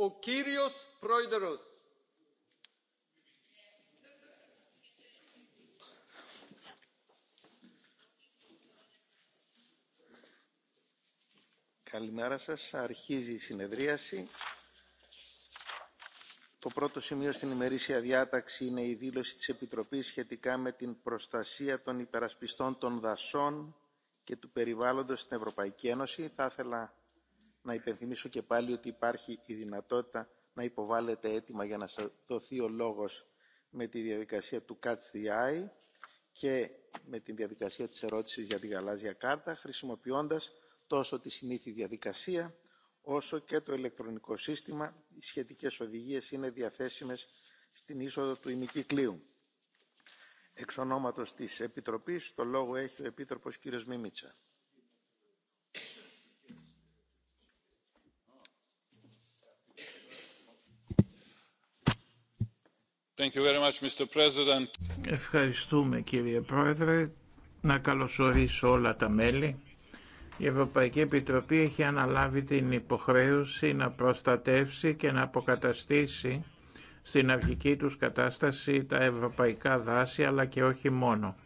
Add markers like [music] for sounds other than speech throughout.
ο κύριος πρόεδρος. Καλημέρα σας. Αρχίζει η συνεδρίαση. Το πρώτο σημείο στην ημερήσια διάταξη είναι η δήλωση της Επιτροπής σχετικά με την προστασία των υπερασπιστών των δασών και του περιβάλλοντος στην Ευρωπαϊκή Ένωση. Θα ήθελα να υπενθυμίσω και πάλι ότι υπάρχει η δυνατότητα να υποβάλλετε έτοιμα για να σας δοθεί ο λόγος με τη διαδικασία του Catch the Eye και με τη διαδικασία της ερώτησης για τη γαλάζια κάρτα, χρησιμοποιώντας τόσο τη συνήθη διαδικασία, όσο και το ηλεκτρονικό σύστημα. Οι σχετικές οδηγίες είναι διαθέσιμες στην είσοδο του ημικυκλίου. Εξ ονόματος της Επιτροπής, το λόγο έχει ο Επίτροπος κ. Μίμητσα. Ευχαριστούμε κύριε Πρόεδρε. Να καλωσορίσω όλα τα μέλη. Η Ευρωπαϊκή Επιτροπή έχει αναλάβει την υποχρέωση να προστατεύσει και να αποκαταστήσει στην αρχική τους κατάσταση τα ευρωπαϊκά δάση αλλά και όχι μόνο.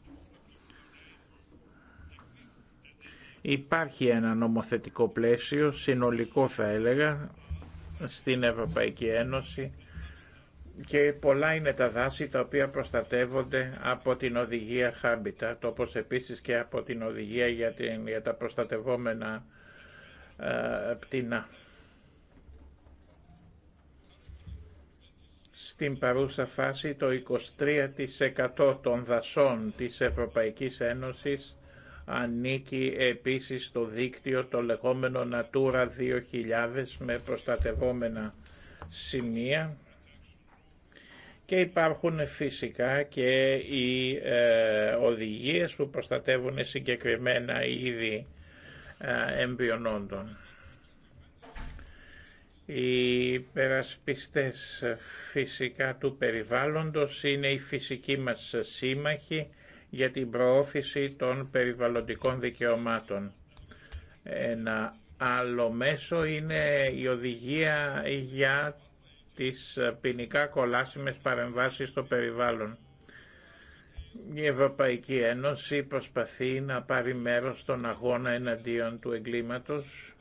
Υπάρχει ένα νομοθετικό πλαίσιο, συνολικό θα έλεγα, στην Ευρωπαϊκή Ένωση και πολλά είναι τα δάση τα οποία προστατεύονται από την οδηγία Habitat, όπως επίσης και από την οδηγία για, τα προστατευόμενα ε, πτηνά. Στην παρούσα φάση το 23% των δασών της Ευρωπαϊκής Ένωσης ανήκει επίσης στο δίκτυο το λεγόμενο Natura 2000 με προστατευόμενα σημεία και υπάρχουν φυσικά και οι ε, οδηγίες που προστατεύουν συγκεκριμένα είδη ε, εμπειονόντων. Οι περασπιστές φυσικά του περιβάλλοντος είναι η φυσική μας σύμμαχοι για την προώθηση των περιβαλλοντικών δικαιωμάτων. Ένα άλλο μέσο είναι η οδηγία για τις ε, ποινικά κολάσιμες παρεμβάσεις στο περιβάλλον. Η Ευρωπαϊκή Ένωση προσπαθεί να πάρει μέρος στον αγώνα εναντίον του εγκλήματος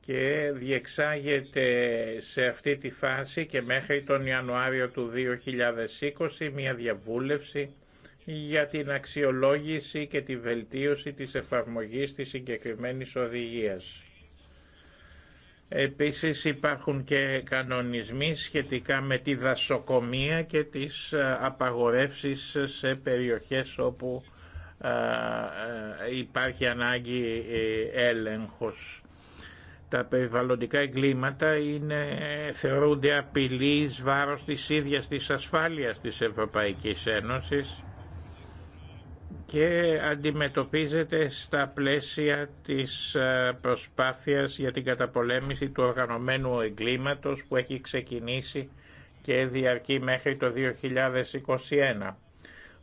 και διεξάγεται σε αυτή τη φάση και μέχρι τον Ιανουάριο του 2020 μια διαβούλευση για την αξιολόγηση και τη βελτίωση της εφαρμογής της συγκεκριμένης οδηγίας. Επίσης υπάρχουν και κανονισμοί σχετικά με τη δασοκομεία και τις ε, απαγορεύσεις σε περιοχές όπου ε, ε, υπάρχει ανάγκη έλεγχος. Τα περιβαλλοντικά εγκλήματα είναι, θεωρούνται απειλή βάρος της ίδιας της ασφάλειας της Ευρωπαϊκής Ένωσης και αντιμετωπίζεται στα πλαίσια της ε, προσπάθειας για την καταπολέμηση του οργανωμένου εγκλήματος που έχει ξεκινήσει και διαρκεί μέχρι το 2021.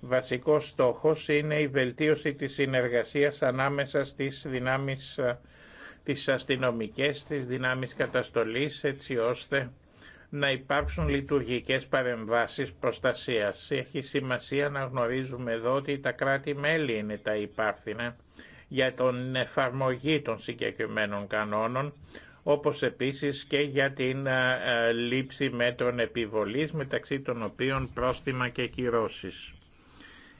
Βασικός στόχος είναι η βελτίωση της συνεργασίας ανάμεσα στις δυνάμεις ε, τις αστυνομικές, τις δυνάμεις καταστολής, έτσι ώστε να υπάρξουν λειτουργικές παρεμβάσεις προστασίας. Έχει σημασία να γνωρίζουμε εδώ ότι τα κράτη-μέλη είναι τα υπάρθυνα για την εφαρμογή των συγκεκριμένων κανόνων, όπως επίσης και για την ε, λήψη μέτρων επιβολής, μεταξύ των οποίων πρόστιμα και κυρώσεις.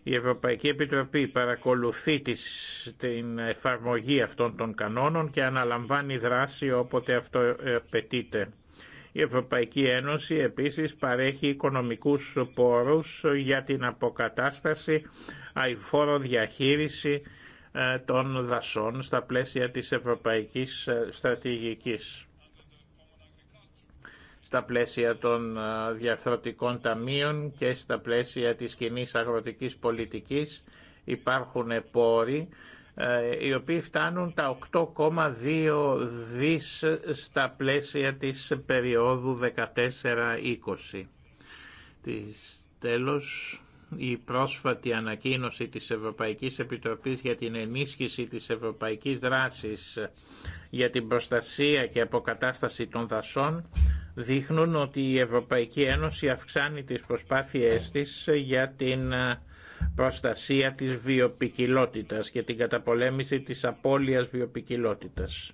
Η Ευρωπαϊκή Επιτροπή παρακολουθεί την εφαρμογή αυτών των κανόνων και αναλαμβάνει δράση όποτε αυτό ε, απαιτείται. Η Ευρωπαϊκή Ένωση επίσης παρέχει οικονομικούς πόρους για την αποκατάσταση αηφόρο διαχείριση ε, των δασών στα πλαίσια της Ευρωπαϊκής ε, Στρατηγικής. Στα πλαίσια των ε, διαφθορτικών ταμείων και στα πλαίσια της κοινή αγροτικής πολιτικής υπάρχουν πόροι ε, οι οποίοι φτάνουν τα 8,2 δις στα πλαίσια της περίοδου 14-20. Τέλος, η πρόσφατη ανακοίνωση της Ευρωπαϊκής Επιτροπής για την ενίσχυση της ευρωπαϊκής δράσης για την προστασία και αποκατάσταση των δασών δείχνουν ότι η Ευρωπαϊκή Ένωση αυξάνει τις προσπάθειές της για την ε, προστασία της βιοπικιλότητας και την καταπολέμηση της απώλειας βιοπικιλότητας.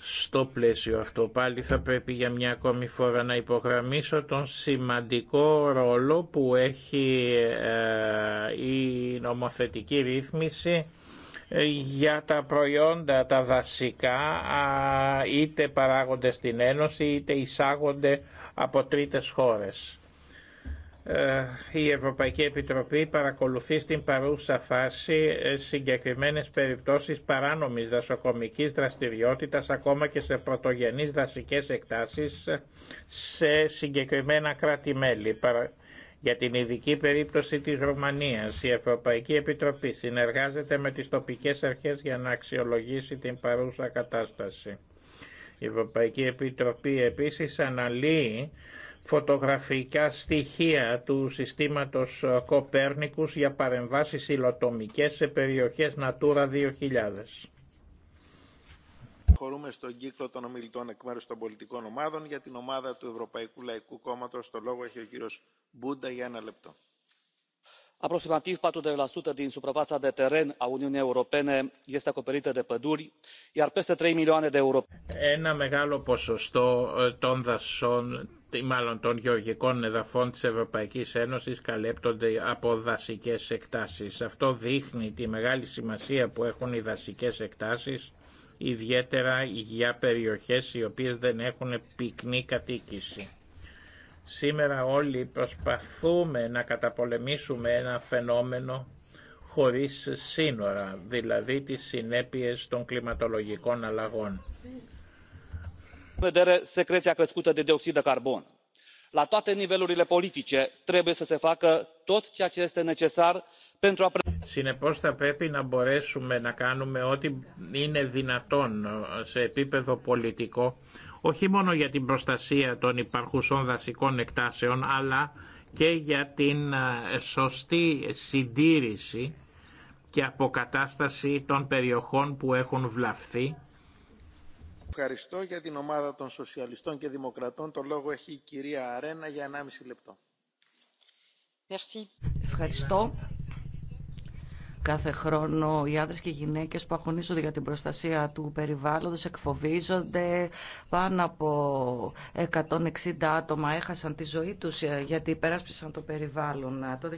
Στο πλαίσιο αυτό πάλι θα πρέπει για μια ακόμη φορά να υπογραμμίσω τον σημαντικό ρόλο που έχει ε, η νομοθετική ρύθμιση ε, για τα προϊόντα τα δασικά είτε παράγονται στην Ένωση είτε εισάγονται από τρίτες χώρες. Ε, η Ευρωπαϊκή Επιτροπή παρακολουθεί στην παρούσα φάση ε, συγκεκριμένες περιπτώσεις παράνομης δασοκομικής δραστηριότητας ακόμα και σε πρωτογενείς δασικές εκτάσεις ε, σε συγκεκριμένα κράτη-μέλη. Για την ειδική περίπτωση της Ρουμανίας, η Ευρωπαϊκή Επιτροπή συνεργάζεται με τις τοπικές αρχές για να αξιολογήσει την παρούσα κατάσταση. Η Ευρωπαϊκή Επιτροπή επίσης αναλύει φωτογραφικά στοιχεία του συστήματος Κοπέρνικους για παρεμβάσεις υλοτομικές σε περιοχές Natura 2000. Χωρούμε στον κύκλο των ομιλητών εκ μέρου των πολιτικών ομάδων για την ομάδα του Ευρωπαϊκού Λαϊκού Κόμματο, Το λόγο έχει ο κύριο Μπούντα για ένα λεπτό. Aproximativ 40% din suprafața de teren a Uniunii Europene este acoperită de păduri, iar peste 3 milioane de europeni. Ένα μεγάλο ποσοστό ε, των δασών μάλλον των γεωργικών εδαφών της Ευρωπαϊκής Ένωσης καλέπτονται από δασικές εκτάσεις. Αυτό δείχνει τη μεγάλη σημασία που έχουν οι δασικές εκτάσεις, ιδιαίτερα για περιοχές οι οποίες δεν έχουν πυκνή κατοίκηση. Σήμερα όλοι προσπαθούμε να καταπολεμήσουμε ένα φαινόμενο χωρίς σύνορα, δηλαδή τις συνέπειες των κλιματολογικών αλλαγών συνεπώς θα πρέπει να μπορέσουμε να κάνουμε ό,τι είναι δυνατόν ε, σε επίπεδο πολιτικό όχι μόνο για την προστασία των υπαρχουσών δασικών εκτάσεων αλλά και για την ε, σωστή συντήρηση και αποκατάσταση των περιοχών που έχουν βλαφθεί Ευχαριστώ για την ομάδα των Σοσιαλιστών και Δημοκρατών. Το λόγο έχει η κυρία Αρένα για 1,5 λεπτό. Ευχαριστώ. Κάθε χρόνο οι άντρες και οι γυναίκες που αγωνίζονται για την προστασία του περιβάλλοντος εκφοβίζονται. Πάνω από 160 άτομα έχασαν τη ζωή τους ε, γιατί υπεράσπισαν το περιβάλλον ε, το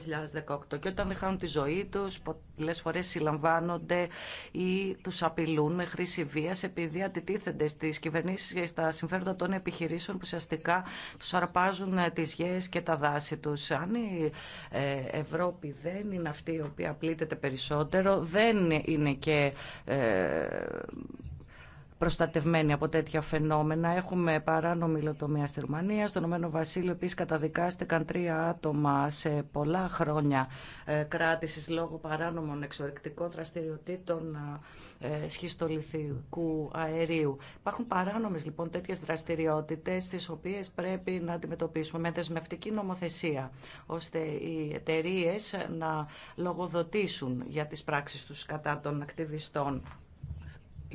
2018. Και όταν δεν χάνουν τη ζωή τους, πολλές φορές συλλαμβάνονται ή τους απειλούν με χρήση βίας επειδή αντιτίθενται στις κυβερνήσεις και στα συμφέροντα των επιχειρήσεων που ουσιαστικά τους αρπάζουν ε, τις γέες και τα δάση τους. Αν η Ευρώπη δεν είναι αυτή η οποία πλήττεται περισσότερο. Δεν είναι και ε, προστατευμένοι από τέτοια φαινόμενα. Έχουμε παράνομη υλοτομία στη Ρουμανία. Στον Ηνωμένο Βασίλειο επίση καταδικάστηκαν τρία άτομα σε πολλά χρόνια ε, κράτηση λόγω παράνομων εξορρυκτικών δραστηριοτήτων ε, ε, σχιστολιθικού αερίου. Υπάρχουν παράνομε λοιπόν τέτοιε δραστηριότητε τι οποίε πρέπει να αντιμετωπίσουμε με δεσμευτική νομοθεσία ώστε οι εταιρείε να λογοδοτήσουν για τις πράξεις τους κατά των ακτιβιστών.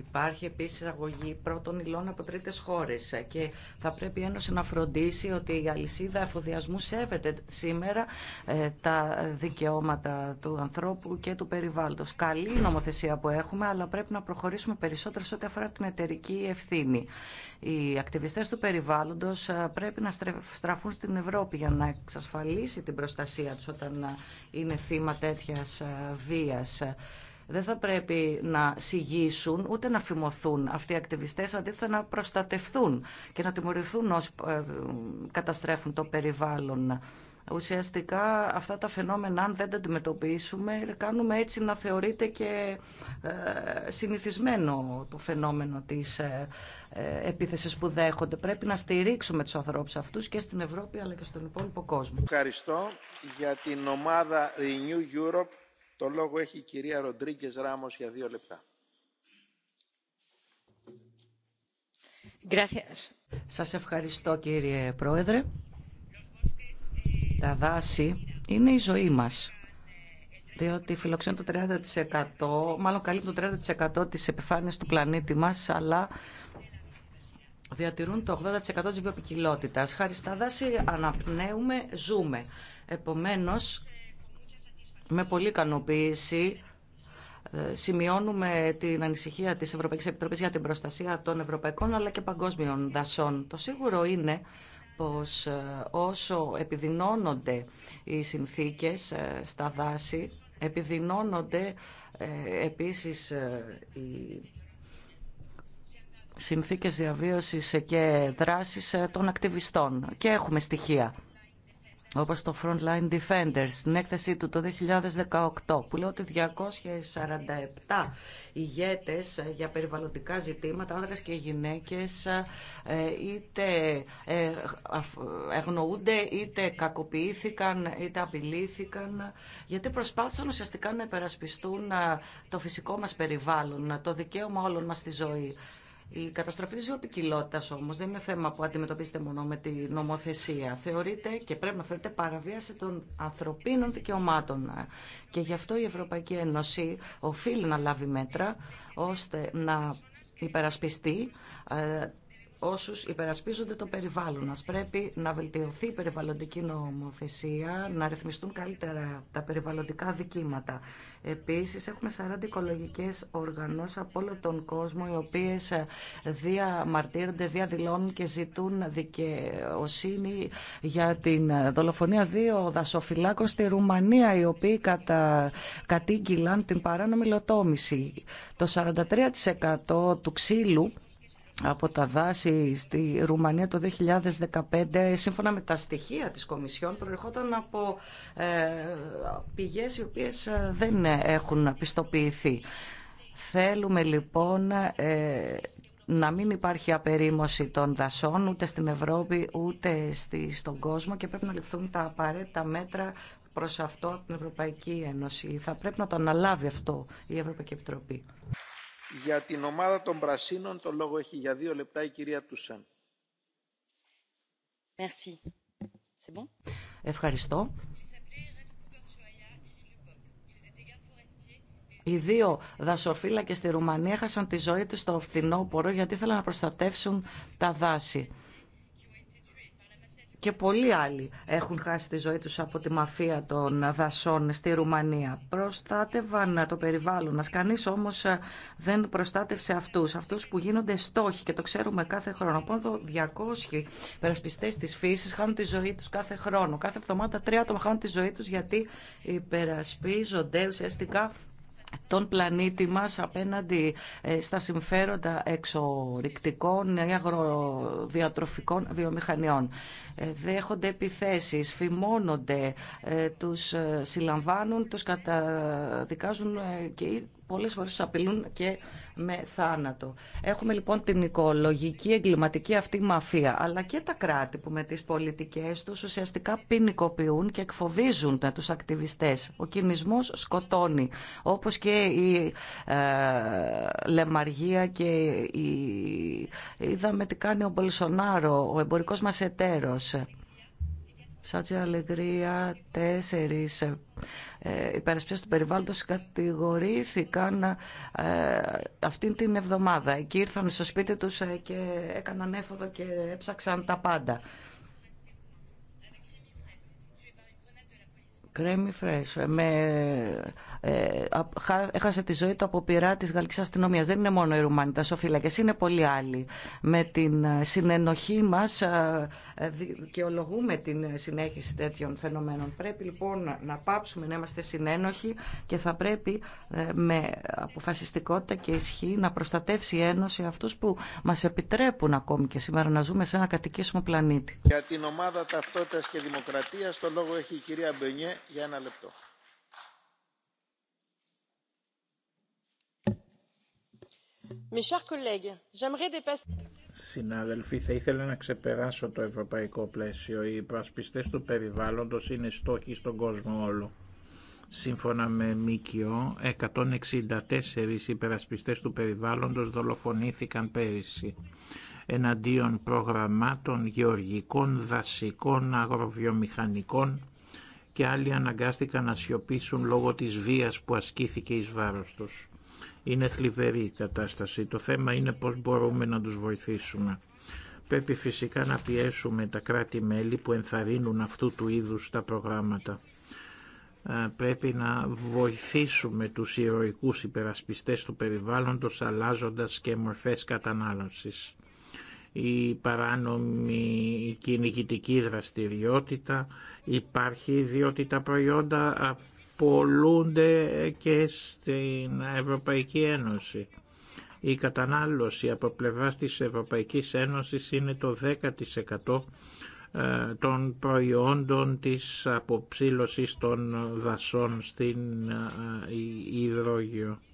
Υπάρχει επίση αγωγή πρώτων υλών από τρίτε χώρες και θα πρέπει η Ένωση να φροντίσει ότι η αλυσίδα εφοδιασμού σέβεται σήμερα ε, τα δικαιώματα του ανθρώπου και του περιβάλλοντος. Καλή νομοθεσία που έχουμε, αλλά πρέπει να προχωρήσουμε περισσότερο σε ό,τι αφορά την εταιρική ευθύνη. Οι ακτιβιστές του περιβάλλοντο ε, πρέπει να στραφούν στην Ευρώπη για να εξασφαλίσει την προστασία του όταν ε, είναι θύμα τέτοια βία δεν θα πρέπει να συγγύσουν ούτε να φημωθούν. Αυτοί οι ακτιβιστές αντίθετα να προστατευθούν και να τιμωρηθούν όσοι ε, καταστρέφουν το περιβάλλον. Ουσιαστικά αυτά τα φαινόμενα, αν δεν τα αντιμετωπίσουμε, κάνουμε έτσι να θεωρείται και ε, συνηθισμένο το φαινόμενο της ε, επίθεσης που δέχονται. Πρέπει να στηρίξουμε τους ανθρώπους αυτούς και στην Ευρώπη αλλά και στον υπόλοιπο κόσμο. Ευχαριστώ για την ομάδα Renew Europe. Το λόγο έχει η κυρία Ροντρίγκε Ράμο για δύο λεπτά. Σας ευχαριστώ κύριε Πρόεδρε. Τα δάση είναι η ζωή μας διότι φιλοξενούν το 30%, μάλλον καλύπτουν το 30% της επιφάνειας του πλανήτη μας, αλλά διατηρούν το 80% της βιοποικιλότητας. Χάρη στα δάση αναπνέουμε, ζούμε. Επομένως, με πολύ ικανοποίηση ε, σημειώνουμε την ανησυχία της Ευρωπαϊκής Επιτροπής για την προστασία των ευρωπαϊκών αλλά και παγκόσμιων δασών. Το σίγουρο είναι πως ε, όσο επιδεινώνονται οι συνθήκες ε, στα δάση, επιδεινώνονται επίσης οι συνθήκες διαβίωσης και δράσης των ακτιβιστών. Και έχουμε στοιχεία όπως το Frontline Defenders στην έκθεσή του το 2018 που λέει ότι 247 ηγέτες για περιβαλλοντικά ζητήματα, άνδρες και γυναίκες ε, είτε εγνοούνται είτε κακοποιήθηκαν είτε απειλήθηκαν γιατί προσπάθησαν ουσιαστικά να υπερασπιστούν ε, το φυσικό μας περιβάλλον, το δικαίωμα όλων μας στη ζωή. Η καταστροφή της βιοπικιλότητα όμως δεν είναι θέμα που αντιμετωπίζετε μόνο με τη νομοθεσία. Θεωρείται και πρέπει να θεωρείται παραβίαση των ανθρωπίνων δικαιωμάτων. Και γι' αυτό η Ευρωπαϊκή Ένωση οφείλει να λάβει μέτρα ώστε να υπερασπιστεί ε, όσους υπερασπίζονται το περιβάλλον μας. Πρέπει να βελτιωθεί η περιβαλλοντική νομοθεσία, να ρυθμιστούν καλύτερα τα περιβαλλοντικά δικήματα. Επίσης, έχουμε 40 οικολογικές οργανώσεις από όλο τον κόσμο, οι οποίες διαμαρτύρονται, διαδηλώνουν και ζητούν δικαιοσύνη για την δολοφονία δύο δασοφυλάκων στη Ρουμανία, οι οποίοι κατα... κατήγγυλαν την παράνομη λοτόμηση. Το 43% του ξύλου από τα δάση στη Ρουμανία το 2015, σύμφωνα με τα στοιχεία της Κομισιόν, προερχόταν από ε, πηγές οι οποίες ε, δεν έχουν πιστοποιηθεί. Θέλουμε λοιπόν ε, να μην υπάρχει απερίμωση των δασών ούτε στην Ευρώπη ούτε στη, στον κόσμο και πρέπει να ληφθούν τα απαραίτητα μέτρα προς αυτό την Ευρωπαϊκή Ένωση. Θα πρέπει να το αναλάβει αυτό η Ευρωπαϊκή Επιτροπή. Για την ομάδα των Πρασίνων το λόγο έχει για δύο λεπτά η κυρία Τούσαν. Ευχαριστώ. Οι δύο δασοφύλακες στη Ρουμανία έχασαν τη ζωή τους στο φθινόπωρο γιατί ήθελαν να προστατεύσουν τα δάση και πολλοί άλλοι έχουν χάσει τη ζωή τους από τη μαφία των δασών στη Ρουμανία. Προστάτευαν το περιβάλλον. μας. κανείς όμως ε, δεν προστάτευσε αυτούς. Αυτούς που γίνονται στόχοι και το ξέρουμε κάθε χρόνο. Από 200 περασπιστές της φύσης χάνουν τη ζωή τους κάθε χρόνο. Κάθε εβδομάδα τρία άτομα χάνουν τη ζωή τους γιατί υπερασπίζονται ουσιαστικά τον πλανήτη μας απέναντι ε, στα συμφέροντα εξορρυκτικών ή ε, αγροδιατροφικών βιομηχανιών. Ε, δέχονται επιθέσεις, φημώνονται, τους συλλαμβάνουν, τους καταδικάζουν και Πολλέ φορέ του απειλούν και με θάνατο. Έχουμε λοιπόν την οικολογική, εγκληματική αυτή μαφία, αλλά και τα κράτη που με τις πολιτικές τους ουσιαστικά ποινικοποιούν και εκφοβίζουν τους ακτιβιστές. Ο κινησμό σκοτώνει, όπως και η ε, λεμαργία και η... είδαμε τι κάνει ο Μπολσονάρο, ο εμπορικός μα εταίρο. Σατζε Αλεγρία, τέσσερι ε, ε, υπερασπιστές του περιβάλλοντο κατηγορήθηκαν ε, αυτήν την εβδομάδα. Εκεί ήρθαν στο σπίτι τους ε, και έκαναν έφοδο και έψαξαν τα πάντα. Κρέμι Φρέσ. Με... Ε, έχασε τη ζωή του από πειρά τη γαλλική αστυνομία. Δεν είναι μόνο οι Ρουμάνοι, τα σοφύλακε, είναι πολλοί άλλοι. Με την ε, συνενοχή μα ε, δικαιολογούμε την συνέχιση τέτοιων φαινομένων. Πρέπει λοιπόν να πάψουμε να είμαστε συνένοχοι και θα πρέπει με αποφασιστικότητα και ισχύ να προστατεύσει η Ένωση αυτού που μα επιτρέπουν ακόμη και σήμερα να ζούμε σε ένα κατοικήσιμο πλανήτη. Για την ομάδα ταυτότητα και δημοκρατία, το λόγο έχει η κυρία Μπενιέ Συνάδελφοι, θα ήθελα να ξεπεράσω το ευρωπαϊκό πλαίσιο. Οι υπασπιστές του περιβάλλοντος είναι στόχοι στον κόσμο όλο. Σύμφωνα με Μίκιο 164 υπερασπιστές του περιβάλλοντος δολοφονήθηκαν πέρυσι εναντίον προγραμμάτων γεωργικών, δασικών, αγροβιομηχανικών και άλλοι αναγκάστηκαν να σιωπήσουν λόγω της βίας που ασκήθηκε εις βάρος τους. Είναι θλιβερή η κατάσταση. Το θέμα είναι πώς μπορούμε να τους βοηθήσουμε. Πρέπει φυσικά να πιέσουμε τα κράτη-μέλη που ενθαρρύνουν αυτού του είδους τα προγράμματα. Ε, πρέπει να βοηθήσουμε τους ηρωικούς υπερασπιστές του περιβάλλοντος αλλάζοντας και μορφές κατανάλωσης η παράνομη κυνηγητική δραστηριότητα υπάρχει διότι τα προϊόντα απολούνται και στην Ευρωπαϊκή Ένωση. Η κατανάλωση από πλευρά της Ευρωπαϊκής Ένωσης είναι το 10% ε, των προϊόντων της αποψήλωσης των δασών στην Ιδρόγειο. Ε,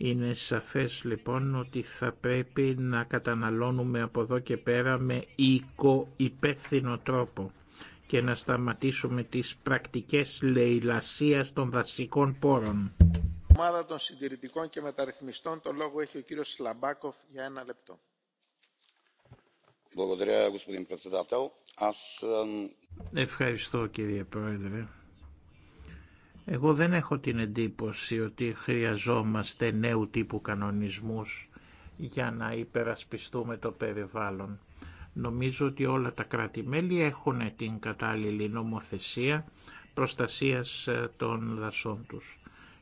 είναι σαφές λοιπόν ότι θα πρέπει να καταναλώνουμε από εδώ και πέρα με οικο-υπεύθυνο τρόπο και να σταματήσουμε τις πρακτικές λαιλασίας των δασικών πόρων. Ομάδα των συντηρητικών και μεταρρυθμιστών, το λόγο έχει ο κύριος Σλαμπάκοφ για ένα λεπτό. Ευχαριστώ κύριε Πρόεδρε. Εγώ δεν έχω την εντύπωση ότι χρειαζόμαστε νέου τύπου κανονισμούς για να υπερασπιστούμε το περιβάλλον. Νομίζω ότι όλα τα κράτη-μέλη έχουν την κατάλληλη νομοθεσία προστασίας ε, των δασών τους.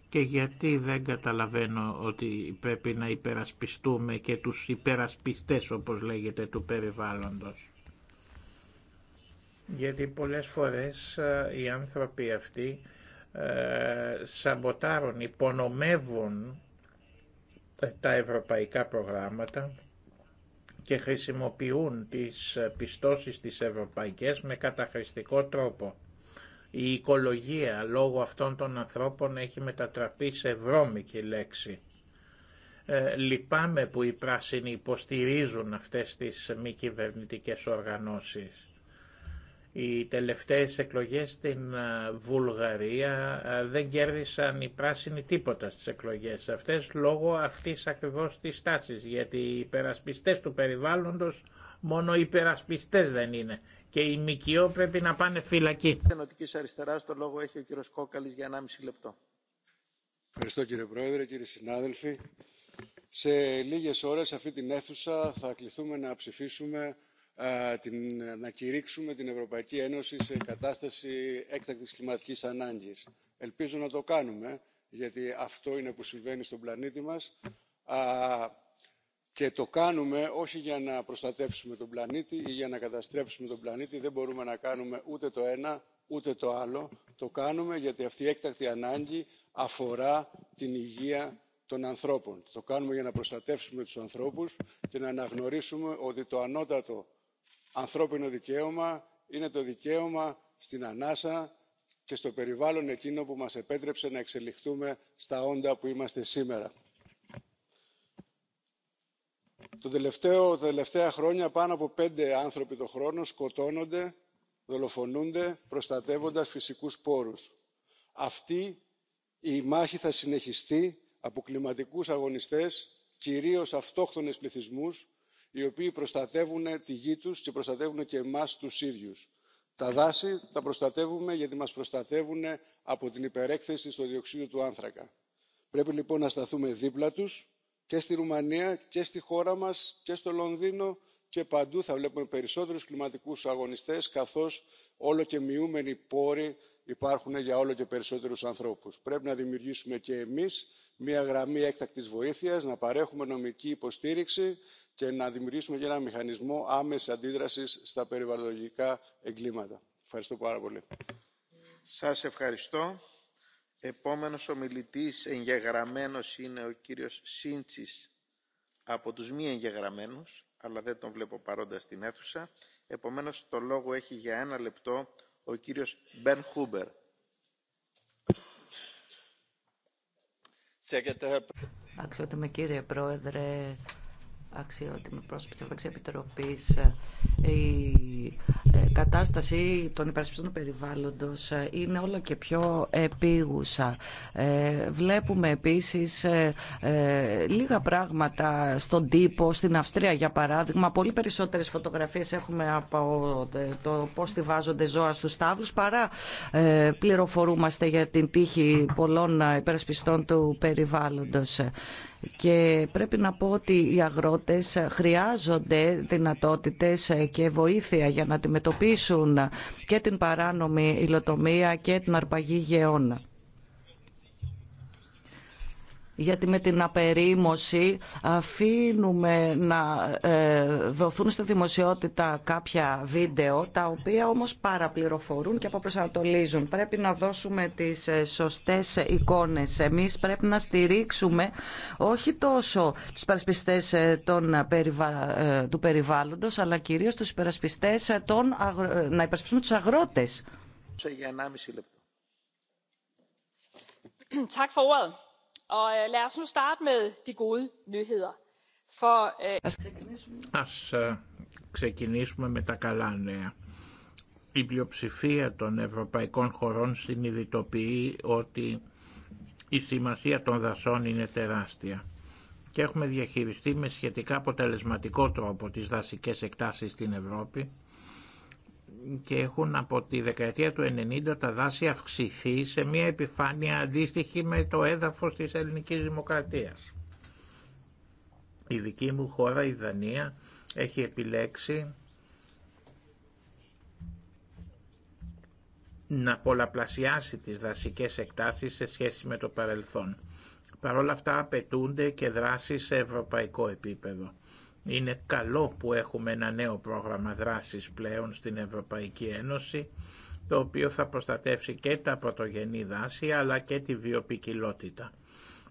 Και γιατί δεν καταλαβαίνω ότι πρέπει να υπερασπιστούμε και τους υπερασπιστές όπως λέγεται του περιβάλλοντος. Γιατί πολλές φορές ε, οι άνθρωποι αυτοί ε, σαμποτάρουν, υπονομεύουν τα ευρωπαϊκά προγράμματα και χρησιμοποιούν τις πιστώσεις της ευρωπαϊκές με καταχρηστικό τρόπο. Η οικολογία λόγω αυτών των ανθρώπων έχει μετατραπεί σε βρώμικη λέξη. Ε, λυπάμαι που οι πράσινοι υποστηρίζουν αυτές τις μη κυβερνητικέ οργανώσεις. Οι τελευταίες εκλογές στην ε, Βουλγαρία ε, δεν κέρδισαν οι πράσινοι τίποτα στις εκλογές αυτές λόγω αυτής ακριβώς της τάσης γιατί οι υπερασπιστές του περιβάλλοντος μόνο οι υπερασπιστές δεν είναι και οι ΜΚΟ πρέπει να πάνε φυλακή. Ενωτικής αριστεράς το λόγο έχει ο κύριος Κόκαλης για 1,5 λεπτό. Ευχαριστώ κύριε Πρόεδρε, κύριοι συνάδελφοι. Σε λίγες ώρες αυτή την αίθουσα θα κληθούμε να ψηφίσουμε να κηρύξουμε την Ευρωπαϊκή Ένωση σε κατάσταση έκτακτης κλιματικής ανάγκης. Ελπίζω να το κάνουμε, γιατί αυτό είναι που συμβαίνει στον πλανήτη μας. Και το κάνουμε όχι για να προστατεύσουμε τον πλανήτη ή για να καταστρέψουμε τον πλανήτη. Δεν μπορούμε να κάνουμε ούτε το ένα ούτε το άλλο. Το κάνουμε γιατί αυτή η έκτακτη ανάγκη αφορά την υγεία των ανθρώπων. Το κάνουμε για να προστατεύσουμε τους ανθρώπους και να αναγνωρίσουμε ότι το ανώτατο ανθρώπινο δικαίωμα είναι το δικαίωμα στην ανάσα και στο περιβάλλον εκείνο που μας επέτρεψε να εξελιχθούμε στα όντα που είμαστε σήμερα. τα τελευταίο, τελευταία χρόνια πάνω από πέντε άνθρωποι το χρόνο σκοτώνονται δολοφονούνται προστατεύοντας φυσικούς πόρους. αυτή η μάχη θα συνεχιστεί από κλιματικούς αγωνιστές κυρίως αυτόχθονες πληθυσμούς οι οποίοι προστατεύουν τη γη τους και προστατεύουν και εμάς τους ίδιους. Τα δάση τα προστατεύουμε γιατί μας προστατεύουν από την υπερέκθεση στο διοξείδιο του άνθρακα. Πρέπει λοιπόν να σταθούμε δίπλα τους και στη Ρουμανία και στη χώρα μας και στο Λονδίνο και παντού θα βλέπουμε περισσότερους κλιματικούς αγωνιστές καθώς όλο και μειούμενοι πόροι υπάρχουν για όλο και περισσότερους ανθρώπους. Πρέπει να δημιουργήσουμε και εμείς μια γραμμή έκτακτης βοήθειας να παρέχουμε νομική υποστήριξη και να δημιουργήσουμε και ένα μηχανισμό άμεσης αντίδρασης στα περιβαλλοντικά εγκλήματα. Ευχαριστώ πάρα πολύ. Σας ευχαριστώ. Επόμενος ομιλητής εγγεγραμμένος είναι ο κύριος Σίντσης από τους μη εγγεγραμμένους, αλλά δεν τον βλέπω παρόντα στην αίθουσα. Επομένως, το λόγο έχει για ένα λεπτό ο κύριος Μπεν Χούμπερ. Αξιότιμε κύριε Πρόεδρε, αξιότιμο πρόσωπη της Ευρωπαϊκής Επιτροπής, η ε, κατάσταση των υπερασπιστών του περιβάλλοντος ε, είναι όλο και πιο επίγουσα. Ε, βλέπουμε επίσης λίγα πράγματα στον τύπο, στην Αυστρία για παράδειγμα. Πολύ περισσότερες φωτογραφίες έχουμε από το πώς τη βάζονται ζώα στους τάβλους παρά πληροφορούμαστε για την τύχη πολλών υπερασπιστών του περιβάλλοντος και πρέπει να πω ότι οι αγρότες χρειάζονται δυνατότητες και βοήθεια για να αντιμετωπίσουν και την παράνομη υλοτομία και την αρπαγή γεών γιατί με την απερίμωση αφήνουμε να ε, δοθούν στη δημοσιότητα κάποια βίντεο τα οποία όμως παραπληροφορούν και αποπροσανατολίζουν. Πρέπει να δώσουμε τις ε, σωστές εικόνες. Εμείς πρέπει να στηρίξουμε όχι τόσο τους υπερασπιστές ε, του περιβάλλοντος αλλά κυρίως τους υπερασπιστές των να υπερασπιστούμε τους αγρότες. Για 1,5 Ας ξεκινήσουμε, ξεκινήσουμε με τα καλά νέα. Η πλειοψηφία των ευρωπαϊκών χωρών συνειδητοποιεί ότι η σημασία των δασών είναι τεράστια και έχουμε διαχειριστεί με σχετικά αποτελεσματικό τρόπο τις δασικές εκτάσεις στην Ευρώπη και έχουν από τη δεκαετία του 90 τα δάση αυξηθεί σε μια επιφάνεια αντίστοιχη με το έδαφος της ελληνικής δημοκρατίας. Η δική μου χώρα, η Δανία, έχει επιλέξει να πολλαπλασιάσει τις δασικές εκτάσεις σε σχέση με το παρελθόν. Παρ' όλα αυτά απαιτούνται και δράσεις σε ευρωπαϊκό επίπεδο. Είναι καλό που έχουμε ένα νέο πρόγραμμα δράσης πλέον στην Ευρωπαϊκή Ένωση, το οποίο θα προστατεύσει και τα πρωτογενή δάση αλλά και τη βιοπικιλότητα.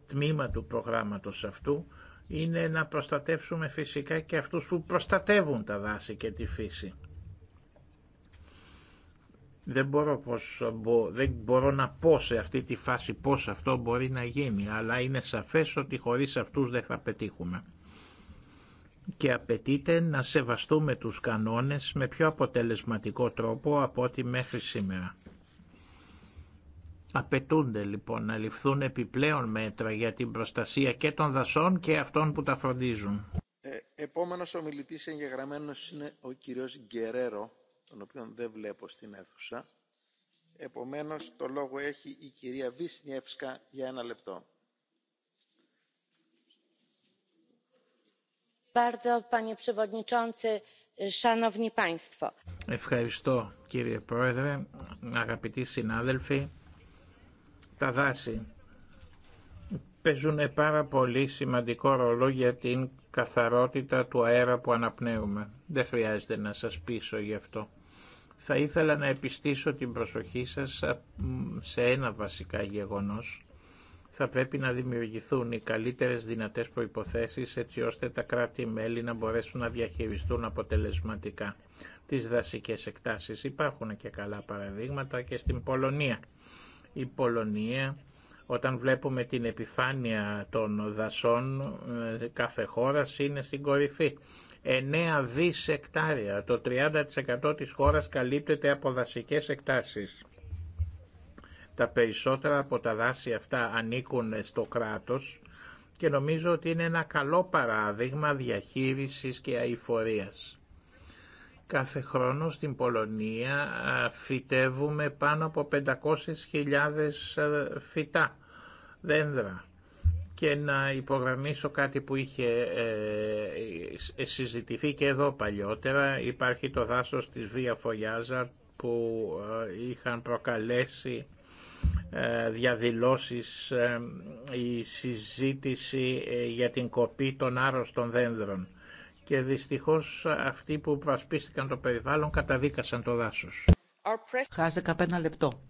Τμήμα του προγράμματος αυτού είναι να προστατεύσουμε φυσικά και αυτούς που προστατεύουν τα δάση και τη φύση. Δεν μπορώ, πως, δεν να πω σε αυτή τη φάση πώς αυτό μπορεί να γίνει, αλλά είναι σαφές ότι χωρίς αυτούς δεν θα πετύχουμε και απαιτείται να σεβαστούμε τους κανόνες με πιο αποτελεσματικό τρόπο από ό,τι μέχρι σήμερα. Απαιτούνται λοιπόν να ληφθούν επιπλέον μέτρα για την προστασία και των δασών και αυτών που τα φροντίζουν. Ε, επόμενος ομιλητής εγγεγραμμένος είναι ο κύριος Γκερέρο, τον οποίον δεν βλέπω στην αίθουσα. Επομένως, το λόγο έχει η κυρία Βίσνιεύσκα για ένα λεπτό. Ευχαριστώ κύριε Πρόεδρε, αγαπητοί συνάδελφοι. Τα δάση παίζουν πάρα πολύ σημαντικό ρόλο για την καθαρότητα του αέρα που αναπνέουμε. Δεν χρειάζεται να σας πείσω γι' αυτό. Θα ήθελα να επιστήσω την προσοχή σας σε ένα βασικά γεγονός θα πρέπει να δημιουργηθούν οι καλύτερες δυνατές προϋποθέσεις έτσι ώστε τα κράτη-μέλη να μπορέσουν να διαχειριστούν αποτελεσματικά τις δασικές εκτάσεις. Υπάρχουν και καλά παραδείγματα και στην Πολωνία. Η Πολωνία όταν βλέπουμε την επιφάνεια των δασών ε, κάθε χώρα είναι στην κορυφή. 9 δις εκτάρια, το 30% της χώρας καλύπτεται από δασικές εκτάσεις. Τα περισσότερα από τα δάση αυτά ανήκουν στο κράτος και νομίζω ότι είναι ένα καλό παράδειγμα διαχείρισης και αηφορίας. Κάθε χρόνο στην Πολωνία φυτεύουμε πάνω από 500.000 ε, φυτά, δένδρα. Και να υπογραμμίσω κάτι που είχε ε, ε, συζητηθεί και εδώ παλιότερα. Υπάρχει το δάσος της Βία που είχαν προκαλέσει ε, διαδηλώσεις, ε, η συζήτηση ε, για την κοπή των άρρωστων δένδρων. Και δυστυχώς αυτοί που προασπίστηκαν το περιβάλλον καταδίκασαν το δάσος. Χάσε 15 λεπτό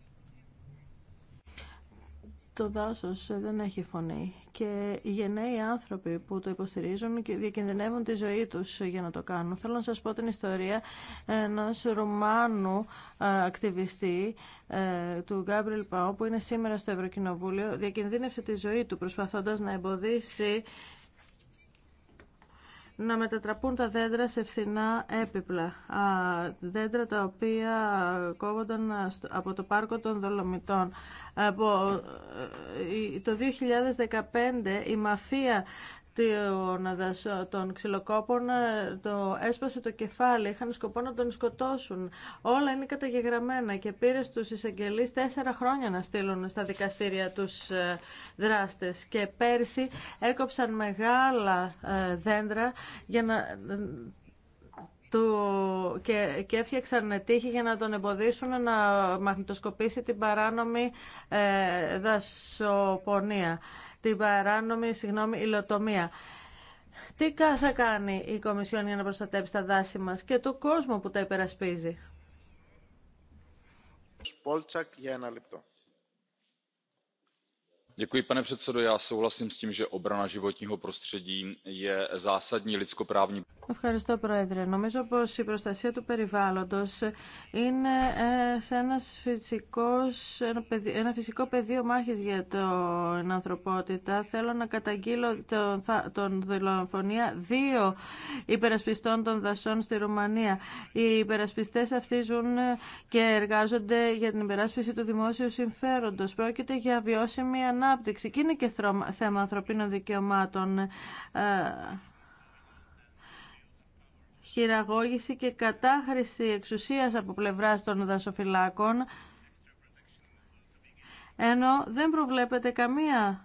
το δάσος δεν έχει φωνή και οι γενναίοι άνθρωποι που το υποστηρίζουν και διακινδυνεύουν τη ζωή τους για να το κάνουν. Θέλω να σας πω την ιστορία ενός Ρουμάνου ε, ακτιβιστή ε, του Γκάμπριλ Παό που είναι σήμερα στο Ευρωκοινοβούλιο διακινδύνευσε τη ζωή του προσπαθώντας να εμποδίσει να μετατραπούν τα δέντρα σε φθηνά έπιπλα. δέντρα τα οποία κόβονταν από το πάρκο των Δολομητών. Ε, ε, ε, το 2015 η μαφία των ξυλοκόπων ε, το έσπασε το κεφάλι, είχαν σκοπό να τον σκοτώσουν. Όλα είναι καταγεγραμμένα και πήρε στους εισαγγελείς τέσσερα χρόνια να στείλουν στα δικαστήρια τους ε, δράστες και πέρσι έκοψαν μεγάλα ε, δέντρα για να και, και έφτιαξαν τύχη για να τον εμποδίσουν να μαγνητοσκοπήσει την παράνομη δασοπονία την παράνομη συγγνώμη, υλοτομία. Τι θα κάνει η Κομισιόν για να προστατέψει τα δάση μας και το κόσμο που τα υπερασπίζει. Σπολτσάκ για ένα λεπτό. Ευχαριστώ, Πρόεδρε. Νομίζω πως η προστασία του περιβάλλοντος είναι σε ένα φυσικό πεδίο μάχης για την ανθρωπότητα. Θέλω να καταγγείλω τον, δολοφονία δύο υπερασπιστών των δασών στη Ρουμανία. Οι υπερασπιστές αυτοί ζουν και εργάζονται για την υπεράσπιση του δημόσιου συμφέροντος. Πρόκειται για βιώσιμη ανάπτυξη ανάπτυξη και είναι και θέμα ανθρωπίνων δικαιωμάτων ε, χειραγώγηση και κατάχρηση εξουσίας από πλευράς των δασοφυλάκων, ενώ δεν προβλέπεται καμία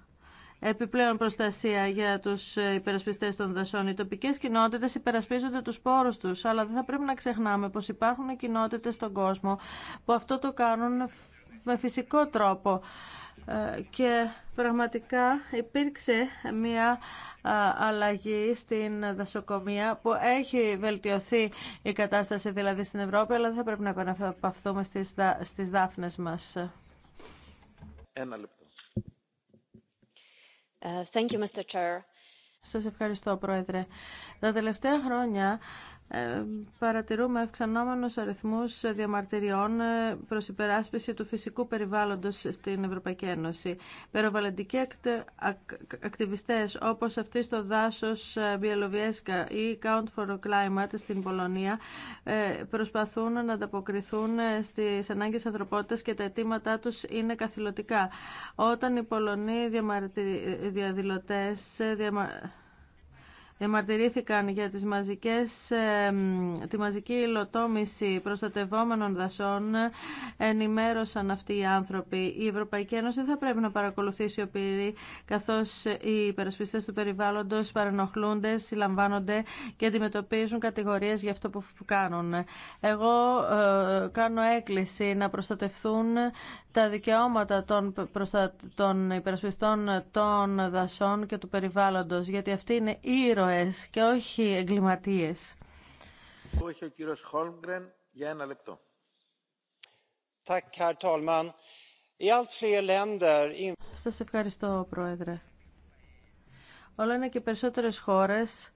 επιπλέον προστασία για τους ε, υπερασπιστές των δασών. Οι τοπικές κοινότητες υπερασπίζονται τους πόρους τους, αλλά δεν θα πρέπει να ξεχνάμε πως υπάρχουν κοινότητες στον κόσμο που αυτό το κάνουν με φυσικό τρόπο. Ε, και πραγματικά υπήρξε μια ε, αλλαγή στην δασοκομεία που έχει βελτιωθεί η κατάσταση δηλαδή στην Ευρώπη αλλά δεν θα πρέπει να επαναπαυθούμε στις, στις δάφνες μας. Ένα λεπτό. Ε, Σας ευχαριστώ, Πρόεδρε. Τα τελευταία χρόνια ε, παρατηρούμε αυξανόμενους αριθμούς διαμαρτυριών ε, προς υπεράσπιση του φυσικού περιβάλλοντος στην Ευρωπαϊκή Ένωση. Περιβαλλοντικοί ακτιβιστές όπως αυτοί στο δάσος ε, Μπιελοβιέσκα ή Count for Climate στην Πολωνία προσπαθούν να ανταποκριθούν στις ανάγκες ανθρωπότητας και τα αιτήματά τους είναι καθηλωτικά. Όταν οι Πολωνοί διαδηλωτές διαμαρτυρήθηκαν για τις μαζικές, τη μαζική υλοτόμηση προστατευόμενων δασών ενημέρωσαν αυτοί οι άνθρωποι. Η Ευρωπαϊκή Ένωση θα πρέπει να παρακολουθήσει ο πύρη καθώς οι υπερασπιστές του περιβάλλοντος παρενοχλούνται, συλλαμβάνονται και αντιμετωπίζουν κατηγορίες για αυτό που κάνουν. Εγώ ε, κάνω έκκληση να προστατευθούν τα δικαιώματα των, προστα... των υπερασπιστών των δασών και του περιβάλλοντος γιατί αυτοί είναι ροές και όχι εγκληματίες. Έχει ο κύριος Χόλμγκρεν για ένα λεπτό. Σας ευχαριστώ, Πρόεδρε. Όλο ένα και περισσότερες χώρες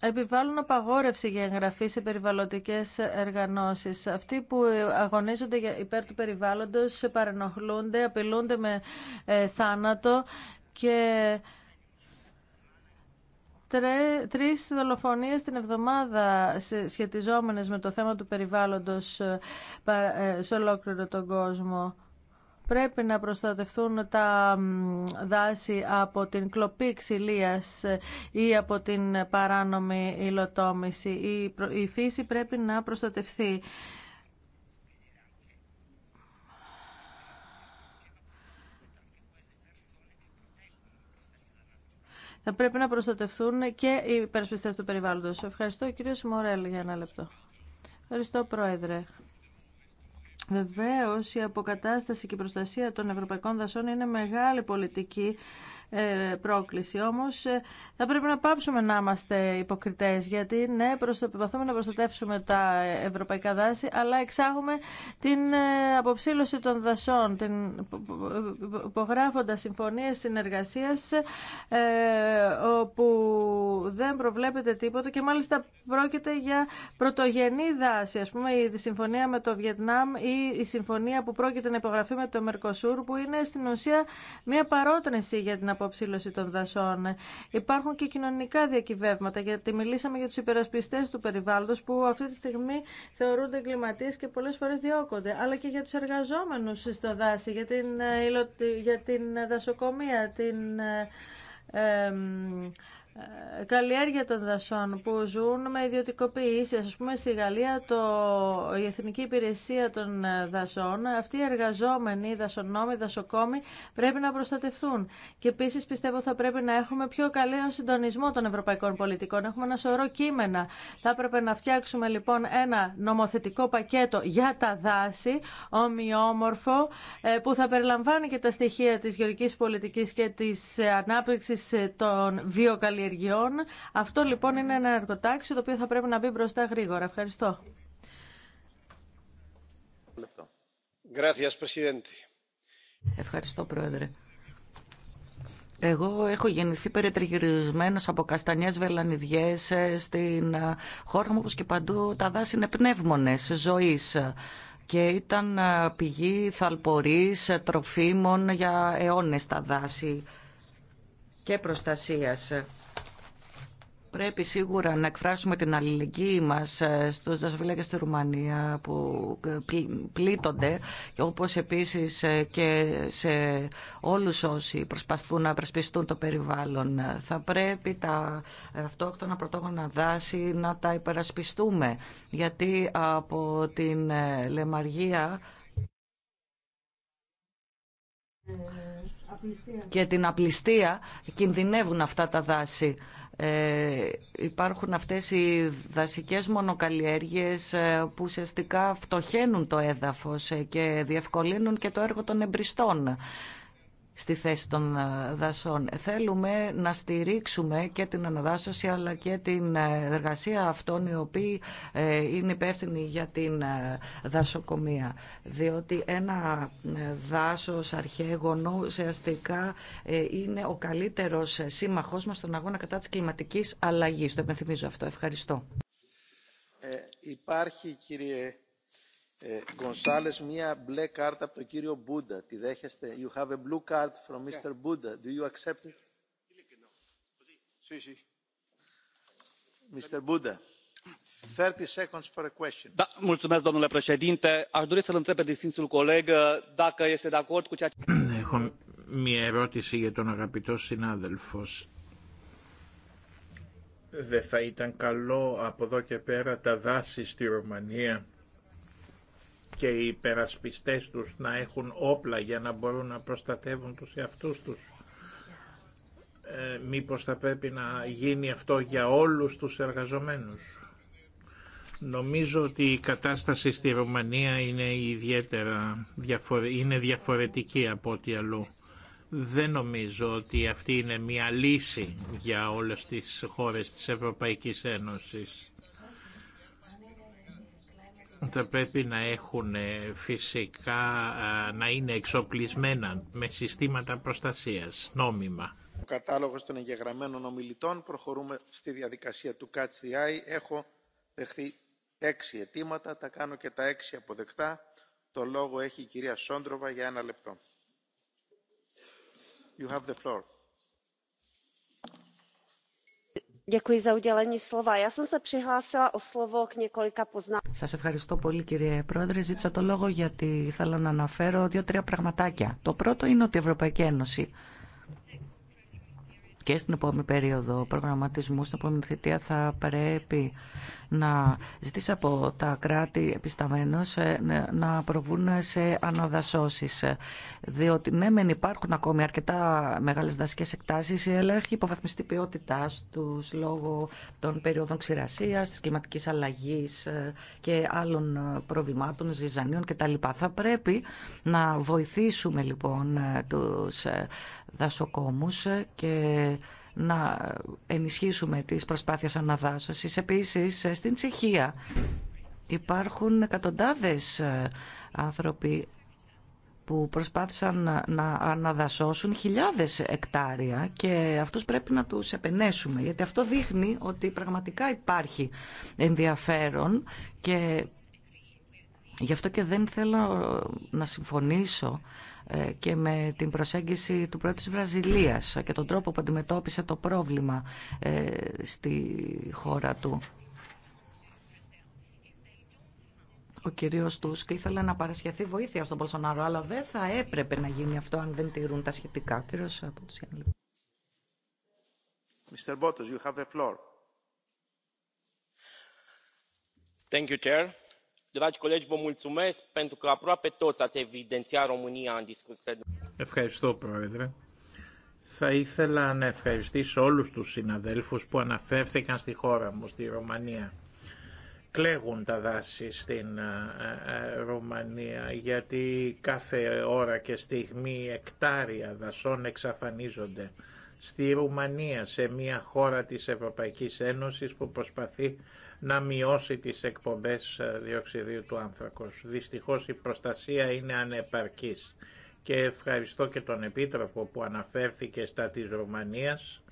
επιβάλλουν απαγόρευση για εγγραφή σε περιβαλλοντικές εργανώσεις. Αυτοί που αγωνίζονται υπέρ του περιβάλλοντος παρενοχλούνται, απειλούνται με ε, θάνατο και τρεις δολοφονίες την εβδομάδα σχετιζόμενες με το θέμα του περιβάλλοντος ε, ε, σε ολόκληρο τον κόσμο. Πρέπει να προστατευτούν τα δάση από την κλοπή ξυλίας ή από την παράνομη υλοτόμηση. Η φύση πρέπει να προστατευθεί. θα πρέπει να προστατευτούν και οι υπερασπιστές του περιβάλλοντος. Ευχαριστώ κύριο Μορέλ για ένα λεπτό. Ευχαριστώ Πρόεδρε. Βεβαίως η αποκατάσταση και η προστασία των ευρωπαϊκών δασών είναι μεγάλη πολιτική ε, πρόκληση. Όμως ε, θα πρέπει να πάψουμε να είμαστε υποκριτές γιατί ναι, προσπαθούμε να προστατεύσουμε τα ευρωπαϊκά δάση αλλά εξάγουμε την ε, αποψήλωση των δασών, την, υπογράφοντα συμφωνίες συνεργασίας όπου δεν προβλέπεται τίποτα και μάλιστα πρόκειται για πρωτογενή δάση, ας πούμε η συμφωνία με το Βιετνάμ ή η συμφωνία που πρόκειται να υπογραφεί με το Μερκοσούρ που είναι στην ουσία μια παρότρινση για την αποψήλωση των δασών. Υπάρχουν και κοινωνικά διακυβεύματα, γιατί μιλήσαμε για τους υπερασπιστές του περιβάλλοντος που αυτή τη στιγμή θεωρούνται εγκληματίες και πολλές φορές διώκονται, αλλά και για τους εργαζόμενους στο δάση, για την, ε, για την δασοκομεία, την... Ε, ε, καλλιέργεια των δασών που ζουν με ιδιωτικοποίηση. Ας πούμε στη Γαλλία το, η Εθνική Υπηρεσία των ε, Δασών, αυτοί οι εργαζόμενοι, οι δασονόμοι, οι δασοκόμοι πρέπει να προστατευτούν. Και επίσης πιστεύω θα πρέπει να έχουμε πιο καλό συντονισμό των ευρωπαϊκών πολιτικών. Έχουμε ένα σωρό κείμενα. Θα έπρεπε να φτιάξουμε λοιπόν ένα νομοθετικό πακέτο για τα δάση, ομοιόμορφο, ε, που θα περιλαμβάνει και τα στοιχεία της γεωργικής πολιτικής και της ανάπτυξη των βιοκαλλιεργειών αυτό λοιπόν είναι ένα εργοτάξιο το οποίο θα πρέπει να μπει μπροστά γρήγορα. Ευχαριστώ. Ευχαριστώ, Πρόεδρε. Εγώ έχω γεννηθεί περιτριγυρισμένος από καστανιές βελανιδιές ε, στην ε, χώρα μου, όπως και παντού τα δάση είναι πνεύμονες ζωής και ήταν ε, πηγή θαλπορής, τροφίμων για αιώνες τα δάση και προστασίας. Πρέπει σίγουρα να εκφράσουμε την αλληλεγγύη μας ε, στους δασοφυλάκες στη Ρουμανία που ε, πλήττονται όπως επίσης ε, και σε όλους όσοι προσπαθούν να απερασπιστούν το περιβάλλον. Θα πρέπει τα αυτόχθονα πρωτόγωνα δάση να τα υπερασπιστούμε γιατί από την λεμαργία και την απληστία κινδυνεύουν αυτά τα δάση ε, υπάρχουν αυτές οι δασικές μονοκαλλιέργειες ε, που ουσιαστικά φτωχαίνουν το έδαφος ε, και διευκολύνουν και το έργο των εμπριστών στη θέση των ε, δασών. Θέλουμε να στηρίξουμε και την αναδάσωση αλλά και την ε, εργασία αυτών οι οποίοι ε, είναι υπεύθυνοι για την δασοκομεία. Διότι ένα δάσος αρχαίγωνο ουσιαστικά είναι ο καλύτερος σύμμαχός μας στον αγώνα κατά της κλιματικής αλλαγής. Το επενθυμίζω αυτό. Ευχαριστώ. υπάρχει κύριε Γκονσάλες, μία μπλε κάρτα από τον κύριο Μπούντα. Τη δέχεστε. You have a blue card from Mr. Buddha. Do you accept it? Mr. Buddha. 30 seconds for a question. Da, mulțumesc, domnule președinte. Aș dori să-l întreb pe distinsul coleg dacă este de acord cu ceea ce... Έχω μία ερώτηση για τον αγαπητό συνάδελφο. Δεν θα ήταν καλό από εδώ και πέρα τα δάση στη Ρωμανία και οι υπερασπιστές τους να έχουν όπλα για να μπορούν να προστατεύουν τους εαυτούς τους. Ε, μήπως θα πρέπει να γίνει αυτό για όλους τους εργαζομένους. Νομίζω ότι η κατάσταση στη Ρωμανία είναι ιδιαίτερα είναι διαφορετική από ό,τι αλλού. Δεν νομίζω ότι αυτή είναι μια λύση για όλες τις χώρες της Ευρωπαϊκής Ένωσης θα πρέπει να έχουν ε, φυσικά να είναι εξοπλισμένα με συστήματα προστασίας νόμιμα. Ο κατάλογος των εγγεγραμμένων ομιλητών προχωρούμε στη διαδικασία του Catch Έχω δεχθεί έξι αιτήματα, τα κάνω και τα έξι αποδεκτά. Το λόγο έχει η κυρία Σόντροβα για ένα λεπτό. You have the Σας ευχαριστώ πολύ κύριε Πρόεδρε. Ζήτησα το λόγο γιατί θέλω να αναφέρω δύο-τρία πραγματάκια. Το πρώτο είναι ότι η Ευρωπαϊκή Ένωση και στην επόμενη περίοδο προγραμματισμού, στην επόμενη θα πρέπει να ζητήσει από τα κράτη επισταμένως ε, να προβούν σε αναδασώσεις. Διότι ναι μεν υπάρχουν ακόμη αρκετά μεγάλες δασικές εκτάσεις, αλλά έχει υποβαθμιστεί ποιότητά του λόγω των περιόδων ξηρασίας, της κλιματικής αλλαγής ε, και άλλων προβλημάτων, ζυζανίων κτλ. Θα πρέπει να βοηθήσουμε λοιπόν ε, τους δασοκόμους και να ενισχύσουμε τις προσπάθειες αναδάσωσης. Επίσης, στην Τσεχία υπάρχουν εκατοντάδες ε, άνθρωποι που προσπάθησαν να αναδασώσουν χιλιάδες εκτάρια και αυτούς πρέπει να τους επενέσουμε γιατί αυτό δείχνει ότι πραγματικά υπάρχει ενδιαφέρον και γι' αυτό και δεν θέλω να συμφωνήσω ε, και με την προσέγγιση του πρώτου της Βραζιλίας και τον τρόπο που αντιμετώπισε το πρόβλημα ε, στη χώρα του. ο κυρίος Τούσκ ήθελε να παρασχεθεί βοήθεια στον Πολσονάρο, αλλά δεν θα έπρεπε να γίνει αυτό αν δεν τηρούν τα σχετικά. κύριος Mr. you have the floor. Thank Ευχαριστώ, Πρόεδρε. Θα ήθελα να ευχαριστήσω όλους τους συναδέλφους που αναφέρθηκαν στη χώρα μου, στη Ρωμανία. Κλέγουν τα δάση στην ε, ε, Ρωμανία γιατί κάθε ώρα και στιγμή εκτάρια δασών εξαφανίζονται. Στη Ρουμανία, σε μια χώρα της Ευρωπαϊκής Ένωσης που προσπαθεί να μειώσει τις εκπομπές ε, διοξιδίου του άνθρακος. Δυστυχώς η προστασία είναι ανεπαρκής και ευχαριστώ και τον Επίτροπο που αναφέρθηκε στα της Ρουμανίας.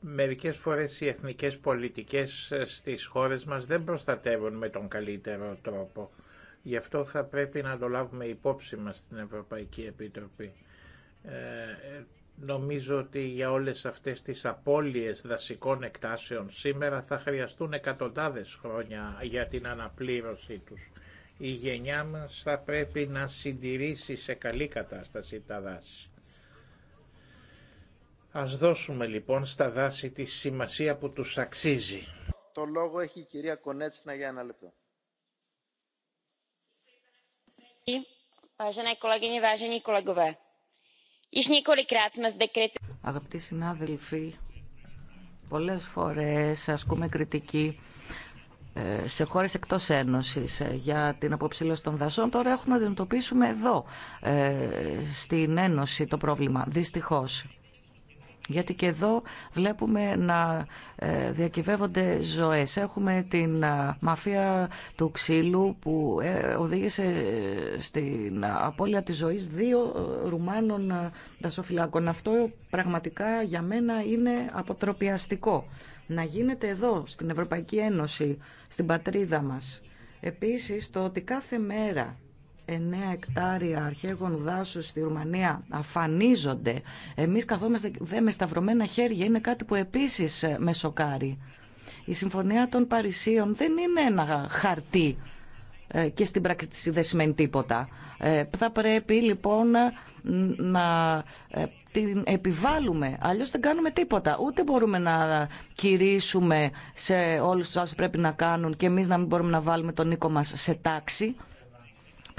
Μερικές φορές οι εθνικές πολιτικές ε, στις χώρες μας δεν προστατεύουν με τον καλύτερο τρόπο. Γι' αυτό θα πρέπει να το λάβουμε υπόψη μας στην Ευρωπαϊκή Επιτροπή. Ε, Νομίζω ότι για όλες αυτές τις απώλειες δασικών εκτάσεων σήμερα θα χρειαστούν εκατοντάδες χρόνια για την αναπλήρωσή τους. Η γενιά μας θα πρέπει να συντηρήσει σε καλή κατάσταση τα δάση. Ας δώσουμε λοιπόν στα δάση τη σημασία που τους αξίζει. Το λόγο έχει η κυρία Κονέτσινα για ένα λεπτό. Αγαπητοί συνάδελφοι, πολλές φορές ασκούμε κριτική ε, σε χώρες εκτός Ένωσης ε, για την αποψήλωση των δασών. Τώρα έχουμε να αντιμετωπίσουμε εδώ, ε, στην Ένωση, το πρόβλημα. Δυστυχώς γιατί και εδώ βλέπουμε να ε, διακυβεύονται ζωές. Έχουμε την μαφία του ξύλου που ε, οδήγησε ε, στην απώλεια της ζωής δύο Ρουμάνων δασοφυλάκων. Αυτό πραγματικά για μένα είναι αποτροπιαστικό. Να γίνεται εδώ, στην Ευρωπαϊκή Ένωση, στην πατρίδα μας. Επίσης, το ότι κάθε μέρα 9 εκτάρια αρχαίων δάσου στη Ρουμανία αφανίζονται. Εμείς καθόμαστε δε με σταυρωμένα χέρια. Είναι κάτι που επίσης ε, με σοκάρει. Η Συμφωνία των Παρισίων δεν είναι ένα χαρτί ε, και στην πράξη δεν σημαίνει τίποτα. Ε, θα πρέπει λοιπόν να την επιβάλλουμε, αλλιώς δεν κάνουμε τίποτα. Ούτε μπορούμε να κηρύσουμε σε όλους τους άλλους πρέπει να κάνουν και εμείς να μην μπορούμε να βάλουμε τον οίκο μας σε τάξη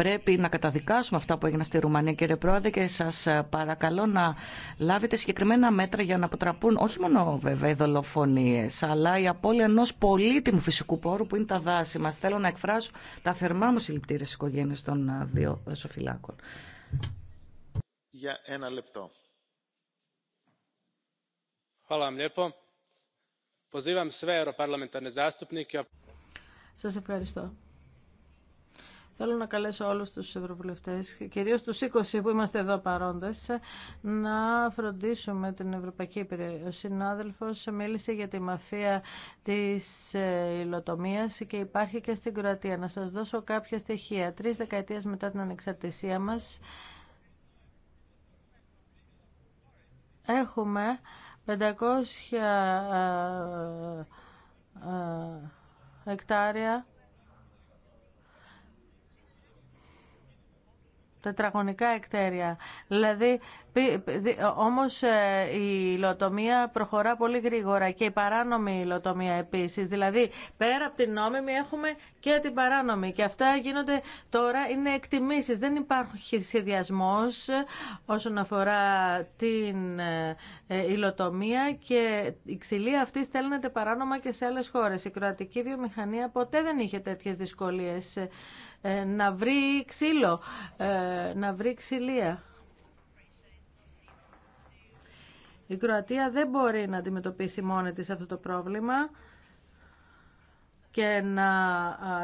πρέπει να καταδικάσουμε αυτά που έγιναν στη Ρουμανία, κύριε Πρόεδρε, και σα ε, παρακαλώ να λάβετε συγκεκριμένα μέτρα για να αποτραπούν όχι μόνο βέβαια οι δολοφονίε, αλλά η απώλεια ενό πολύτιμου φυσικού πόρου που είναι τα δάση μα. Θέλω να εκφράσω τα θερμά μου συλληπτήρε στι οικογένειε των ε, δύο δασοφυλάκων. Για ένα λεπτό. Σας ευχαριστώ. Θέλω να καλέσω όλους τους ευρωβουλευτές, κυρίως τους 20 που είμαστε εδώ παρόντες, να φροντίσουμε την Ευρωπαϊκή Υπηρεσία. Ο συνάδελφος μίλησε για τη μαφία της ε, υλοτομίας και υπάρχει και στην Κροατία. Να σας δώσω κάποια στοιχεία. Τρεις δεκαετίες μετά την ανεξαρτησία μας, έχουμε 500 ε, ε, εκτάρια τετραγωνικά εκτέρια. Δηλαδή, όμως ε, η υλοτομία προχωρά πολύ γρήγορα και η παράνομη υλοτομία επίσης. Δηλαδή, πέρα από την νόμιμη έχουμε και την παράνομη. Και αυτά γίνονται τώρα, είναι εκτιμήσεις. Δεν υπάρχει σχεδιασμός ε, όσον αφορά την υλοτομία ε, και η ξυλία αυτή στέλνεται παράνομα και σε άλλες χώρες. Η κροατική βιομηχανία ποτέ δεν είχε τέτοιες δυσκολίες. Ε, να βρει ξύλο, ε, να βρει ξυλία. Η Κροατία δεν μπορεί να αντιμετωπίσει μόνη της αυτό το πρόβλημα και να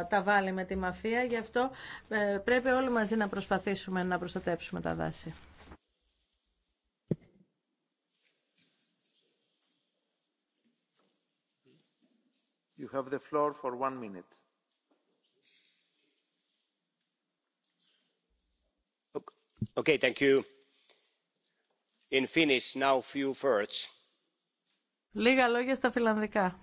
τα βάλει με τη μαφία. Γι' αυτό ε, πρέπει όλοι μαζί να προσπαθήσουμε να προστατέψουμε τα δάση. You have the floor for one minute. Λίγα λόγια στα φιλανδικά.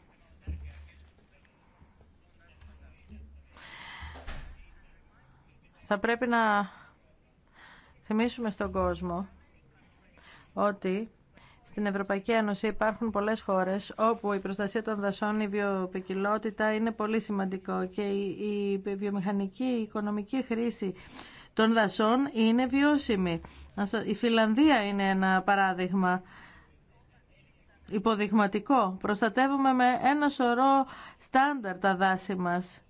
Θα πρέπει να θυμίσουμε στον κόσμο ότι στην Ευρωπαϊκή Ένωση υπάρχουν πολλές χώρες όπου η προστασία των δασών, η βιοπικιλότητα είναι πολύ σημαντικό και η βιομηχανική, η οικονομική χρήση των δασών είναι βιώσιμη. Η Φιλανδία είναι ένα παράδειγμα υποδειγματικό. Προστατεύουμε με ένα σωρό στάνταρ τα δάση μας.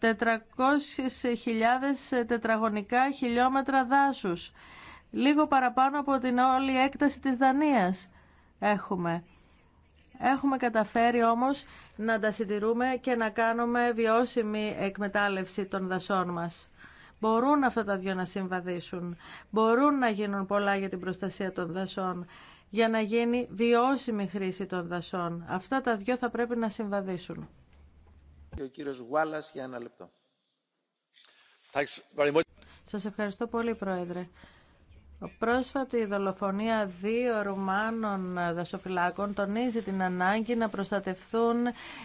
400.000 τετραγωνικά χιλιόμετρα δάσους. Λίγο παραπάνω από την όλη έκταση της Δανίας έχουμε. Έχουμε καταφέρει όμως να τα συντηρούμε και να κάνουμε βιώσιμη εκμετάλλευση των δασών μας. Μπορούν αυτά τα δυο να συμβαδίσουν. Μπορούν να γίνουν πολλά για την προστασία των δασών, για να γίνει βιώσιμη χρήση των δασών. Αυτά τα δυο θα πρέπει να συμβαδίσουν. Και κύριος για ένα λεπτό. Σας ευχαριστώ πολύ, Πρόεδρε. Πρόσφατη δολοφονία δύο Ρουμάνων δασοφυλάκων τονίζει την ανάγκη να προστατευθούν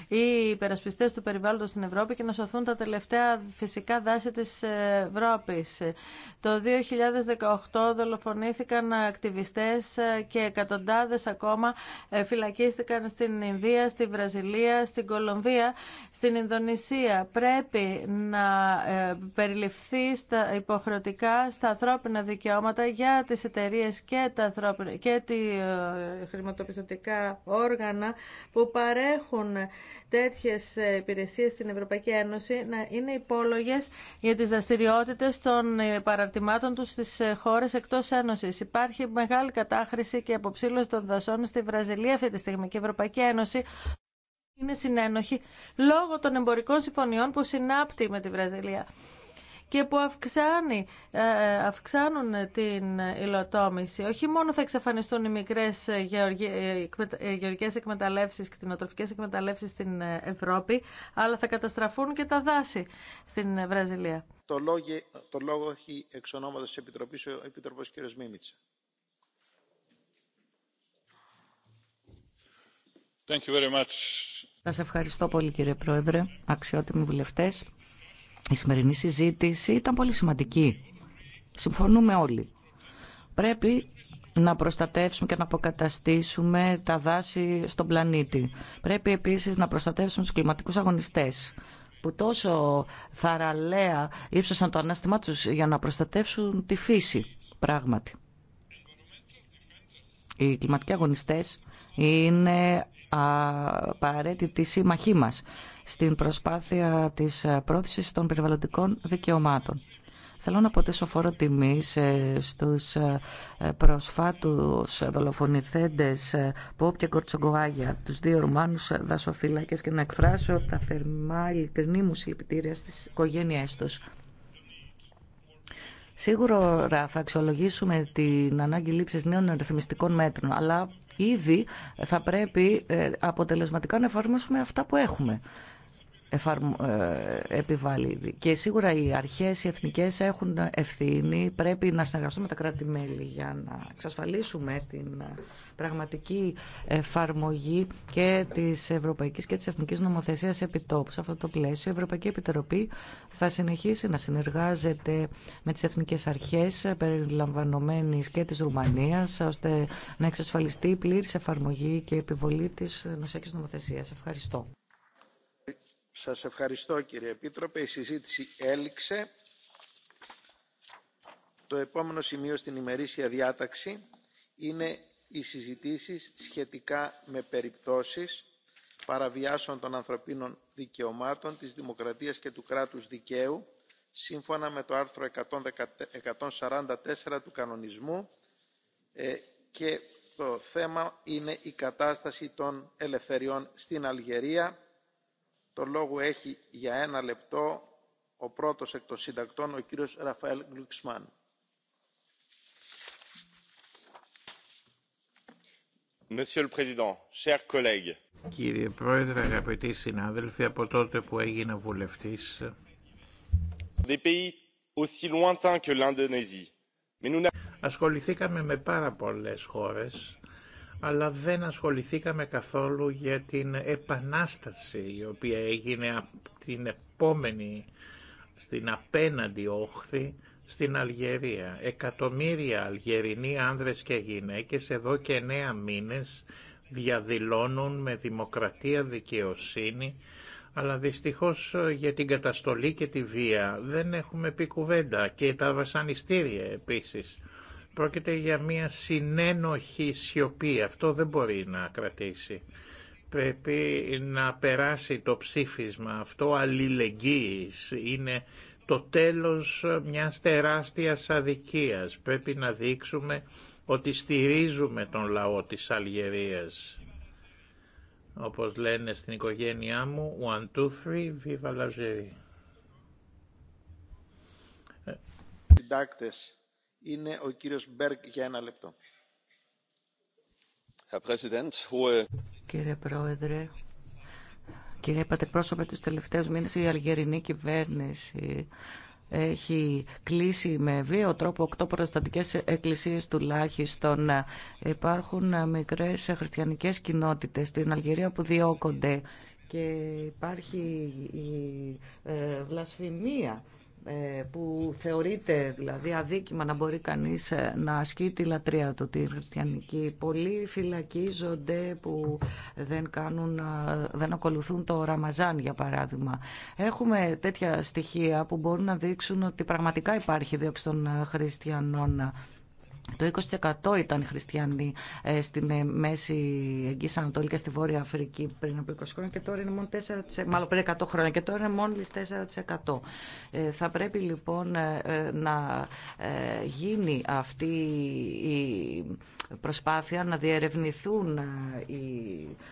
οι υπερασπιστές του περιβάλλοντος στην Ευρώπη και να σωθούν τα τελευταία φυσικά δάση της Ευρώπης. Το 2018 δολοφονήθηκαν ακτιβιστές και εκατοντάδες ακόμα φυλακίστηκαν στην Ινδία, στη Βραζιλία, στην Κολομβία, στην Ινδονησία. Πρέπει να ε, περιληφθεί υποχρεωτικά στα ανθρώπινα δικαιώματα για τις εταιρείες και τα, και ε, χρηματοπιστωτικά όργανα που παρέχουν τέτοιες ε, υπηρεσίες στην Ευρωπαϊκή Ένωση να είναι υπόλογες για τις δραστηριότητε των ε, παραρτημάτων τους στις χώρες εκτός Ένωσης. Υπάρχει μεγάλη κατάχρηση και αποψήλωση των δασών στη Βραζιλία αυτή τη στιγμή και η Ευρωπαϊκή Ένωση είναι συνένοχη λόγω των εμπορικών συμφωνιών που συνάπτει με τη Βραζιλία και που αυξάνει, ε, αυξάνουν την υλοτόμηση. Όχι μόνο θα εξαφανιστούν οι μικρές ε, ε, γεωργικές εκμεταλλεύσεις, κτηνοτροφικές εκμεταλλεύσεις στην Ευρώπη, αλλά θα καταστραφούν και τα δάση στην Βραζιλία. Το λόγο, το λόγο έχει εξ ονόματος της Επιτροπής ο Επιτροπός κ. Μίμητσα. Thank Σας ευχαριστώ πολύ κύριε Πρόεδρε, αξιότιμοι βουλευτές. Η σημερινή συζήτηση ήταν πολύ σημαντική. Συμφωνούμε όλοι. Πρέπει να προστατεύσουμε και να αποκαταστήσουμε τα δάση στον πλανήτη. Πρέπει επίσης να προστατεύσουμε τους κλιματικούς αγωνιστές που τόσο θαραλέα ύψωσαν το ανάστημά τους για να προστατεύσουν τη φύση πράγματι. Οι κλιματικοί αγωνιστές είναι απαραίτητη σύμμαχή μας στην προσπάθεια της πρόθεσης των περιβαλλοντικών δικαιωμάτων. Θέλω να ποτέ σοφόρο τιμή ε, στους ε, προσφάτους δολοφονηθέντες ε, Πόπ και Κορτσογκοάγια, τους δύο Ρουμάνους δασοφύλακες και να εκφράσω τα θερμά ειλικρινή μου συλληπιτήρια στις οικογένειές τους. Σίγουρα θα αξιολογήσουμε την ανάγκη λήψης νέων ρυθμιστικών μέτρων, αλλά Ήδη θα πρέπει ε, αποτελεσματικά να εφαρμόσουμε αυτά που έχουμε. Ε, επιβάλλει. Και σίγουρα οι αρχές, οι εθνικές έχουν ευθύνη. Πρέπει να συνεργαστούμε με τα κράτη-μέλη για να εξασφαλίσουμε την ε, πραγματική εφαρμογή και της ευρωπαϊκής και της εθνικής νομοθεσίας επιτόπου. Σε αυτό το πλαίσιο η Ευρωπαϊκή Επιτροπή θα συνεχίσει να συνεργάζεται με τις εθνικές αρχές περιλαμβανομένης και της Ρουμανίας ώστε να εξασφαλιστεί η πλήρης εφαρμογή και επιβολή της νοσιακή νομοθεσίας. Ευχαριστώ. Σας ευχαριστώ κύριε Επίτροπε. Η συζήτηση έληξε. Το επόμενο σημείο στην ημερήσια διάταξη είναι οι συζητήσεις σχετικά με περιπτώσεις παραβιάσεων των ανθρωπίνων δικαιωμάτων, της δημοκρατίας και του κράτους δικαίου, σύμφωνα με το άρθρο 144 του κανονισμού ε, και το θέμα είναι η κατάσταση των ελευθεριών στην Αλγερία. Το λόγο έχει για ένα λεπτό ο πρώτος εκ των συντακτών, ο κύριος Ραφαέλ Γκλουξμάν. Κύριε Πρόεδρε, αγαπητοί συνάδελφοι, από τότε που έγινα βουλευτής... Ασχοληθήκαμε με πάρα πολλές χώρες αλλά δεν ασχοληθήκαμε καθόλου για την επανάσταση η οποία έγινε την επόμενη, στην απέναντι όχθη στην Αλγερία. Εκατομμύρια Αλγερινοί άνδρες και γυναίκες εδώ και εννέα μήνες διαδηλώνουν με δημοκρατία δικαιοσύνη, αλλά δυστυχώς ε, για την καταστολή και τη βία δεν έχουμε πει κουβέντα και τα βασανιστήρια επίσης Πρόκειται για μια συνένοχη σιωπή. Αυτό δεν μπορεί να κρατήσει. Πρέπει να περάσει το ψήφισμα αυτό αλληλεγγύης. Είναι το τέλος μιας τεράστιας αδικίας. Πρέπει να δείξουμε ότι στηρίζουμε τον λαό της Αλγερίας. Όπως λένε στην οικογένειά μου, one, two, three, viva l'Algérie. Συντάκτες είναι ο κύριος Μπέργκ για ένα λεπτό. Κύριε Πρόεδρε, κύριε Πατεκπρόσωπε, τους τελευταίους μήνες η αλγερινή κυβέρνηση έχει κλείσει με βίαιο τρόπο οκτώ προστατικές εκκλησίες τουλάχιστον. Υπάρχουν μικρές χριστιανικές κοινότητες στην Αλγερία που διώκονται και υπάρχει η ε, βλασφημία ε, που θεωρείται δηλαδή αδίκημα να μπορεί κανείς ε, να ασκεί τη λατρεία του, τη χριστιανική. Πολλοί φυλακίζονται που δεν, κάνουν, ε, δεν ακολουθούν το Ραμαζάν για παράδειγμα. Έχουμε τέτοια στοιχεία που μπορούν να δείξουν ότι πραγματικά υπάρχει δίωξη των χριστιανών το 20% ήταν χριστιανοί ε, στην ε, Μέση Εγγύη Ανατολή και στη Βόρεια Αφρική πριν από 20 χρόνια και τώρα είναι μόνο 4%, μάλλον πριν 100 χρόνια και τώρα είναι μόνο 4%. Ε, θα πρέπει λοιπόν να γίνει αυτή η προσπάθεια να διερευνηθούν οι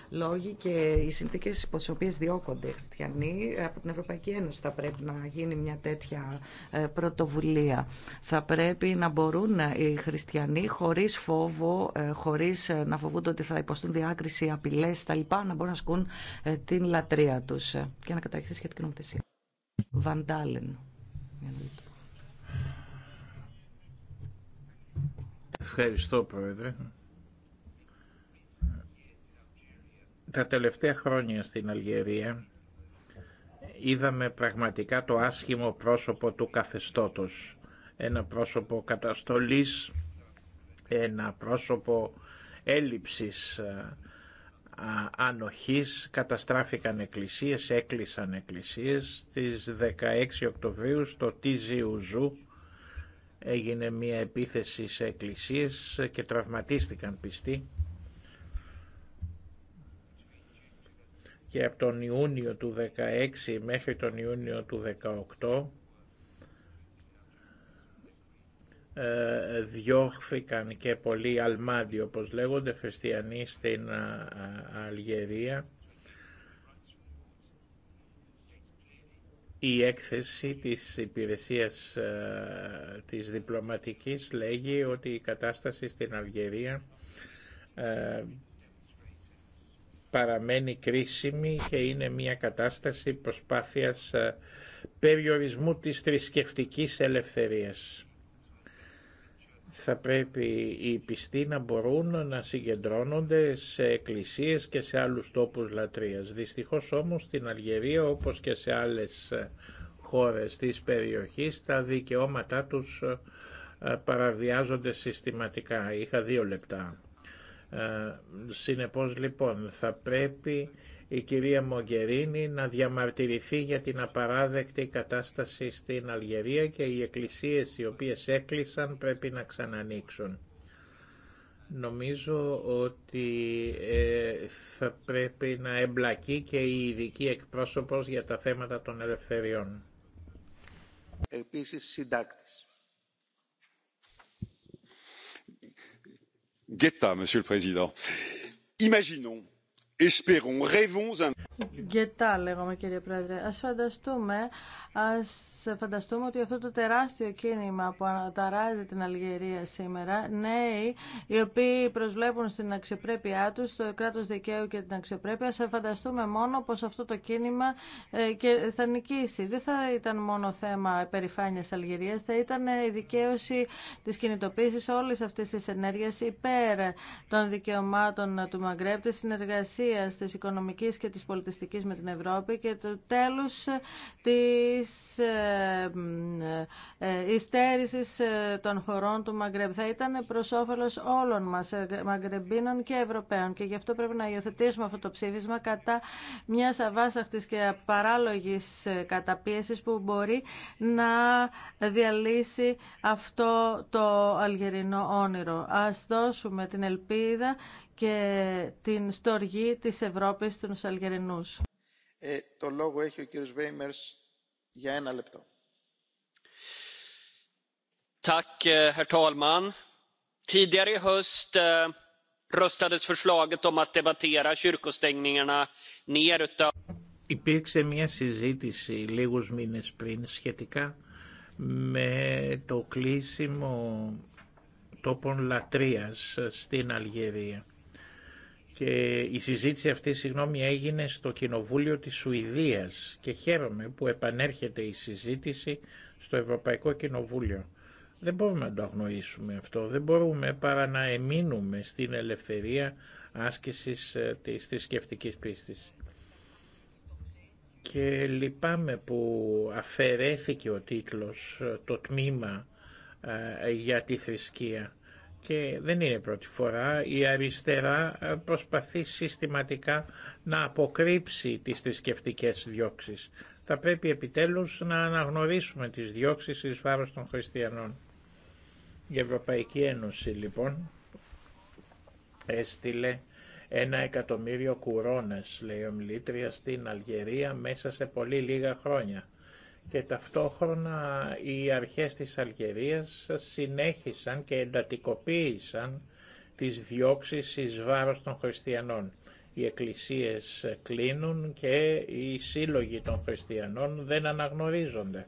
λόγοι και οι συνθήκε υπό τι οποίε διώκονται οι χριστιανοί. Από την Ευρωπαϊκή Ένωση θα πρέπει να γίνει μια τέτοια πρωτοβουλία. Θα πρέπει να μπορούν οι χριστιανοί χριστιανοί χωρίς φόβο, ε, χωρίς ε, να φοβούνται ότι θα υποστούν διάκριση, απειλές, τα λοιπά, να μπορούν να ασκούν ε, την λατρεία τους και να καταρριχθεί σχετική νομοθεσία. Βαντάλεν. Ευχαριστώ, Πρόεδρε. Τα τελευταία χρόνια στην Αλγερία είδαμε πραγματικά το άσχημο πρόσωπο του καθεστώτος. Ένα πρόσωπο καταστολής ένα πρόσωπο έλλειψης ε, ανοχής, καταστράφηκαν εκκλησίες, έκλεισαν εκκλησίες. Στις 16 Οκτωβρίου στο ουζού έγινε μια επίθεση σε εκκλησίες και τραυματίστηκαν πιστοί. Και από τον Ιούνιο του 16 μέχρι τον Ιούνιο του 18 Ε, διώχθηκαν και πολλοί αλμάντι όπως λέγονται χριστιανοί στην ε, ε, Αλγερία. Η έκθεση της υπηρεσίας της διπλωματικής λέγει ότι η κατάσταση στην Αλγερία παραμένει κρίσιμη και είναι μια κατάσταση προσπάθειας περιορισμού της θρησκευτικής ελευθερίας θα πρέπει οι πιστοί να μπορούν να συγκεντρώνονται σε εκκλησίες και σε άλλους τόπους λατρείας. Δυστυχώς όμως στην Αλγερία όπως και σε άλλες χώρες της περιοχής τα δικαιώματά τους ε, παραβιάζονται συστηματικά. Είχα δύο λεπτά. Ε, συνεπώς λοιπόν θα πρέπει η κυρία Μογκερίνη να διαμαρτυρηθεί για την απαράδεκτη κατάσταση στην Αλγερία και οι εκκλησίες οι οποίες έκλεισαν πρέπει να ξανανοίξουν. Νομίζω ότι ε, θα πρέπει να εμπλακεί και η ειδική εκπρόσωπος για τα θέματα των ελευθεριών. Επίσης συντάκτης. Monsieur le espérons rêvons un. Λοιπόν. Γκετά λέγομαι κύριε Πρόεδρε. Ας φανταστούμε, ας φανταστούμε ότι αυτό το τεράστιο κίνημα που αναταράζει την Αλγερία σήμερα, νέοι οι οποίοι προσβλέπουν στην αξιοπρέπειά τους, το κράτος δικαίου και την αξιοπρέπεια, ας φανταστούμε μόνο πως αυτό το κίνημα ε, και θα νικήσει. Δεν θα ήταν μόνο θέμα περηφάνειας Αλγερίας, θα ήταν ε, η δικαίωση της κινητοποίησης όλης αυτής της ενέργειας υπέρ των δικαιωμάτων του Μαγκρέπ, της συνεργασίας, της οικονομικής και της πολιτικής πολιτιστικής με την Ευρώπη και το τέλος της ε, ε, υστέρησης ε, των χωρών του Μαγκρεμπ. Θα ήταν προς όφελος όλων μας, Μαγκρεμπίνων και Ευρωπαίων και γι' αυτό πρέπει να υιοθετήσουμε αυτό το ψήφισμα κατά μια αβάσαχτης και παράλογης καταπίεσης που μπορεί να διαλύσει αυτό το αλγερινό όνειρο. Ας δώσουμε την ελπίδα και την στοργή της Ευρώπης στους Αλγερινούς. Ε, το λόγο έχει ο κύριος Βέιμερς για ένα λεπτό. Tack, ε, herr talman. Tidigare i höst ε, röstades förslaget om att debattera kyrkostängningarna ner utav... Υπήρξε μια συζήτηση λίγους μήνες πριν σχετικά με το κλείσιμο τόπων λατρείας στην Αλγερία και η συζήτηση αυτή συγγνώμη έγινε στο Κοινοβούλιο της Σουηδίας και χαίρομαι που επανέρχεται η συζήτηση στο Ευρωπαϊκό Κοινοβούλιο. Δεν μπορούμε να το αγνοήσουμε αυτό, δεν μπορούμε παρά να εμείνουμε στην ελευθερία άσκησης ε, της θρησκευτική πίστης. Και λυπάμαι που αφαιρέθηκε ο τίτλος, ε, το τμήμα ε, για τη θρησκεία και δεν είναι πρώτη φορά, η αριστερά ε, προσπαθεί συστηματικά να αποκρύψει τις θρησκευτικέ διώξεις. Θα πρέπει επιτέλους να αναγνωρίσουμε τις διώξεις εις βάρος των χριστιανών. Η Ευρωπαϊκή Ένωση λοιπόν έστειλε ένα εκατομμύριο κουρώνες, λέει ομιλήτρια, στην Αλγερία μέσα σε πολύ λίγα χρόνια και ταυτόχρονα οι αρχές της Αλγερίας συνέχισαν και εντατικοποίησαν τις διώξεις εις βάρος των χριστιανών. Οι εκκλησίες κλείνουν και οι σύλλογοι των χριστιανών δεν αναγνωρίζονται.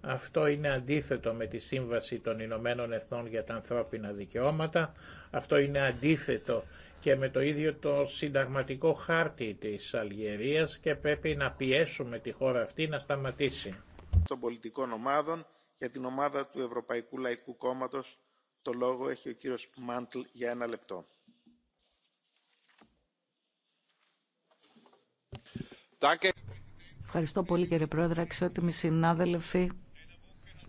Αυτό είναι αντίθετο με τη Σύμβαση των Ηνωμένων Εθνών για τα ανθρώπινα δικαιώματα. Αυτό είναι αντίθετο και με το ίδιο το συνταγματικό χάρτη της Αλγερίας και πρέπει να πιέσουμε τη χώρα αυτή να σταματήσει των πολιτικών ομάδων. Για την ομάδα του Ευρωπαϊκού Λαϊκού Κόμματος το λόγο έχει ο κύριος Μάντλ για ένα λεπτό. Ευχαριστώ πολύ κύριε Πρόεδρε, αξιότιμοι συνάδελφοι.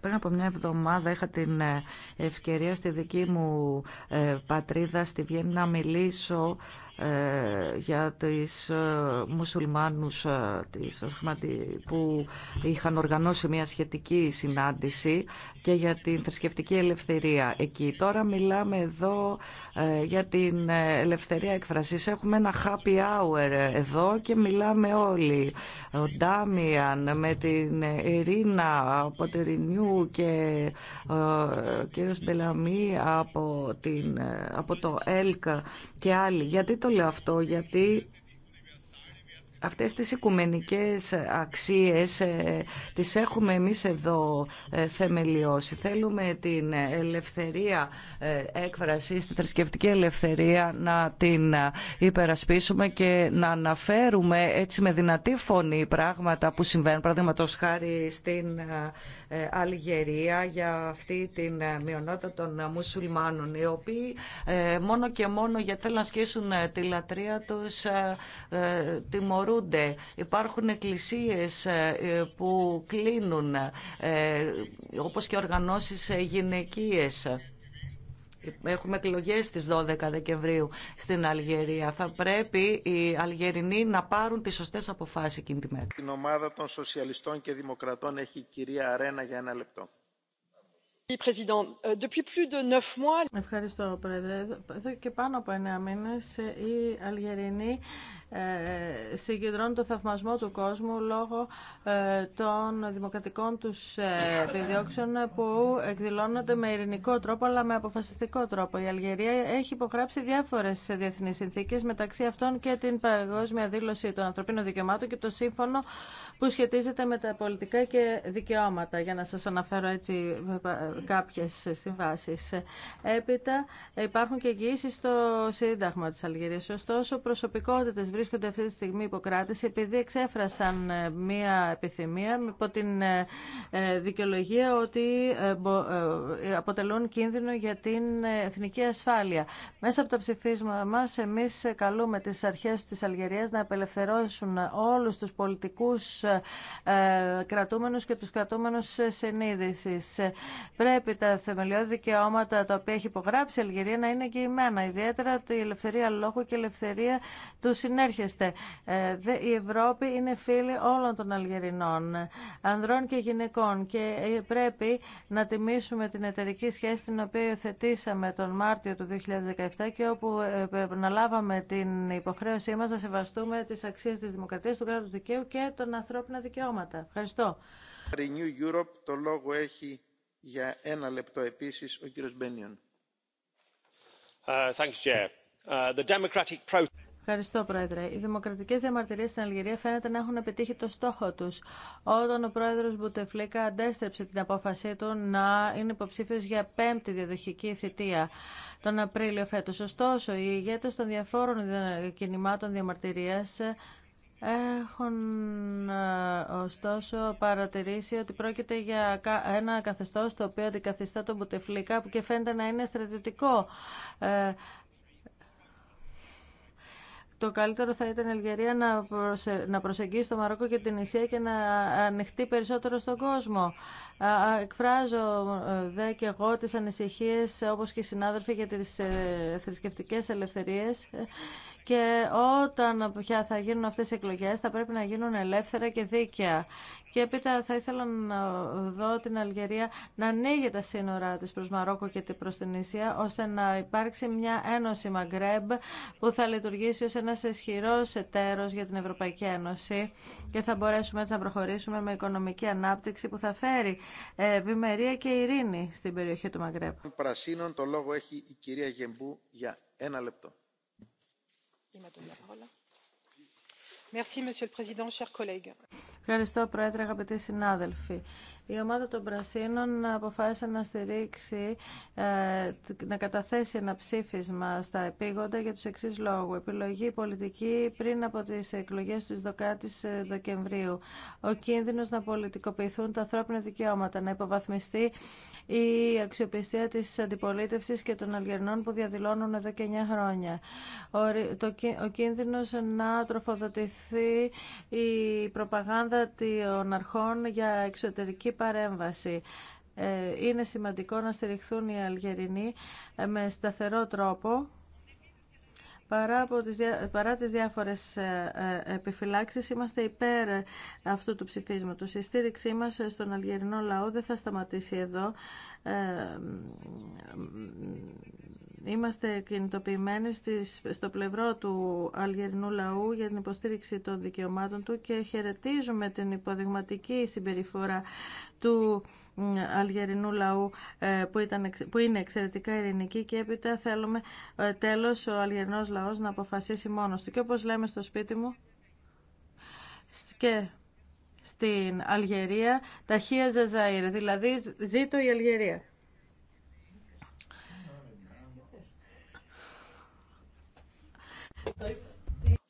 Πριν από μια εβδομάδα είχα την ε, ευκαιρία στη δική μου ε, πατρίδα, στη Βιέννη, να μιλήσω ε, για τις ε, μουσουλμάνους ε, που είχαν οργανώσει μια σχετική συνάντηση και για την θρησκευτική ελευθερία εκεί. Τώρα μιλάμε εδώ για την ελευθερία εκφρασής. Έχουμε ένα happy hour εδώ και μιλάμε όλοι. Ο Ντάμιαν με την Ειρήνα από το και ο κύριος Μπελαμή από, την, από το ΕΛΚΑ και άλλοι. Γιατί το το λέω αυτό γιατί Αυτές τις οικουμενικές αξίες ε, τις έχουμε εμείς εδώ ε, θεμελιώσει. Θέλουμε την ελευθερία ε, έκφρασης, τη θρησκευτική ελευθερία να την υπερασπίσουμε και να αναφέρουμε έτσι με δυνατή φωνή πράγματα που συμβαίνουν. Παραδείγματο χάρη στην Αλγερία για αυτή την μειονότητα των μουσουλμάνων οι οποίοι μόνο και μόνο γιατί θέλουν να τη λατρεία τους τιμωρούν Υπάρχουν εκκλησίες ε, που κλείνουν, ε, όπως και οργανώσεις ε, γυναικείες. Έχουμε εκλογέ στις 12 Δεκεμβρίου στην Αλγερία. Θα πρέπει οι Αλγερινοί να πάρουν τις σωστές αποφάσεις εκείνη τη μέρα. ομάδα των Σοσιαλιστών και Δημοκρατών έχει η κυρία Αρένα για ένα λεπτό. Euh, Ευχαριστώ, Πρόεδρε. Εδώ και πάνω από εννέα μήνες οι Αλγερινοί ε, συγκεντρώνει το θαυμασμό του κόσμου λόγω ε, των δημοκρατικών τους ε, επιδιώξεων που εκδηλώνονται με ειρηνικό τρόπο αλλά με αποφασιστικό τρόπο. Η Αλγερία έχει υπογράψει διάφορες διεθνείς συνθήκες μεταξύ αυτών και την Παγκόσμια Δήλωση των Ανθρωπίνων Δικαιωμάτων και το σύμφωνο που σχετίζεται με τα πολιτικά και δικαιώματα για να σας αναφέρω έτσι κάποιες συμβάσεις. Έπειτα υπάρχουν και εγγυήσεις στο Σύνταγμα της Αλγερίας. Ωστόσο, προσωπικότητες βρίσκονται αυτή τη στιγμή υποκράτηση επειδή εξέφρασαν ε, μία επιθυμία υπό την ε, ε, δικαιολογία ότι αποτελούν κίνδυνο για την εθνική ασφάλεια. Μέσα από το ψηφίσμα μας εμείς καλούμε τις αρχές της Αλγερίας να απελευθερώσουν όλους τους πολιτικούς κρατούμενους και τους κρατούμενους συνείδησης. Πρέπει τα θεμελιώδη δικαιώματα τα οποία έχει υπογράψει η Αλγερία να είναι εγγυημένα, ιδιαίτερα η ελευθερία λόγου και η ελευθερία του συνέχεια έρχεστε. Ε, η Ευρώπη είναι φίλη όλων των Αλγερινών, ανδρών και γυναικών και ε, πρέπει να τιμήσουμε την εταιρική σχέση την οποία υιοθετήσαμε τον Μάρτιο του 2017 και όπου ε, αναλάβαμε την υποχρέωσή μας να σεβαστούμε τις αξίες της δημοκρατίας, του κράτους δικαίου και των ανθρώπινα δικαιώματα. Ευχαριστώ. Renew Europe, το λόγο έχει για ένα λεπτό επίσης ο κύριος Μπένιον. Uh, thank you, Chair. Uh, the democratic process... Ευχαριστώ, Πρόεδρε. Οι δημοκρατικέ διαμαρτυρίε στην Αλγερία φαίνεται να έχουν επιτύχει το στόχο του. Όταν ο πρόεδρο Μπουτεφλίκα αντέστρεψε την απόφασή του να είναι υποψήφιο για πέμπτη διαδοχική θητεία τον Απρίλιο φέτο. Ωστόσο, οι ηγέτε των διαφόρων κινημάτων διαμαρτυρία έχουν ε, ωστόσο παρατηρήσει ότι πρόκειται για ένα καθεστώς το οποίο αντικαθιστά τον Μπουτεφλίκα που και φαίνεται να είναι στρατιωτικό ε, το καλύτερο θα ήταν η Αλγερία να, προσε... να προσεγγίσει το Μαρόκο και την Ισία και να ανοιχτεί περισσότερο στον κόσμο. Εκφράζω ε, δε και εγώ τις ανησυχίες όπως και οι συνάδελφοι για τις ε, θρησκευτικές ελευθερίες και όταν πια θα γίνουν αυτές οι εκλογές θα πρέπει να γίνουν ελεύθερα και δίκαια. Και έπειτα θα ήθελα να δω την Αλγερία να ανοίγει τα σύνορά της προς Μαρόκο και προς την Ισία, ώστε να υπάρξει μια ένωση Μαγκρέμπ που θα λειτουργήσει ως ένας ισχυρό εταίρος για την Ευρωπαϊκή Ένωση και θα μπορέσουμε έτσι να προχωρήσουμε με οικονομική ανάπτυξη που θα φέρει ε, ευημερία και ειρήνη στην περιοχή του Μαγκρέμπ. Πρασίνων, το λόγο έχει η κυρία Γεμπού για ένα λεπτό. Ευχαριστώ, Πρόεδρε, αγαπητοί συνάδελφοι. Η ομάδα των Πρασίνων αποφάσισε να στηρίξει, ε, να καταθέσει ένα ψήφισμα στα επίγοντα για τους εξής λόγους. Επιλογή πολιτική πριν από τις εκλογές της 10 ε, Δεκεμβρίου. Ο κίνδυνος να πολιτικοποιηθούν τα ανθρώπινα δικαιώματα, να υποβαθμιστεί η αξιοπιστία της αντιπολίτευσης και των Αλγερνών που διαδηλώνουν εδώ και 9 χρόνια. Ο κίνδυνος να τροφοδοτηθεί η προπαγάνδα των αρχών για εξωτερική παρέμβαση. Ε, είναι σημαντικό να στηριχθούν οι Αλγερινοί ε, με σταθερό τρόπο Παρά, τις, παρά τις διάφορες ε, επιφυλάξεις, είμαστε υπέρ αυτού του ψηφίσματος. Η στήριξή μας στον Αλγερινό λαό δεν θα σταματήσει εδώ. Ε, είμαστε κινητοποιημένοι στο πλευρό του αλγερινού λαού για την υποστήριξη των δικαιωμάτων του και χαιρετίζουμε την υποδειγματική συμπεριφορά του αλγερινού λαού ε, που, ήταν, που είναι εξαιρετικά ειρηνική και έπειτα θέλουμε ε, τέλος ο αλγερινός λαός να αποφασίσει μόνος του. Και όπως λέμε στο σπίτι μου και στην Αλγερία ταχεία Ζαζάιρ. δηλαδή ζήτω η Αλγερία.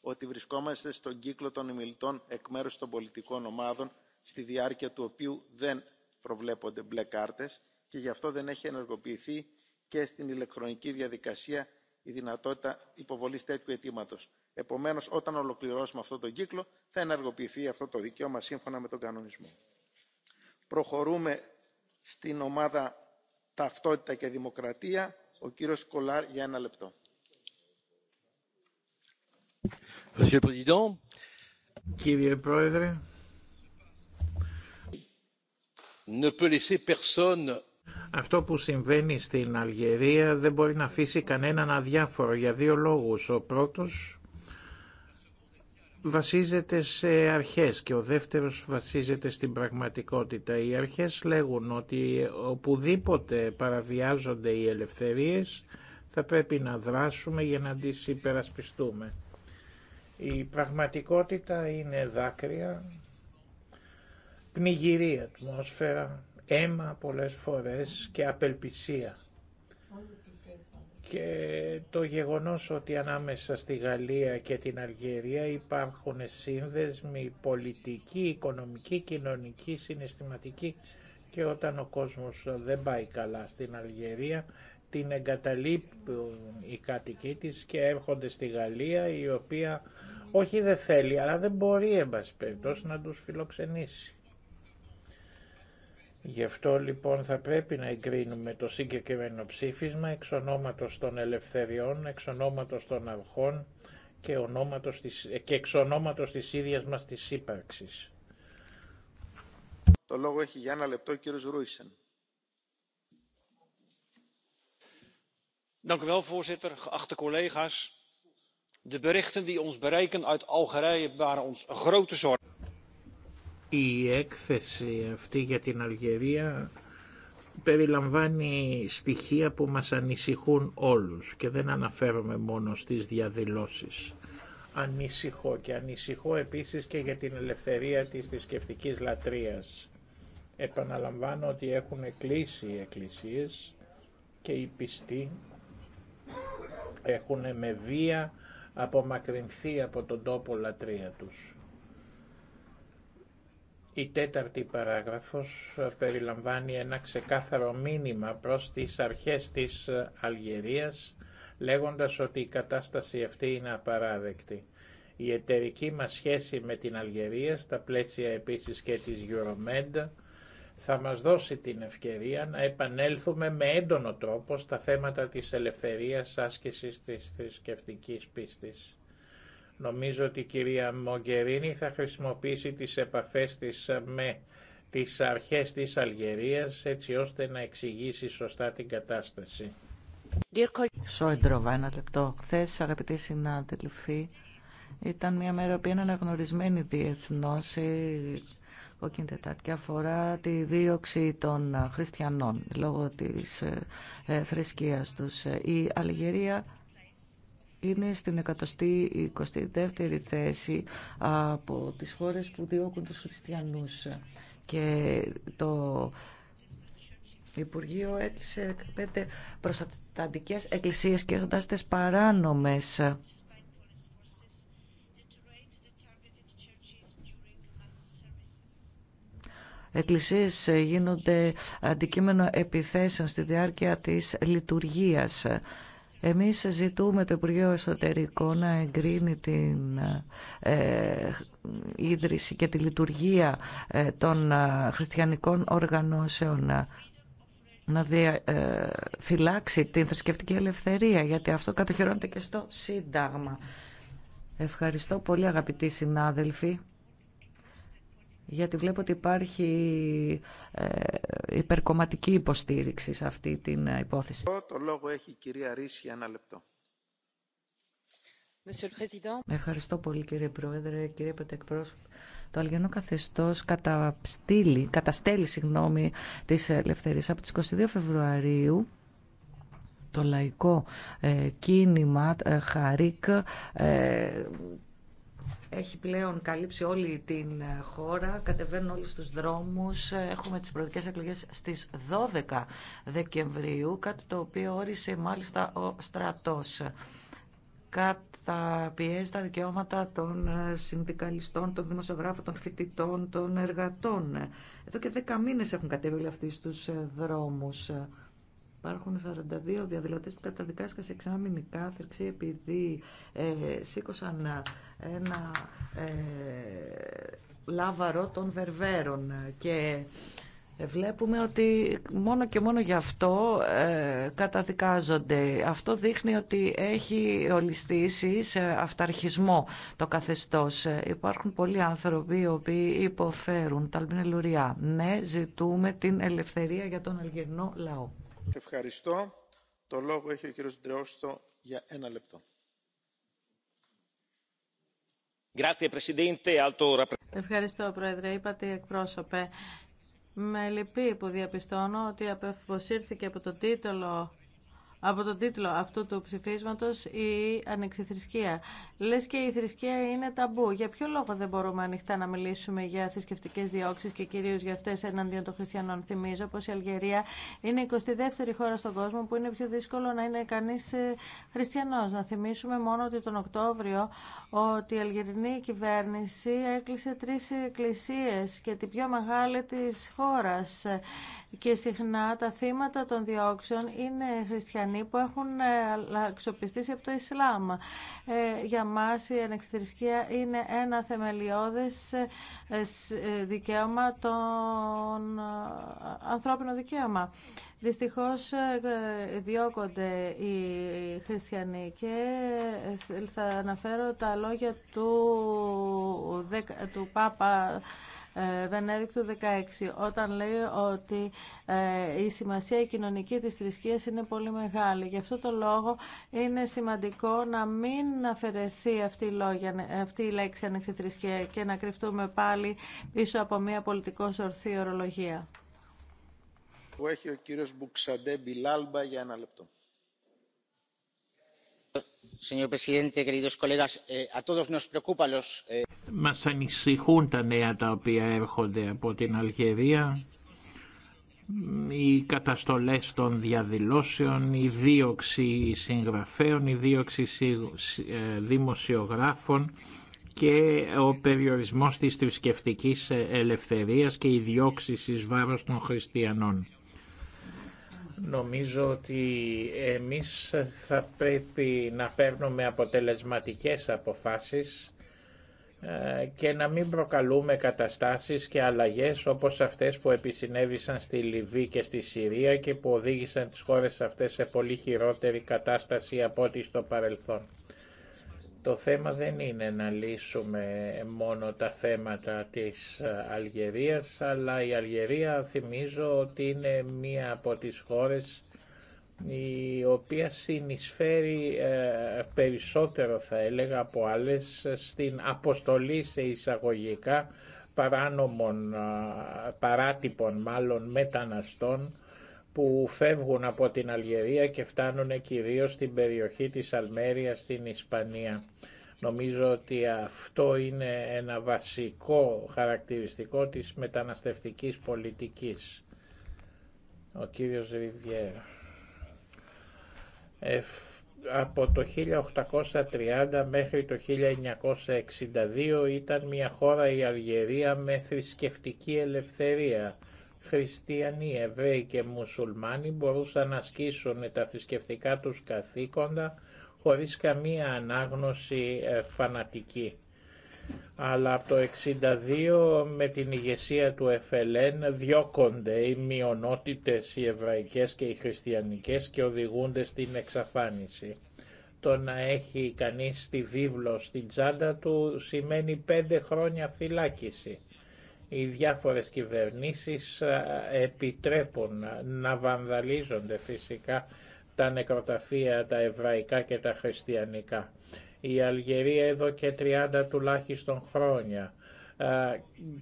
ότι βρισκόμαστε στον κύκλο των ημιλητών εκ μέρους των πολιτικών ομάδων, στη διάρκεια του οποίου δεν προβλέπονται μπλε κάρτες και γι' αυτό δεν έχει ενεργοποιηθεί και στην ηλεκτρονική διαδικασία η δυνατότητα υποβολής τέτοιου αιτήματος. Επομένως, όταν ολοκληρώσουμε αυτό τον κύκλο, θα ενεργοποιηθεί αυτό το δικαίωμα σύμφωνα με τον κανονισμό. Προχωρούμε στην ομάδα Ταυτότητα και Δημοκρατία. Ο κύριος Κολάρ για ένα λεπτό. Κύριε Πρόεδρε, ne peut laisser personne αυτό που συμβαίνει στην Αλγερία δεν μπορεί να αφήσει κανέναν αδιάφορο για δύο λόγους. Ο πρώτος βασίζεται σε αρχές και ο δεύτερος βασίζεται στην πραγματικότητα. Οι αρχές λέγουν ότι οπουδήποτε παραβιάζονται οι ελευθερίες θα πρέπει να δράσουμε για να τις υπερασπιστούμε. Η πραγματικότητα είναι δάκρυα, πνιγυρή ατμόσφαιρα, αίμα πολλές φορές και απελπισία και το γεγονός ότι ανάμεσα στη Γαλλία και την Αλγερία υπάρχουν σύνδεσμοι πολιτικοί, οικονομική, κοινωνικοί, συναισθηματικοί και όταν ο κόσμος δεν πάει καλά στην Αλγερία την εγκαταλείπουν οι κάτοικοί της και έρχονται στη Γαλλία η οποία όχι δεν θέλει αλλά δεν μπορεί εν να τους φιλοξενήσει. Γι' αυτό λοιπόν θα πρέπει να εγκρίνουμε το συγκεκριμένο ψήφισμα εξ ονόματος των ελευθεριών, εξ ονόματος των αρχών και, ονόματος της, και εξ ονόματος της ίδιας μας της ύπαρξης. Το λόγο έχει για ένα λεπτό ο κύριος Ρούισεν. Dank u wel, voorzitter. Geachte collega's, de berichten die ons bereiken uit Algerije waren ons grote zorg. Η έκθεση αυτή για την Αλγερία περιλαμβάνει στοιχεία που μας ανησυχούν όλους και δεν αναφέρομαι μόνο στις διαδηλώσεις. Ανησυχώ και ανησυχώ επίσης και για την ελευθερία της θρησκευτική λατρείας. Επαναλαμβάνω ότι έχουν κλείσει οι εκκλησίες και οι πιστοί έχουν με βία απομακρυνθεί από τον τόπο λατρεία τους. Η τέταρτη παράγραφος περιλαμβάνει ένα ξεκάθαρο μήνυμα προς τις αρχές της Αλγερίας, λέγοντας ότι η κατάσταση αυτή είναι απαράδεκτη. Η εταιρική μας σχέση με την Αλγερία, στα πλαίσια επίσης και της Euromed, θα μας δώσει την ευκαιρία να επανέλθουμε με έντονο τρόπο στα θέματα της ελευθερίας άσκησης της θρησκευτική πίστης. Νομίζω ότι η κυρία Μογκερίνη θα χρησιμοποιήσει τις επαφές της με τις αρχές της Αλγερίας έτσι ώστε να εξηγήσει σωστά την κατάσταση. Σόιντροβα, ένα λεπτό. Χθε, αγαπητοί συνάδελφοι, ήταν μια μέρα που είναι αναγνωρισμένη διεθνώ αφορά τη δίωξη των χριστιανών λόγω της ε, θρησκείας τους. Η Αλγερία είναι στην 122η θέση από τις χώρες που διώκουν τους χριστιανούς. Και το Υπουργείο έκλεισε πέντε προστατικές εκκλησίες και έχοντας τις παράνομες εκκλησίες γίνονται αντικείμενο επιθέσεων στη διάρκεια της λειτουργίας εμείς ζητούμε το Υπουργείο Εσωτερικό να εγκρίνει την ε, ίδρυση και τη λειτουργία ε, των ε, χριστιανικών οργανώσεων ε, να φυλάξει την θρησκευτική ελευθερία, γιατί αυτό κατοχυρώνεται και στο Σύνταγμα. Ευχαριστώ πολύ αγαπητοί συνάδελφοι γιατί βλέπω ότι υπάρχει ε, υπερκομματική υποστήριξη σε αυτή την υπόθεση. Το λόγο έχει η κυρία Ρίση, ένα λεπτό. Ευχαριστώ πολύ κύριε Πρόεδρε, κύριε Πρωτεκπρόσωπο. Το αλγενό Καθεστώ καταστέλει συγγνώμη, της ελευθερίας. Από τις 22 Φεβρουαρίου το λαϊκό ε, κίνημα ε, Χαρίκ έχει πλέον καλύψει όλη την ε, χώρα, κατεβαίνουν όλοι στους δρόμους. Έχουμε τις προεδρικές εκλογές στις 12 Δεκεμβρίου, κάτι το οποίο όρισε μάλιστα ο στρατός. Καταπιέζει τα δικαιώματα των ε, συνδικαλιστών, των δημοσιογράφων, των φοιτητών, των εργατών. Εδώ και 10 μήνες έχουν κατέβει όλοι αυτοί στους ε, δρόμους. Υπάρχουν 42 διαδηλωτές που καταδικάστηκαν σε εξάμεινη κάθερξη επειδή ε, σήκωσαν ένα ε, λάβαρο των βερβέρων και βλέπουμε ότι μόνο και μόνο γι' αυτό ε, καταδικάζονται. Αυτό δείχνει ότι έχει ολιστήσει σε αυταρχισμό το καθεστώς. Υπάρχουν πολλοί άνθρωποι οι οποίοι υποφέρουν. τα Ναι, ζητούμε την ελευθερία για τον αλγερινό λαό. Ευχαριστώ. Το λόγο έχει ο κύριος Ντρεώστο για ένα λεπτό. Ευχαριστώ, Πρόεδρε. Είπατε εκπρόσωπε. Με λυπεί που διαπιστώνω ότι αποσύρθηκε από το τίτλο από τον τίτλο αυτού του ψηφίσματος η ανεξιθρησκεία. Λες και η θρησκεία είναι ταμπού. Για ποιο λόγο δεν μπορούμε ανοιχτά να μιλήσουμε για θρησκευτικέ διώξει και κυρίω για αυτέ εναντίον των χριστιανών. Θυμίζω πω η Αλγερία είναι η 22η χώρα στον κόσμο που είναι πιο δύσκολο να είναι κανείς ε, χριστιανός. Να θυμίσουμε μόνο ότι τον Οκτώβριο ότι η αλγερινή ειναι κανει χριστιανο να θυμισουμε μονο οτι έκλεισε τρει εκκλησίε και την πιο μεγάλη τη χώρα. Και συχνά τα θύματα των διώξεων είναι χριστιανοί χριστιανοί που έχουν ε, αξιοπιστήσει από το Ισλάμ. Ε, για μας η ανεξιθρησκεία είναι ένα θεμελιώδες ε, δικαίωμα, των ανθρώπινο δικαίωμα. Δυστυχώς διώκονται οι χριστιανοί και θα αναφέρω τα λόγια του, του Πάπα Βενέδικτου 16 όταν λέει ότι ε, η σημασία η κοινωνική της θρησκείας είναι πολύ μεγάλη. Γι' αυτό το λόγο είναι σημαντικό να μην αφαιρεθεί αυτή η, λόγια, αυτή η λέξη ανεξιθρησκεία και να κρυφτούμε πάλι πίσω από μια πολιτικό ορθή ορολογία. Που έχει ο κύριος Μπουξαντέ για ένα λεπτό. Μας ανησυχούν τα νέα τα οποία έρχονται από την Αλγερία, οι καταστολές των διαδηλώσεων, η δίωξη συγγραφέων, η δίωξη ε, δημοσιογράφων και ο περιορισμός της θρησκευτική ελευθερίας και η διώξηση εις βάρος των χριστιανών. Νομίζω ότι εμείς θα πρέπει να παίρνουμε αποτελεσματικές αποφάσεις ε, και να μην προκαλούμε καταστάσεις και αλλαγές όπως αυτές που επισυνέβησαν στη Λιβύη και στη Συρία και που οδήγησαν τις χώρες αυτές σε πολύ χειρότερη κατάσταση από ό,τι στο παρελθόν. Το θέμα δεν είναι να λύσουμε μόνο τα θέματα της Αλγερίας, αλλά η Αλγερία θυμίζω ότι είναι μία από τις χώρες η οποία συνεισφέρει ε, περισσότερο θα έλεγα από άλλες στην αποστολή σε εισαγωγικά παράνομων, ε, παράτυπων μάλλον μεταναστών που φεύγουν από την Αλγερία και φτάνουν κυρίως στην περιοχή της Αλμέρια στην Ισπανία. Νομίζω ότι αυτό είναι ένα βασικό χαρακτηριστικό της μεταναστευτικής πολιτικής. Ο κύριος Ριβιέρα. από το 1830 μέχρι το 1962 ήταν μια χώρα η Αλγερία με θρησκευτική ελευθερία χριστιανοί, εβραίοι και μουσουλμάνοι μπορούσαν να ασκήσουν τα θρησκευτικά τους καθήκοντα χωρίς καμία ανάγνωση ε, φανατική. Αλλά από το 62 με την ηγεσία του Εφελέν διώκονται οι μειονότητες οι εβραϊκές και οι χριστιανικές και οδηγούνται στην εξαφάνιση. Το να έχει κανείς τη βίβλο στην τσάντα του σημαίνει πέντε χρόνια φυλάκιση οι διάφορες κυβερνήσεις ε, επιτρέπουν να βανδαλίζονται φυσικά τα νεκροταφεία, τα εβραϊκά και τα χριστιανικά. Η Αλγερία εδώ και 30 τουλάχιστον χρόνια ε,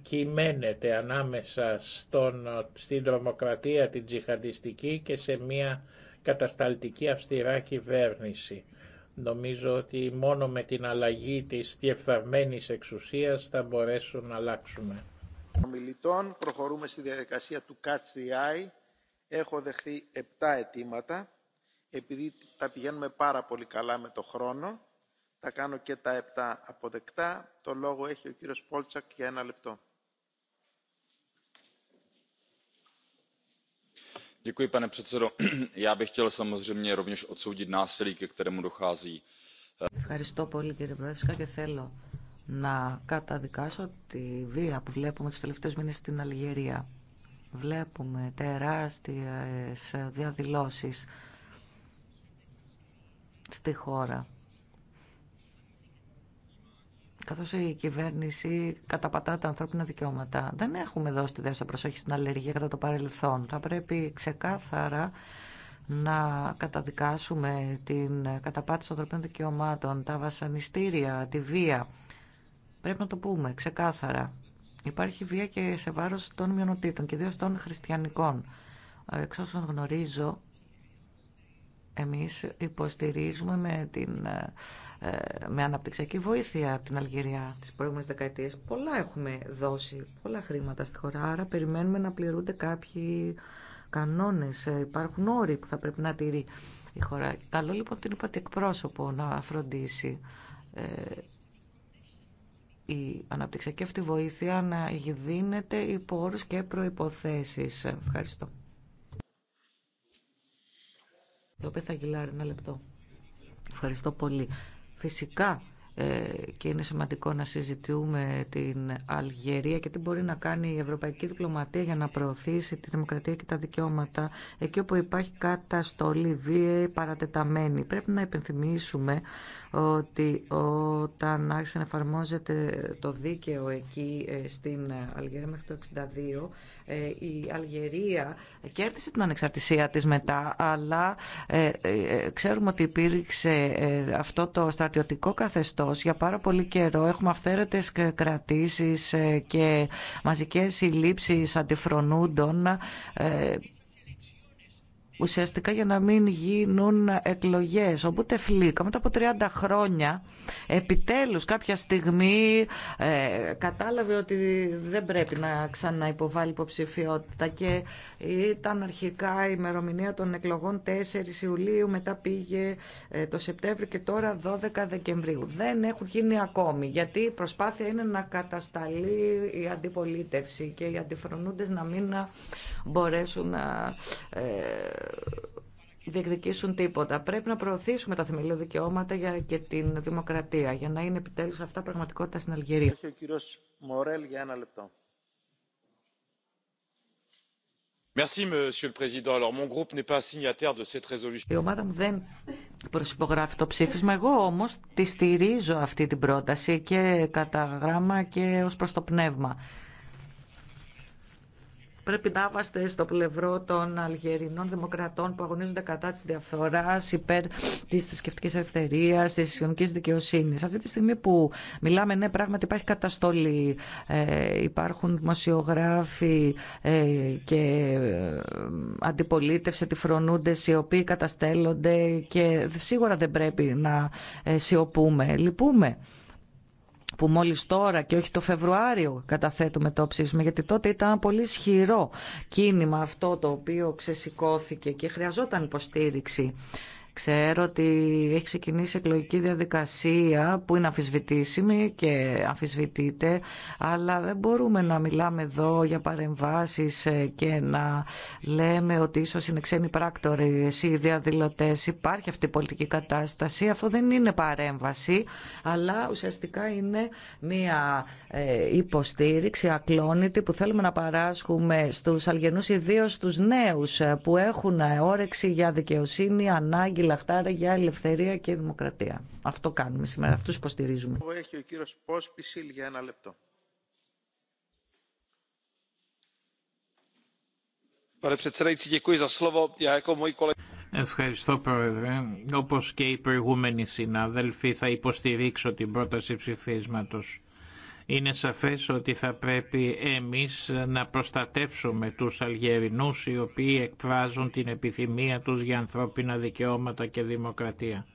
κυμαίνεται ανάμεσα στον, στην τρομοκρατία την τζιχαντιστική και σε μια κατασταλτική αυστηρά κυβέρνηση. Νομίζω ότι μόνο με την αλλαγή της διεφθαρμένης εξουσίας θα μπορέσουν να αλλάξουμε. Ομιλητών, προχωρούμε στη διαδικασία του Catch the Eye. Έχω δεχθεί 7 αιτήματα. Επειδή τα πηγαίνουμε πάρα πολύ καλά με το χρόνο, θα κάνω και τα 7 αποδεκτά. Το λόγο έχει ο κύριος Πόλτσακ για ένα λεπτό. pane předsedo. [clears throat] já bych chtěl samozřejmě rovněž odsoudit násilí ke kterému dochází. Ευχαριστώ πολύ κύριε Πρόεδρε και θέλω να καταδικάσω τη βία που βλέπουμε τους τελευταίους μήνες στην Αλγερία. Βλέπουμε τεράστιες διαδηλώσεις στη χώρα. Καθώς η κυβέρνηση καταπατά τα ανθρώπινα δικαιώματα. Δεν έχουμε δώσει τη δεύτερη προσοχή στην αλλεργία κατά το παρελθόν. Θα πρέπει ξεκάθαρα να καταδικάσουμε την καταπάτηση των ανθρωπίνων δικαιωμάτων, τα βασανιστήρια, τη βία Πρέπει να το πούμε ξεκάθαρα. Υπάρχει βία και σε βάρος των μειονοτήτων και ιδίω των χριστιανικών. Εξ όσων γνωρίζω, εμείς υποστηρίζουμε με, την, ε, με αναπτυξιακή βοήθεια την Αλγερία τις προηγούμενες δεκαετίες. Πολλά έχουμε δώσει, πολλά χρήματα στη χώρα, άρα περιμένουμε να πληρούνται κάποιοι κανόνες, ε, υπάρχουν όροι που θα πρέπει να τηρεί η χώρα. Καλό λοιπόν την είπατε εκπρόσωπο να φροντίσει ε, η αναπτυξιακή αυτή βοήθεια να δίνεται υπό όρους και προϋποθέσεις. Ευχαριστώ. Λόπεθα Γιλάρη, ένα λεπτό. Ευχαριστώ πολύ. Φυσικά ε, και είναι σημαντικό να συζητούμε την Αλγερία και τι μπορεί να κάνει η Ευρωπαϊκή Διπλωματία για να προωθήσει τη δημοκρατία και τα δικαιώματα εκεί όπου υπάρχει καταστολή βία παρατεταμένη. Πρέπει να υπενθυμίσουμε ότι όταν άρχισε να εφαρμόζεται το δίκαιο εκεί ε, στην Αλγερία μέχρι το 1962 ε, η Αλγερία κέρδισε την ανεξαρτησία της μετά, αλλά ε, ε, ξέρουμε ότι υπήρξε αυτό το στρατιωτικό καθεστώς για πάρα πολύ καιρό. Έχουμε αυθαίρετες κρατήσεις και μαζικές συλλήψεις αντιφρονούντων ουσιαστικά για να μην γίνουν εκλογές. Οπότε φλήκα μετά από 30 χρόνια επιτέλους κάποια στιγμή ε, κατάλαβε ότι δεν πρέπει να ξαναυποβάλει υποψηφιότητα και ήταν αρχικά η ημερομηνία των εκλογών 4 Ιουλίου μετά πήγε ε, το Σεπτέμβριο και τώρα 12 Δεκεμβρίου. Δεν έχουν γίνει ακόμη γιατί η προσπάθεια είναι να κατασταλεί η αντιπολίτευση και οι αντιφρονούντες να μην μπορέσουν να ε, διεκδικήσουν τίποτα. Πρέπει να προωθήσουμε τα θεμελιώδη δικαιώματα για και την δημοκρατία, για να είναι επιτέλους αυτά πραγματικότητα στην Αλγερία. για λεπτό. Η ομάδα μου δεν προσυπογράφει το ψήφισμα. Εγώ όμως τη στηρίζω αυτή την πρόταση και κατά γράμμα και ως προς το πνεύμα. Πρέπει να είμαστε στο πλευρό των Αλγερινών Δημοκρατών που αγωνίζονται κατά τη διαφθορά, υπέρ τη θρησκευτική ελευθερία, τη κοινωνική δικαιοσύνη. Αυτή τη στιγμή που μιλάμε, ναι, πράγματι υπάρχει καταστολή. Ε, υπάρχουν δημοσιογράφοι ε, και ε, αντιπολίτευση, αντιφρονούντε, οι οποίοι καταστέλλονται και σίγουρα δεν πρέπει να σιωπούμε. Λυπούμε που μόλις τώρα και όχι το Φεβρουάριο καταθέτουμε το ψήφισμα, γιατί τότε ήταν πολύ ισχυρό κίνημα αυτό το οποίο ξεσηκώθηκε και χρειαζόταν υποστήριξη Ξέρω ότι έχει ξεκινήσει εκλογική διαδικασία που είναι αμφισβητήσιμη και αμφισβητείται, αλλά δεν μπορούμε να μιλάμε εδώ για παρεμβάσεις ε, και να λέμε ότι ίσως είναι ξένοι πράκτορες ή διαδηλωτές. Υπάρχει αυτή η διαδηλωτέ, υπαρχει αυτη κατάσταση. Αυτό δεν είναι παρέμβαση, αλλά ουσιαστικά είναι μια ε, υποστήριξη ακλόνητη που θέλουμε να παράσχουμε στους Αλγενούς, ιδίως στους νέους ε, που έχουν όρεξη για δικαιοσύνη, ανάγκη λαχτάρα για ελευθερία και δημοκρατία. Αυτό κάνουμε σήμερα, αυτούς υποστηρίζουμε. Έχει ο κύριος Πόσπισιλ για ένα λεπτό. Ευχαριστώ Πρόεδρε. Όπως και οι προηγούμενοι συνάδελφοι θα υποστηρίξω την πρόταση ψηφίσματος. Είναι σαφές ότι θα πρέπει εμείς να προστατεύσουμε τους Αλγερινούς οι οποίοι εκφράζουν την επιθυμία τους για ανθρώπινα δικαιώματα και δημοκρατία.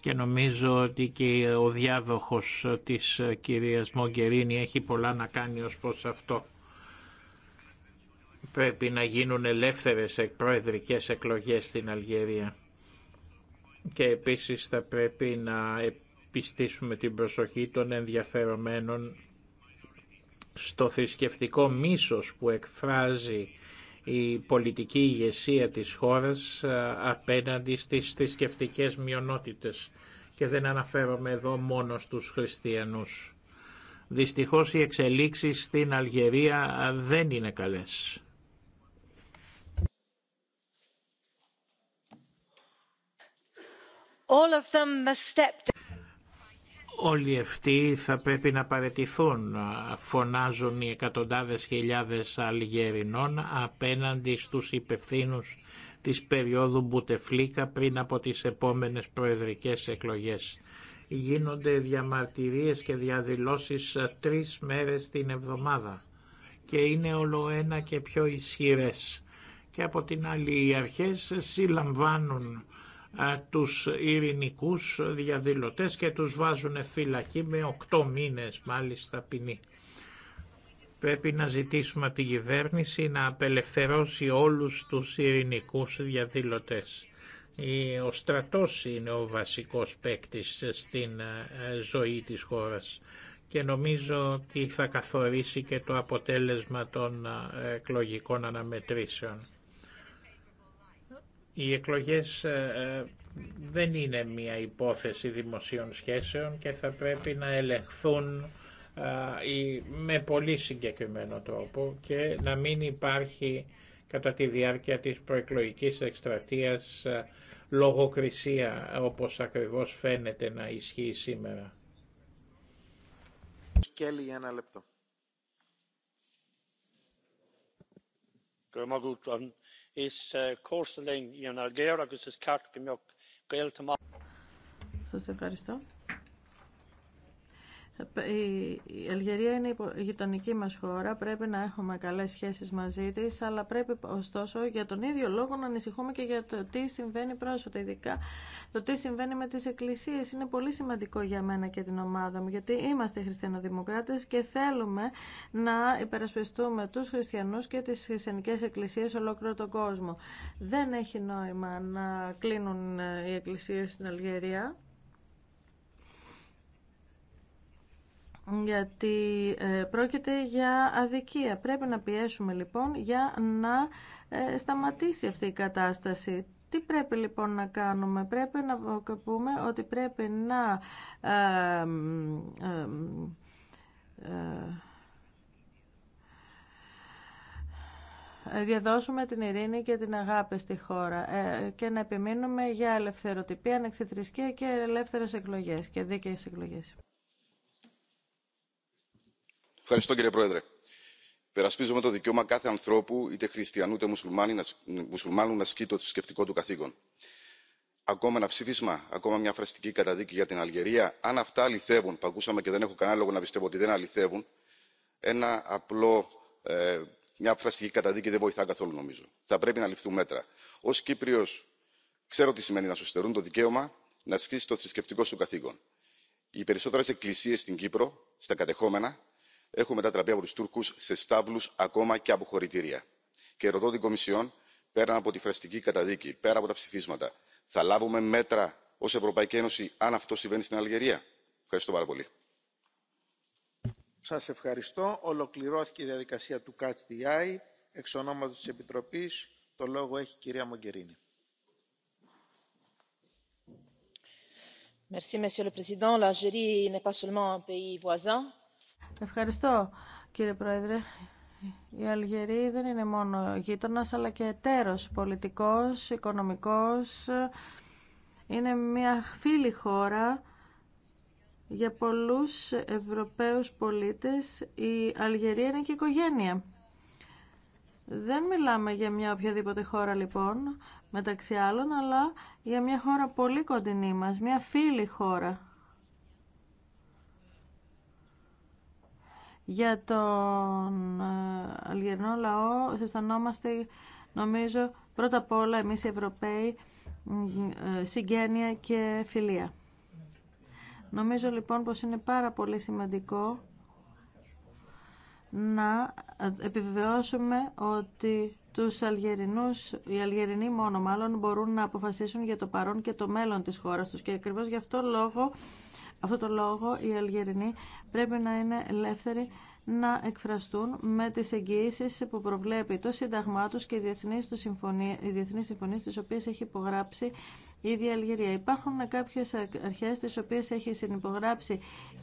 Και νομίζω ότι και ο διάδοχος της κυρίας Μογκερίνη έχει πολλά να κάνει ως προς αυτό. Πρέπει να γίνουν ελεύθερες προεδρικές εκλογές στην Αλγερία και επίσης θα πρέπει να πιστήσουμε την προσοχή των ενδιαφερομένων στο θρησκευτικό μίσος που εκφράζει η πολιτική ηγεσία της χώρας ε, απέναντι στις θρησκευτικέ μειονότητες και δεν αναφέρομαι εδώ μόνο στους χριστιανούς. Δυστυχώς οι εξελίξεις στην Αλγερία ε, δεν είναι καλές. All of Όλοι αυτοί θα πρέπει να παρετηθούν, φωνάζουν οι εκατοντάδες χιλιάδες Αλγερινών απέναντι στους υπευθύνους της περίοδου Μπουτεφλίκα πριν από τις επόμενες προεδρικές εκλογές. Γίνονται διαμαρτυρίες και διαδηλώσεις τρεις μέρες την εβδομάδα και είναι όλο ένα και πιο ισχυρές. Και από την άλλη οι αρχές συλλαμβάνουν τους ειρηνικούς διαδηλωτές και τους βάζουν φυλακή με οκτώ μήνες μάλιστα ποινή. Πρέπει να ζητήσουμε από την κυβέρνηση να απελευθερώσει όλους τους ειρηνικούς διαδηλωτές. Ο στρατός είναι ο βασικός παίκτη στην ε, ζωή της χώρας και νομίζω ότι θα καθορίσει και το αποτέλεσμα των ε, εκλογικών αναμετρήσεων. Οι εκλογές ε, ε, δεν είναι μια υπόθεση δημοσίων σχέσεων και θα πρέπει να ελεγχθούν με πολύ συγκεκριμένο τρόπο και να μην υπάρχει κατά τη διάρκεια της προεκλογικής εκστρατείας λογοκρισία όπως ακριβώς φαίνεται να ισχύει σήμερα. Κέλλη ένα λεπτό. Uh, Σας ευχαριστώ. Η Αλγερία είναι η γειτονική μας χώρα, πρέπει να έχουμε καλές σχέσεις μαζί της, αλλά πρέπει ωστόσο για τον ίδιο λόγο να ανησυχούμε και για το τι συμβαίνει πρόσφατα, ειδικά το τι συμβαίνει με τις εκκλησίες. Είναι πολύ σημαντικό για μένα και την ομάδα μου, γιατί είμαστε χριστιανοδημοκράτες και θέλουμε να υπερασπιστούμε τους χριστιανούς και τις χριστιανικές εκκλησίες ολόκληρο τον κόσμο. Δεν έχει νόημα να κλείνουν ε, οι εκκλησίες στην Αλγερία. γιατί ε, πρόκειται για αδικία. Πρέπει να πιέσουμε λοιπόν για να ε, σταματήσει αυτή η κατάσταση. Τι πρέπει λοιπόν να κάνουμε. Πρέπει να πούμε ότι πρέπει να ε, διαδώσουμε την ειρήνη και την αγάπη στη χώρα και να επιμείνουμε για ελευθεροτυπία, ανεξιθρησκεία και ελεύθερες εκλογές και δίκαιες εκλογές κύριε πρόεδρε υπερασπίζομαι το δικαίωμα κάθε ανθρώπου είτε χριστιανού είτε μουσουλμάνου να ασκεί το θρησκευτικό του καθήκον. ακόμα ένα ψήφισμα ακόμα μια φραστική καταδίκη για την αλγερία αν αυτά αληθεύουν που ακούσαμε και δεν έχω κανένα λόγο να πιστεύω ότι δεν αληθεύουν ένα απλό ε, μια φραστική καταδίκη δεν βοηθά καθόλου νομίζω. Θα πρέπει να ληφθούν μέτρα. Ω Κύπριο, ξέρω τι σημαίνει να σου στερούν το δικαίωμα να ασκήσει το θρησκευτικό σου καθήκον. Οι περισσότερε εκκλησίε στην Κύπρο, στα κατεχόμενα, έχουν μετατραπεί από του τούρκου σε στάβλου ακόμα και από και ρωτώ την κομισιόν πέρα από τη φραστική καταδίκη πέρα από τα ψηφίσματα θα λάβουμε μέτρα ω ευρωπαϊκή ένωση αν αυτό συμβαίνει στην αλγερία. ευχαριστώ πάρα πολύ. Σα ευχαριστώ. Ολοκληρώθηκε η διαδικασία του Catch the Eye. Εξ ονόματο τη Επιτροπή, το λόγο έχει η κυρία Μογκερίνη. Merci, Monsieur le Président. L'Algérie n'est pas seulement un pays voisin, Ευχαριστώ κύριε Πρόεδρε. Η Αλγερία δεν είναι μόνο γείτονα, αλλά και εταίρο πολιτικός, οικονομικός. Είναι μια φίλη χώρα για πολλούς Ευρωπαίους πολίτες. Η Αλγερία είναι και οικογένεια. Δεν μιλάμε για μια οποιαδήποτε χώρα λοιπόν, μεταξύ άλλων, αλλά για μια χώρα πολύ κοντινή μας, μια φίλη χώρα. για τον ε, αλγερινό λαό αισθανόμαστε νομίζω πρώτα απ' όλα εμείς οι Ευρωπαίοι ε, συγγένεια και φιλία. Νομίζω λοιπόν πως είναι πάρα πολύ σημαντικό να επιβεβαιώσουμε ότι τους Αλγερινούς, οι Αλγερινοί μόνο μάλλον μπορούν να αποφασίσουν για το παρόν και το μέλλον της χώρας τους και ακριβώς γι' αυτό λόγο αυτό το λόγο οι Αλγερινοί πρέπει να είναι ελεύθεροι να εκφραστούν με τις εγγυήσει που προβλέπει το Σύνταγμά του και οι διεθνείς, συμφωνίε συμφωνίες, τις οποίες έχει υπογράψει η ίδια Αλγερία. Υπάρχουν κάποιες αρχές τις οποίες έχει συνυπογράψει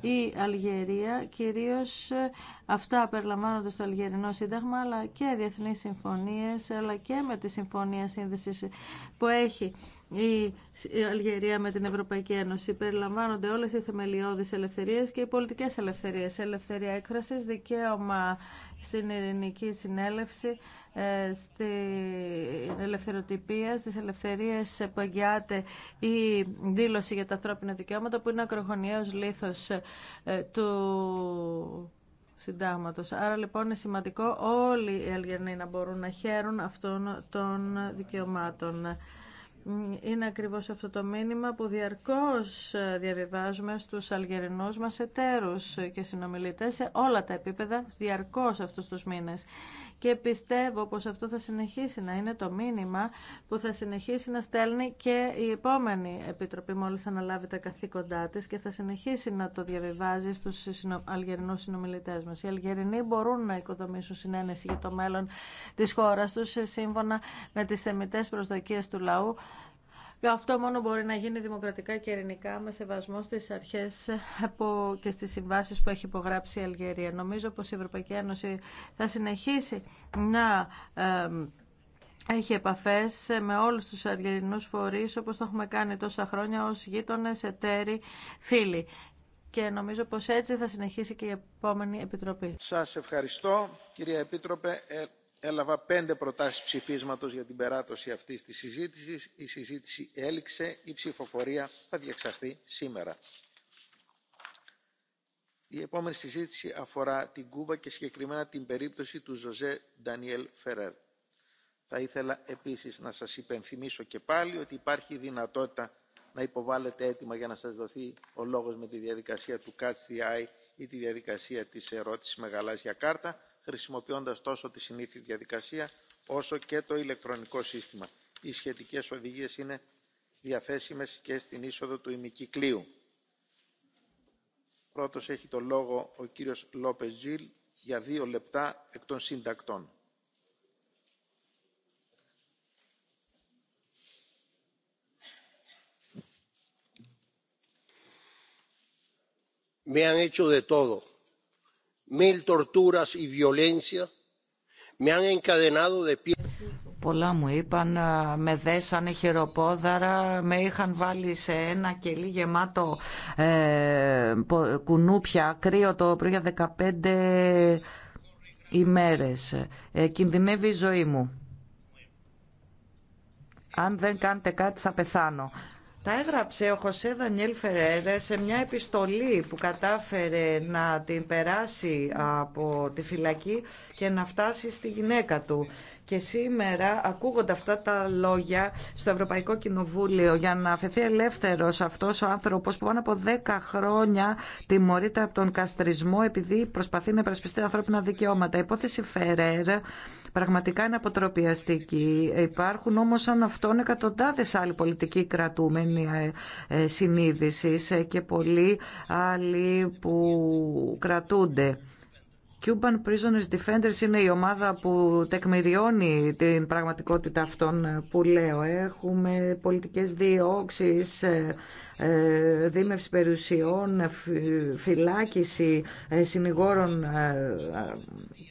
η Αλγερία, κυρίως ε, αυτά περιλαμβάνονται στο Αλγερινό Σύνταγμα, αλλά και διεθνείς συμφωνίες, αλλά και με τη Συμφωνία Σύνδεσης που έχει η Αλγερία με την Ευρωπαϊκή Ένωση. Περιλαμβάνονται όλες οι θεμελιώδεις ελευθερίες και οι πολιτικές ελευθερίες. Ελευθερία έκφρασης, δικαίωμα στην ειρηνική συνέλευση, ε, στην ελευθεροτυπία, στις ελευθερίες που αγκιάται η δήλωση για τα ανθρώπινα δικαιώματα που είναι ακροχωνιαίος λήθος ε, του συντάγματος. Άρα λοιπόν είναι σημαντικό όλοι οι Αλγερνοί να μπορούν να χαίρουν αυτών των δικαιωμάτων είναι ακριβώς αυτό το μήνυμα που διαρκώς διαβιβάζουμε στους αλγερινούς μας εταίρους και συνομιλητές σε όλα τα επίπεδα διαρκώς αυτούς τους μήνες και πιστεύω πως αυτό θα συνεχίσει να είναι το μήνυμα που θα συνεχίσει να στέλνει και η επόμενη Επιτροπή μόλις αναλάβει τα καθήκοντά της και θα συνεχίσει να το διαβιβάζει στους αλγερινούς συνομιλητές μας. Οι Αλγερινοί μπορούν να οικοδομήσουν συνένεση για το μέλλον της χώρας τους σύμφωνα με τις θεμητές προσδοκίες του λαού αυτό μόνο μπορεί να γίνει δημοκρατικά και ειρηνικά με σεβασμό στις αρχές και στις συμβάσεις που έχει υπογράψει η Αλγερία. Νομίζω πως η Ευρωπαϊκή Ένωση θα συνεχίσει να έχει επαφές με όλους τους αλγερινούς φορείς όπως το έχουμε κάνει τόσα χρόνια ως γείτονες, εταίροι, φίλοι. Και νομίζω πως έτσι θα συνεχίσει και η επόμενη Επιτροπή. Σας ευχαριστώ κυρία Επίτροπε. Ε, έλαβα πέντε προτάσεις ψηφίσματος για την περάτωση αυτής της συζήτησης. Η συζήτηση έληξε. Η ψηφοφορία θα διεξαχθεί σήμερα. Η επόμενη συζήτηση αφορά την Κούβα και συγκεκριμένα την περίπτωση του Ζωζέ Ντανιέλ Φερέρ. Θα ήθελα επίσης να σας υπενθυμίσω και πάλι ότι υπάρχει δυνατότητα να υποβάλλετε έτοιμα για να σας δοθεί ο λόγος με τη διαδικασία του Catch the Eye ή τη διαδικασία της ερώτησης με γαλάζια κάρτα χρησιμοποιώντας τόσο τη συνήθη διαδικασία όσο και το ηλεκτρονικό σύστημα. Οι σχετικές οδηγίες είναι διαθέσιμες και στην είσοδο του ημικυκλίου. Πρώτος έχει το λόγο ο κύριος Λόπες Τζιλ για δύο λεπτά εκ των συντακτών. Me han hecho de todo mil torturas y violencia me han encadenado de Πολλά μου είπαν, με δέσανε χεροπόδαρα, με είχαν βάλει σε ένα κελί γεμάτο ε, κουνούπια, κρύο το πριν για 15 ημέρες. Ε, κινδυνεύει η ζωή μου. Αν δεν κάνετε κάτι θα πεθάνω. Τα έγραψε ο Χωσέ Δανιέλ Φερέρε σε μια επιστολή που κατάφερε να την περάσει από τη φυλακή και να φτάσει στη γυναίκα του. Και σήμερα ακούγονται αυτά τα λόγια στο Ευρωπαϊκό Κοινοβούλιο για να αφαιθεί ελεύθερο αυτός ο άνθρωπος που πάνω από 10 χρόνια τιμωρείται από τον καστρισμό επειδή προσπαθεί να υπερασπιστεί ανθρώπινα δικαιώματα. Η υπόθεση Φερέρ πραγματικά είναι αποτροπιαστική. Υπάρχουν όμως σαν αυτόν εκατοντάδες άλλοι πολιτικοί κρατούμενοι ε, ε, συνείδηση ε, και πολλοί άλλοι που κρατούνται. Cuban Prisoners Defenders είναι η ομάδα που τεκμηριώνει την πραγματικότητα αυτών που λέω. Έχουμε πολιτικές διώξεις, ε, ε, δίμευση περιουσιών, φυλάκιση ε, συνηγόρων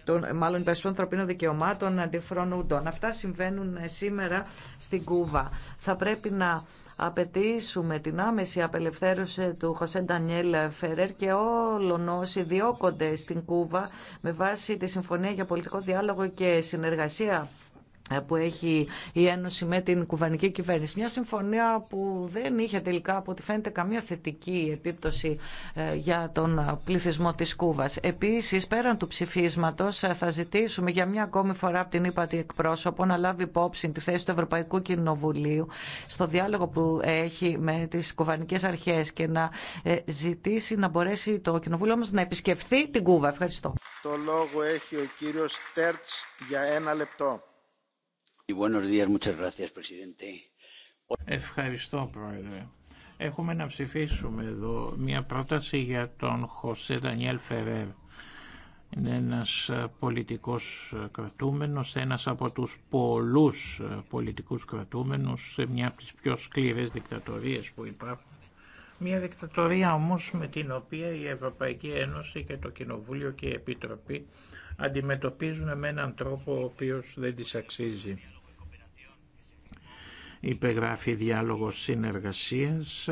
των μάλλον υπερασπιστών ανθρωπίνων δικαιωμάτων αντιφρονούντων. Αυτά συμβαίνουν σήμερα στην Κούβα. Θα πρέπει να απαιτήσουμε την άμεση απελευθέρωση του Χωσέ Ντανιέλ Φερέρ και όλων όσοι διώκονται στην Κούβα με βάση τη Συμφωνία για Πολιτικό Διάλογο και Συνεργασία ε, που έχει η Ένωση με την κουβανική κυβέρνηση. Μια συμφωνία που δεν είχε τελικά από ό,τι φαίνεται καμία θετική επίπτωση ε, για τον ε, πληθυσμό της Κούβας. Επίσης, πέραν του ψηφίσματος, θα ζητήσουμε για μια ακόμη φορά από την ύπατη εκπρόσωπο να λάβει υπόψη τη θέση του Ευρωπαϊκού Κοινοβουλίου στο διάλογο που έχει με τις κουβανικές αρχές και να ζητήσει να μπορέσει το Κοινοβούλιο μας να επισκεφθεί την Κούβα. Ευχαριστώ. Το λόγο έχει ο κύριος Τέρτς για ένα λεπτό. Ευχαριστώ, Πρόεδρε. Έχουμε να ψηφίσουμε εδώ μια πρόταση για τον Χωσέ Δανιέλ Φερέρ. Είναι ένας ε, πολιτικός ε, κρατούμενος, ένας από τους πολλούς ε, πολιτικούς κρατούμενους σε μια από τις πιο σκληρές δικτατορίες που υπάρχουν. Μια δικτατορία όμως με την οποία η Ευρωπαϊκή Ένωση και το Κοινοβούλιο και η Επιτροπή αντιμετωπίζουν με έναν τρόπο ο οποίος δεν τις αξίζει υπεγράφει διάλογος συνεργασίας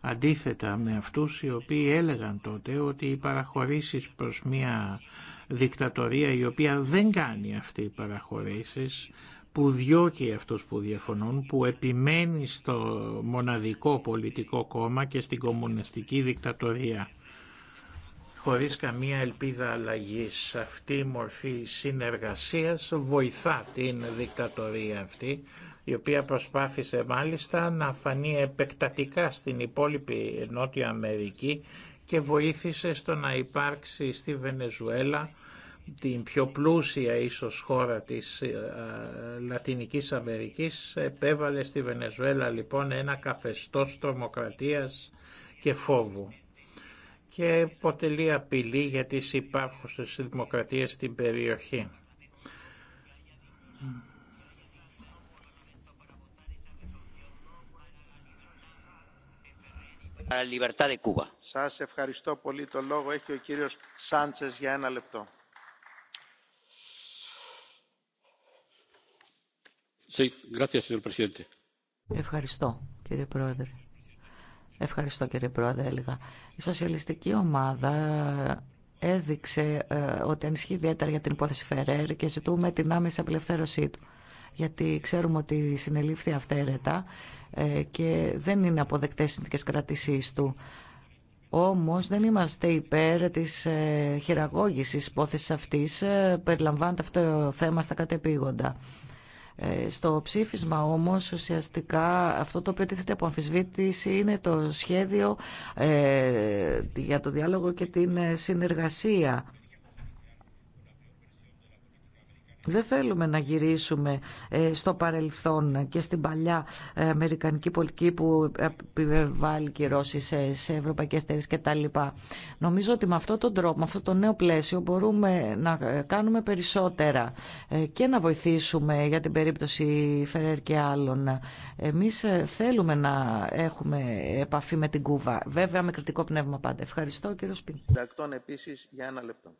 αντίθετα με αυτούς οι οποίοι έλεγαν τότε ότι οι παραχωρήσεις προς μια δικτατορία η οποία δεν κάνει αυτή οι παραχωρήσεις που διώκει αυτούς που διαφωνούν, που επιμένει στο μοναδικό πολιτικό κόμμα και στην κομμουνιστική δικτατορία χωρίς καμία ελπίδα αλλαγής. Αυτή η μορφή συνεργασίας βοηθά την δικτατορία αυτή η οποία προσπάθησε μάλιστα να φανεί επεκτατικά στην υπόλοιπη Νότια Αμερική και βοήθησε στο να υπάρξει στη Βενεζουέλα την πιο πλούσια ίσως χώρα της ε, Λατινικής Αμερικής επέβαλε στη Βενεζουέλα λοιπόν ένα καθεστώς τρομοκρατίας και φόβου και αποτελεί απειλή για τις υπάρχουσες δημοκρατίες στην περιοχή. Σας ευχαριστώ πολύ. Το λόγο έχει ο κύριος Σάντσες για ένα λεπτό. Ευχαριστώ κύριε Πρόεδρε. Ευχαριστώ κύριε Πρόεδρε έλεγα. Η σοσιαλιστική ομάδα έδειξε ε, ότι ανισχύει ιδιαίτερα για την υπόθεση Φερέρ και ζητούμε την άμεση απελευθέρωσή του γιατί ξέρουμε ότι συνελήφθη αυθαίρετα ε, και δεν είναι αποδεκτές συνθήκες κρατησής του. Όμως δεν είμαστε υπέρ της ε, χειραγώγησης υπόθεση αυτής, ε, περιλαμβάνεται αυτό το θέμα στα κατεπήγοντα. Στο ψήφισμα όμως ουσιαστικά αυτό το οποίο τίθεται από αμφισβήτηση είναι το σχέδιο για το διάλογο και την συνεργασία δεν θέλουμε να γυρίσουμε ε, στο παρελθόν και στην παλιά ε, αμερικανική πολιτική που επιβάλλει κυρώσει σε ευρωπαϊκέ θέσει κτλ. Νομίζω ότι με αυτόν τον τρόπο, με αυτό το νέο πλαίσιο, μπορούμε να ε, κάνουμε περισσότερα και να βοηθήσουμε για την περίπτωση Φερέρ και άλλων. Εμεί θέλουμε να έχουμε επαφή με την Κούβα. Βέβαια με κριτικό πνεύμα πάντα. Ευχαριστώ, κύριο Σπίν. για ένα λεπτό.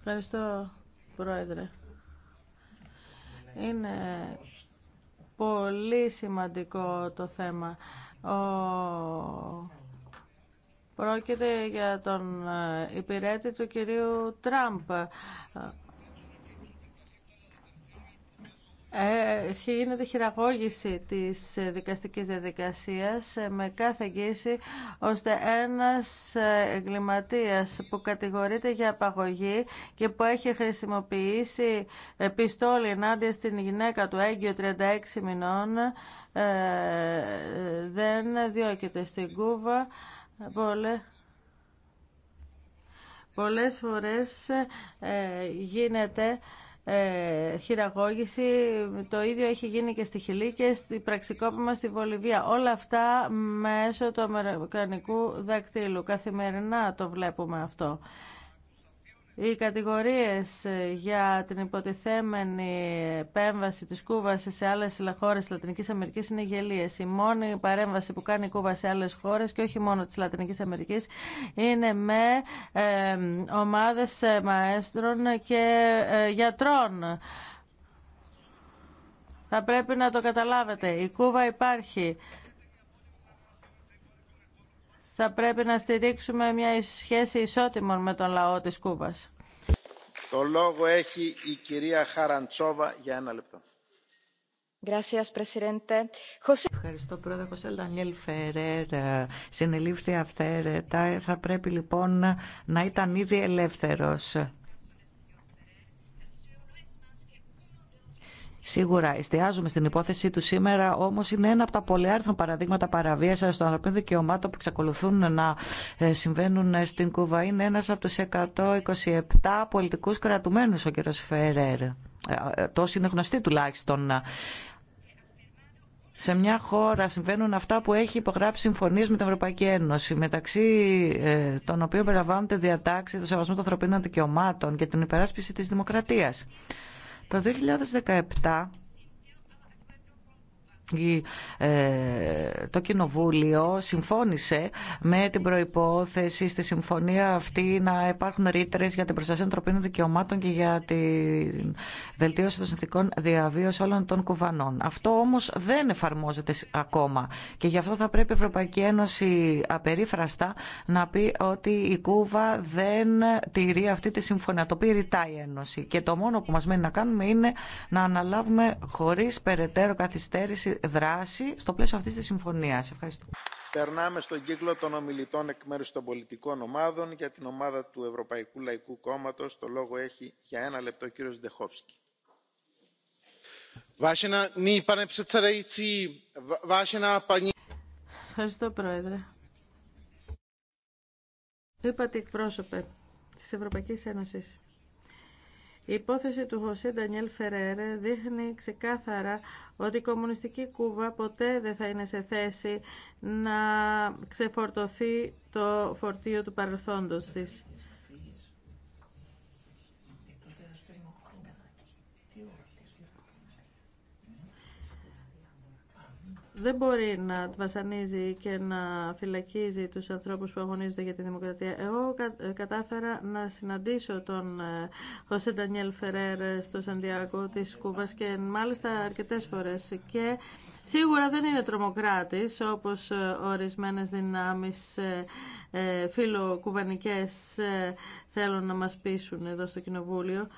Ευχαριστώ, Πρόεδρε. Είναι πολύ σημαντικό το θέμα. Ο... Πρόκειται για τον ε, υπηρέτη του κυρίου Τραμπ. γίνεται χειραγώγηση της δικαστικής διαδικασίας με κάθε εγγύηση ώστε ένας εγκληματίας που κατηγορείται για απαγωγή και που έχει χρησιμοποιήσει πιστόλι ενάντια στην γυναίκα του έγκυο 36 μηνών ε, δεν διώκεται στην Κούβα. Πολλέ, πολλές φορές ε, γίνεται ε, χειραγώγηση. Το ίδιο έχει γίνει και στη Χιλή και στη πραξικόπημα στη Βολιβία. Όλα αυτά μέσω του Αμερικανικού δακτύλου. Καθημερινά το βλέπουμε αυτό. Οι κατηγορίες ε, για την υποτιθέμενη επέμβαση της Κούβας σε άλλες χώρες της Λατινικής Αμερικής είναι γελίες. Η μόνη παρέμβαση που κάνει η Κούβα σε άλλες χώρες και όχι μόνο της Λατινικής Αμερικής είναι με ε, ομάδες ε, μαέστρων και γιατρών. Θα πρέπει να το καταλάβετε. Η Κούβα υπάρχει θα πρέπει να στηρίξουμε μια σχέση ισότιμων με τον λαό της Κούβας. Το λόγο έχει η κυρία Χαραντσόβα για ένα λεπτό. Ευχαριστώ, Πρόεδρε. Χωσέλ Ντανιέλ Φερέρ ε, συνελήφθη αυθαίρετα. Θα πρέπει λοιπόν να ήταν ήδη ελεύθερος Σίγουρα εστιάζουμε στην υπόθεσή του σήμερα, όμω είναι ένα από τα πολυάριθμα παραδείγματα παραβίαση των ανθρωπίνων δικαιωμάτων που εξακολουθούν να ε, συμβαίνουν ε, στην Κούβα. Είναι ένα από του 127 πολιτικού κρατουμένου, ο κ. Φερέρ. Ε, τόσοι είναι γνωστοί τουλάχιστον. Σε μια χώρα συμβαίνουν αυτά που έχει υπογράψει συμφωνίε με την Ευρωπαϊκή Ένωση, μεταξύ των οποίων περιλαμβάνονται διατάξει του σεβασμού των ανθρωπίνων δικαιωμάτων και την υπεράσπιση τη δημοκρατία. Το 2017 ε, το Κοινοβούλιο συμφώνησε με την προϋπόθεση στη συμφωνία αυτή να υπάρχουν ρήτρε για την προστασία των ανθρωπίνων δικαιωμάτων και για τη βελτίωση των συνθήκων διαβίωσης όλων των κουβανών. Αυτό όμως δεν εφαρμόζεται ακόμα και γι' αυτό θα πρέπει η Ευρωπαϊκή Ένωση απερίφραστα να πει ότι η Κούβα δεν τηρεί αυτή τη συμφωνία. Το πει ρητά η Ένωση και το μόνο που μας μένει να κάνουμε είναι να αναλάβουμε χωρίς περαιτέρω καθυστέρηση δράση στο πλαίσιο αυτής της συμφωνίας. Ευχαριστώ. Περνάμε στον κύκλο των ομιλητών εκ μέρους των πολιτικών ομάδων. Για την ομάδα του Ευρωπαϊκού Λαϊκού Κόμματος το λόγο έχει για ένα λεπτό ο κύριος Ντεχόφσκι. Ευχαριστώ, Πρόεδρε. Είπατε εκπρόσωπε της Ευρωπαϊκής Ένωσης. Η υπόθεση του Χωσέ Ντανιέλ Φερέρε δείχνει ξεκάθαρα ότι η κομμουνιστική Κούβα ποτέ δεν θα είναι σε θέση να ξεφορτωθεί το φορτίο του παρελθόντος της. δεν μπορεί να βασανίζει και να φυλακίζει τους ανθρώπους που αγωνίζονται για τη δημοκρατία. Εγώ κατάφερα να συναντήσω τον ε, Χωσέ Ντανιέλ Φερέρ ε, στο Σαντιάκο της Κούβας και μάλιστα αρκετές φορές και σίγουρα δεν είναι τρομοκράτης όπως ε, ορισμένες δυνάμεις φιλοκουβανικές θέλουν να μας πείσουν εδώ στο Κοινοβούλιο.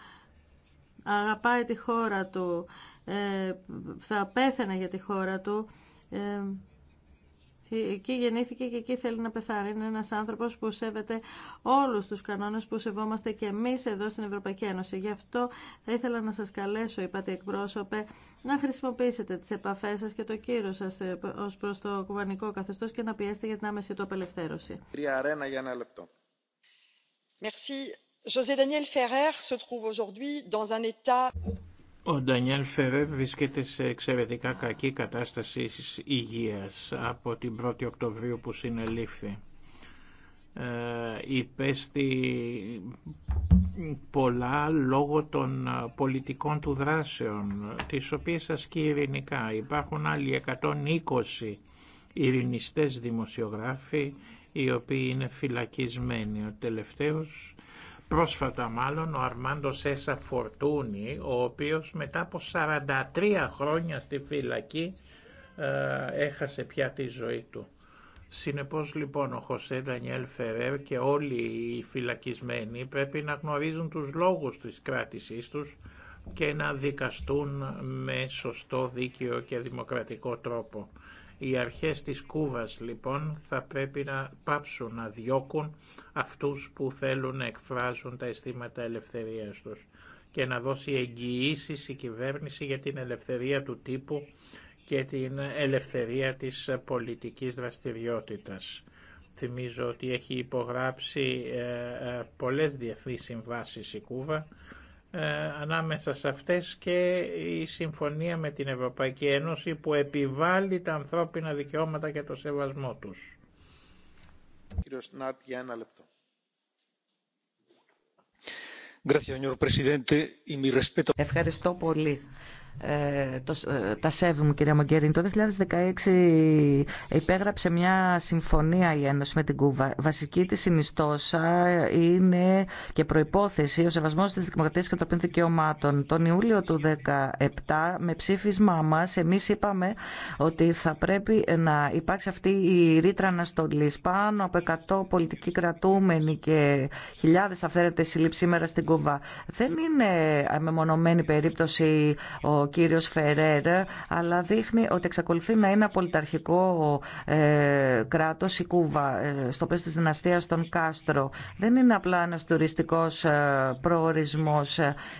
Αγαπάει τη χώρα του, θα πέθαινε για τη χώρα του ε, εκεί γεννήθηκε και εκεί θέλει να πεθάνει. Είναι ένας άνθρωπος που σέβεται όλους τους κανόνες που σεβόμαστε και εμείς εδώ στην Ευρωπαϊκή Ένωση. Γι' αυτό θα ήθελα να σας καλέσω, είπατε εκπρόσωπε, να χρησιμοποιήσετε τις επαφές σας και το κύριο σας ε, ως προς το κουβανικό καθεστώς και να πιέσετε για την άμεση του απελευθέρωση. Τρία αρένα για ένα λεπτό. Merci. José Daniel Ferrer se trouve aujourd'hui dans un état ο Ντανιέλ Φερέ βρίσκεται σε εξαιρετικά κακή κατάσταση υγείας από την 1η Οκτωβρίου που συνελήφθη. Ε, υπέστη πολλά λόγω των πολιτικών του δράσεων, τις οποίες ασκεί ειρηνικά. Υπάρχουν άλλοι 120 ειρηνιστές δημοσιογράφοι, οι οποίοι είναι φυλακισμένοι. Ο τελευταίος Πρόσφατα μάλλον ο Αρμάντο Σέσα Φορτούνη, ο οποίος μετά από 43 χρόνια στη φυλακή ε, έχασε πια τη ζωή του. Συνεπώς λοιπόν ο Χωσέ Ντανιέλ Φερέρ και όλοι οι φυλακισμένοι πρέπει να γνωρίζουν τους λόγους της κράτησής τους και να δικαστούν με σωστό δίκαιο και δημοκρατικό τρόπο. Οι αρχές της Κούβας λοιπόν θα πρέπει να πάψουν να διώκουν αυτούς που θέλουν να εκφράζουν τα αισθήματα ελευθερίας τους και να δώσει εγγυήσει η κυβέρνηση για την ελευθερία του τύπου και την ελευθερία της πολιτικής δραστηριότητας. Θυμίζω ότι έχει υπογράψει ε, ε, πολλές διεθνείς συμβάσεις η Κούβα ε, ανάμεσα σε αυτές και η συμφωνία με την Ευρωπαϊκή Ένωση που επιβάλλει τα ανθρώπινα δικαιώματα και το σεβασμό τους. Ευχαριστώ πολύ. Ε, το, ε, τα σέβη μου κυρία Μογκερίνη. Το 2016 υπέγραψε μια συμφωνία η Ένωση με την Κούβα. Βασική της συνιστόσα είναι και προϋπόθεση ο σεβασμός της δημοκρατίας και των δικαιωμάτων. Τον Ιούλιο του 2017 με ψήφισμά μας εμείς είπαμε ότι θα πρέπει να υπάρξει αυτή η ρήτρα αναστολή. Πάνω από 100 πολιτικοί κρατούμενοι και χιλιάδες αυθαίρετε σύλληψη σήμερα στην Κούβα. Δεν είναι μεμονωμένη περίπτωση ο ο κύριος Φερέρ, αλλά δείχνει ότι εξακολουθεί να είναι απολυταρχικό ε, κράτος η Κούβα ε, στο πλαίσιο της δυναστείας των Κάστρο. Δεν είναι απλά ένας τουριστικός ε, προορισμός,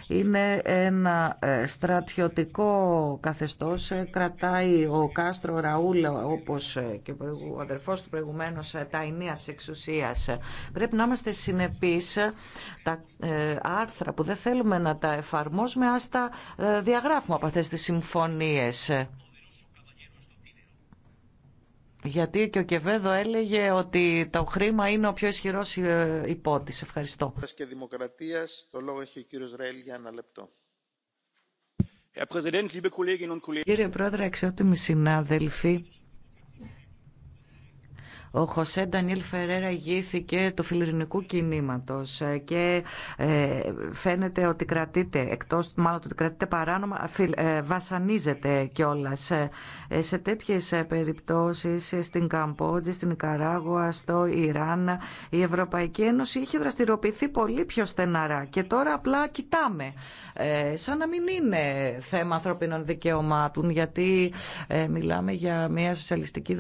είναι ένα ε, στρατιωτικό καθεστώς. Ε, κρατάει ο Κάστρο Ραούλ, όπως και ο αδερφός του προηγουμένως, τα ενία της εξουσίας. Πρέπει να είμαστε συνεπείς τα άρθρα που δεν θέλουμε να τα εφαρμόσουμε, ας τα διαγράφουμε έχουμε από αυτές τις συμφωνίες. Γιατί και ο Κεβέδο έλεγε ότι το χρήμα είναι ο πιο ισχυρός ε, υπότης. Ευχαριστώ. Και δημοκρατίας, το λόγο έχει ο κύριος Ραήλ για ένα λεπτό. Κύριε Πρόεδρε, αξιότιμοι συνάδελφοι, ο Χωσέ Ντανιέλ Φερέρα ηγήθηκε του φιλιρινικού κινήματος ε, και ε, φαίνεται ότι κρατείται, εκτός μάλλον ότι κρατείται παράνομα, ε, βασανίζεται κιόλα. σε τέτοιες περιπτώσεις στην Καμπότζη, στην Ικαράγουα, στο Ιράν, η Ευρωπαϊκή Ένωση είχε δραστηριοποιηθεί πολύ πιο στεναρά και τώρα απλά κοιτάμε σαν να μην είναι θέμα ανθρωπίνων δικαιωμάτων γιατί μιλάμε για μια σοσιαλιστική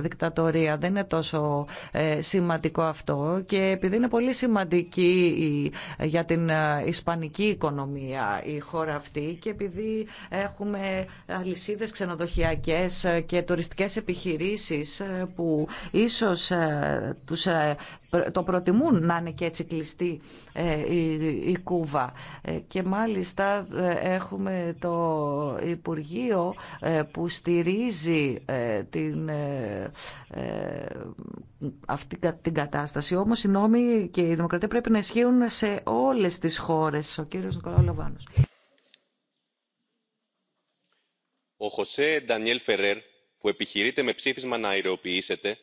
δικτατορία δεν είναι τόσο ε, σημαντικό αυτό και επειδή είναι πολύ σημαντική για την ε, ισπανική οικονομία η χώρα αυτή και επειδή έχουμε ε, αλυσίδες ξενοδοχειακές και τουριστικές επιχειρήσεις που ίσως τους το προτιμούν να είναι και έτσι κλειστή η Κούβα. Και μάλιστα έχουμε το Υπουργείο που στηρίζει την αυτή την κατάσταση. Όμως οι νόμοι και η δημοκρατία πρέπει να ισχύουν σε όλες τις χώρες. Ο κύριος Νικολάου Λαβάνος. Ο Χωσέ Ντανιέλ Φερέρ, που επιχειρείται με ψήφισμα να αεροποιήσετε,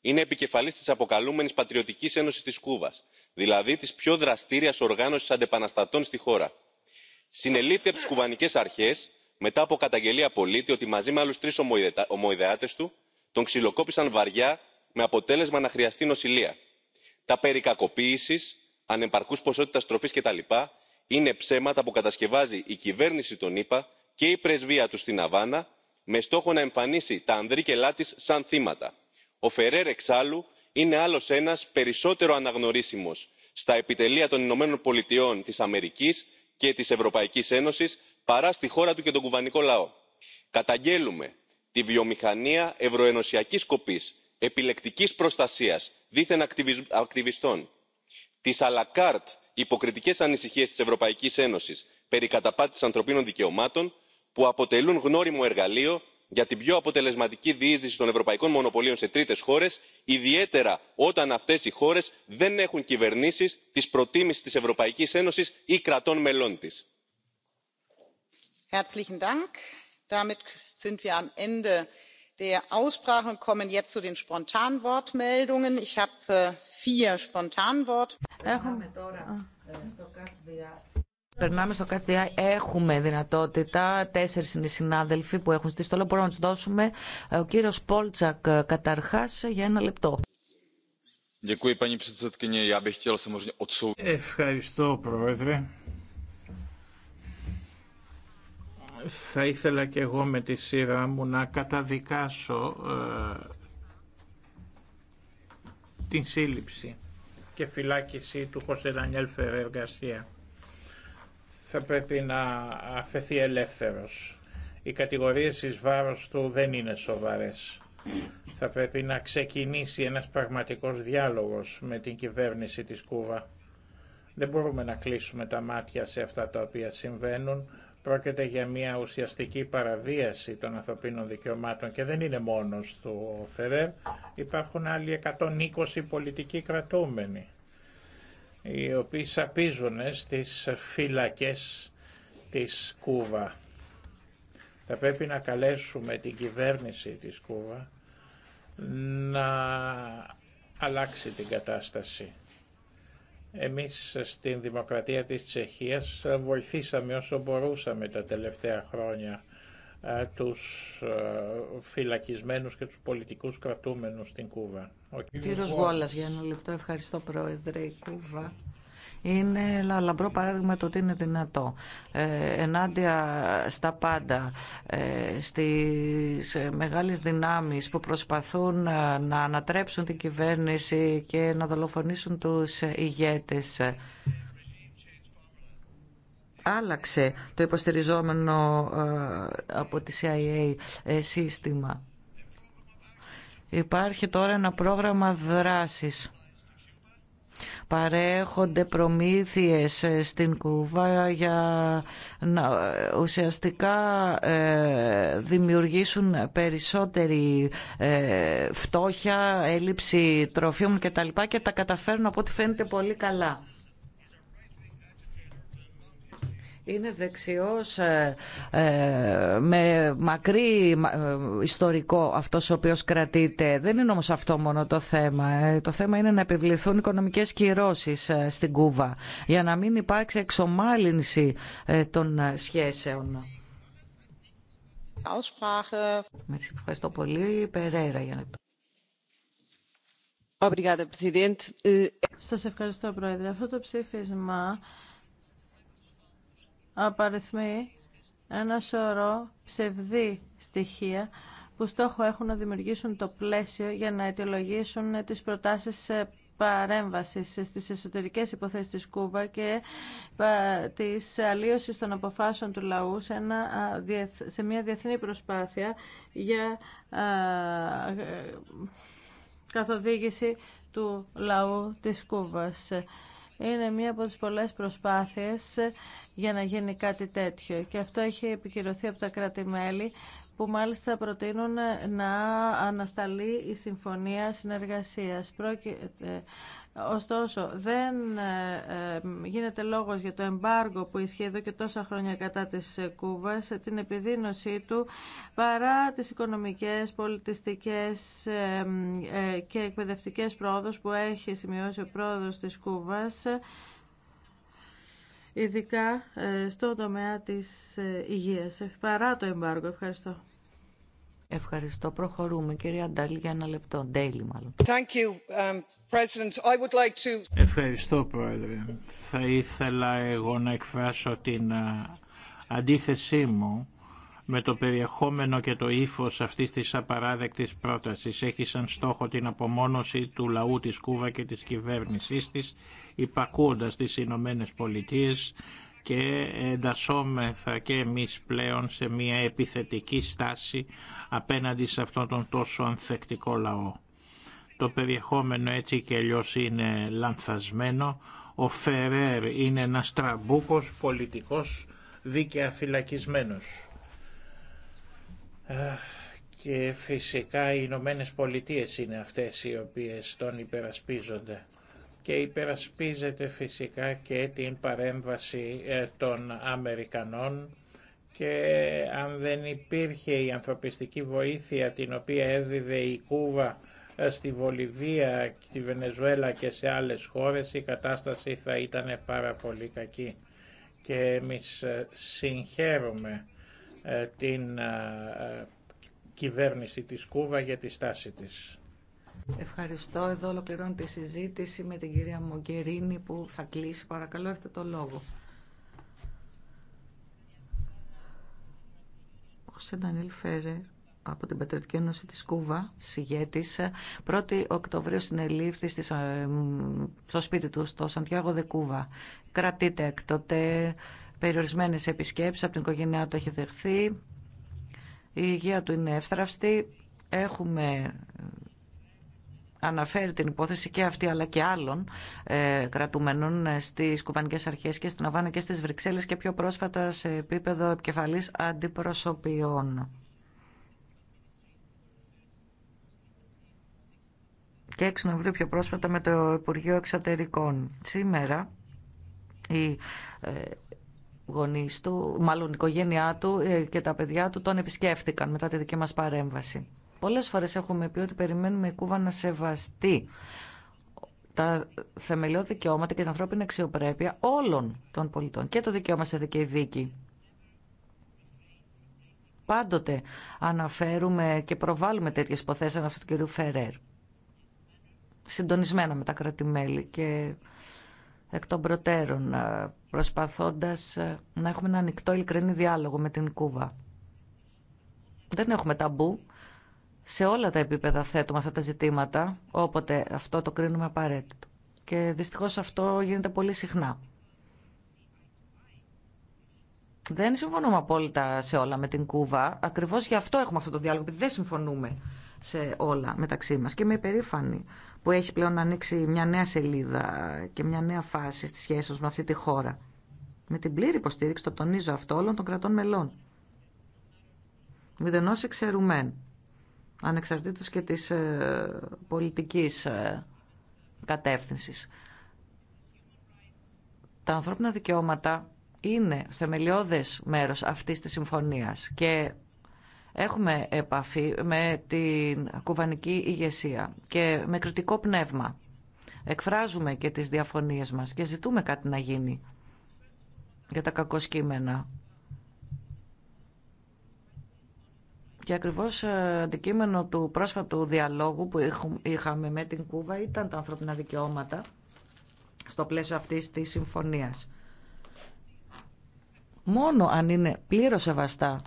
είναι επικεφαλή τη αποκαλούμενη Πατριωτική Ένωση τη Κούβα, δηλαδή τη πιο δραστήρια οργάνωση αντεπαναστατών στη χώρα. Συνελήφθη από τις κουβανικές αρχές μετά από καταγγελία πολίτη ότι μαζί με άλλου τρει ομοειδεάτε του τον ξυλοκόπησαν βαριά με αποτέλεσμα να χρειαστεί νοσηλεία. τα περί κακοποίησης ανεπαρκούς ποσότητας τροφής κτλ. είναι ψέματα που κατασκευάζει η κυβέρνηση των ηπα και η πρεσβεία του στην αβάνα με στόχο να εμφανίσει τα ανδρίκελά της σαν θύματα. ο φεραίρ εξάλλου είναι άλλος ένας περισσότερο αναγνωρίσιμος στα επιτελεία των ηνωμένων πολιτειών της αμερικής και της ευρωπαϊκής ένωσης παρά στη χώρα του και τον κουβανικό λαό. καταγγέλλουμε τη βιομηχανία ευρωενωσιακής σκοπής επιλεκτικής προστασίας δίθεν ακτιβιστών τις αλακάρτ υποκριτικές ανησυχίες της ευρωπαϊκής ένωσης περί καταπάτησης ανθρωπίνων δικαιωμάτων που αποτελούν γνώριμο εργαλείο για την πιο αποτελεσματική διείσδυση των ευρωπαϊκών μονοπωλίων σε τρίτες χώρες ιδιαίτερα όταν αυτές οι χώρες δεν έχουν κυβερνήσεις της προτίμησης της ευρωπαϊκής ένωσης ή κρατών μελών της στο Έχουμε δυνατότητα. Τέσσερι συνάδελφοι που έχουν στήσει το Μπορούμε να του δώσουμε. Ε, ο κύριο Πόλτσακ, ε, καταρχά, για ένα λεπτό. Ευχαριστώ, Πρόεδρε. Θα ήθελα και εγώ με τη σειρά μου να καταδικάσω ε, την σύλληψη και φυλάκιση του Χωσέ Δανιέλ Φερεργασία. Θα πρέπει να αφαιθεί ελεύθερος. Οι κατηγορίες εις βάρος του δεν είναι σοβαρές. Θα πρέπει να ξεκινήσει ένας πραγματικός διάλογος με την κυβέρνηση της Κούβα. Δεν μπορούμε να κλείσουμε τα μάτια σε αυτά τα οποία συμβαίνουν. Πρόκειται για μια ουσιαστική παραβίαση των ανθρωπίνων δικαιωμάτων και δεν είναι μόνος του Φερέρ. Υπάρχουν άλλοι 120 πολιτικοί κρατούμενοι, οι οποίοι σαπίζουν ε, στις φυλακές της Κούβα. Θα πρέπει να καλέσουμε την κυβέρνηση της Κούβα να αλλάξει την κατάσταση. Εμείς στην Δημοκρατία της Τσεχίας βοηθήσαμε όσο μπορούσαμε τα τελευταία χρόνια ε, τους ε, φυλακισμένους και τους πολιτικούς κρατούμενους στην Κούβα. Ο κύριος Γόλας, για ένα λεπτό ευχαριστώ πρόεδρε. Η Κούβα είναι λαμπρό παράδειγμα το ότι είναι δυνατό. Ε, ενάντια στα πάντα, ε, στις μεγάλες δυνάμεις που προσπαθούν ε, να ανατρέψουν την κυβέρνηση και να δολοφονήσουν τους ηγέτες άλλαξε το υποστηριζόμενο από τη CIA σύστημα. Υπάρχει τώρα ένα πρόγραμμα δράσης παρέχονται προμήθειες ε, στην Κούβα για να ουσιαστικά ε, δημιουργήσουν περισσότερη ε, φτώχεια, έλλειψη τροφίμων κτλ. Και τα καταφέρνουν από ό,τι φαίνεται πολύ καλά. είναι δεξιός ε, ε, με μακρύ ε, ιστορικό αυτός ο οποίος κρατείται. Δεν είναι όμως αυτό μόνο το θέμα. Το θέμα είναι να επιβληθούν οικονομικές κυρώσεις στην Κούβα για να μην υπάρξει εξομάλυνση των σχέσεων. Ευχαριστώ πολύ. Περέρα για να Σας ευχαριστώ, Πρόεδρε. Αυτό το ψήφισμα απαριθμεί ένα σωρό ψευδή στοιχεία που στόχο έχουν να δημιουργήσουν το πλαίσιο για να αιτιολογήσουν τις προτάσεις παρέμβασης στις εσωτερικές υποθέσεις της Κούβα και της αλλίωσης των αποφάσεων του λαού σε μια διεθνή προσπάθεια για καθοδήγηση του λαού της Κούβας είναι μία από τις πολλές προσπάθειες για να γίνει κάτι τέτοιο. Και αυτό έχει επικυρωθεί από τα κράτη-μέλη που μάλιστα προτείνουν να ανασταλεί η Συμφωνία Συνεργασίας. Πρόκειται ε, Ωστόσο, δεν ε, ε, γίνεται λόγος για το εμπάργο που ισχύει εδώ και τόσα χρόνια κατά της ε, Κούβας, την επιδείνωσή του, παρά τις οικονομικές, πολιτιστικές και εκπαιδευτικές πρόοδου που έχει σημειώσει ο πρόοδος της Κούβας, ειδικά στον τομέα της υγείας, παρά το εμπάργο. Ευχαριστώ. Ευχαριστώ. Προχωρούμε. Κυρία Αντάλη για ένα λεπτό. Ντέιλι, μάλλον. Thank you, um, President. I would like to... Ευχαριστώ, Πρόεδρε. Θα ήθελα εγώ να εκφράσω την ε, αντίθεσή μου με το περιεχόμενο και το ύφος αυτής της απαράδεκτης πρότασης. Έχει σαν στόχο την απομόνωση του λαού της Κούβα και της κυβέρνησής της, υπακούοντας τις Ηνωμένε Πολιτείες και εντασσόμεθα και εμείς πλέον σε μια επιθετική στάση απέναντι σε αυτόν τον τόσο ανθεκτικό λαό. Το περιεχόμενο έτσι και αλλιώ είναι λανθασμένο. Ο Φερέρ είναι ένας τραμπούκος πολιτικός δίκαια φυλακισμένος. Ε, και φυσικά οι Ηνωμένε Πολιτείε είναι αυτές οι οποίες τον υπερασπίζονται και υπερασπίζεται φυσικά και την παρέμβαση ε, των Αμερικανών και αν δεν υπήρχε η ανθρωπιστική βοήθεια την οποία έδιδε η Κούβα ε, στη Βολιβία, στη Βενεζουέλα και σε άλλες χώρες η κατάσταση θα ήταν πάρα πολύ κακή. Και εμείς ε, συγχαίρουμε την κυβέρνηση της Κούβα για τη στάση της. Ευχαριστώ. Εδώ ολοκληρώνω τη συζήτηση με την κυρία Μογκερίνη που θα κλείσει. Παρακαλώ, έχετε το λόγο. Ο Σεντανίλ Φέρερ από την Πατριωτική Ένωση της Κούβα, συγέτης, 1η Οκτωβρίου συνελήφθη ε, στο σπίτι του, στο Σαντιάγο Δε Κούβα. Κρατείται εκτοτε περιορισμένες επισκέψεις, από την οικογένειά του έχει δεχθεί, η υγεία του είναι εύθραυστη, έχουμε αναφέρει την υπόθεση και αυτή αλλά και άλλων ε, κρατουμένων ε, στις κουβανικές αρχές και στην Αβάνα και στις Βρυξέλλες και πιο πρόσφατα σε επίπεδο επικεφαλής αντιπροσωπιών. Και να Νοεμβρίου πιο πρόσφατα με το Υπουργείο Εξωτερικών. Σήμερα η ε, γονείς του, μάλλον η οικογένειά του ε, και τα παιδιά του τον επισκέφτηκαν μετά τη δική μας παρέμβαση. Πολλές φορές έχουμε πει ότι περιμένουμε η Κούβα να σεβαστεί τα θεμελιώδη δικαιώματα και την ανθρώπινη αξιοπρέπεια όλων των πολιτών και το δικαίωμα σε δικαιή δίκη. Πάντοτε αναφέρουμε και προβάλλουμε τέτοιες υποθέσεις αυτού του κυρίου Φερέρ. Συντονισμένα με τα κρατημέλη και εκ των προτέρων ε, προσπαθώντας ε, να έχουμε ένα ανοιχτό ειλικρινή διάλογο με την Κούβα. Δεν έχουμε ταμπού σε όλα τα επίπεδα θέτουμε αυτά τα ζητήματα, όποτε αυτό το κρίνουμε απαραίτητο. Και δυστυχώς αυτό γίνεται πολύ συχνά. Δεν συμφωνούμε απόλυτα σε όλα με την Κούβα. Ακριβώς γι' αυτό έχουμε αυτό το διάλογο, επειδή δεν συμφωνούμε σε όλα μεταξύ μας. Και είμαι υπερήφανη που έχει πλέον ανοίξει μια νέα σελίδα και μια νέα φάση στη σχέση μας με αυτή τη χώρα. Με την πλήρη υποστήριξη, το τονίζω αυτό, όλων των κρατών μελών. Μηδενός εξαιρουμένου ανεξαρτήτως και της ε, πολιτικής ε, κατεύθυνσης. Τα ανθρώπινα δικαιώματα είναι θεμελιώδες μέρος αυτής της συμφωνίας και έχουμε επαφή με την κουβανική ηγεσία και με κριτικό πνεύμα. Εκφράζουμε και τις διαφωνίες μας και ζητούμε κάτι να γίνει για τα κακοσκήμενα Και ακριβώς ε, αντικείμενο του πρόσφατου διαλόγου που είχαμε με την Κούβα ήταν τα ανθρώπινα δικαιώματα στο πλαίσιο αυτής της συμφωνίας. Μόνο αν είναι πλήρως σεβαστά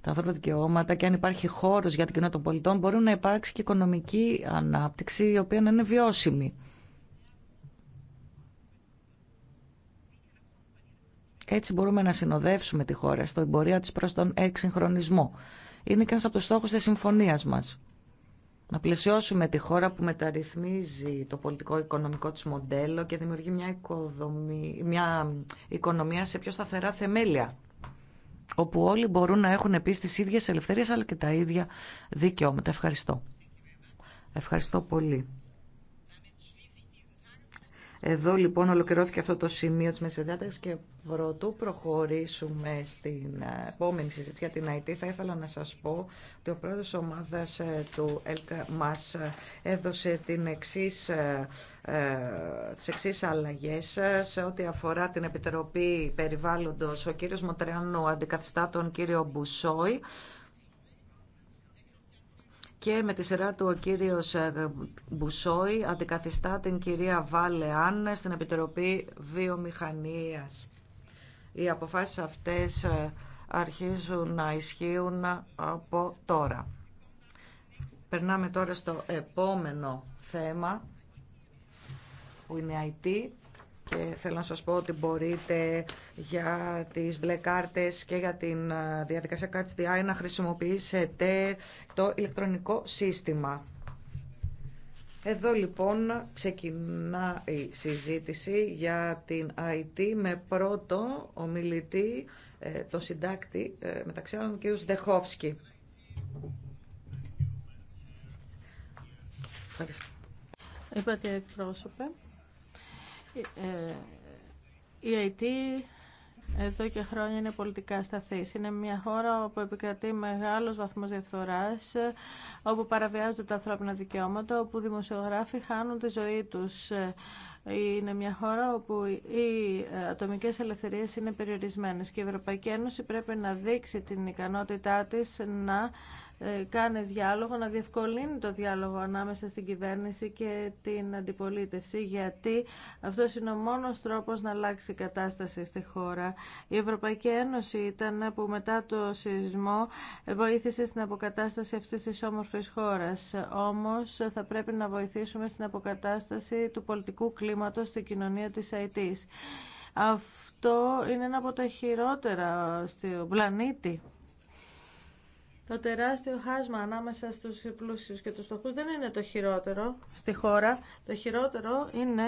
τα ανθρώπινα δικαιώματα και αν υπάρχει χώρος για την κοινότητα των πολιτών μπορεί να υπάρξει και οικονομική ανάπτυξη η οποία να είναι βιώσιμη. Έτσι μπορούμε να συνοδεύσουμε τη χώρα στην πορεία της προς τον εξυγχρονισμό. Είναι και ένας από τους στόχους της συμφωνίας μας. Να πλαισιώσουμε τη χώρα που μεταρρυθμίζει το πολιτικό-οικονομικό της μοντέλο και δημιουργεί μια, οικοδομή, μια οικονομία σε πιο σταθερά θεμέλια όπου όλοι μπορούν να έχουν επίσης τις ίδιες ελευθερίες αλλά και τα ίδια δικαιώματα. Ευχαριστώ. Ευχαριστώ πολύ. Εδώ λοιπόν ολοκληρώθηκε αυτό το σημείο της μεσεδιάταξης και πρωτού προχωρήσουμε στην ε, επόμενη συζήτηση για την ΑΕΤ. θα ήθελα να σας πω ότι ο πρόεδρος ομάδας ε, του ΕΛΚΑ μας ε, έδωσε την εξής, τις εξής αλλαγές σε ό,τι αφορά την Επιτροπή Περιβάλλοντος ο κύριος Μοντρεάνου αντικαθιστά τον κύριο Μπουσόη και με τη σειρά του ο κύριος ε, Μπουσόη αντικαθιστά την κυρία Βάλεάν στην Επιτροπή Βιομηχανίας. Οι αποφάσεις αυτές ε, αρχίζουν να ισχύουν από τώρα. Περνάμε τώρα στο επόμενο θέμα που είναι IT και θέλω να σας πω ότι μπορείτε για τις μπλε κάρτες και για την διαδικασία Catch να χρησιμοποιήσετε το ηλεκτρονικό σύστημα. Εδώ λοιπόν ξεκινά η συζήτηση για την IT με πρώτο ομιλητή, ε, το συντάκτη, ε, μεταξύ άλλων ο κ. Δεχόφσκι. Είπατε εκπρόσωπε. Ε, ε, η ΑΕΤ εδώ και χρόνια είναι πολιτικά σταθής. Είναι μια χώρα όπου επικρατεί μεγάλος βαθμός διαφθοράς, όπου παραβιάζονται τα ανθρώπινα δικαιώματα, όπου δημοσιογράφοι χάνουν τη ζωή τους. Είναι μια χώρα όπου οι ατομικές ελευθερίες είναι περιορισμένες και η Ευρωπαϊκή Ένωση πρέπει να δείξει την ικανότητά της να ε, κάνει διάλογο, να διευκολύνει το διάλογο ανάμεσα στην κυβέρνηση και την αντιπολίτευση, γιατί αυτό είναι ο μόνος τρόπος να αλλάξει η κατάσταση στη χώρα. Η Ευρωπαϊκή Ένωση ήταν που μετά το σεισμό βοήθησε στην αποκατάσταση αυτής της όμορφης χώρας. Όμως θα πρέπει να βοηθήσουμε στην αποκατάσταση του πολιτικού κλίματος στην κοινωνία της ΑΕΤΗΣ. Αυτό είναι ένα από τα χειρότερα στη πλανήτη. Το τεράστιο χάσμα ανάμεσα στους πλούσιους και τους στοχούς δεν είναι το χειρότερο στη χώρα. Το χειρότερο είναι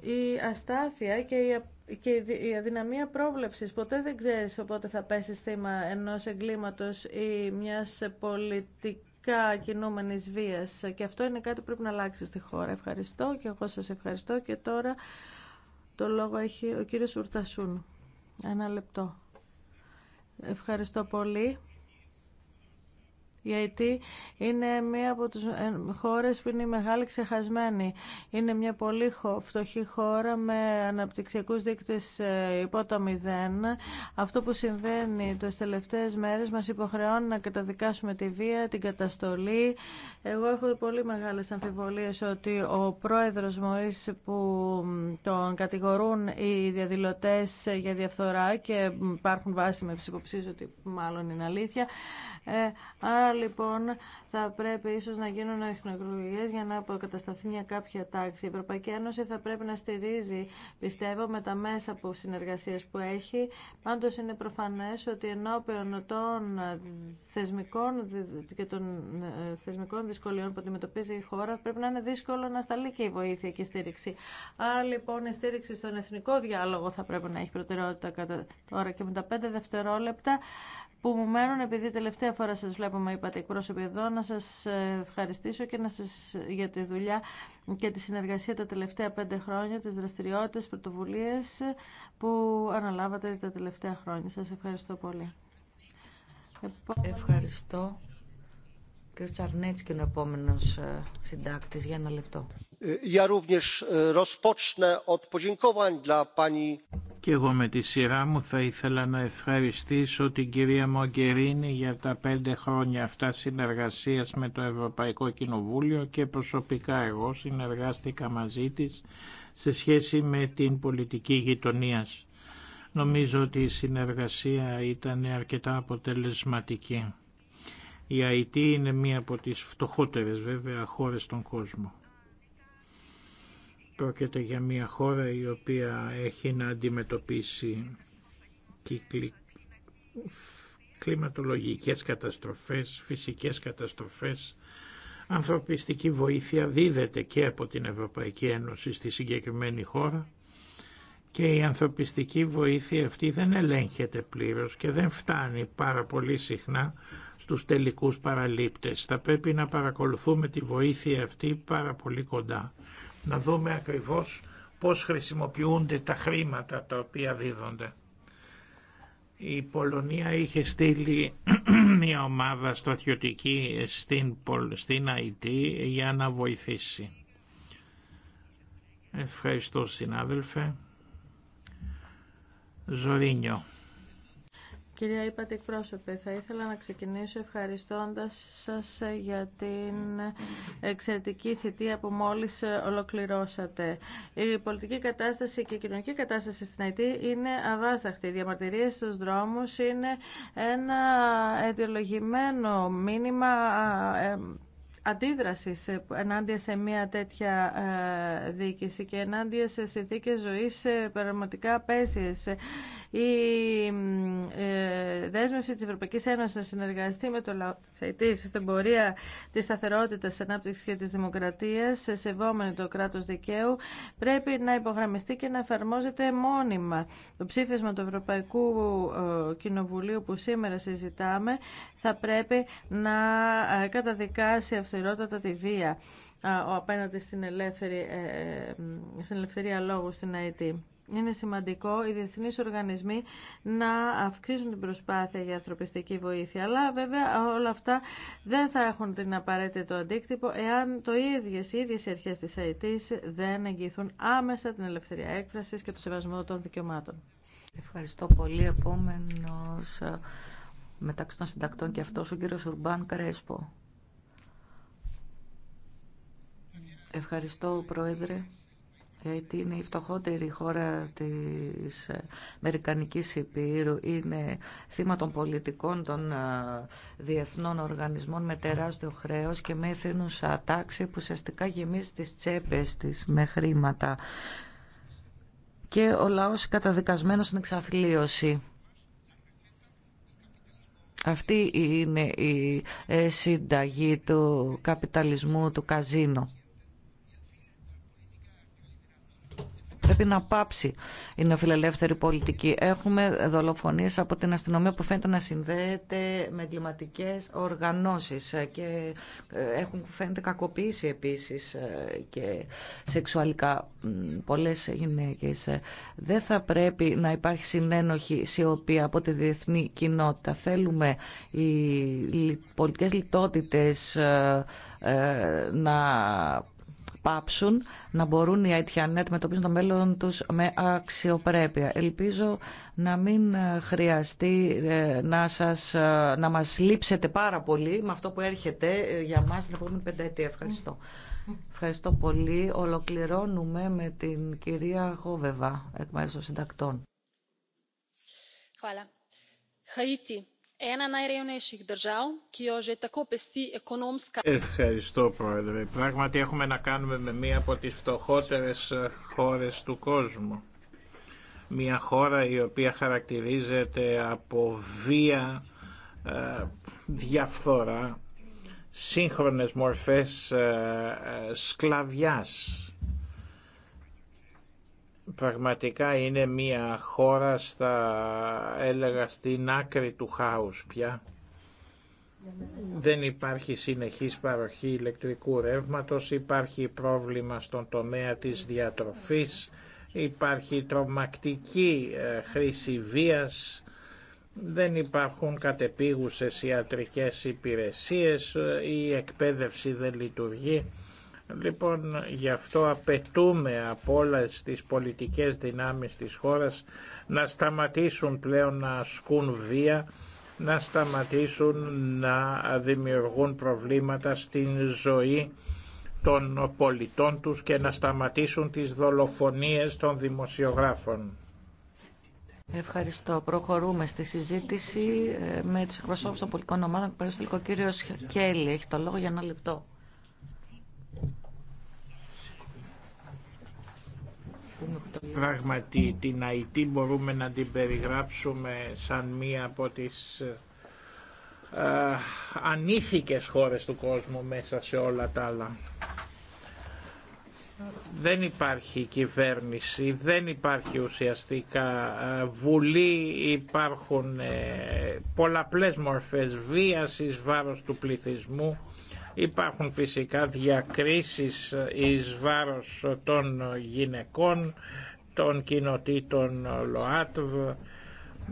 η αστάθεια και η και η αδυναμία πρόβλεψης. Ποτέ δεν ξέρεις πότε θα πέσει θύμα ενός εγκλήματος ή μιας πολιτικά κινούμενης βίας. Και αυτό είναι κάτι που πρέπει να αλλάξει στη χώρα. Ευχαριστώ και εγώ σας ευχαριστώ. Και τώρα το λόγο έχει ο κύριος Ουρτασούν. Ένα λεπτό. Ευχαριστώ πολύ γιατί είναι μία από τις ε, χώρες που είναι η μεγάλη ξεχασμένη. Είναι μια πολύ φτωχή χώρα με αναπτυξιακούς δείκτες ε, υπό το μηδέν. Αυτό που συμβαίνει τις τελευταίες αναπτυξιακους δεικτες υπο το μηδεν αυτο που συμβαινει το τελευταιες μερες μας υποχρεώνει να καταδικάσουμε τη βία, την καταστολή. Εγώ έχω πολύ μεγάλες αμφιβολίες ότι ο πρόεδρος Μωής που τον κατηγορούν οι διαδηλωτές για διαφθορά και υπάρχουν βάσιμες υποψίες ότι μάλλον είναι αλήθεια. Ε, λοιπόν θα πρέπει ίσω να γίνουν εθνοεκλογές για να αποκατασταθεί μια κάποια τάξη. Η Ευρωπαϊκή Ένωση θα πρέπει να στηρίζει, πιστεύω, με τα μέσα από συνεργασίε που έχει. Πάντως είναι προφανές ότι ενώπιον των θεσμικών και των ε, θεσμικών δυσκολιών που αντιμετωπίζει η χώρα πρέπει να είναι δύσκολο να σταλεί και η βοήθεια και η στήριξη. Άρα λοιπόν η στήριξη στον εθνικό διάλογο θα πρέπει να έχει προτεραιότητα κατά τώρα και με τα πέντε δευτερόλεπτα που μου μένουν επειδή τελευταία φορά σας βλέπουμε είπατε εκπρόσωποι εδώ να σας ε, ευχαριστήσω και να σας για τη δουλειά και τη συνεργασία τα τελευταία πέντε χρόνια τις δραστηριότητες, πρωτοβουλίες που αναλάβατε τα τελευταία χρόνια. Σας ευχαριστώ πολύ. Ευχαριστώ. Κύριε Τσαρνέτσκι είναι ο επόμενο ε, συντάκτη, Για ένα λεπτό. Ε, ε, και εγώ με τη σειρά μου θα ήθελα να ευχαριστήσω την κυρία Μογκερίνη για τα πέντε χρόνια αυτά συνεργασίας με το Ευρωπαϊκό Κοινοβούλιο και προσωπικά εγώ συνεργάστηκα μαζί της σε σχέση με την πολιτική γειτονίας. Νομίζω ότι η συνεργασία ήταν αρκετά αποτελεσματική. Η ΑΙΤ είναι μία από τις φτωχότερες βέβαια χώρες στον κόσμο. Πρόκειται για μία χώρα η οποία έχει να αντιμετωπίσει κύκλι... κλιματολογικές καταστροφές, φυσικές καταστροφές. Ανθρωπιστική βοήθεια δίδεται και από την Ευρωπαϊκή Ένωση στη συγκεκριμένη χώρα και η ανθρωπιστική βοήθεια αυτή δεν ελέγχεται πλήρως και δεν φτάνει πάρα πολύ συχνά στους τελικούς παραλήπτες. Θα πρέπει να παρακολουθούμε τη βοήθεια αυτή πάρα πολύ κοντά. Να δούμε ακριβώς πώς χρησιμοποιούνται τα χρήματα τα οποία δίδονται. Η Πολωνία είχε στείλει [clears throat] μια ομάδα στρατιωτική στην, στην για να βοηθήσει. Ευχαριστώ συνάδελφε. Ζωρίνιο. Κυρία Είπατε εκπρόσωπε, θα ήθελα να ξεκινήσω ευχαριστώντας σας ε, για την εξαιρετική θητεία που μόλις ε, ολοκληρώσατε. Η πολιτική κατάσταση και η κοινωνική κατάσταση στην ΑΕΤ είναι αβάσταχτη. Οι διαμαρτυρίες στους δρόμους είναι ένα αιτιολογημένο μήνυμα ε, αντίδραση ενάντια σε μια τέτοια διοίκηση και ενάντια σε ζωή, ζωής πραγματικά απέσιε. Η ε, δέσμευση της Ευρωπαϊκής Ένωσης να συνεργαστεί με το λαό στην πορεία της σταθερότητας, της ανάπτυξης και της δημοκρατίας, σε σεβόμενη το κράτος δικαίου, πρέπει να υπογραμμιστεί και να εφαρμόζεται μόνιμα. Το ψήφισμα του Ευρωπαϊκού ε, Κοινοβουλίου που σήμερα συζητάμε θα πρέπει να ε, καταδικάσει αυθυρότατα τη βία ο απέναντι στην στην ελευθερία λόγου στην ΑΕΤΗ είναι σημαντικό οι διεθνεί οργανισμοί να αυξήσουν την προσπάθεια για ανθρωπιστική βοήθεια. Αλλά βέβαια όλα αυτά δεν θα έχουν την απαραίτητο αντίκτυπο εάν το ίδιες, οι ίδιε οι αρχέ τη ΑΕΤ δεν εγγυηθούν άμεσα την ελευθερία έκφραση και το σεβασμό των δικαιωμάτων. Ευχαριστώ πολύ. Επόμενο ε, μεταξύ των συντακτών και αυτό ο κύριο Ουρμπάν Κρέσπο. Ευχαριστώ, Πρόεδρε γιατί είναι η φτωχότερη χώρα της Αμερικανικής Υπήρου, είναι θύμα των πολιτικών των ε, διεθνών οργανισμών με τεράστιο χρέος και με εθνούσα τάξη που ουσιαστικά γεμίζει τις τσέπες της με χρήματα. Και ο λαός καταδικασμένος στην εξαθλίωση. Αυτή είναι η ε, συνταγή του καπιταλισμού, του καζίνο. Πρέπει να πάψει η νεοφιλελεύθερη πολιτική. Έχουμε δολοφονίες από την αστυνομία που φαίνεται να συνδέεται με εγκληματικέ οργανώσεις και ε, έχουν φαίνεται κακοποίηση επίσης ε, και σεξουαλικά πολλές γυναίκες. Δεν θα πρέπει να υπάρχει συνένοχη σιωπή από τη διεθνή κοινότητα. Θέλουμε οι πολιτικές λιτότητες ε, να πάψουν να μπορούν οι Αιτιανοί να αντιμετωπίζουν το μέλλον τους με αξιοπρέπεια. Ελπίζω να μην χρειαστεί ε, να, σας, ε, να μας λείψετε πάρα πολύ με αυτό που έρχεται ε, για μας την επόμενη πενταετία. Ευχαριστώ. Ευχαριστώ πολύ. Ολοκληρώνουμε με την κυρία Χόβεβα, εκ μέρους των συντακτών. Ευχαριστώ Πρόεδρε. Πράγματι έχουμε να κάνουμε με μία από τις φτωχότερες χώρες του κόσμου. Μία χώρα η οποία χαρακτηρίζεται από βία, ε, διαφθορά, σύγχρονες μορφές ε, ε, σκλαβιάς Πραγματικά είναι μια χώρα στα έλεγα στην άκρη του χάους πια. Δεν υπάρχει συνεχής παροχή ηλεκτρικού ρεύματος, υπάρχει πρόβλημα στον τομέα της διατροφής, υπάρχει τρομακτική ε, χρήση βίας, δεν υπάρχουν κατεπίγουσες ιατρικές υπηρεσίες, ε, η εκπαίδευση δεν λειτουργεί. Λοιπόν, γι' αυτό απαιτούμε από όλες τις πολιτικές δυνάμεις της χώρας να σταματήσουν πλέον να ασκούν βία, να σταματήσουν να δημιουργούν προβλήματα στην ζωή των πολιτών τους και να σταματήσουν τις δολοφονίες των δημοσιογράφων. Ευχαριστώ. Προχωρούμε στη συζήτηση ε, με τους εκπροσώπους των πολιτικών ομάδων. Παρακολουθεί ο κύριος Κέλλη. Έχει το λόγο για ένα λεπτό. Πράγματι την Αϊτή μπορούμε να την περιγράψουμε σαν μία από τις ε, ανήθικες χώρες του κόσμου μέσα σε όλα τα άλλα. Δεν υπάρχει κυβέρνηση, δεν υπάρχει ουσιαστικά ε, βουλή, υπάρχουν ε, πολλαπλές μορφές βίας βάρος του πληθυσμού Υπάρχουν φυσικά διακρίσεις εις βάρος των γυναικών, των κοινοτήτων ΛΟΑΤΒ.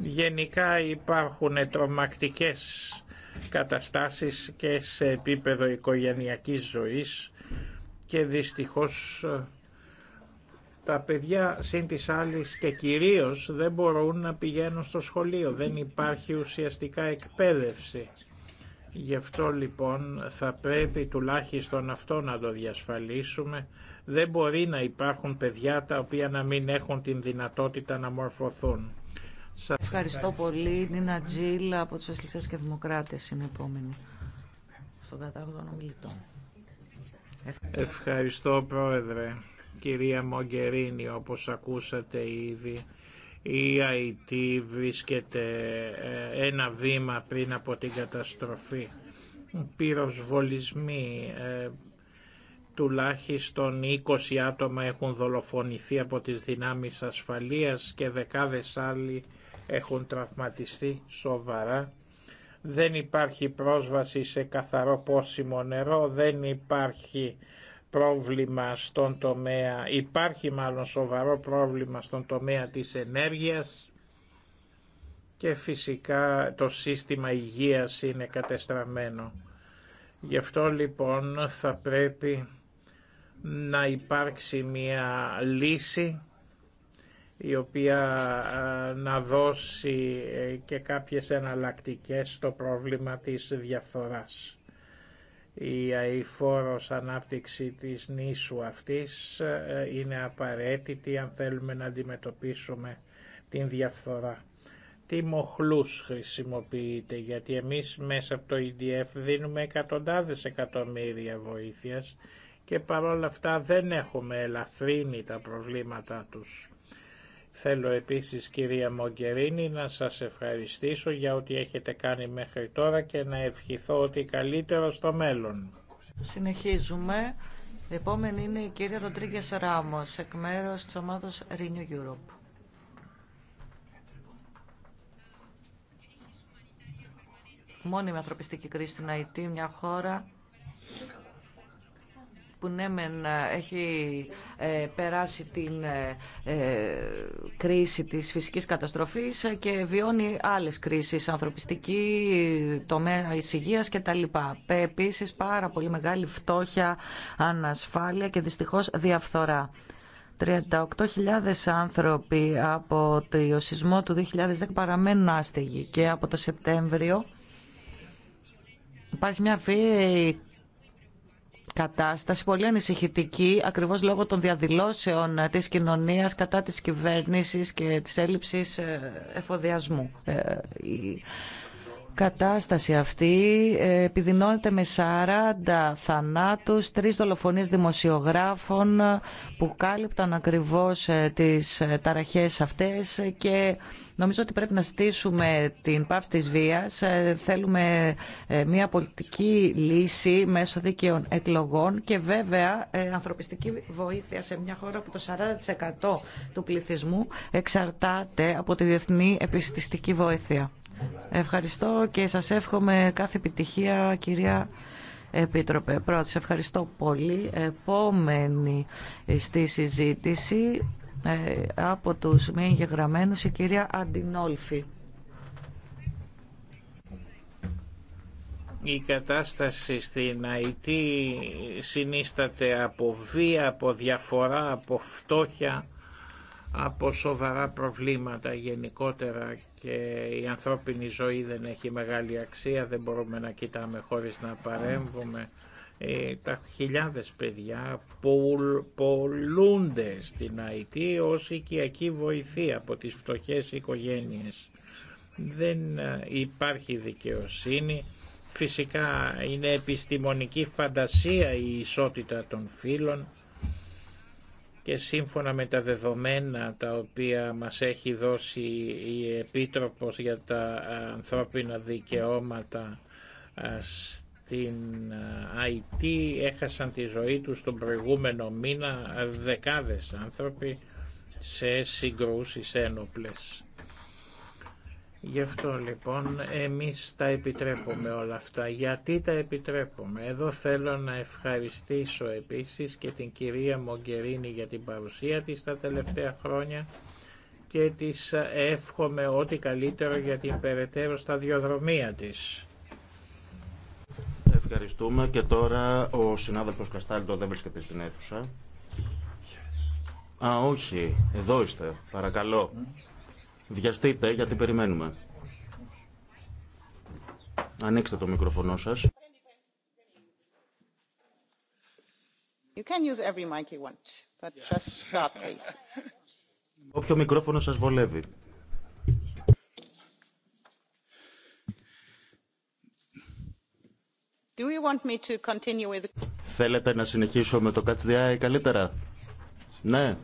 Γενικά υπάρχουν τρομακτικές καταστάσεις και σε επίπεδο οικογενειακής ζωής και δυστυχώς τα παιδιά σύν της άλλης και κυρίως δεν μπορούν να πηγαίνουν στο σχολείο, δεν υπάρχει ουσιαστικά εκπαίδευση. Γι' αυτό λοιπόν θα πρέπει τουλάχιστον αυτό να το διασφαλίσουμε. Δεν μπορεί να υπάρχουν παιδιά τα οποία να μην έχουν την δυνατότητα να μορφωθούν. ευχαριστώ, πολύ. Νίνα Τζίλ από τους και Δημοκράτες είναι επόμενη στον κατάλογο των ομιλητών. Ευχαριστώ. Πρόεδρε. Κυρία Μογκερίνη όπως ακούσατε ήδη η IT βρίσκεται ε, ένα βήμα πριν από την καταστροφή. Πυροσβολισμοί, ε, τουλάχιστον 20 άτομα έχουν δολοφονηθεί από τις δυνάμεις ασφαλείας και δεκάδες άλλοι έχουν τραυματιστεί σοβαρά. Δεν υπάρχει πρόσβαση σε καθαρό πόσιμο νερό, δεν υπάρχει πρόβλημα στον τομέα, υπάρχει μάλλον σοβαρό πρόβλημα στον τομέα της ενέργειας και φυσικά το σύστημα υγείας είναι κατεστραμμένο. Γι' αυτό λοιπόν θα πρέπει να υπάρξει μια λύση η οποία ε, να δώσει ε, και κάποιες εναλλακτικές στο πρόβλημα της διαφθοράς η φόρος ανάπτυξη της νήσου αυτής ε, είναι απαραίτητη αν θέλουμε να αντιμετωπίσουμε την διαφθορά. Τι μοχλούς χρησιμοποιείται, γιατί εμείς μέσα από το EDF δίνουμε εκατοντάδες εκατομμύρια βοήθειας και παρόλα αυτά δεν έχουμε ελαφρύνει τα προβλήματά τους. Θέλω επίσης κυρία Μογκερίνη να σας ευχαριστήσω για ό,τι έχετε κάνει μέχρι τώρα και να ευχηθώ ότι καλύτερο στο μέλλον. Συνεχίζουμε. Επόμενη είναι η κυρία Ροντρίγκε Ράμο, εκ μέρου τη ομάδα Renew Europe. Μόνιμη ανθρωπιστική κρίση στην Αϊτή, μια χώρα που ναι ε, έχει ε, περάσει την ε, κρίση της φυσικής καταστροφής και βιώνει άλλες κρίσεις, ανθρωπιστική, τομέα τα κτλ. Επίσης πάρα πολύ μεγάλη φτώχεια, ανασφάλεια και δυστυχώς διαφθορά. 38.000 άνθρωποι από το σεισμό του 2010 παραμένουν άστεγοι και από το Σεπτέμβριο υπάρχει μια βίαιη κατάσταση, πολύ ανησυχητική, ακριβώς λόγω των διαδηλώσεων της κοινωνίας κατά της κυβέρνησης και της έλλειψης ε, εφοδιασμού. Ε, κατάσταση αυτή ε, επιδεινώνεται με 40 θανάτους, τρεις δολοφονίες δημοσιογράφων που κάλυπταν ακριβώς ε, τις ε, ταραχές αυτές και νομίζω ότι πρέπει να στήσουμε την πάυση της βίας. Θέλουμε μια πολιτική λύση μέσω δίκαιων εκλογών και βέβαια ανθρωπιστική βοήθεια σε μια χώρα που το 40% του πληθυσμού εξαρτάται από τη διεθνή επιστηστική βοήθεια. Ευχαριστώ και σας εύχομαι κάθε επιτυχία κυρία Επίτροπε. Πρώτα, ευχαριστώ πολύ. Επόμενη στη συζήτηση ε, από τους μη εγγεγραμμένους η κυρία Αντινόλφη. Η κατάσταση στην Αϊτή συνίσταται από βία, από διαφορά, από φτώχεια από σοβαρά προβλήματα γενικότερα και η ανθρώπινη ζωή δεν έχει μεγάλη αξία, δεν μπορούμε να κοιτάμε χωρίς να παρέμβουμε. Ε, τα χιλιάδες παιδιά που πολλούνται στην Αϊτή ως οικιακή βοηθή από τις φτωχές οικογένειες. Δεν ε, υπάρχει δικαιοσύνη. Φυσικά είναι επιστημονική φαντασία η ισότητα των φύλων και σύμφωνα με τα δεδομένα τα οποία μας έχει δώσει η Επίτροπος για τα ε, ανθρώπινα δικαιώματα ε, στην ε, IT έχασαν τη ζωή τους τον προηγούμενο μήνα δεκάδες άνθρωποι σε συγκρούσεις ένοπλες. Γι' αυτό λοιπόν εμείς τα επιτρέπουμε όλα αυτά. Γιατί τα επιτρέπουμε. Εδώ θέλω να ευχαριστήσω επίσης και την κυρία Μογκερίνη για την παρουσία της τα τελευταία χρόνια και της εύχομαι ό,τι καλύτερο για την περαιτέρω σταδιοδρομία της. Ευχαριστούμε και τώρα ο συνάδελφος Καστάλτο δεν βρίσκεται στην αίθουσα. Α, όχι, εδώ είστε, παρακαλώ. Βιαστείτε γιατί περιμένουμε. Ανοίξτε το μικροφωνό σας. You can use every mic you want, but just stop, please. [laughs] Όποιο μικρόφωνο σας βολεύει. Do you want me to continue with... Θέλετε να συνεχίσω με το Catch the Eye καλύτερα. Ναι.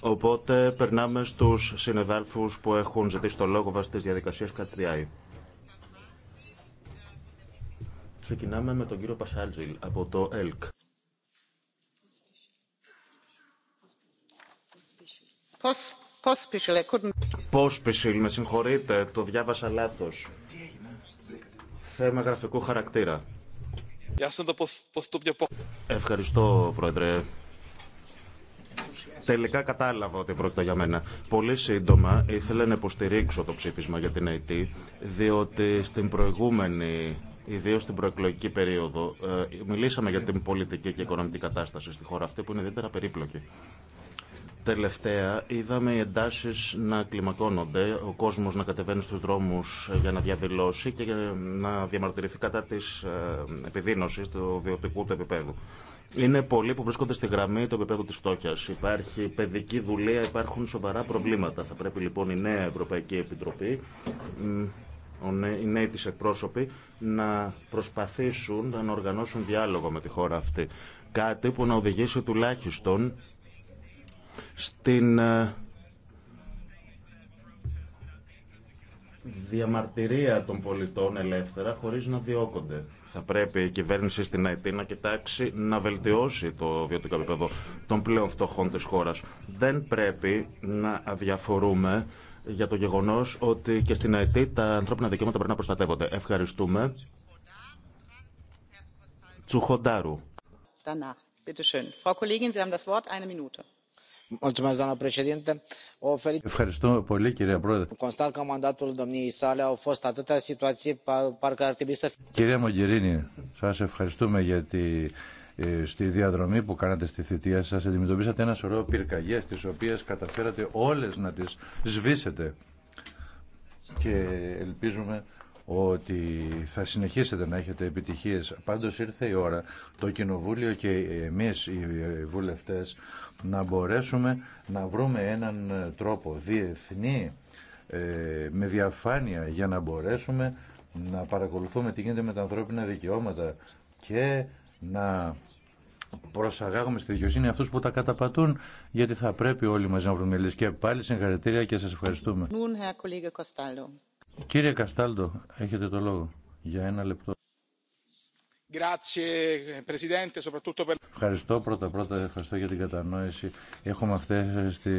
Οπότε περνάμε στους συνεδάλφους που έχουν ζητήσει το λόγο βάσει της διαδικασίας Κατσδιάη. Ξεκινάμε με τον κύριο Πασάλτζιλ από το ΕΛΚ. Πόσπισιλ, με συγχωρείτε, το διάβασα λάθος. Θέμα γραφικού χαρακτήρα. Ευχαριστώ, Πρόεδρε. Τελικά κατάλαβα ότι πρόκειται για μένα. Πολύ σύντομα ήθελα να υποστηρίξω το ψήφισμα για την ΑΕΤ, διότι στην προηγούμενη ιδίω στην προεκλογική περίοδο, ε, μιλήσαμε για την πολιτική και οικονομική κατάσταση στη χώρα αυτή που είναι ιδιαίτερα περίπλοκη. Τελευταία είδαμε οι εντάσει να κλιμακώνονται, ο κόσμο να κατεβαίνει στου δρόμου για να διαδηλώσει και να διαμαρτυρηθεί κατά τη ε, επιδείνωση του βιωτικού του επίπεδου. Είναι πολλοί που βρίσκονται στη γραμμή του επίπεδου τη φτώχεια. Υπάρχει παιδική δουλεία, υπάρχουν σοβαρά προβλήματα. Θα πρέπει λοιπόν η νέα Ευρωπαϊκή Επιτροπή, οι νέοι τη εκπρόσωποι, να προσπαθήσουν να οργανώσουν διάλογο με τη χώρα αυτή. Κάτι που να οδηγήσει τουλάχιστον στην ε, διαμαρτυρία των πολιτών ελεύθερα χωρίς να διώκονται. Θα πρέπει η κυβέρνηση στην ΑΕΤ να κοιτάξει να βελτιώσει το βιωτικό επίπεδο των πλέον φτωχών της χώρας. Δεν πρέπει να αδιαφορούμε για το γεγονός ότι και στην ΑΕΤ τα ανθρώπινα δικαιώματα πρέπει να προστατεύονται. Ευχαριστούμε. Τσουχοντάρου. Danach. Ευχαριστώ πολύ, κυρία Πρόεδρε. Κυρία Μογγυρίνη, σας ευχαριστούμε γιατί ε, στη διαδρομή που κάνατε στη θητεία σας αντιμετωπίσατε ένα σωρό πυρκαγιές τις οποίες καταφέρατε όλες να τις σβήσετε και ελπίζουμε ότι θα συνεχίσετε να έχετε επιτυχίες. Πάντως ήρθε η ώρα το Κοινοβούλιο και εμείς οι βουλευτές να μπορέσουμε να βρούμε έναν τρόπο διεθνή ε, με διαφάνεια για να μπορέσουμε να παρακολουθούμε τι γίνεται με τα ανθρώπινα δικαιώματα και να προσαγάγουμε στη δικαιοσύνη αυτούς που τα καταπατούν γιατί θα πρέπει όλοι μαζί να βρούμε λύσεις. Και πάλι συγχαρητήρια και σας ευχαριστούμε. Κύριε Καστάλτο, έχετε το λόγο για ένα λεπτό. Ευχαριστώ πρώτα πρώτα, ευχαριστώ για την κατανόηση. Έχουμε αυτέ τι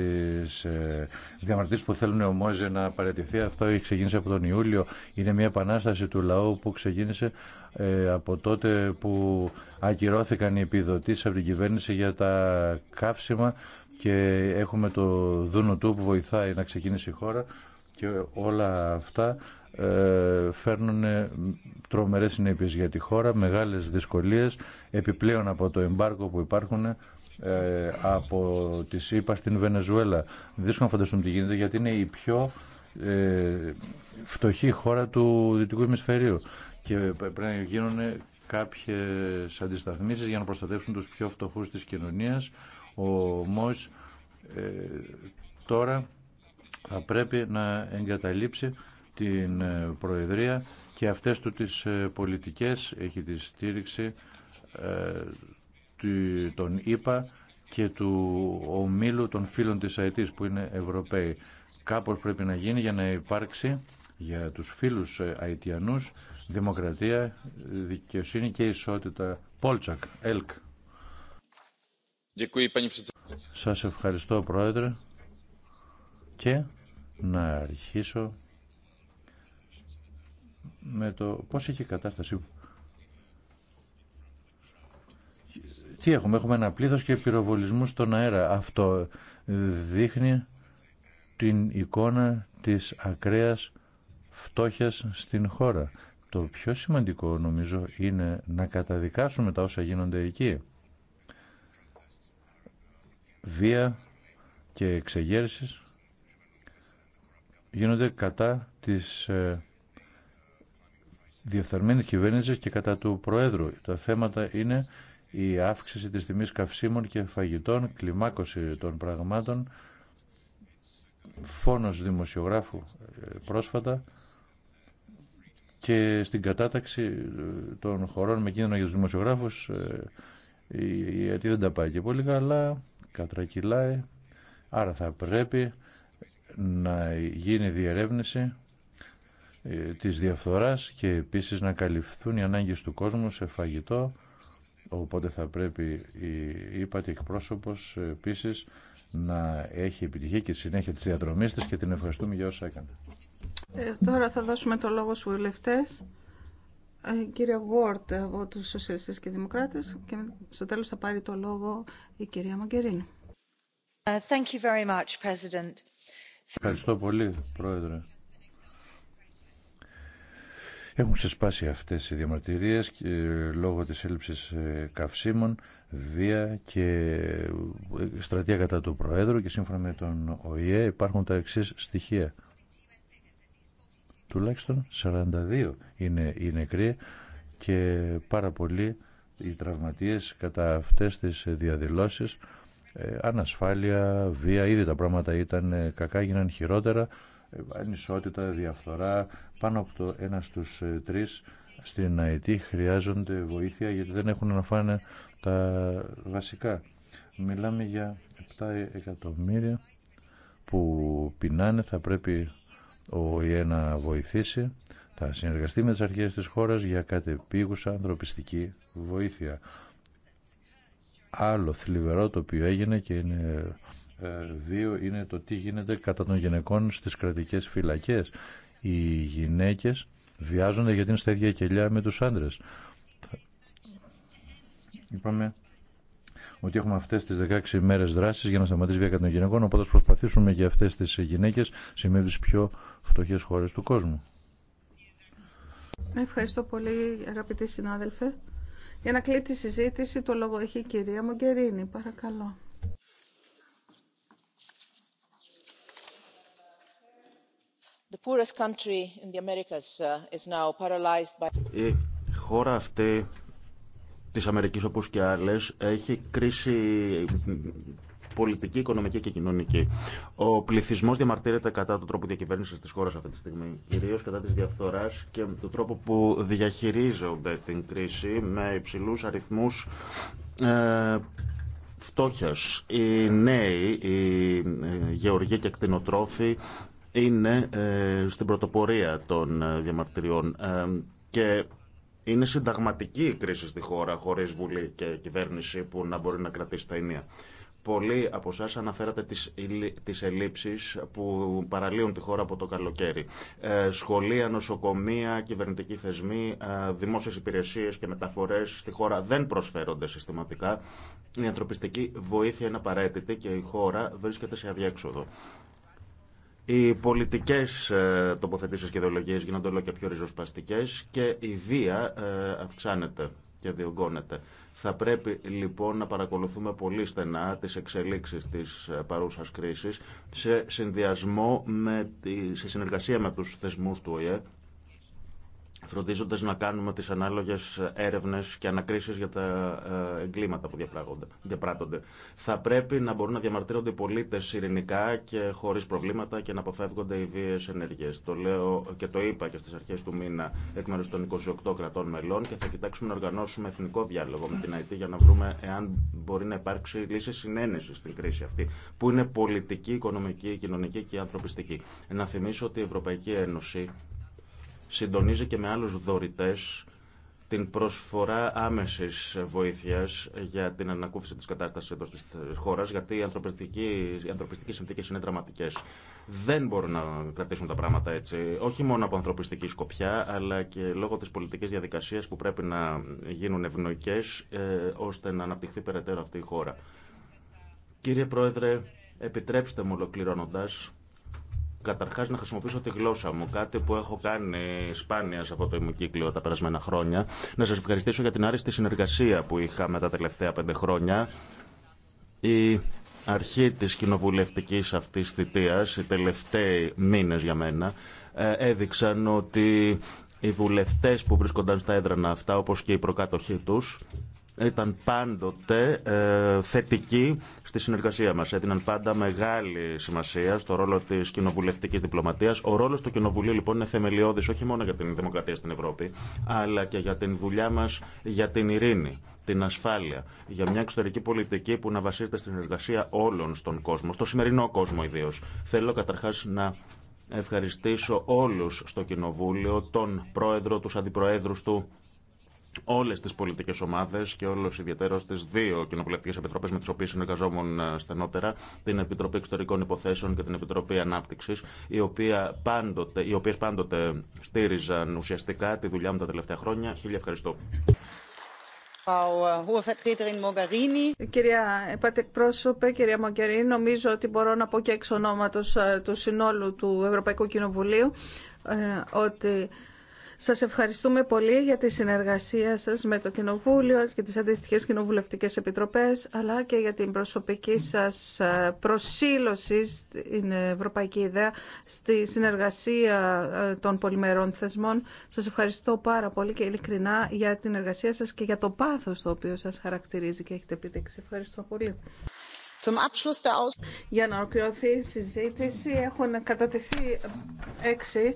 ε, διαμαρτυρίε που θέλουν ο Μόζε να παραιτηθεί. Αυτό έχει ξεκίνησε από τον Ιούλιο. Είναι μια επανάσταση του λαού που ξεκίνησε ε, από τότε που ακυρώθηκαν οι επιδοτήσει από την κυβέρνηση για τα καύσιμα και έχουμε το Δούνο του που βοηθάει να ξεκίνησε η χώρα και όλα αυτά ε, φέρνουν τρομερές συνέπειες για τη χώρα, μεγάλες δυσκολίες επιπλέον από το εμπάρκο που υπάρχουν ε, από τη ΣΥΠΑ στην Βενεζουέλα. Δύσκολο να φανταστούμε τι γίνεται γιατί είναι η πιο ε, φτωχή χώρα του Δυτικού Ημισφαιρίου και πρέπει να γίνουν κάποιες αντισταθμίσεις για να προστατεύσουν τους πιο φτωχούς της κοινωνίας. Όμως τώρα θα πρέπει να εγκαταλείψει την ε, Προεδρία και αυτές του τις ε, πολιτικές έχει τη στήριξη ε, των ΙΠΑ και του ομίλου των φίλων της ΑΕΤΗΣ που είναι Ευρωπαίοι. Κάπως πρέπει να γίνει για να υπάρξει για τους φίλους Αιτιανούς δημοκρατία, δικαιοσύνη και ισότητα. Πόλτσακ, ΕΛΚ. Σας ευχαριστώ Πρόεδρε και να αρχίσω με το πώς έχει η κατάσταση. Τι έχουμε, έχουμε ένα πλήθος και πυροβολισμού στον αέρα. Αυτό δείχνει την εικόνα της ακραίας φτώχειας στην χώρα. Το πιο σημαντικό νομίζω είναι να καταδικάσουμε τα όσα γίνονται εκεί. Βία και εξεγέρσεις γίνονται κατά της ε, διεφθαρμένης και κατά του Προέδρου. Τα θέματα είναι η αύξηση της τιμής καυσίμων και φαγητών, κλιμάκωση των πραγμάτων, φόνος δημοσιογράφου ε, πρόσφατα και στην κατάταξη ε, των χωρών με κίνδυνο για τους δημοσιογράφους γιατί ε, δεν τα πάει και πολύ καλά, κατρακυλάει, άρα θα πρέπει να γίνει διερεύνηση ε, της διαφθοράς και επίσης να καλυφθούν οι ανάγκες του κόσμου σε φαγητό οπότε θα πρέπει η ύπατη εκπρόσωπος ε, επίσης να έχει επιτυχία και συνέχεια της διαδρομής της και την ευχαριστούμε για όσα έκανε. Ε, τώρα θα δώσουμε το λόγο στους βουλευτές. Ε, κύριε Γουόρτ από τους Σοσιαλιστές και Δημοκράτες και στο τέλος θα πάρει το λόγο η κυρία Μαγκερίνη. Uh, thank you very much, President. Ευχαριστώ πολύ, Πρόεδρε. Έχουν ξεσπάσει αυτές οι διαμαρτυρίες και λόγω της έλλειψης ε, καυσίμων, βία και ε, στρατεία κατά του Προέδρου και σύμφωνα με τον ΟΗΕ υπάρχουν τα εξής στοιχεία. Τουλάχιστον 42 είναι οι νεκροί και πάρα πολλοί οι τραυματίες κατά αυτές τις διαδηλώσεις ε, ανασφάλεια, βία, ήδη τα πράγματα ήταν ε, κακά, γίναν χειρότερα, ε, ανισότητα, διαφθορά, πάνω από το ένα στους τρεις στην ΑΕΤ χρειάζονται βοήθεια γιατί δεν έχουν να φάνε τα βασικά. Μιλάμε για 7 εκατομμύρια που πεινάνε, θα πρέπει ο ΙΕ να βοηθήσει, θα συνεργαστεί με τις αρχές της χώρας για κατεπίγουσα ανθρωπιστική βοήθεια άλλο θλιβερό το οποίο έγινε και είναι ε, δύο είναι το τι γίνεται κατά των γυναικών στις κρατικές φυλακές. Οι γυναίκες βιάζονται γιατί είναι στα ίδια κελιά με τους άντρες. Είπαμε ότι έχουμε αυτέ τι 16 ημέρε δράση για να σταματήσει βία κατά των γυναικών. Οπότε προσπαθήσουμε για αυτέ τι γυναίκε σε μία από πιο φτωχέ χώρε του κόσμου. Ευχαριστώ πολύ, αγαπητοί συνάδελφε. Για να κλείσει τη συζήτηση, το λόγο έχει η κυρία Μογκερίνη. Παρακαλώ. Η χώρα αυτή της Αμερικής όπως και άλλες έχει κρίση πολιτική, οικονομική και κοινωνική. Ο πληθυσμό διαμαρτύρεται κατά του τρόπου διακυβέρνηση τη χώρα αυτή τη στιγμή, κυρίω κατά τη διαφθορά και του τρόπου που διαχειρίζονται την κρίση με υψηλού αριθμού ε, φτώχεια. Οι νέοι, οι ε, γεωργοί και κτηνοτρόφοι είναι ε, στην πρωτοπορία των ε, διαμαρτυριών ε, και είναι συνταγματική η κρίση στη χώρα χωρίς Βουλή και κυβέρνηση που να μπορεί να κρατήσει τα ενία. Πολλοί από εσά αναφέρατε τις ελλείψεις που παραλύουν τη χώρα από το καλοκαίρι. Ε, σχολεία, νοσοκομεία, κυβερνητικοί θεσμοί, ε, δημόσιες υπηρεσίες και μεταφορές στη χώρα δεν προσφέρονται συστηματικά. Η ανθρωπιστική βοήθεια είναι απαραίτητη και η χώρα βρίσκεται σε αδιέξοδο. Οι πολιτικέ ε, τοποθετήσει και ιδεολογίε γίνονται όλο και πιο ριζοσπαστικέ και η βία αυξάνεται και διωγγώνεται. Θα πρέπει λοιπόν να παρακολουθούμε πολύ στενά τις εξελίξεις της ε, παρούσας κρίσης σε συνδυασμό με τη, σε συνεργασία με τους θεσμούς του ΟΗΕ φροντίζοντα να κάνουμε τις ανάλογες έρευνες και ανακρίσεις για τα ε, εγκλήματα που διαπράττονται. Θα πρέπει να μπορούν να διαμαρτύρονται οι πολίτε ειρηνικά και χωρίς προβλήματα και να αποφεύγονται οι βίες ενέργειε. Το λέω και το είπα και στις αρχές του μήνα εκ μέρους των 28 κρατών μελών και θα κοιτάξουμε να οργανώσουμε εθνικό διάλογο με την ΑΕΤ για να βρούμε εάν μπορεί να υπάρξει λύση συνένεση στην κρίση αυτή, που είναι πολιτική, οικονομική, κοινωνική και ανθρωπιστική. Να θυμίσω ότι η Ευρωπαϊκή Ένωση συντονίζει και με άλλους δωρητές την προσφορά άμεσης βοήθειας για την ανακούφιση της κατάστασης εντός της χώρας, γιατί οι ανθρωπιστικές, συνθήκες είναι δραματικές. Δεν μπορούν να κρατήσουν τα πράγματα έτσι, όχι μόνο από ανθρωπιστική σκοπιά, αλλά και λόγω της πολιτικής διαδικασίας που πρέπει να γίνουν ευνοϊκές, ε, ώστε να αναπτυχθεί περαιτέρω αυτή η χώρα. Κύριε Πρόεδρε, επιτρέψτε μου ολοκληρώνοντας Καταρχάς να χρησιμοποιήσω τη γλώσσα μου, κάτι που έχω κάνει σπάνια σε αυτό το ημικύκλιο τα περασμένα χρόνια. Να σας ευχαριστήσω για την άριστη συνεργασία που είχαμε τα τελευταία πέντε χρόνια. Η αρχή της κοινοβουλευτικής αυτής θητείας, οι τελευταίοι μήνες για μένα, ε, έδειξαν ότι οι βουλευτές που βρίσκονταν στα έδρανα αυτά, όπως και οι προκάτοχοί τους, ήταν πάντοτε ε, θετική στη συνεργασία μας. Έδιναν πάντα μεγάλη σημασία στο ρόλο της κοινοβουλευτικής διπλωματίας. Ο ρόλος του Κοινοβουλίου λοιπόν είναι θεμελιώδης όχι μόνο για την δημοκρατία στην Ευρώπη, αλλά και για την δουλειά μας για την ειρήνη την ασφάλεια, για μια εξωτερική πολιτική που να βασίζεται στην συνεργασία όλων στον κόσμο, στο σημερινό κόσμο ιδίω. Θέλω καταρχάς να ευχαριστήσω όλους στο Κοινοβούλιο, τον Πρόεδρο, τους Αντιπροέδρους του, όλε τι πολιτικέ ομάδε και όλο ιδιαίτερο τι δύο κοινοβουλευτικέ επιτροπέ με τι οποίε συνεργαζόμουν ε, στενότερα, την Επιτροπή Εξωτερικών Υποθέσεων και την Επιτροπή Ανάπτυξη, οι, πάντοτε, οι οποίε πάντοτε στήριζαν ουσιαστικά τη δουλειά μου τα τελευταία χρόνια. Χίλια ευχαριστώ. Äh, κυρία Επατεκπρόσωπε, κυρία Μογκερίνη, νομίζω ότι μπορώ να πω και εξ ονόματος ε, του συνόλου του Ευρωπαϊκού Κοινοβουλίου ε, ότι σας ευχαριστούμε πολύ για τη συνεργασία σας με το Κοινοβούλιο και τις αντίστοιχες κοινοβουλευτικές επιτροπές, αλλά και για την προσωπική σας ε, προσήλωση στην ευρωπαϊκή ιδέα, στη συνεργασία ε, των πολυμερών θεσμών. Σας ευχαριστώ πάρα πολύ και ειλικρινά για την εργασία σας και για το πάθος το οποίο σας χαρακτηρίζει και έχετε επιδείξει. Ευχαριστώ πολύ. Για να ολοκληρωθεί η συζήτηση έχουν κατατεθεί έξι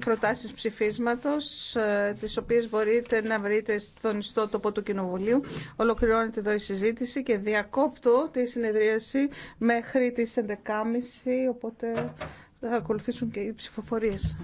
προτάσεις ψηφίσματος ε, τις οποίες μπορείτε να βρείτε στον ιστότοπο του Κοινοβουλίου. Ολοκληρώνεται εδώ η συζήτηση και διακόπτω τη συνεδρίαση μέχρι τις 11.30 οπότε θα ακολουθήσουν και οι ψηφοφορίες.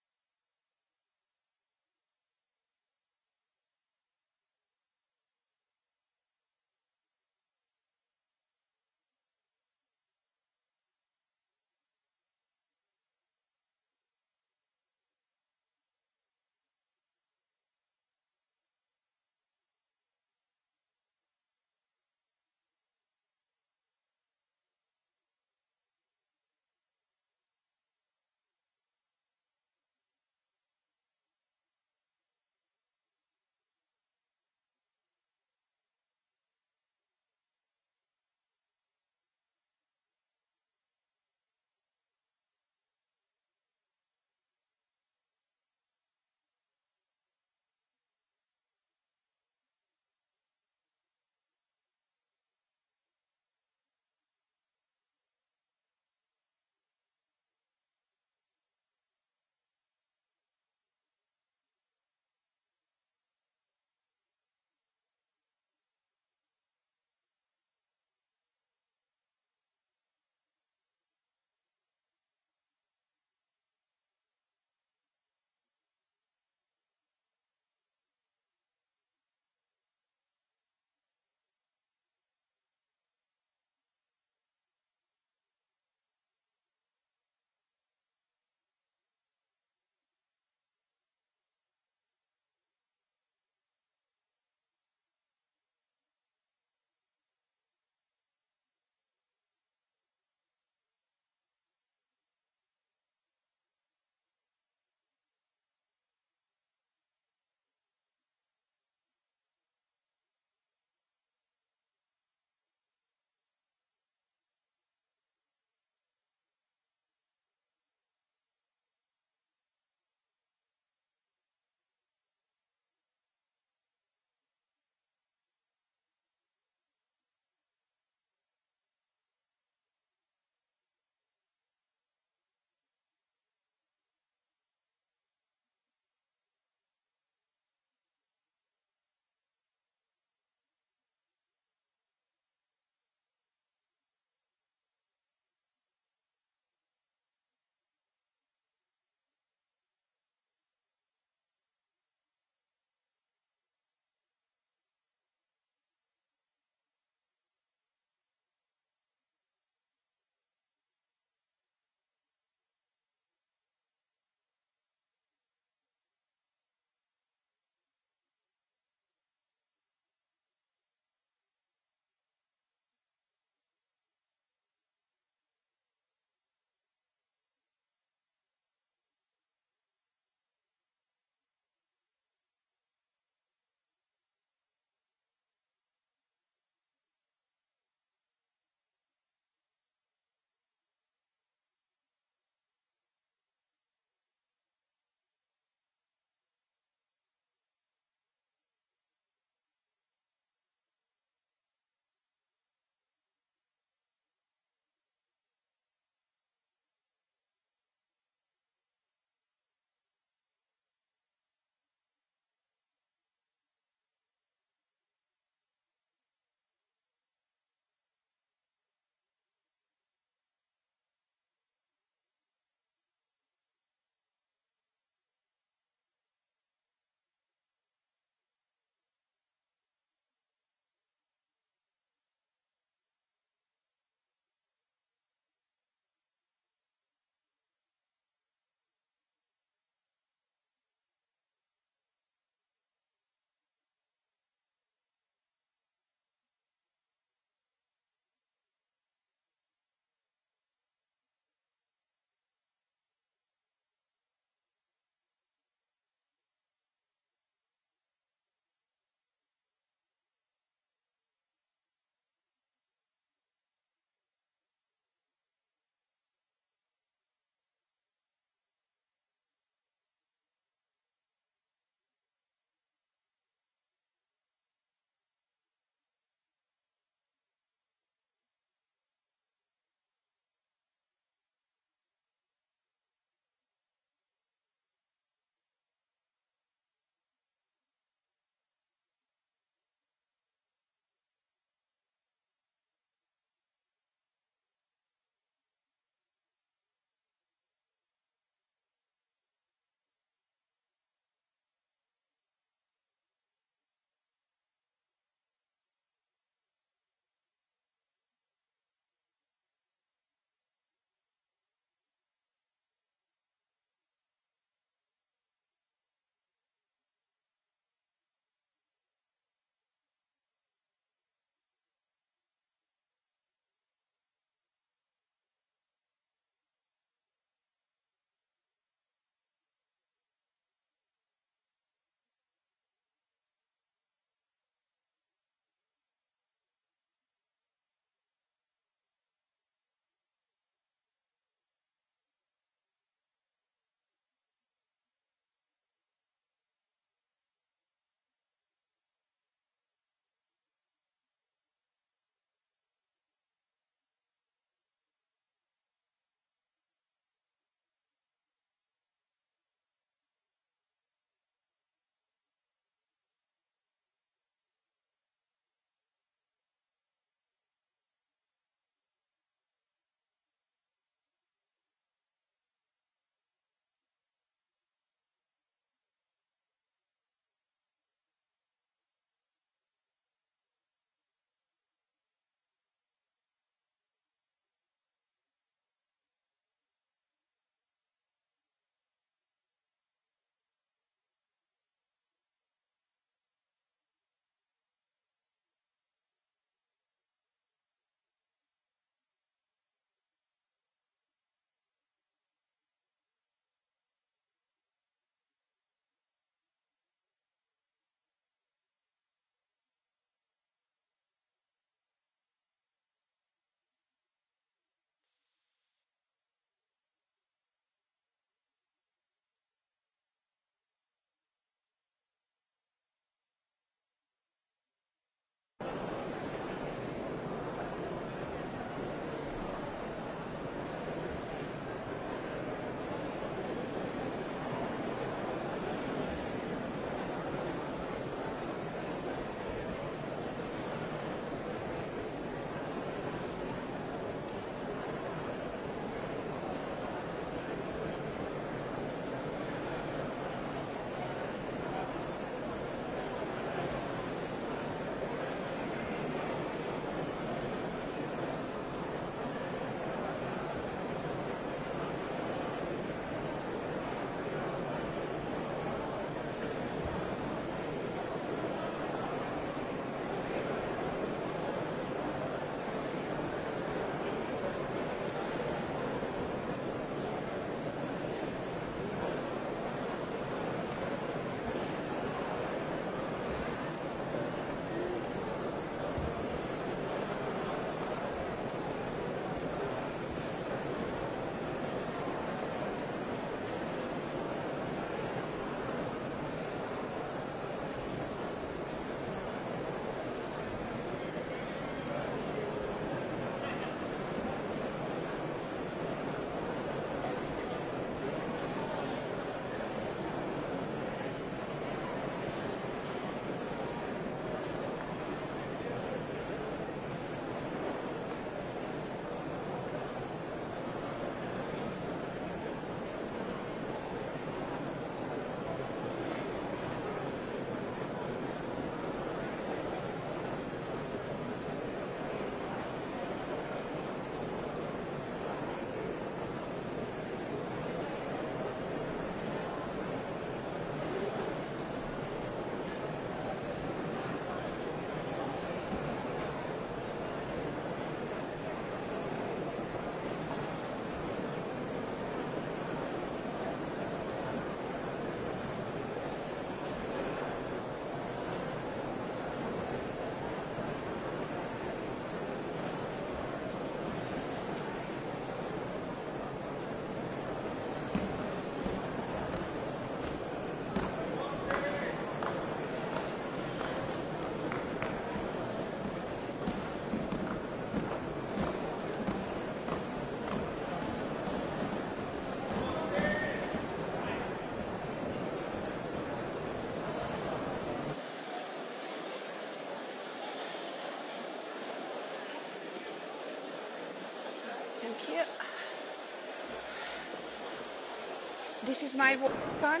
This is my card.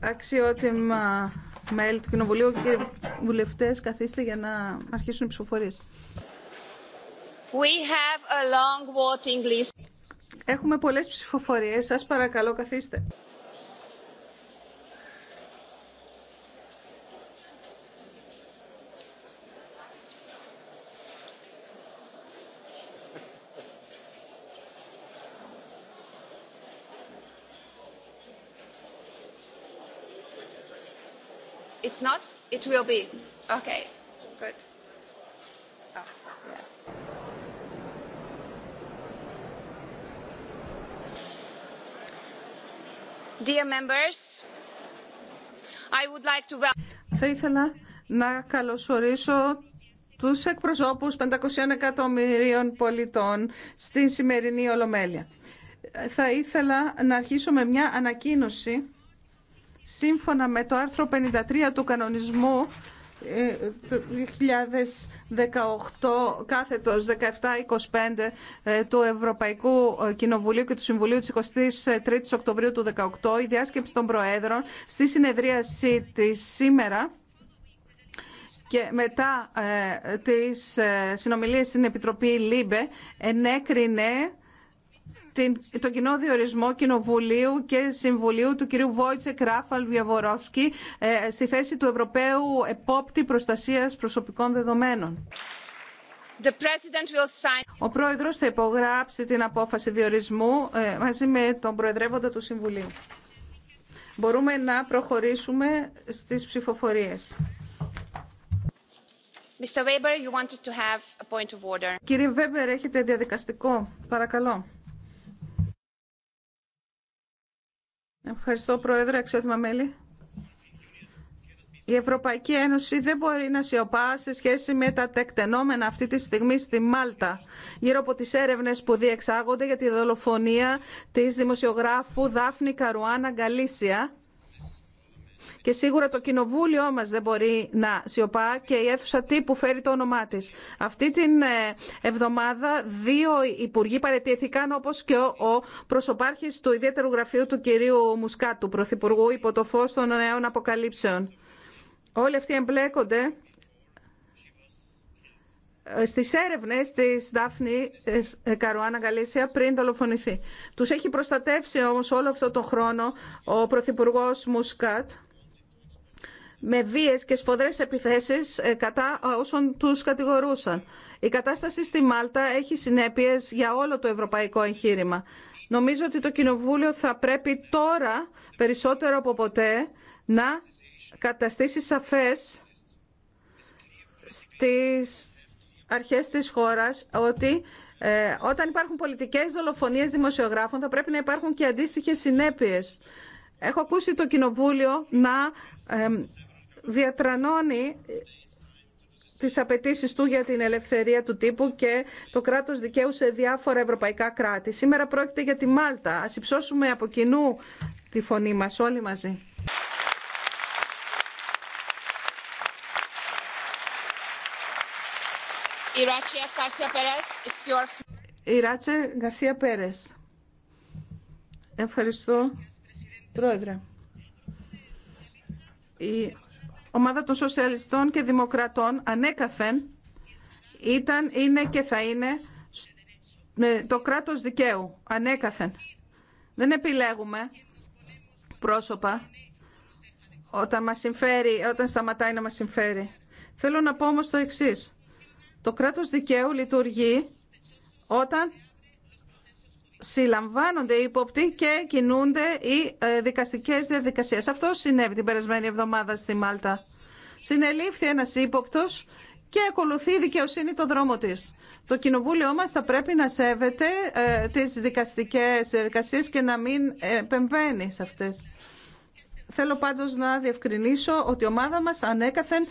Αξιότιμα μέλη του Κοινοβουλίου και βουλευτές, καθίστε για να αρχίσουν οι ψηφοφορίες. Έχουμε πολλές ψηφοφορίες. Σας παρακαλώ, καθίστε. it's θα ήθελα να καλωσορίσω τους εκπροσώπους 500 εκατομμυρίων πολιτών στην σημερινή Ολομέλεια. Θα ήθελα να αρχίσω με μια ανακοίνωση Σύμφωνα με το άρθρο 53 του κανονισμού 2018 ε, κάθετος 1725 ε, του Ευρωπαϊκού ε, Κοινοβουλίου και του Συμβουλίου της 23ης Οκτωβρίου του 2018 η διάσκεψη των Προέδρων στη συνεδρίαση της σήμερα και μετά τις συνομιλίες στην Επιτροπή ΛΥΜΠΕ ενέκρινε το το κοινό διορισμό Κοινοβουλίου και Συμβουλίου του κυρίου Βόιτσε Κράφαλ Βιαβορόφσκι ε, στη θέση του Ευρωπαίου Επόπτη Προστασίας Προσωπικών Δεδομένων. Ο Πρόεδρος θα υπογράψει την απόφαση διορισμού ε, μαζί με τον Προεδρεύοντα του Συμβουλίου. Μπορούμε να προχωρήσουμε στις ψηφοφορίες. Κύριε Βέμπερ, έχετε διαδικαστικό. Παρακαλώ. Ευχαριστώ, Πρόεδρε, αξιότιμα μέλη. Η Ευρωπαϊκή Ένωση δεν μπορεί να σιωπά σε σχέση με τα τεκτενόμενα αυτή τη στιγμή στη Μάλτα γύρω από τις έρευνες που διεξάγονται για τη δολοφονία της δημοσιογράφου Δάφνη Καρουάνα Γκαλίσια και σίγουρα το κοινοβούλιο μας δεν μπορεί να σιωπά και η αίθουσα τύπου φέρει το όνομά της. Αυτή την ε, εβδομάδα δύο υπουργοί παρετήθηκαν όπως και ο προσωπάρχης του ιδιαίτερου γραφείου του κυρίου Μουσκάτου, πρωθυπουργού υπό το φως των νέων αποκαλύψεων. Όλοι αυτοί εμπλέκονται ε, στις έρευνες της Δάφνη ε, Καρουάνα Γαλήσια πριν δολοφονηθεί. Τους έχει προστατεύσει όμως όλο αυτό τον χρόνο ο Πρωθυπουργός Μουσκάτ με βίες και σφοδρές επιθέσεις ε, κατά ε, όσων τους κατηγορούσαν. Η κατάσταση στη Μάλτα έχει συνέπειες για όλο το ευρωπαϊκό εγχείρημα. Νομίζω ότι το Κοινοβούλιο θα πρέπει τώρα, περισσότερο από ποτέ, να καταστήσει σαφές στις αρχές της χώρας ότι ε, όταν υπάρχουν πολιτικές δολοφονίες δημοσιογράφων θα πρέπει να υπάρχουν και αντίστοιχες συνέπειες. Έχω ακούσει το Κοινοβούλιο να διατρανώνει τις απαιτήσει του για την ελευθερία του τύπου και το κράτος δικαίου σε διάφορα ευρωπαϊκά κράτη. Σήμερα πρόκειται για τη Μάλτα. Ας υψώσουμε από κοινού τη φωνή μας όλοι μαζί. Η Ράτσε Γκαρσία Πέρες. Ευχαριστώ, Πρόεδρε. Η ομάδα των Σοσιαλιστών και Δημοκρατών ανέκαθεν ήταν, είναι και θα είναι το κράτος δικαίου. Ανέκαθεν. Δεν επιλέγουμε πρόσωπα όταν μας συμφέρει, όταν σταματάει να μας συμφέρει. Θέλω να πω όμως το εξής. Το κράτος δικαίου λειτουργεί όταν συλλαμβάνονται οι υποπτοί και κινούνται οι ε, δικαστικές διαδικασίες. Αυτό συνέβη την περασμένη εβδομάδα στη Μάλτα. Συνελήφθη ένας ύποπτο και ακολουθεί η δικαιοσύνη το δρόμο της. Το κοινοβούλιο μας θα πρέπει να σέβεται ε, τις δικαστικές διαδικασίες και να μην επεμβαίνει σε αυτές. Θέλω πάντως να διευκρινίσω ότι η ομάδα μας ανέκαθεν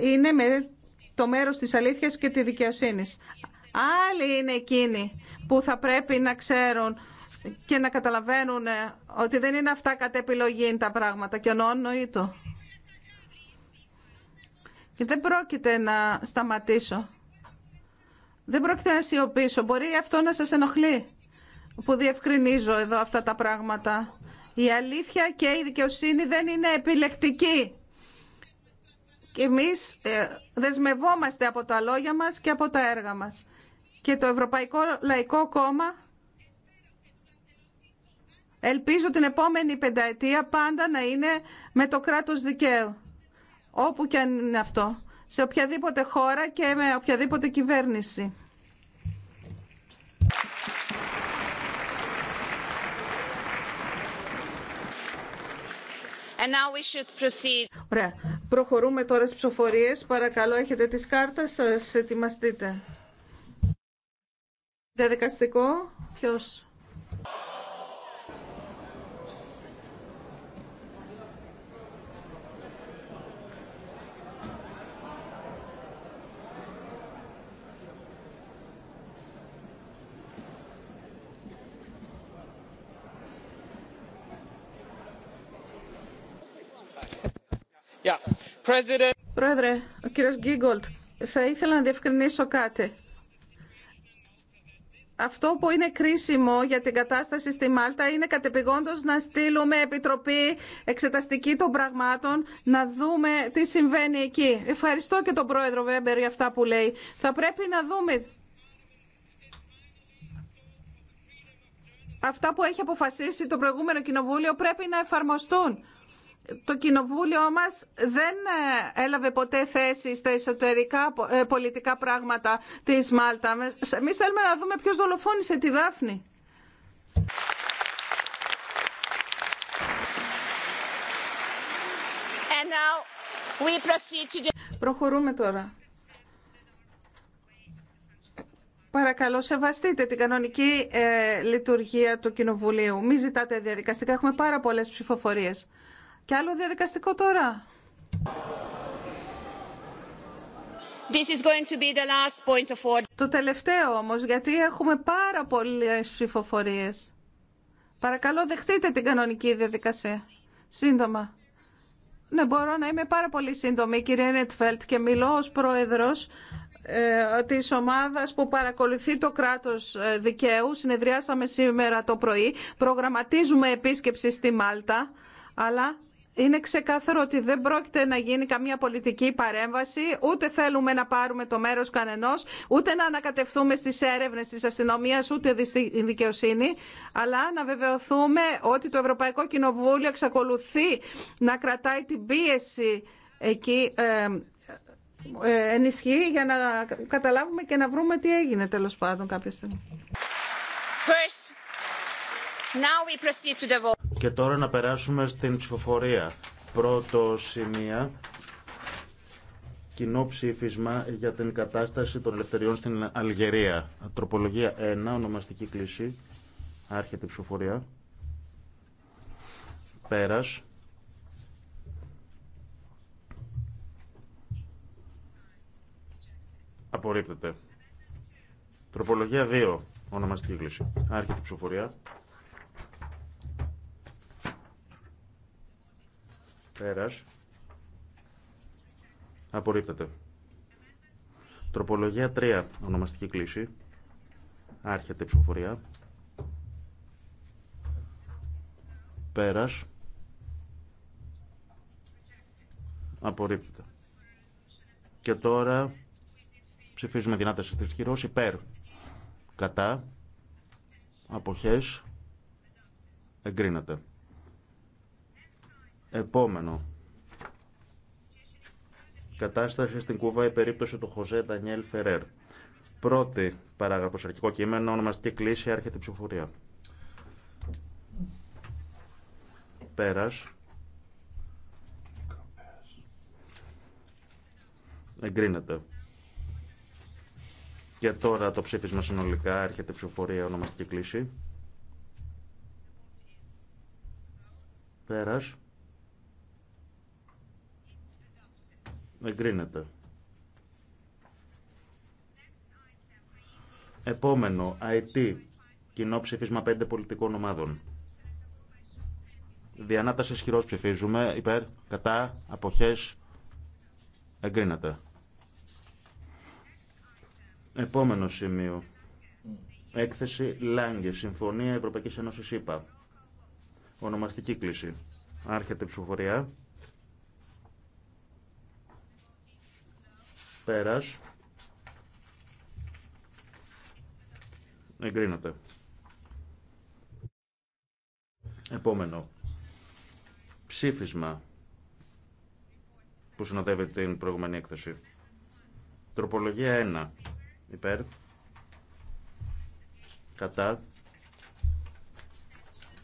είναι με το μέρος της αλήθειας και τη δικαιοσύνης. Άλλοι είναι εκείνοι που θα πρέπει να ξέρουν και να καταλαβαίνουν ε, ότι δεν είναι αυτά κατ' επιλογή τα πράγματα και νόνοι το. Και δεν πρόκειται να σταματήσω. Δεν πρόκειται να σιωπήσω. Μπορεί αυτό να σας ενοχλεί που διευκρινίζω εδώ αυτά τα πράγματα. Η αλήθεια και η δικαιοσύνη δεν είναι επιλεκτική. Και εμείς ε, δεσμευόμαστε από τα λόγια μας και από τα έργα μας και το Ευρωπαϊκό Λαϊκό Κόμμα ελπίζω την επόμενη πενταετία πάντα να είναι με το κράτος δικαίου, όπου και αν είναι αυτό, σε οποιαδήποτε χώρα και με οποιαδήποτε κυβέρνηση. And now we should proceed. Ωραία. Προχωρούμε τώρα στις ψηφοφορίες. Παρακαλώ, έχετε τις κάρτες σας, ετοιμαστείτε. Διαδικαστικό. Ποιο. Yeah. Πρόεδρε, ο κύριος Γκίγκολτ, θα ήθελα να διευκρινίσω κάτι αυτό που είναι κρίσιμο για την κατάσταση στη Μάλτα είναι κατεπηγόντως να στείλουμε επιτροπή εξεταστική των πραγμάτων, να δούμε τι συμβαίνει εκεί. Ευχαριστώ και τον πρόεδρο Βέμπερ για αυτά που λέει. Θα πρέπει να δούμε αυτά που έχει αποφασίσει το προηγούμενο κοινοβούλιο πρέπει να εφαρμοστούν το κοινοβούλιο μας δεν ε, έλαβε ποτέ θέση στα εσωτερικά ε, πολιτικά πράγματα της Μάλτα. Εμείς θέλουμε να δούμε ποιος δολοφόνησε τη Δάφνη. Προχωρούμε τώρα. Παρακαλώ, σεβαστείτε την κανονική ε, λειτουργία του Κοινοβουλίου. Μην ζητάτε διαδικαστικά. Έχουμε πάρα πολλές ψηφοφορίες. Και άλλο διαδικαστικό τώρα. This is going to be the last point of order. Το τελευταίο όμως, γιατί έχουμε πάρα πολλές ψηφοφορίες. Παρακαλώ δεχτείτε την κανονική διαδικασία. Σύντομα. Ναι, μπορώ να είμαι πάρα πολύ σύντομη, κυρία Νετφέλτ, και μιλώ ως πρόεδρος ε, της ομάδας που παρακολουθεί το κράτος ε, δικαίου. Συνεδριάσαμε σήμερα το πρωί. Προγραμματίζουμε επίσκεψη στη Μάλτα, αλλά είναι ξεκάθαρο ότι δεν πρόκειται να γίνει καμία πολιτική παρέμβαση, ούτε θέλουμε να πάρουμε το μέρος κανενός, ούτε να ανακατευθούμε στις έρευνες της αστυνομίας, ούτε στη δικαιοσύνη, αλλά να βεβαιωθούμε ότι το Ευρωπαϊκό Κοινοβούλιο εξακολουθεί να κρατάει την πίεση εκεί ε, ε για να καταλάβουμε και να βρούμε τι έγινε τέλος πάντων κάποια στιγμή. Και τώρα να περάσουμε στην ψηφοφορία. Πρώτο σημείο, κοινό ψήφισμα για την κατάσταση των ελευθεριών στην Αλγερία. Τροπολογία 1, ονομαστική κλίση. Άρχεται η ψηφοφορία. Πέρας. Απορρίπτεται. Τροπολογία 2, ονομαστική κλίση. Άρχεται η ψηφοφορία. Πέρας. Απορρίπτεται. Τροπολογία 3. Ονομαστική κλίση. Άρχεται η ψηφοφορία. Πέρας. Απορρίπτεται. Και τώρα ψηφίζουμε δυνάτες στις χειρός υπέρ. Κατά. Αποχές. Εγκρίνεται. Επόμενο. Κατάσταση στην Κούβα η περίπτωση του Χωζέ Ντανιέλ Φερέρ. Πρώτη παράγραφο, αρχικό κείμενο, ονομαστική κλίση, άρχεται η ψηφοφορία. Πέρας. Εγκρίνεται. Και τώρα το ψήφισμα συνολικά έρχεται ψηφοφορία ονομαστική κλίση. Πέρας. Εγκρίνεται. Επόμενο, IT, κοινό ψηφίσμα πέντε πολιτικών ομάδων. Διανάταση χειρός ψηφίζουμε. Υπέρ, κατά, αποχές. Εγκρίνεται. Επόμενο σημείο. Έκθεση Λάγκε. Συμφωνία Ευρωπαϊκής Ένωσης ΗΠΑ. Ονομαστική κλίση. Άρχεται η ψηφοφορία. Πέρας. Εγκρίνεται. Επόμενο. Ψήφισμα που συνοδεύει την προηγούμενη έκθεση. Τροπολογία 1. Υπέρ. Κατά.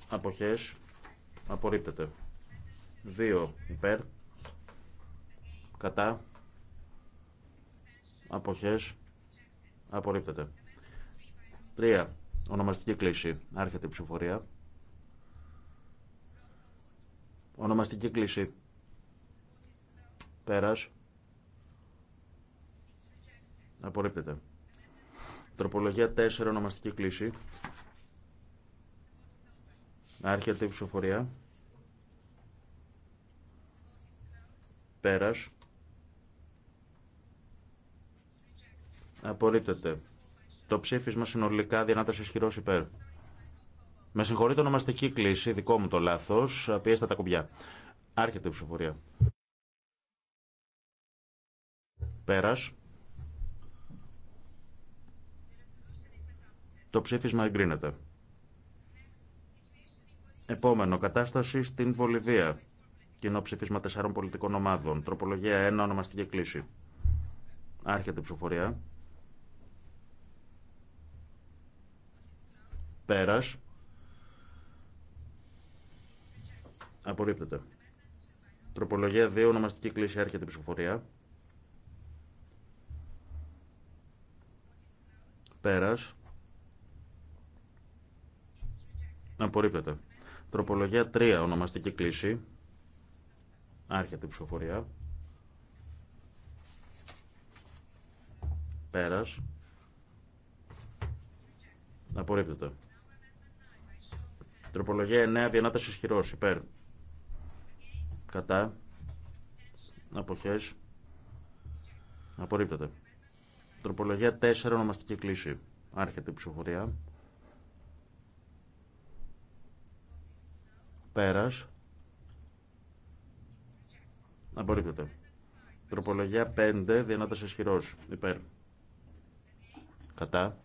Αποχές. Απορρίπτεται. 2. Υπέρ. Κατά αποχές απορρίπτεται. Τρία Ονομαστική κλίση. Άρχεται η ψηφορία. Ονομαστική κλίση. Πέρας. Απορρίπτεται. Τροπολογία 4. Ονομαστική κλίση. Άρχεται η ψηφοφορία. Πέρας. Απορρίπτεται. Το ψήφισμα συνολικά διανάταση ισχυρό υπέρ. Με συγχωρείτε ονομαστική κλίση, δικό μου το λάθο. Πιέστε τα κουμπιά. Άρχεται η ψηφοφορία. Πέρα. Το ψήφισμα εγκρίνεται. Επόμενο, κατάσταση στην Βολιβία. Κοινό ψήφισμα τεσσάρων πολιτικών ομάδων. Τροπολογία 1, ονομαστική κλίση. Άρχεται η ψηφοφορία. Πέρας. Απορρίπτεται. Τροπολογία 2, ονομαστική κλίση, έρχεται η ψηφοφορία. Πέρας. Απορρίπτεται. Τροπολογία 3, ονομαστική κλίση. Άρχεται η ψηφοφορία. Πέρας. Απορρίπτεται. Τροπολογία 9. Διανάταση ισχυρός. Υπέρ. Κατά. Αποχέ. Απορρίπτεται. Τροπολογία 4. Ονομαστική κλίση. Άρχεται η ψηφοφορία. Πέρας. Απορρίπτεται. Τροπολογία 5. Διανάταση ισχυρός. Υπέρ. Κατά.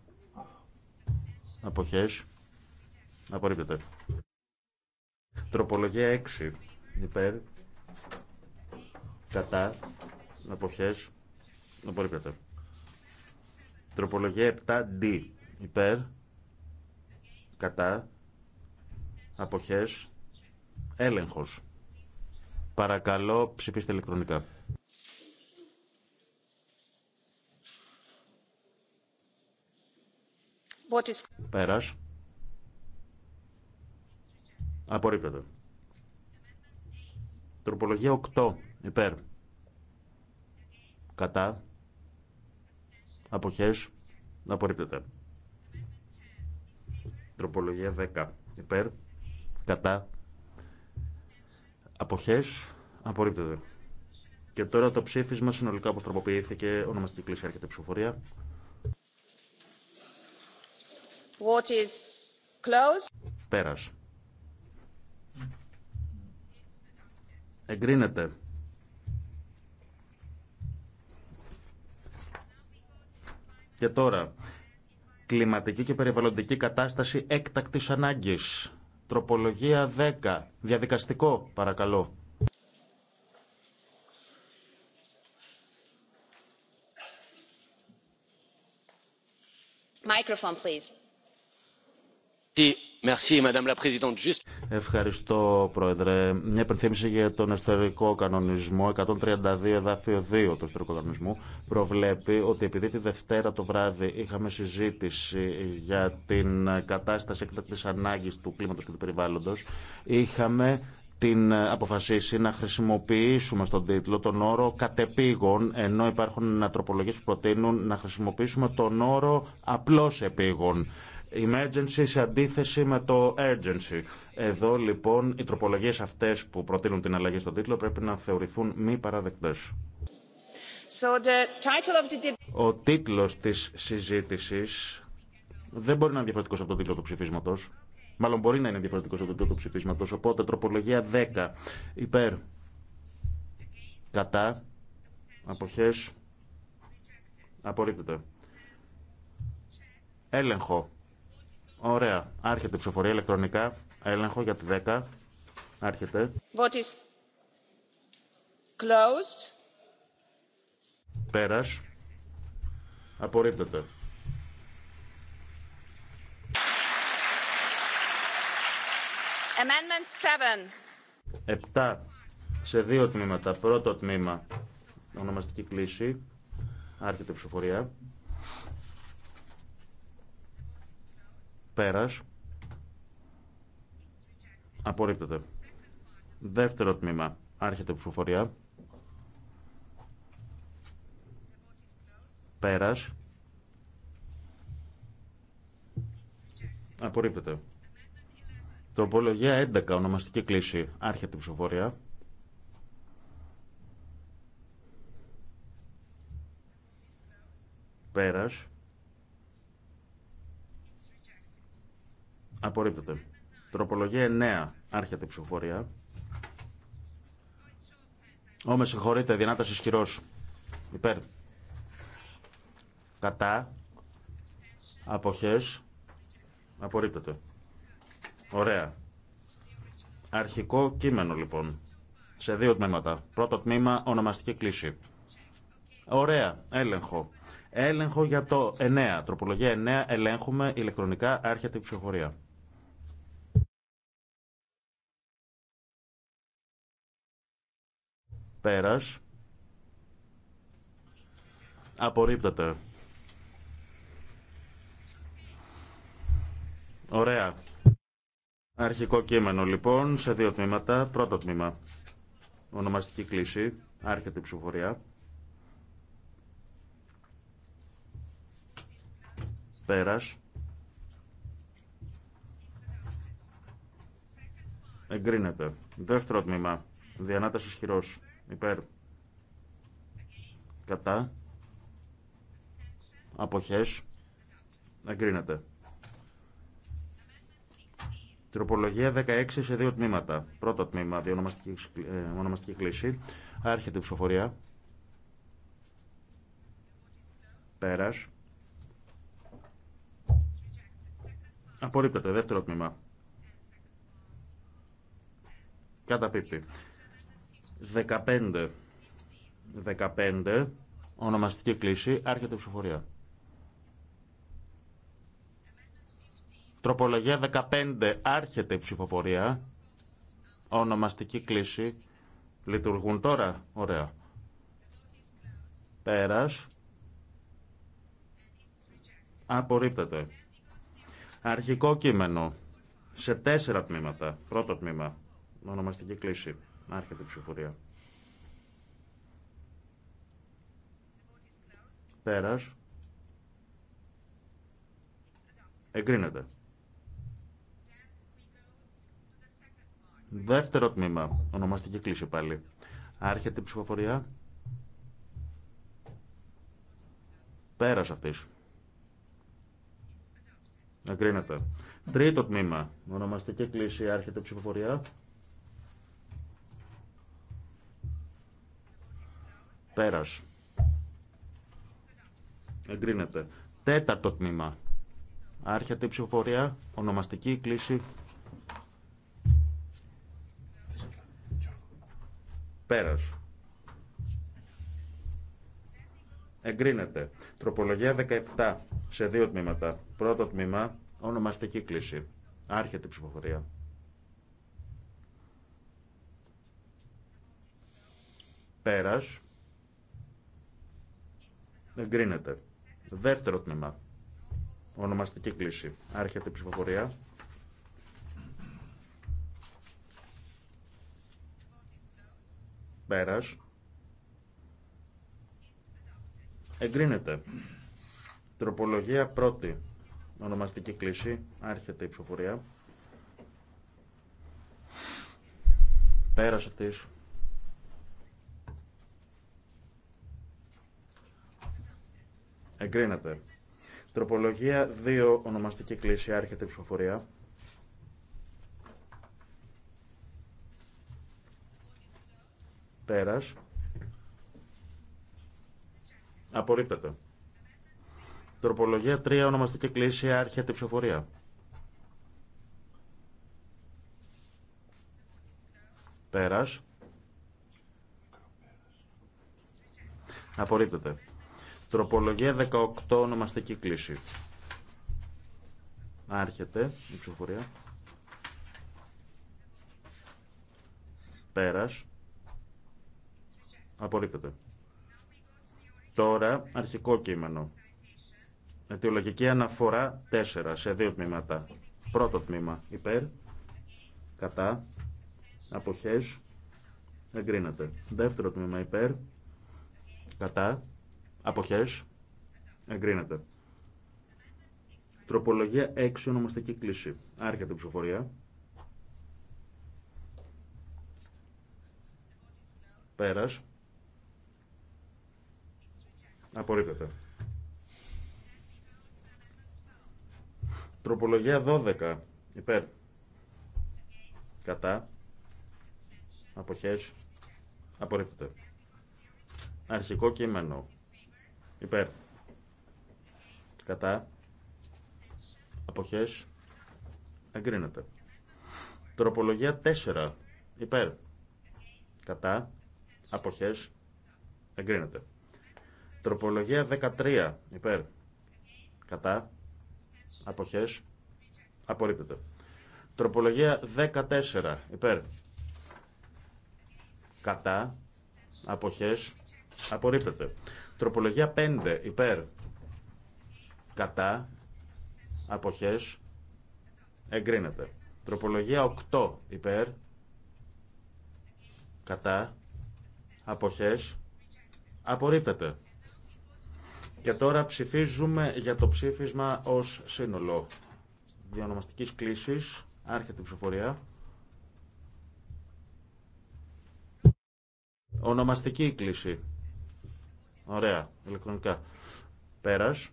Αποχές. Απορρίπτεται. Τροπολογία 6. Υπέρ. Κατά. Αποχές. Απορρίπτεται. Τροπολογία 7. D. Υπέρ. Κατά. Αποχές. Έλεγχο. Παρακαλώ ψηφίστε ηλεκτρονικά. Πέρας. Απορρίπτεται. Τροπολογία 8. Υπέρ. Κατά. Αποχές. Απορρίπτεται. Τροπολογία 10. Υπέρ. Κατά. Αποχές. Απορρίπτεται. Και τώρα το ψήφισμα συνολικά όπως τροποποιήθηκε ονομαστική κλίση έρχεται ψηφοφορία. What is Πέρας. Εγκρίνεται. Και τώρα, κλιματική και περιβαλλοντική κατάσταση έκτακτης ανάγκης. Τροπολογία 10. Διαδικαστικό, παρακαλώ. Microphone, please. Ευχαριστώ, Πρόεδρε. Μια υπενθύμηση για τον εσωτερικό κανονισμό. 132 εδάφιο 2 του εσωτερικού κανονισμού προβλέπει ότι επειδή τη Δευτέρα το βράδυ είχαμε συζήτηση για την κατάσταση εκτακτή ανάγκη του κλίματο και του περιβάλλοντο, είχαμε την αποφασίσει να χρησιμοποιήσουμε στον τίτλο τον όρο «κατεπήγων», ενώ υπάρχουν ανατροπολογίες που προτείνουν να χρησιμοποιήσουμε τον όρο απλώς επίγων. Emergency σε αντίθεση με το urgency. Εδώ λοιπόν οι τροπολογίες αυτές που προτείνουν την αλλαγή στον τίτλο πρέπει να θεωρηθούν μη παραδεκτές. So the title of the... Ο τίτλος της συζήτησης δεν μπορεί να είναι διαφορετικός από τον τίτλο του ψηφίσματος. Μάλλον μπορεί να είναι διαφορετικός από τον τίτλο του ψηφίσματος. Οπότε τροπολογία 10 υπέρ κατά αποχές απορρίπτεται. Έλεγχο. Ωραία. Άρχεται η ψηφοφορία ηλεκτρονικά. Έλεγχο για τη 10. Άρχεται. What is closed. Πέρας. Απορρίπτεται. Amendment 7. 7. Σε δύο τμήματα. Πρώτο τμήμα. Ονομαστική κλίση. Άρχεται η ψηφοφορία. Πέρας. Απορρίπτεται. Δεύτερο τμήμα. Άρχεται η ψηφοφορία. Πέρας. Απορρίπτεται. Τοπολογία 11, ονομαστική κλίση. Άρχεται η ψηφοφορία. Πέρας. Απορρίπτεται. Τροπολογία 9. Άρχεται η ψηφοφορία. Ω, με συγχωρείτε, δυνάταση ισχυρό. Υπέρ. Κατά. Αποχές. Απορρίπτεται. Ωραία. Αρχικό κείμενο, λοιπόν. Σε δύο τμήματα. Πρώτο τμήμα, ονομαστική κλίση. Ωραία. Έλεγχο. Έλεγχο για το 9. Τροπολογία 9. Ελέγχουμε ηλεκτρονικά. Άρχεται η ψηφοφορία. Πέρας. Απορρίπτεται. Ωραία. Αρχικό κείμενο λοιπόν σε δύο τμήματα. Πρώτο τμήμα. Ονομαστική κλίση. Άρχεται η ψηφοφορία. Πέρας. Εγκρίνεται. Δεύτερο τμήμα. Διανάταση χειρός. Υπέρ. Κατά. Αποχές. Εγκρίνεται. Τροπολογία 16 σε δύο τμήματα. Πρώτο τμήμα, διονομαστική ε, κλίση. Άρχεται η ψηφοφορία. Πέρας. Απορρίπτεται. Δεύτερο τμήμα. Καταπίπτει. 15. 15. Ονομαστική κλίση. Άρχεται η ψηφοφορία. Τροπολογία 15. Άρχεται η ψηφοφορία. Ονομαστική κλίση. Λειτουργούν τώρα. Ωραία. Πέρας. Απορρίπτεται. Αρχικό κείμενο. Σε τέσσερα τμήματα. Πρώτο τμήμα. Ονομαστική κλίση. Άρχεται η ψηφοφορία. Πέρας. Εγκρίνεται. Δεύτερο τμήμα. Ονομαστική κλίση πάλι. Άρχεται η ψηφοφορία. Πέρας αυτής. Εγκρίνεται. Τρίτο τμήμα. Ονομαστική κλίση. Άρχεται η ψηφοφορία. Πέρας. Εγκρίνεται. Τέταρτο τμήμα. Άρχεται η ψηφοφορία. Ονομαστική κλίση. Πέρας. Εγκρίνεται. Τροπολογία 17 σε δύο τμήματα. Πρώτο τμήμα, ονομαστική κλίση. Άρχεται η ψηφοφορία. Πέρας. Εγκρίνεται. Δεύτερο τμήμα. Ονομαστική κλίση. Άρχεται η ψηφοφορία. Πέρας. Εγκρίνεται. Τροπολογία πρώτη. Ονομαστική κλίση. Άρχεται η ψηφοφορία. Πέρας αυτής. Εγκρίνεται. Τροπολογία 2, ονομαστική κλίση, άρχεται η ψηφοφορία. Πέρας. Απορρίπτεται. Τροπολογία 3, ονομαστική κλίση, άρχεται η ψηφοφορία. Πέρας. Απορρίπτεται. Τροπολογία 18 ονομαστική κλίση. Άρχεται η ψηφοφορία. Πέρας. Απορρίπτεται. Τώρα αρχικό κείμενο. Αιτιολογική αναφορά 4 σε δύο τμήματα. Πρώτο τμήμα υπέρ, κατά, αποχές, εγκρίνεται. Δεύτερο τμήμα υπέρ, κατά, Αποχές. Εγκρίνεται. Τροπολογία 6 ονομαστική κλίση. Άρχεται η ψηφοφορία. Πέρας. Απορρίπτεται. Τροπολογία 12. Υπέρ. Κατά. Αποχές. Απορρίπτεται. Αρχικό κείμενο. Υπέρ. Κατά. Αποχές. Εγκρίνεται. Τροπολογία 4. Υπέρ. Κατά. Αποχές. Εγκρίνεται. Τροπολογία 13. Υπέρ. Κατά. Αποχές. Απορρίπτεται. Τροπολογία 14. Υπέρ. Κατά. Αποχές. Απορρίπτεται. Τροπολογία 5 υπέρ. Κατά. Αποχές. Εγκρίνεται. Τροπολογία 8 υπέρ. Κατά. Αποχές. Απορρίπτεται. Και τώρα ψηφίζουμε για το ψήφισμα ως σύνολο. Διανομαστικής κλίσης. Άρχεται η ψηφορία. Ονομαστική κλίση. Ωραία, ηλεκτρονικά. Πέρας.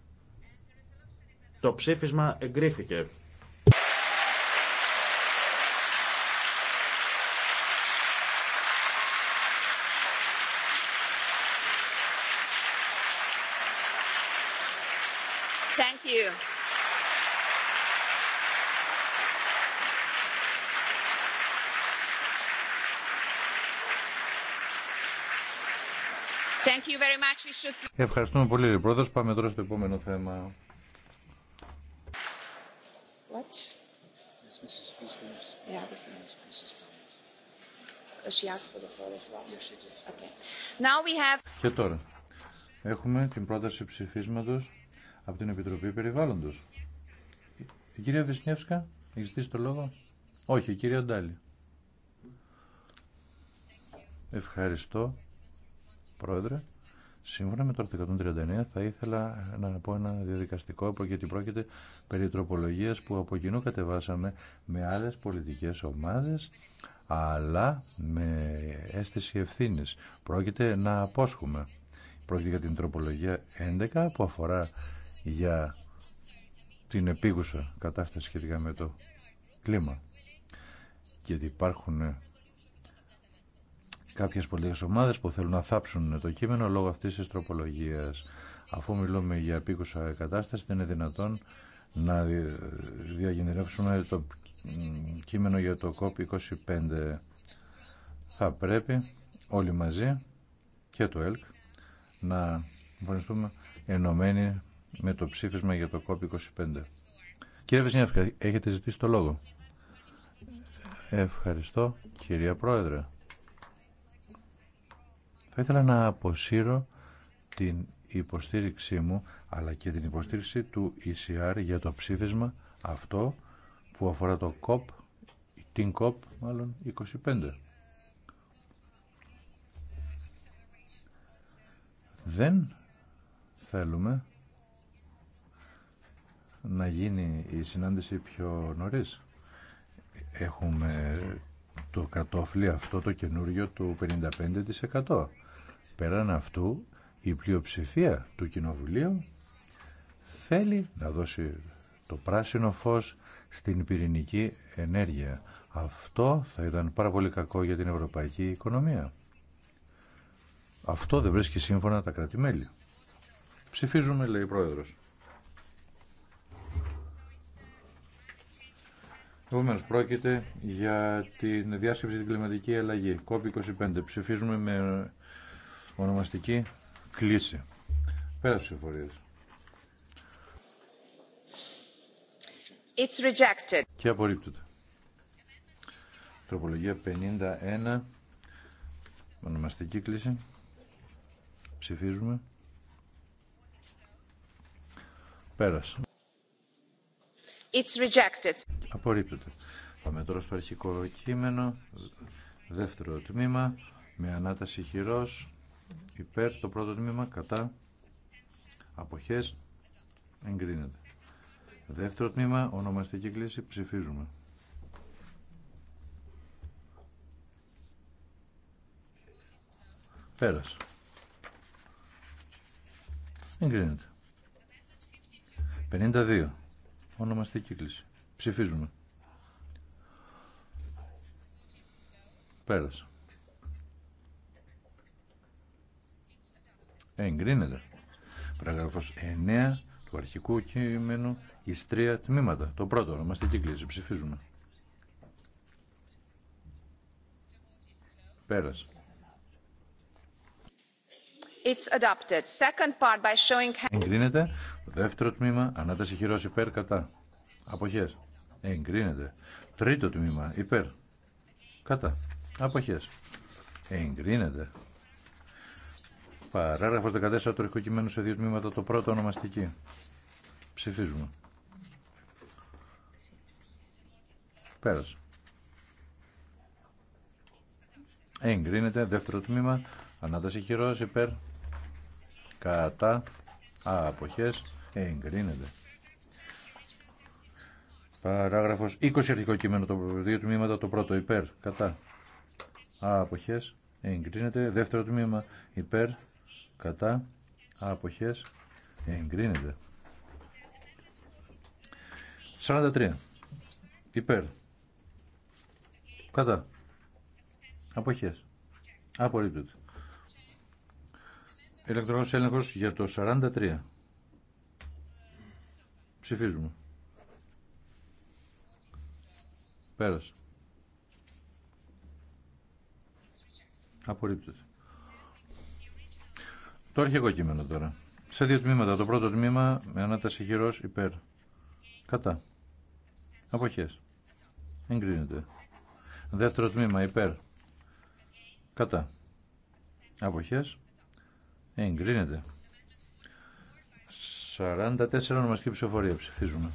Το ψήφισμα εγκρίθηκε. Ευχαριστούμε πολύ, Πρόεδρος. Πάμε τώρα στο επόμενο θέμα. Και τώρα έχουμε την πρόταση ψηφίσματο από την Επιτροπή Περιβάλλοντος. Η κυρία Βυσνιεύσκα, έχει ζητήσει το λόγο. Όχι, η κυρία Ντάλη. Ευχαριστώ, Πρόεδρε. Σύμφωνα με το 139 θα ήθελα να πω ένα διαδικαστικό γιατί πρόκειται περί τροπολογίας που από κοινού κατεβάσαμε με άλλες πολιτικές ομάδες αλλά με αίσθηση ευθύνη. Πρόκειται να απόσχουμε. Πρόκειται για την τροπολογία 11 που αφορά για την επίγουσα κατάσταση σχετικά με το κλίμα. Γιατί υπάρχουν κάποιες πολιτικές ομάδες που θέλουν να θάψουν το κείμενο λόγω αυτής της τροπολογίας. Αφού μιλούμε για επίκουσα κατάσταση δεν είναι δυνατόν να διαγενερεύσουμε το κείμενο για το COP25. Θα πρέπει όλοι μαζί και το ΕΛΚ να εμφανιστούμε ενωμένοι με το ψήφισμα για το COP25. Κύριε Βεσίνιαυσκα, έχετε ζητήσει το λόγο. Ευχαριστώ, κυρία Πρόεδρε. Θα ήθελα να αποσύρω την υποστήριξή μου αλλά και την υποστήριξη του ECR για το ψήφισμα αυτό που αφορά το COP, την COP μάλλον 25. Δεν θέλουμε να γίνει η συνάντηση πιο νωρίς. Έχουμε το κατόφλι αυτό το καινούριο του 55%. Πέραν αυτού, η πλειοψηφία του Κοινοβουλίου θέλει να δώσει το πράσινο φως στην πυρηνική ενέργεια. Αυτό θα ήταν πάρα πολύ κακό για την ευρωπαϊκή οικονομία. Αυτό δεν βρίσκει σύμφωνα τα μέλη. Ψηφίζουμε, λέει η Πρόεδρος. Επομένως, πρόκειται για τη διάσκεψη την κλιματική αλλαγή. COP25. Ψηφίζουμε με Ονομαστική κλίση. Πέρασε ψηφορίες. It's rejected. Και απορρίπτωται. Τροπολογία 51. Ονομαστική κλίση. Ψηφίζουμε. Πέρασε. It's rejected. Απορρίπτεται. Πάμε τώρα στο αρχικό κείμενο. Δεύτερο τμήμα. Με ανάταση χειρός υπέρ το πρώτο τμήμα κατά αποχές εγκρίνεται δεύτερο τμήμα ονομαστική κλίση ψηφίζουμε πέρασε εγκρίνεται 52 ονομαστική κλίση ψηφίζουμε πέρασε Εγκρίνεται. Παραγραφός 9 του αρχικού κείμενου εις τρία τμήματα. Το πρώτο ονομαστε κύκλιζε. Ψηφίζουμε. Πέρασε. It's adopted. Second part by showing... Εγκρίνεται. Το δεύτερο τμήμα, ανάταση χειρός υπέρ κατά. Αποχές. Εγκρίνεται. Τρίτο τμήμα, υπέρ. Κατά. Αποχές. Εγκρίνεται. Παράγραφος 14 του αρχικού σε δύο τμήματα, το πρώτο ονομαστική. Ψηφίζουμε. Πέρασε. Εγκρίνεται δεύτερο τμήμα, ανάταση χειρός υπέρ, κατά, α, αποχές, εγκρίνεται. Παράγραφος 20 αρχικό κείμενο, το δύο τμήματα, το πρώτο υπέρ, κατά, α, αποχές, εγκρίνεται. Δεύτερο τμήμα, υπέρ, κατά αποχές εγκρίνεται 43 υπέρ κατά αποχές απορρίπτωται ηλεκτρονικός έλεγχος για το 43 ψηφίζουμε πέρασε απορρίπτωται το αρχικό κείμενο τώρα. Σε δύο τμήματα. Το πρώτο τμήμα με ανάταση χειρός υπέρ. Κατά. Αποχέ. Εγκρίνεται. Δεύτερο τμήμα υπέρ. Κατά. Αποχέ. Εγκρίνεται. 44 ονομαστική ψηφοφορία ψηφίζουμε.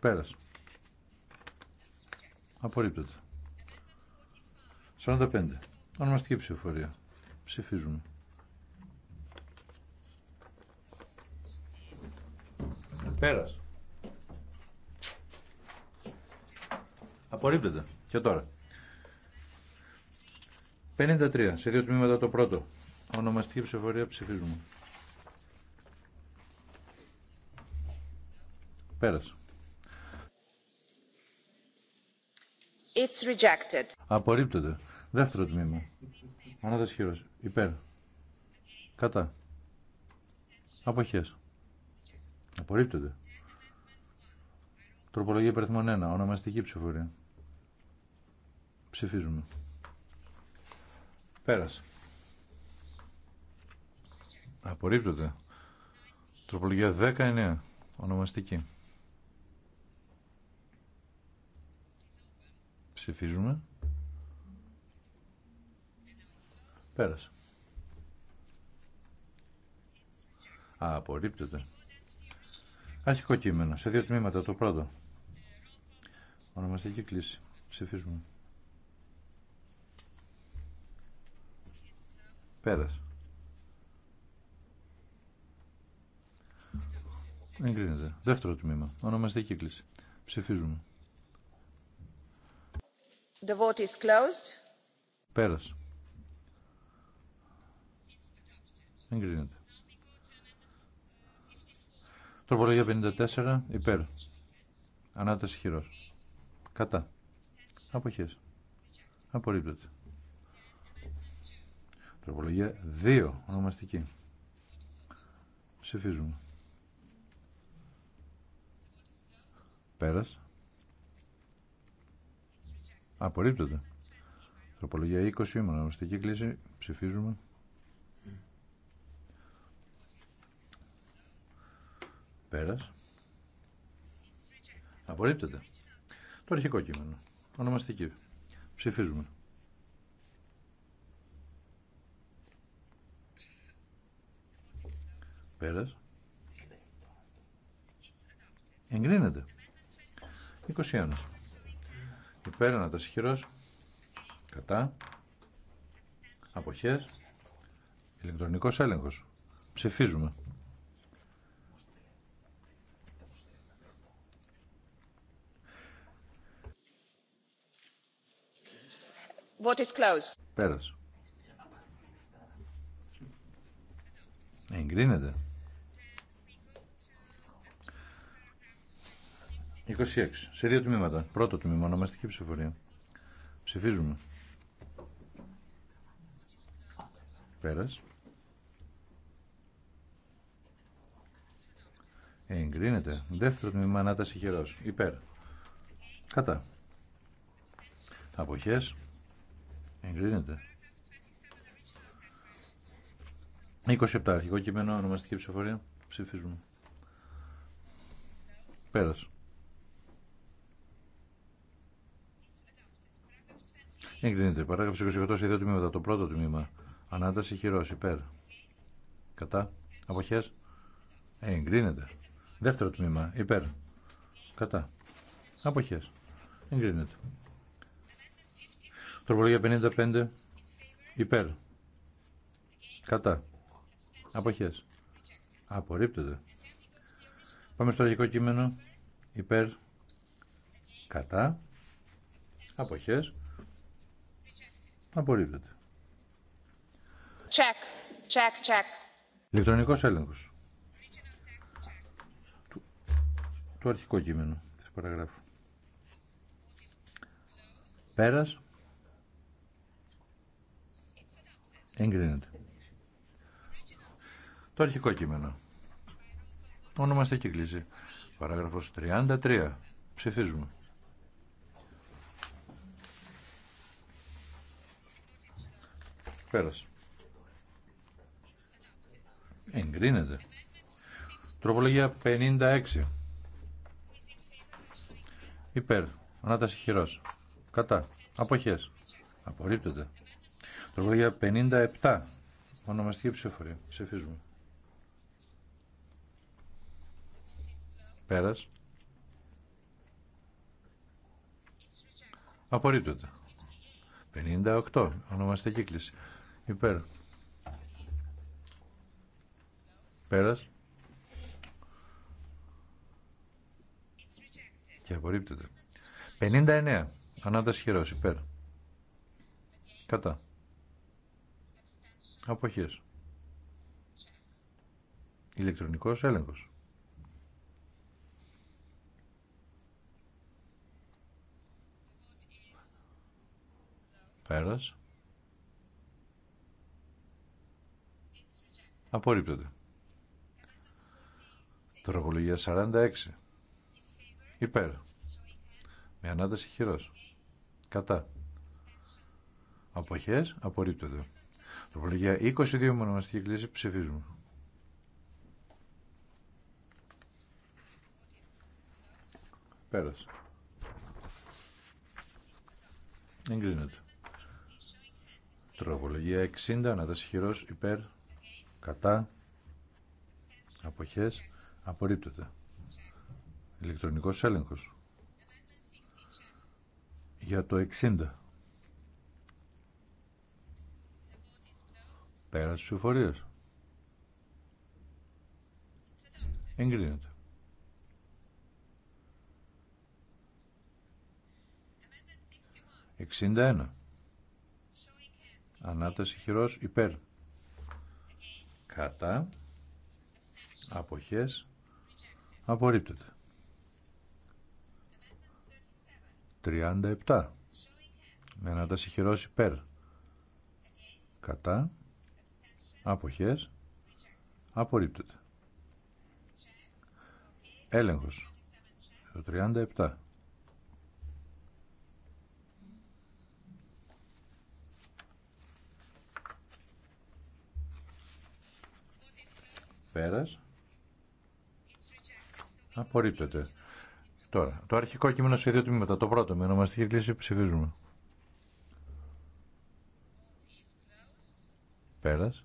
Πέρας. Απορρίπτεται. 45. Ονομαστική ψηφοφορία. Ψηφίζουμε. Πέρας. Απορρίπτεται. Και τώρα. 53. Σε δύο τμήματα το πρώτο. Ονομαστική ψηφοφορία ψηφίζουμε. Πέρασε. It's rejected. Απορρίπτεται. Δεύτερο τμήμα. Ανάδας χειρός. Υπέρ. Κατά. Αποχές. Απορρίπτονται. Τροπολογία υπερθμών 1. Ονομαστική ψηφορία. Ψηφίζουμε. Πέρασε. Απορρίπτονται. Τροπολογία 19. Ονομαστική. Ψηφίζουμε. Πέρασε. Α, απορρίπτεται. Αρχικό κείμενο, σε δύο τμήματα, το πρώτο. Ονομαστική κλίση. Ψηφίζουμε. Πέρασε. Εγκρίνεται. Δεύτερο τμήμα. Ονομαστική κλίση. Ψηφίζουμε. The vote is closed. Πέρασε. Εγκρίνεται. Τροπολογία 54 υπέρ. Ανάταση χειρός. Κατά. Αποχές. Απορρίπτεται. Τροπολογία 2 ονομαστική. Ψηφίζουμε. Πέρας. Απορρίπτεται. Τροπολογία 20 ονομαστική κλίση. Ψηφίζουμε. Πέρας. Απορρίπτεται. Το αρχικό κείμενο. Ονομαστική. Ψηφίζουμε. Πέρας. Εγκρίνεται. 21. Υπέρ να τα συγχυρός. Κατά. Αποχές. Ηλεκτρονικός έλεγχος. Ψηφίζουμε. What is closed. Πέρας. Εγκρίνεται. 26. Σε δύο τμήματα. Πρώτο τμήμα, ονομαστική ψηφοφορία. Ψηφίζουμε. Πέρας. Εγκρίνεται. Δεύτερο τμήμα, ανάταση χειρός. Υπέρ. Κατά. Αποχές. Εγκρίνεται. 27 αρχικό κείμενο, ονομαστική ψηφοφορία. Ψηφίζουμε. Πέρας. Εγκρίνεται. Παράγραφος 28 σε δύο τμήματα. Το πρώτο τμήμα. Ανάταση χειρός. Υπέρ. Κατά. Αποχές. εγκρίνεται. Δεύτερο τμήμα. Υπέρ. Κατά. Αποχές. Εγκρίνεται. Τροπολογία 55 υπέρ. Κατά. Αποχές. Απορρίπτεται. Πάμε στο αρχικό κείμενο. Υπέρ. Κατά. Αποχές. Απορρίπτεται. Check. Check, check. Ηλεκτρονικός έλεγχος. Το αρχικό κείμενο της παραγράφου. Πέρας. Εγκρίνεται. Το αρχικό κείμενο. Ονομαστική κλίση. Παράγραφος 33. Ψηφίζουμε. Πέρασε. Εγκρίνεται. Τροπολογία 56. Υπέρ. Ανάταση χειρός. Κατά. Αποχές. Απορρίπτεται. Τροπολογία 57. Ονομαστική ψηφοφορία. Ψηφίζουμε. Πέρας. Απορρίπτεται. 58. Ονομαστική κλίση. Υπέρ. Πέρας. Και απορρίπτεται. 59. Ανάταση χειρός. Υπέρ. Κατά. Αποχές. Ηλεκτρονικός έλεγχος. Πέρας. Απορρίπτεται. Τροπολογία 46. Υπέρ. Με ανάταση χειρός. Κατά. Αποχές απορρίπτεται. Τροπολογία 22 μονομαστική κλίση ψηφίζουμε. Πέρασε. Εγκρίνεται. Τροπολογία 60, ανάταση χειρός, υπέρ, κατά, αποχές, απορρίπτεται. Ηλεκτρονικός έλεγχος. Για το 60. Πέρα τη ψηφοφορία. Εγκρίνεται. Εξήντα ένα. Ανάταση χειρός υπέρ. Κατά. Αποχές. Απορρίπτεται. 37. Με ανάταση χειρός υπέρ. Κατά. Αποχές. Απορρίπτεται. Έλεγχος. Το 37. Πέρας. Απορρίπτεται. Τώρα, το αρχικό κείμενο σε δύο τμήματα. Το πρώτο με ονομαστική κλίση ψηφίζουμε. Πέρας.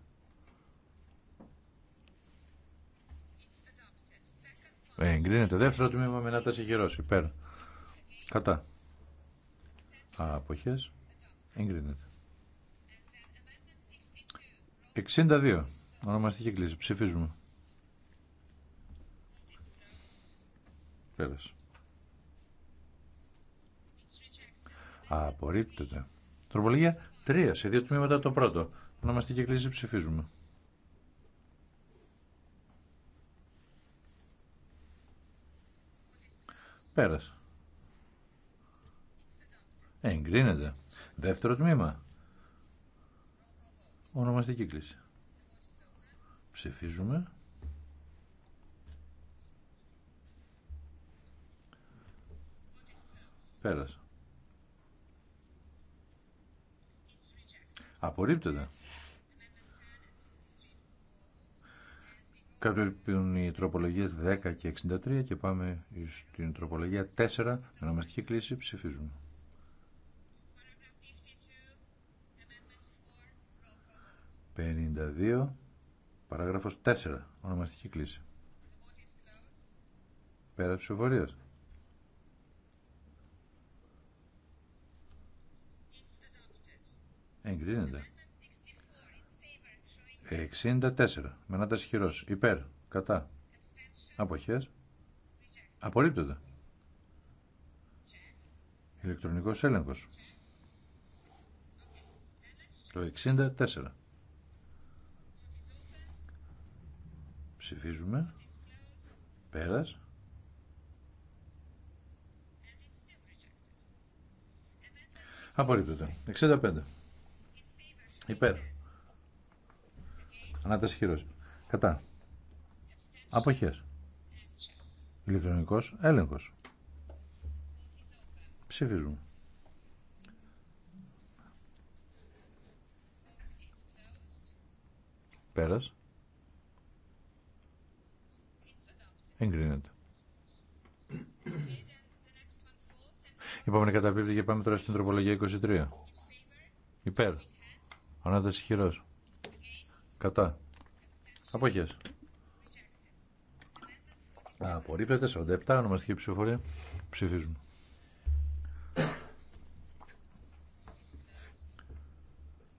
Εγκρίνεται. Δεύτερο τμήμα με να τα Υπέρ. Κατά. Αποχές. Εγκρίνεται. 62. Ονομαστική κλίση. Ψηφίζουμε. Πέρασε. Απορρίπτεται. Τροπολογία 3. Σε δύο τμήματα το πρώτο. Ονομαστική κλίση ψηφίζουμε. Πέρασε. Ε, εγκρίνεται. Δεύτερο τμήμα. Ονομαστική κλίση. Ψηφίζουμε. Πέρασε. Απορρίπτεται. Κάποιον οι τροπολογίε 10 και 63 και πάμε στην τροπολογία 4 με ονομαστική κλίση ψηφίζουμε. «52, παράγραφος 4, ονομαστική κλίση. Πέρα ψηφοφορίας. Εγκρίνεται. 64 με τα συγχυρώσει. υπέρ κατά Αποχέ. απορρίπτονται Ηλεκτρονικό έλεγχο το 64 ψηφίζουμε πέρας απορρίπτονται 65 υπέρ Ανάταση χειρός. Κατά. Αποχές. Ηλεκτρονικός έλεγχος. Ψηφίζουμε. Πέρας. Εγκρίνεται. Είπαμε επόμενη καταπίπτει και πάμε τώρα στην τροπολογία 23. Υπέρ. Ανάταση χειρός. Κατά. Αποχές. Απορρίπτεται 47, ονομαστική ψηφοφορία. Ψηφίζουμε.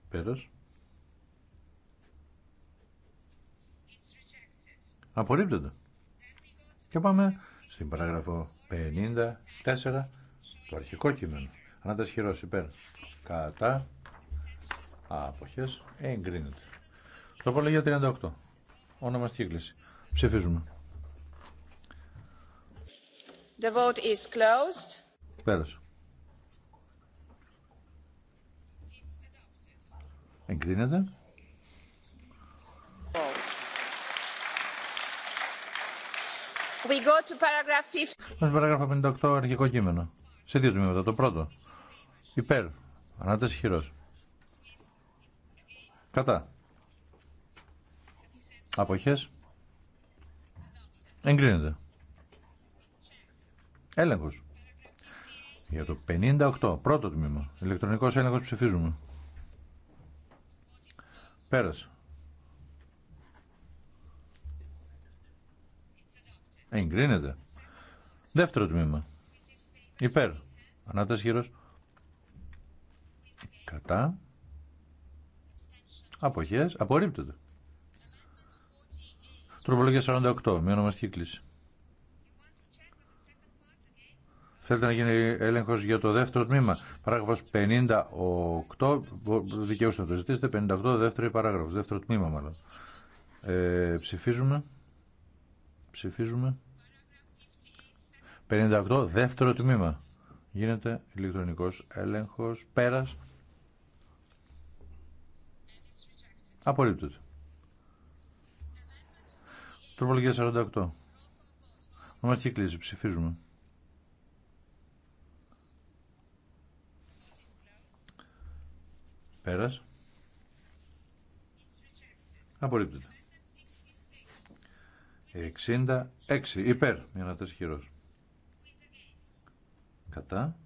Πέρας. Απορρίπτεται. Και πάμε στην παράγραφο 54, το αρχικό κείμενο. Ανάτας χειρός υπέρ. Κατά. Αποχές. Εγκρίνεται. Το Τοπολογία 38. Ονομαστική κλίση. Ψηφίζουμε. The vote is closed. Πέρασε. Εγκρίνεται. We go to 58 αρχικό κείμενο. Σε δύο τμήματα. Το πρώτο. Υπέρ. Ανάταση χειρός. Κατά. Αποχές. Εγκρίνεται. Έλεγχος. Για το 58, πρώτο τμήμα. Ηλεκτρονικός έλεγχος ψηφίζουμε. Πέρασε. Εγκρίνεται. Δεύτερο τμήμα. Υπέρ. Ανάταση γύρω. Κατά. Αποχές. Απορρίπτεται. Τροπολογία 48, με ονομαστική κλίση. Θέλετε να γίνει έλεγχος για το δεύτερο τμήμα. Παράγραφος 58, δικαιούστε να το ζητήσετε, 58, δεύτερο παράγραφος, δεύτερο τμήμα μάλλον. Ε, ψηφίζουμε. Ψηφίζουμε. 58, δεύτερο τμήμα. Γίνεται ηλεκτρονικός έλεγχος, πέρας. Απολύπτωτο. Τροπολογία 48. μας κλίση. Ψηφίζουμε. Πέρας. Απορρίπτεται. 66 υπέρ, για να χειρός. Κατά.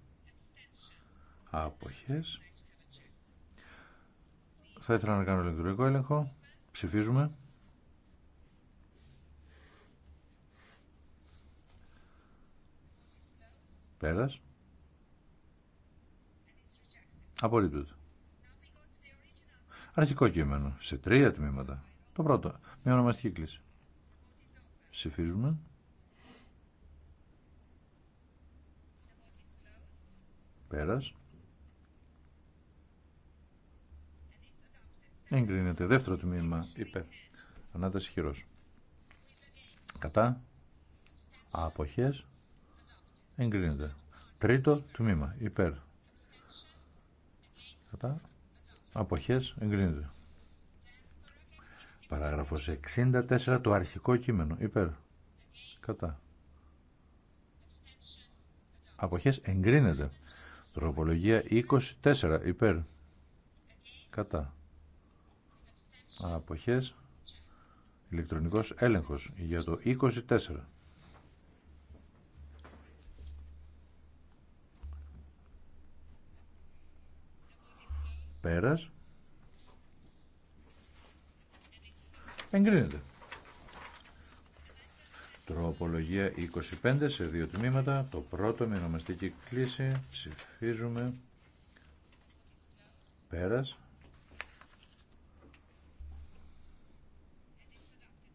Άποχες. Θα ήθελα να κάνω ηλεκτρονικό έλεγχο. Ψηφίζουμε. Πέρας. απολύτως. Αρχικό κείμενο. Σε τρία τμήματα. Το πρώτο. Με ονομαστική κλίση. Ψηφίζουμε. Πέρας. Εγκρίνεται. Δεύτερο τμήμα. είπε. Ανάταση χειρός. Κατά. Αποχές εγκρίνεται. Τρίτο τμήμα, υπέρ. Κατά. Αποχές, εγκρίνεται. Παράγραφος 64, το αρχικό κείμενο, υπέρ. Κατά. Αποχές, εγκρίνεται. Τροπολογία 24, υπέρ. Κατά. Αποχές, ηλεκτρονικός έλεγχος για το 24. Πέρας. Εγκρίνεται. Τροπολογία 25 σε δύο τμήματα. Το πρώτο με ονομαστική κλίση. Ψηφίζουμε. Πέρας.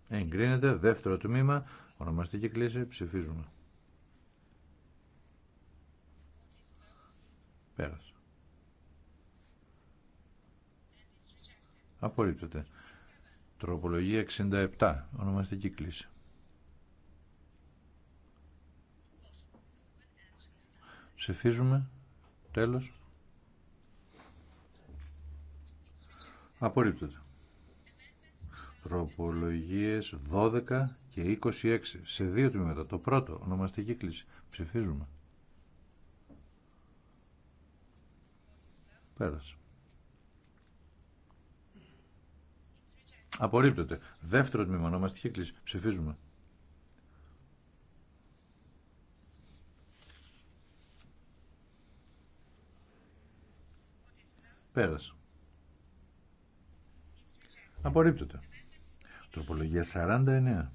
Εγκρίνεται. Δεύτερο τμήμα. Ονομαστική κλίση. Ψηφίζουμε. Πέρας. Απορρίπτεται. Τροπολογία 67. Ονομαστική κλίση. Ψηφίζουμε. Τέλος. Απορρίπτεται. Τροπολογίες 12 και 26 σε δύο τμήματα. Το πρώτο, ονομαστική κλίση. Ψηφίζουμε. Πέρασε. Απορρίπτεται. Δεύτερο τμήμα, ονομαστική κλίση. Ψηφίζουμε. Πέρασε. Απορρίπτεται. Τροπολογία 49.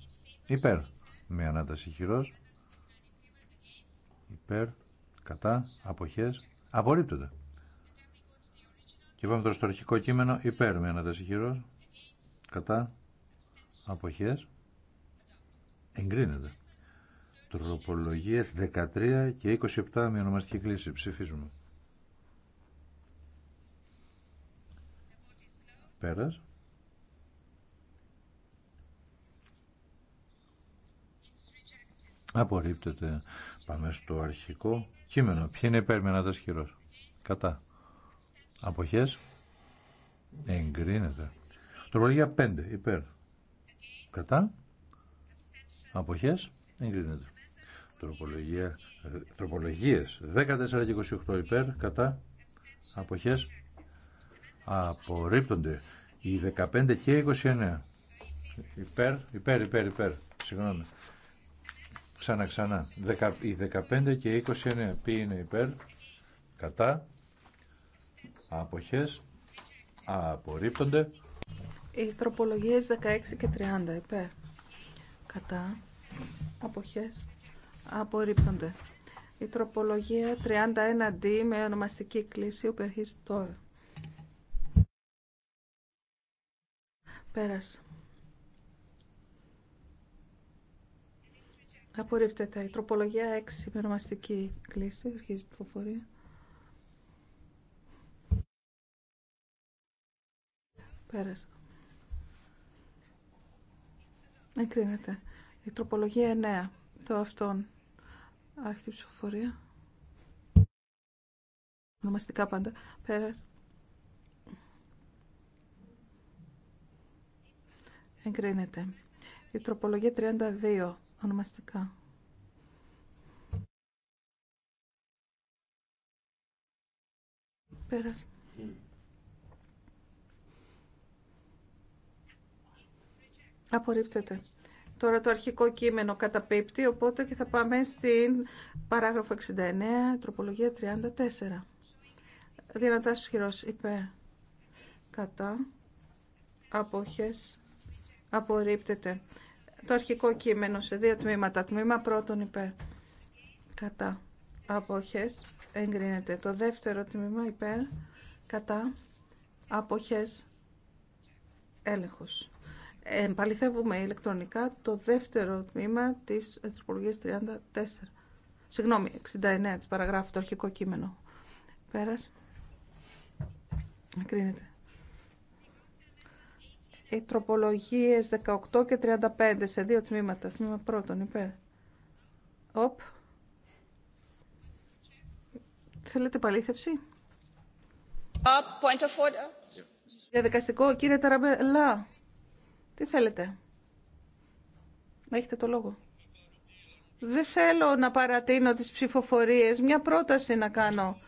Υπέρ. Με ανάταση χειρός. Υπέρ. Κατά. Αποχές. Απορρίπτεται. Και πάμε τώρα στο αρχικό κείμενο. Υπέρ. Με ανάταση χειρός κατά αποχές εγκρίνεται. Τροπολογίες 13 και 27 με ονομαστική κλίση. Ψηφίζουμε. Πέρας. Απορρίπτεται. Πάμε στο αρχικό κείμενο. ποιοι είναι υπέρ με ένα Κατά. Αποχές. Εγκρίνεται. Τροπολογία 5 υπέρ. Κατά. Αποχές. Εγκρίνεται. Τροπολογία, ε, τροπολογίες 14 και 28 υπέρ. Κατά. Αποχές. Απορρίπτονται. Οι 15 και 29. Υπέρ, υπέρ, υπέρ, υπέρ. Συγγνώμη. Ξανά, ξανά. Οι 15 και 29. Ποιοι είναι υπέρ. Κατά. Αποχές. Απορρίπτονται. Οι τροπολογίες 16 και 30 υπέρ. Κατά. Αποχές. Απορρίπτονται. Η τροπολογία 31D με ονομαστική κλίση που αρχίζει τώρα. Πέρασε. Απορρίπτεται. Η τροπολογία 6 με ονομαστική κλίση αρχίζει η ψηφοφορία. Πέρασε. Εγκρίνεται. Η τροπολογία 9. Το αυτόν. Άρχιτη ψηφοφορία. Ονομαστικά πάντα. Πέρας. Εγκρίνεται. Η τροπολογία 32. Ονομαστικά. Πέρας. Απορρίπτεται. Τώρα το αρχικό κείμενο καταπίπτει, οπότε και θα πάμε στην παράγραφο 69, τροπολογία 34. Δυνατά χειρός υπέρ. Κατά. Απόχες. Απορρίπτεται. Το αρχικό κείμενο σε δύο τμήματα. Τμήμα πρώτον υπέρ. Κατά. Απόχες. Εγκρίνεται. Το δεύτερο τμήμα υπέρ. Κατά. Απόχες. Έλεγχος. Επαληθεύουμε ηλεκτρονικά το δεύτερο τμήμα της τροπολογίας 34. Συγγνώμη, 69 της παραγράφου, το αρχικό κείμενο. Πέρας. Κρίνεται. Οι τροπολογίες 18 και 35 σε δύο τμήματα. Τμήμα πρώτον, υπέρ. Οπ. Θέλετε παλήθευση. Uh, point of order. Διαδικαστικό, κύριε Ταραμπελά. Τι θέλετε. Έχετε το λόγο. Δεν θέλω να παρατείνω τις ψηφοφορίες. Μια πρόταση να κάνω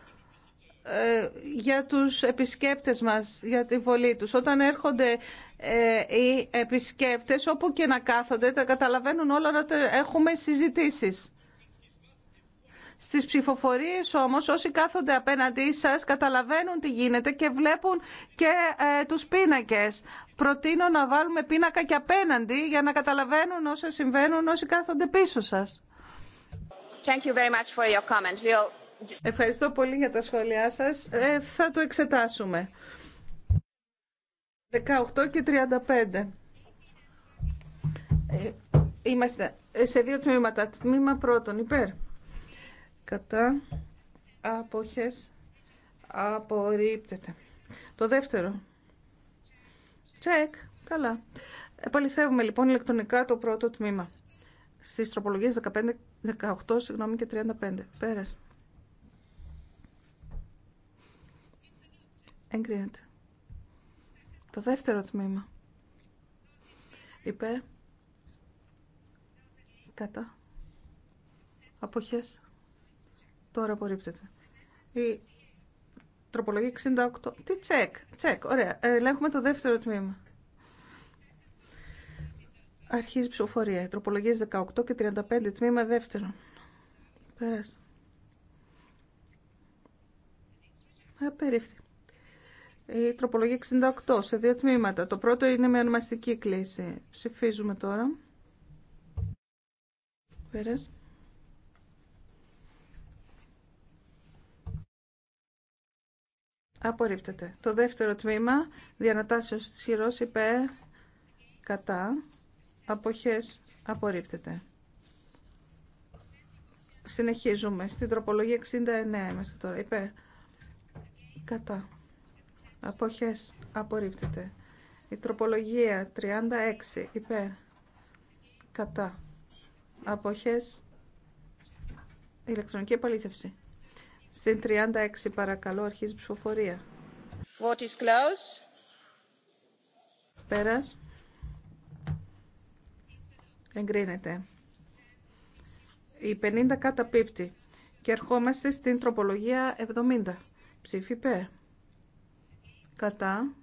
ε, για τους επισκέπτες μας, για τη βολή τους. Όταν έρχονται ε, οι επισκέπτες, όπου και να κάθονται, τα καταλαβαίνουν όλα να έχουμε συζητήσεις. Στις ψηφοφορίες όμως όσοι κάθονται απέναντί σας καταλαβαίνουν τι γίνεται και βλέπουν και ε, τους πίνακες προτείνω να βάλουμε πίνακα και απέναντι για να καταλαβαίνουν όσα συμβαίνουν όσοι κάθονται πίσω σας. Thank you very much for your We'll... Ευχαριστώ πολύ για τα σχόλιά σας. Ε, θα το εξετάσουμε. 18 και 35. Ε, είμαστε σε δύο τμήματα. Τμήμα πρώτον, υπέρ. Κατά αποχές απορρίπτεται. Το δεύτερο Τσεκ. Καλά. Επαληθεύουμε λοιπόν ηλεκτρονικά το πρώτο τμήμα. Στι τροπολογίες 15, 18 συγγνώμη, και 35. Πέρα. Εγκρίνεται. Το δεύτερο τμήμα. Υπέρ. Κατά. Αποχές. Τώρα απορρίπτεται. Τροπολογία 68. Τι τσεκ. Τσεκ. Ωραία. Ελέγχουμε το δεύτερο τμήμα. Αρχίζει ψηφοφορία. Τροπολογίες 18 και 35. Τμήμα δεύτερο. Πέρασε. Απερίφθη. Η τροπολογία 68 σε δύο τμήματα. Το πρώτο είναι με ονομαστική κλίση. Ψηφίζουμε τώρα. Πέρασε. Απορρίπτεται. Το δεύτερο τμήμα, διανατάσεως της χειρός υπέρ, κατά, αποχές, απορρίπτεται. Συνεχίζουμε. Στην τροπολογία 69 είμαστε τώρα. Υπέρ, κατά, αποχές, απορρίπτεται. Η τροπολογία 36 υπέρ, κατά, αποχές, ηλεκτρονική επαλήθευση. Στην 36 παρακαλώ αρχίζει ψηφοφορία. What is closed. Πέρας. Εγκρίνεται. Η 50 καταπίπτει. Και ερχόμαστε στην τροπολογία 70. Ψήφι πέ. Κατά.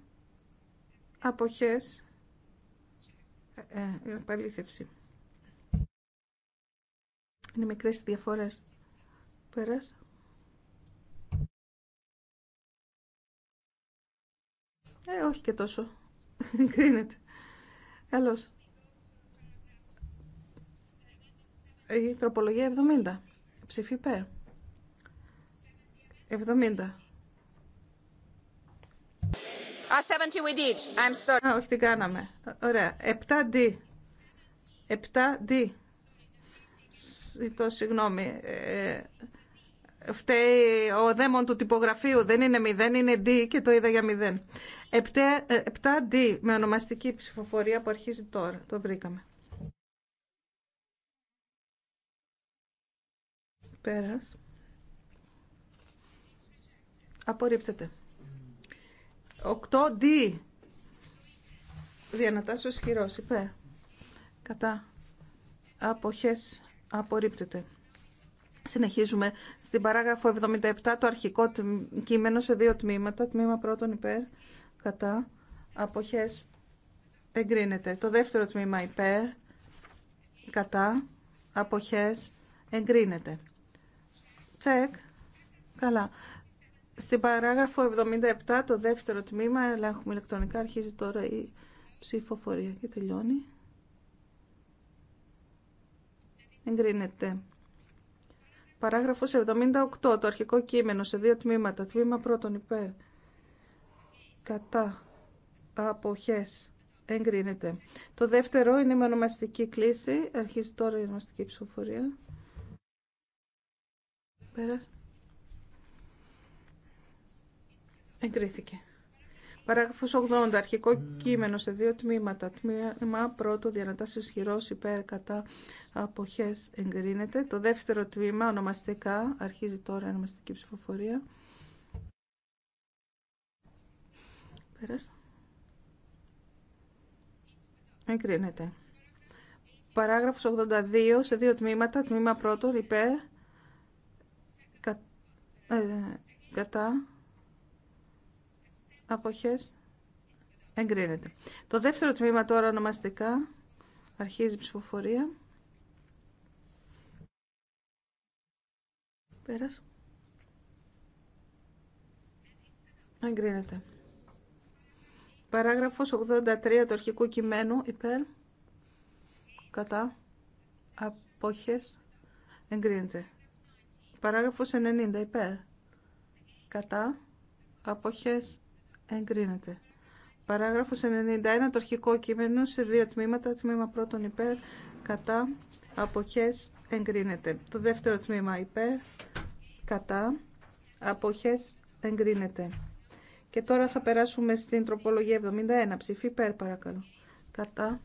Αποχές. Ε, ε, επαλήθευση. Είναι μικρές οι διαφορές. Πέρας. Ε, όχι και τόσο. [laughs] Κρίνεται. Καλώς. Η τροπολογία 70. Ψήφι υπέρ. 70. 70 we did. I'm sorry. Α, όχι, την κάναμε. Ωραία. 7D. 7D. Ζητώ συγγνώμη. Ε, φταίει ο δαίμον του τυπογραφείου. Δεν είναι 0, είναι D και το είδα για 0. 7D ε, με ονομαστική ψηφοφορία που αρχίζει τώρα. Το βρήκαμε. Πέρας. Απορρίπτεται. 8D. ο ισχυρό. Υπέρ. Κατά. Αποχές. Απορρίπτεται. Συνεχίζουμε στην παράγραφο 77 το αρχικό κείμενο σε δύο τμήματα. Τμήμα πρώτον υπέρ κατά αποχές εγκρίνεται. Το δεύτερο τμήμα υπέρ κατά αποχές εγκρίνεται. Τσεκ. Καλά. Στην παράγραφο 77 το δεύτερο τμήμα ελέγχουμε ηλεκτρονικά. Αρχίζει τώρα η ψηφοφορία και τελειώνει. Εγκρίνεται. Παράγραφος 78. Το αρχικό κείμενο σε δύο τμήματα. Τμήμα πρώτον υπέρ κατά αποχές εγκρίνεται. Το δεύτερο είναι με ονομαστική κλίση. Αρχίζει τώρα η ονομαστική ψηφοφορία. Πέρας. Εγκρίθηκε. Παράγραφος 80. Αρχικό κείμενο σε δύο τμήματα. Τμήμα πρώτο διανατάσσεω χειρό υπέρ κατά αποχές εγκρίνεται. Το δεύτερο τμήμα ονομαστικά. Αρχίζει τώρα η ονομαστική ψηφοφορία. Πέρας. Εγκρίνεται. Παράγραφος 82 σε δύο τμήματα. Τμήμα πρώτο, υπέρ, ε, κατά, αποχές, εγκρίνεται. Το δεύτερο τμήμα τώρα ονομαστικά, αρχίζει η ψηφοφορία. Πέρας. Εγκρίνεται. Παράγραφος 83 του αρχικού κειμένου υπέρ κατά απόχες εγκρίνεται. Παράγραφος 90 υπέρ κατά απόχες εγκρίνεται. Παράγραφος 91 το αρχικό κείμενο σε δύο τμήματα, τμήμα πρώτον υπέρ κατά αποχές εγκρίνεται. Το δεύτερο τμήμα υπέρ κατά αποχές εγκρίνεται. Και τώρα θα περάσουμε στην τροπολογία 71. Ψηφί υπέρ παρακαλώ. Κατά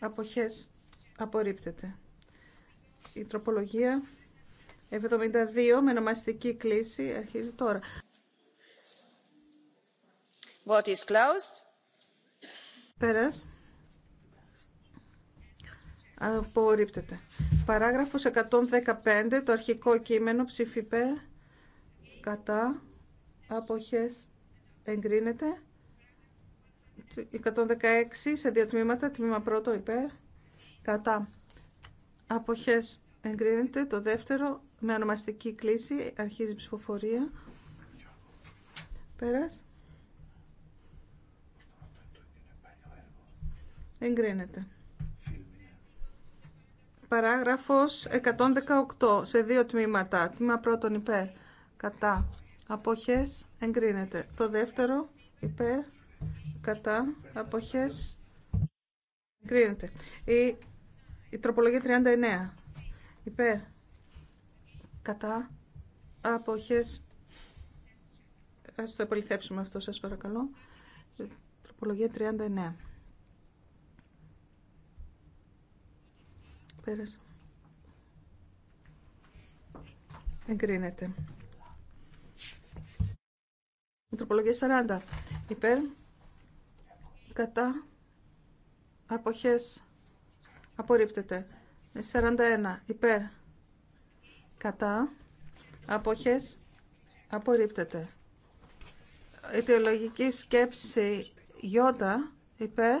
αποχές απορρίπτεται. Η τροπολογία 72 με νομαστική κλίση αρχίζει τώρα. What is closed? Πέρας. Απορρίπτεται. Παράγραφος 115, το αρχικό κείμενο ψηφίπερ κατά αποχές εγκρίνεται. 116 σε δύο τμήματα, τμήμα πρώτο υπέρ, κατά αποχές εγκρίνεται. Το δεύτερο με ονομαστική κλίση αρχίζει η ψηφοφορία. Πέρας. Εγκρίνεται. Παράγραφος 118 σε δύο τμήματα. Τμήμα πρώτον υπέρ, κατά αποχές εγκρίνεται. Το δεύτερο υπέρ κατά αποχές εγκρίνεται. Η, η τροπολογία 39 υπέρ κατά αποχές Ας το επαληθεύσουμε αυτό σας παρακαλώ. Τροπολογία 39. Πέρασε. Εγκρίνεται. Μητροπολογία 40. Υπέρ. Κατά. Αποχές. Απορρίπτεται. 41. Υπέρ. Κατά. Αποχές. Απορρίπτεται. Ιδεολογική σκέψη γιώτα. Υπέρ.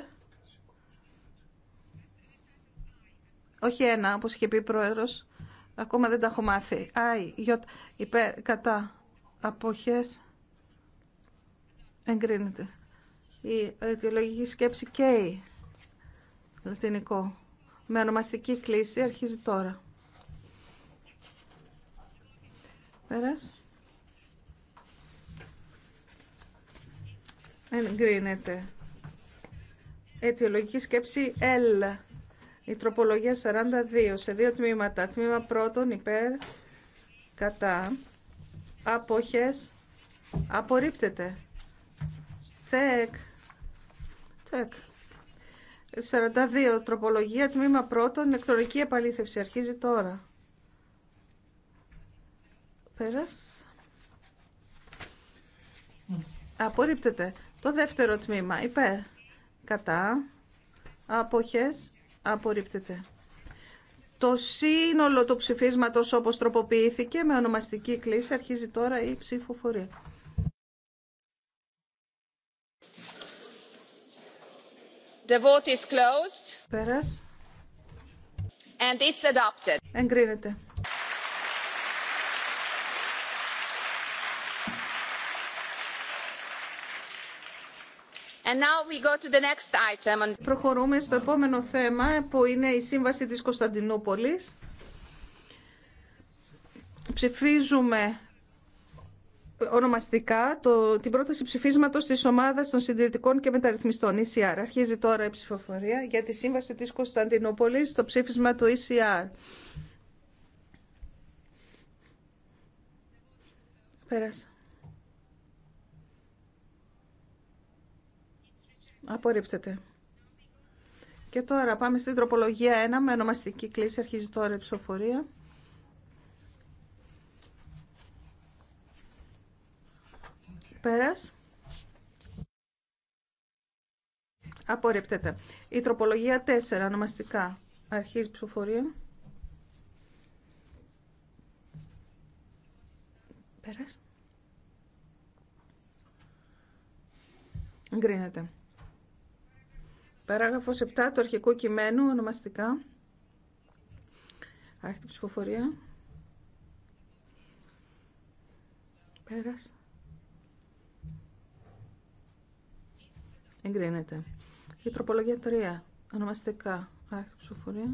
Όχι ένα, όπως είχε πει η Πρόεδρος. Ακόμα δεν τα έχω μάθει. Άι, γιώτα. Υπέρ. Κατά. Αποχές Εγκρίνεται. Η αιτιολογική σκέψη K. Λατινικό. Με ονομαστική κλίση αρχίζει τώρα. Πέρας. Εγκρίνεται. Αιτιολογική σκέψη L. Η τροπολογία 42 σε δύο τμήματα. Τμήμα πρώτον υπέρ κατά αποχές απορρίπτεται. Τσεκ. Τσεκ. 42. Τροπολογία, τμήμα πρώτον, Ελεκτρονική επαλήθευση. Αρχίζει τώρα. Πέρας. Απορρίπτεται. Το δεύτερο τμήμα, υπέρ. Κατά. Αποχές. Απορρίπτεται. Το σύνολο του ψηφίσματος όπως τροποποιήθηκε με ονομαστική κλίση αρχίζει τώρα η ψηφοφορία. Εγκρίνεται. Προχωρούμε στο επόμενο θέμα που είναι η Σύμβαση της Κωνσταντινούπολης. Ψηφίζουμε ονομαστικά το, την πρόταση ψηφίσματος της ομάδας των συντηρητικών και μεταρρυθμιστών ECR. Αρχίζει τώρα η ψηφοφορία για τη σύμβαση της Κωνσταντινούπολης στο ψήφισμα του ECR. Πέρασα. Απορρίπτεται. Και τώρα πάμε στην τροπολογία 1 με ονομαστική κλίση. Αρχίζει τώρα η ψηφοφορία. Πέρας. Απορρίπτεται. Η τροπολογία 4, ονομαστικά. Αρχίζει ψηφοφορία. Πέρας. Εγκρίνεται. Παράγραφος 7 του αρχικού κειμένου, ονομαστικά. Άρχεται ψηφοφορία. Πέρας. Εγκρίνεται. Η τροπολογία 3. Ονομαστικά. Άρχισε ψηφοφορία.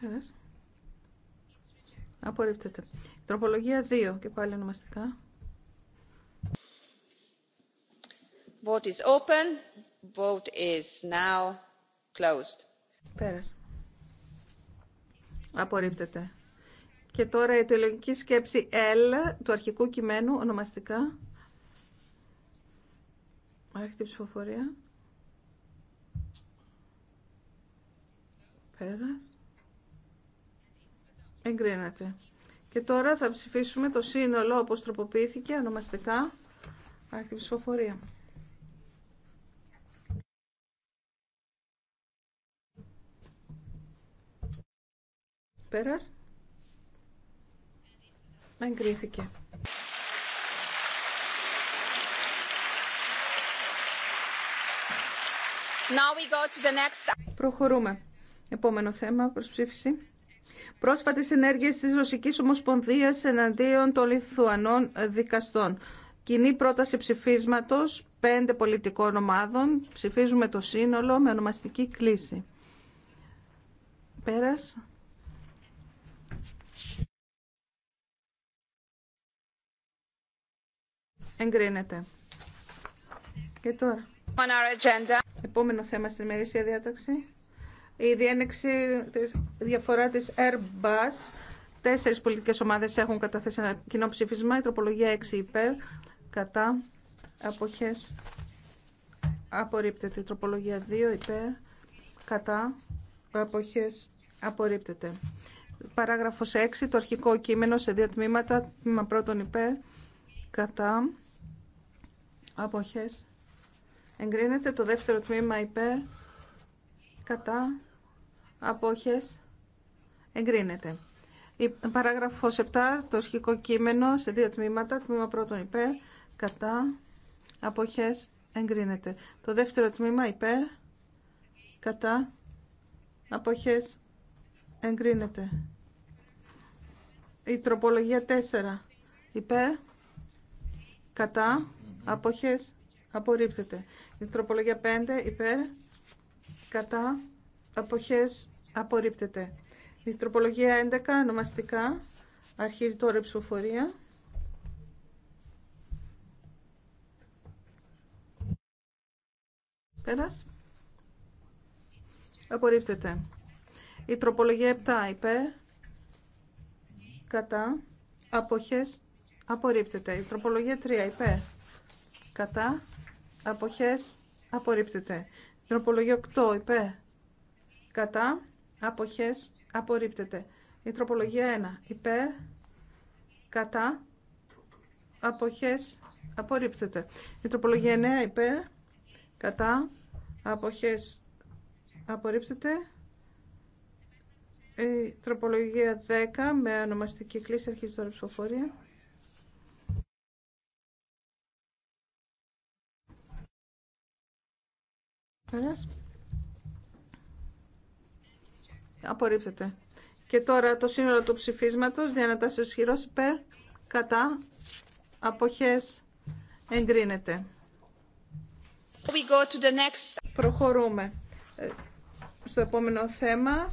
Πέρασε. Απορρίπτεται. Η τροπολογία 2. Και πάλι ονομαστικά. Vote is open. Vote is now closed. Πέρασε. Απορρίπτεται. Και τώρα η αιτιολογική σκέψη L του αρχικού κειμένου ονομαστικά. Άρχεται η ψηφοφορία. Πέρας. Εγκρίνεται. Και τώρα θα ψηφίσουμε το σύνολο όπως τροποποιήθηκε ονομαστικά. Άρχεται η ψηφοφορία. Πέρας. Εγκρίθηκε. Now we go to the next... Προχωρούμε. Επόμενο θέμα προς ψήφιση. Πρόσφατες ενέργειες της Ρωσικής Ομοσπονδίας εναντίον των Λιθουανών δικαστών. Κοινή πρόταση ψηφίσματος πέντε πολιτικών ομάδων. Ψηφίζουμε το σύνολο με ονομαστική κλίση. Πέρας. Εγκρίνεται. Και τώρα. On our agenda. Επόμενο θέμα στην ημερήσια διάταξη. Η διένεξη της διαφορά της Airbus. Τέσσερις πολιτικές ομάδες έχουν καταθέσει ένα κοινό ψήφισμα. Η τροπολογία 6 υπέρ, κατά, αποχές. Απορρίπτεται. Η τροπολογία 2 υπέρ, κατά, αποχές. Απορρίπτεται. Παράγραφος 6. Το αρχικό κείμενο σε δύο τμήματα. Τμήμα πρώτον υπέρ, κατά, αποχές εγκρίνεται το δεύτερο τμήμα υπέρ κατά απόχες εγκρίνεται. Η παράγραφος 7, το σχικό κείμενο σε δύο τμήματα, τμήμα πρώτον υπέρ, κατά, απόχες εγκρίνεται. Το δεύτερο τμήμα υπέρ, κατά, απόχες εγκρίνεται. Η τροπολογία 4, υπέρ, κατά, Αποχές. Απορρίπτεται. Η τροπολογία 5 υπέρ. Κατά. Αποχές. Απορρίπτεται. Η τροπολογία 11 ονομαστικά. Αρχίζει τώρα η ψηφοφορία. Πέρας. Απορρίπτεται. Η τροπολογία 7 υπέρ. Κατά. Αποχές. Απορρίπτεται. Η τροπολογία 3 υπέρ κατά, αποχές, απορρίπτεται. Τροπολογία 8 υπέρ, κατά, αποχές, απορρίπτεται. Η τροπολογία 1 υπέ, κατά, αποχές, απορρίπτεται. Η τροπολογία 9 υπέρ, κατά, αποχές, απορρίπτεται. Η τροπολογία 10 με ονομαστική κλίση αρχίζει τώρα η ψηφοφορία. Απορρίπτεται. Και τώρα το σύνολο του ψηφίσματος, διανατάσσεως χειρός υπέρ, κατά, αποχές, εγκρίνεται. We go Προχωρούμε. Ε, στο επόμενο θέμα,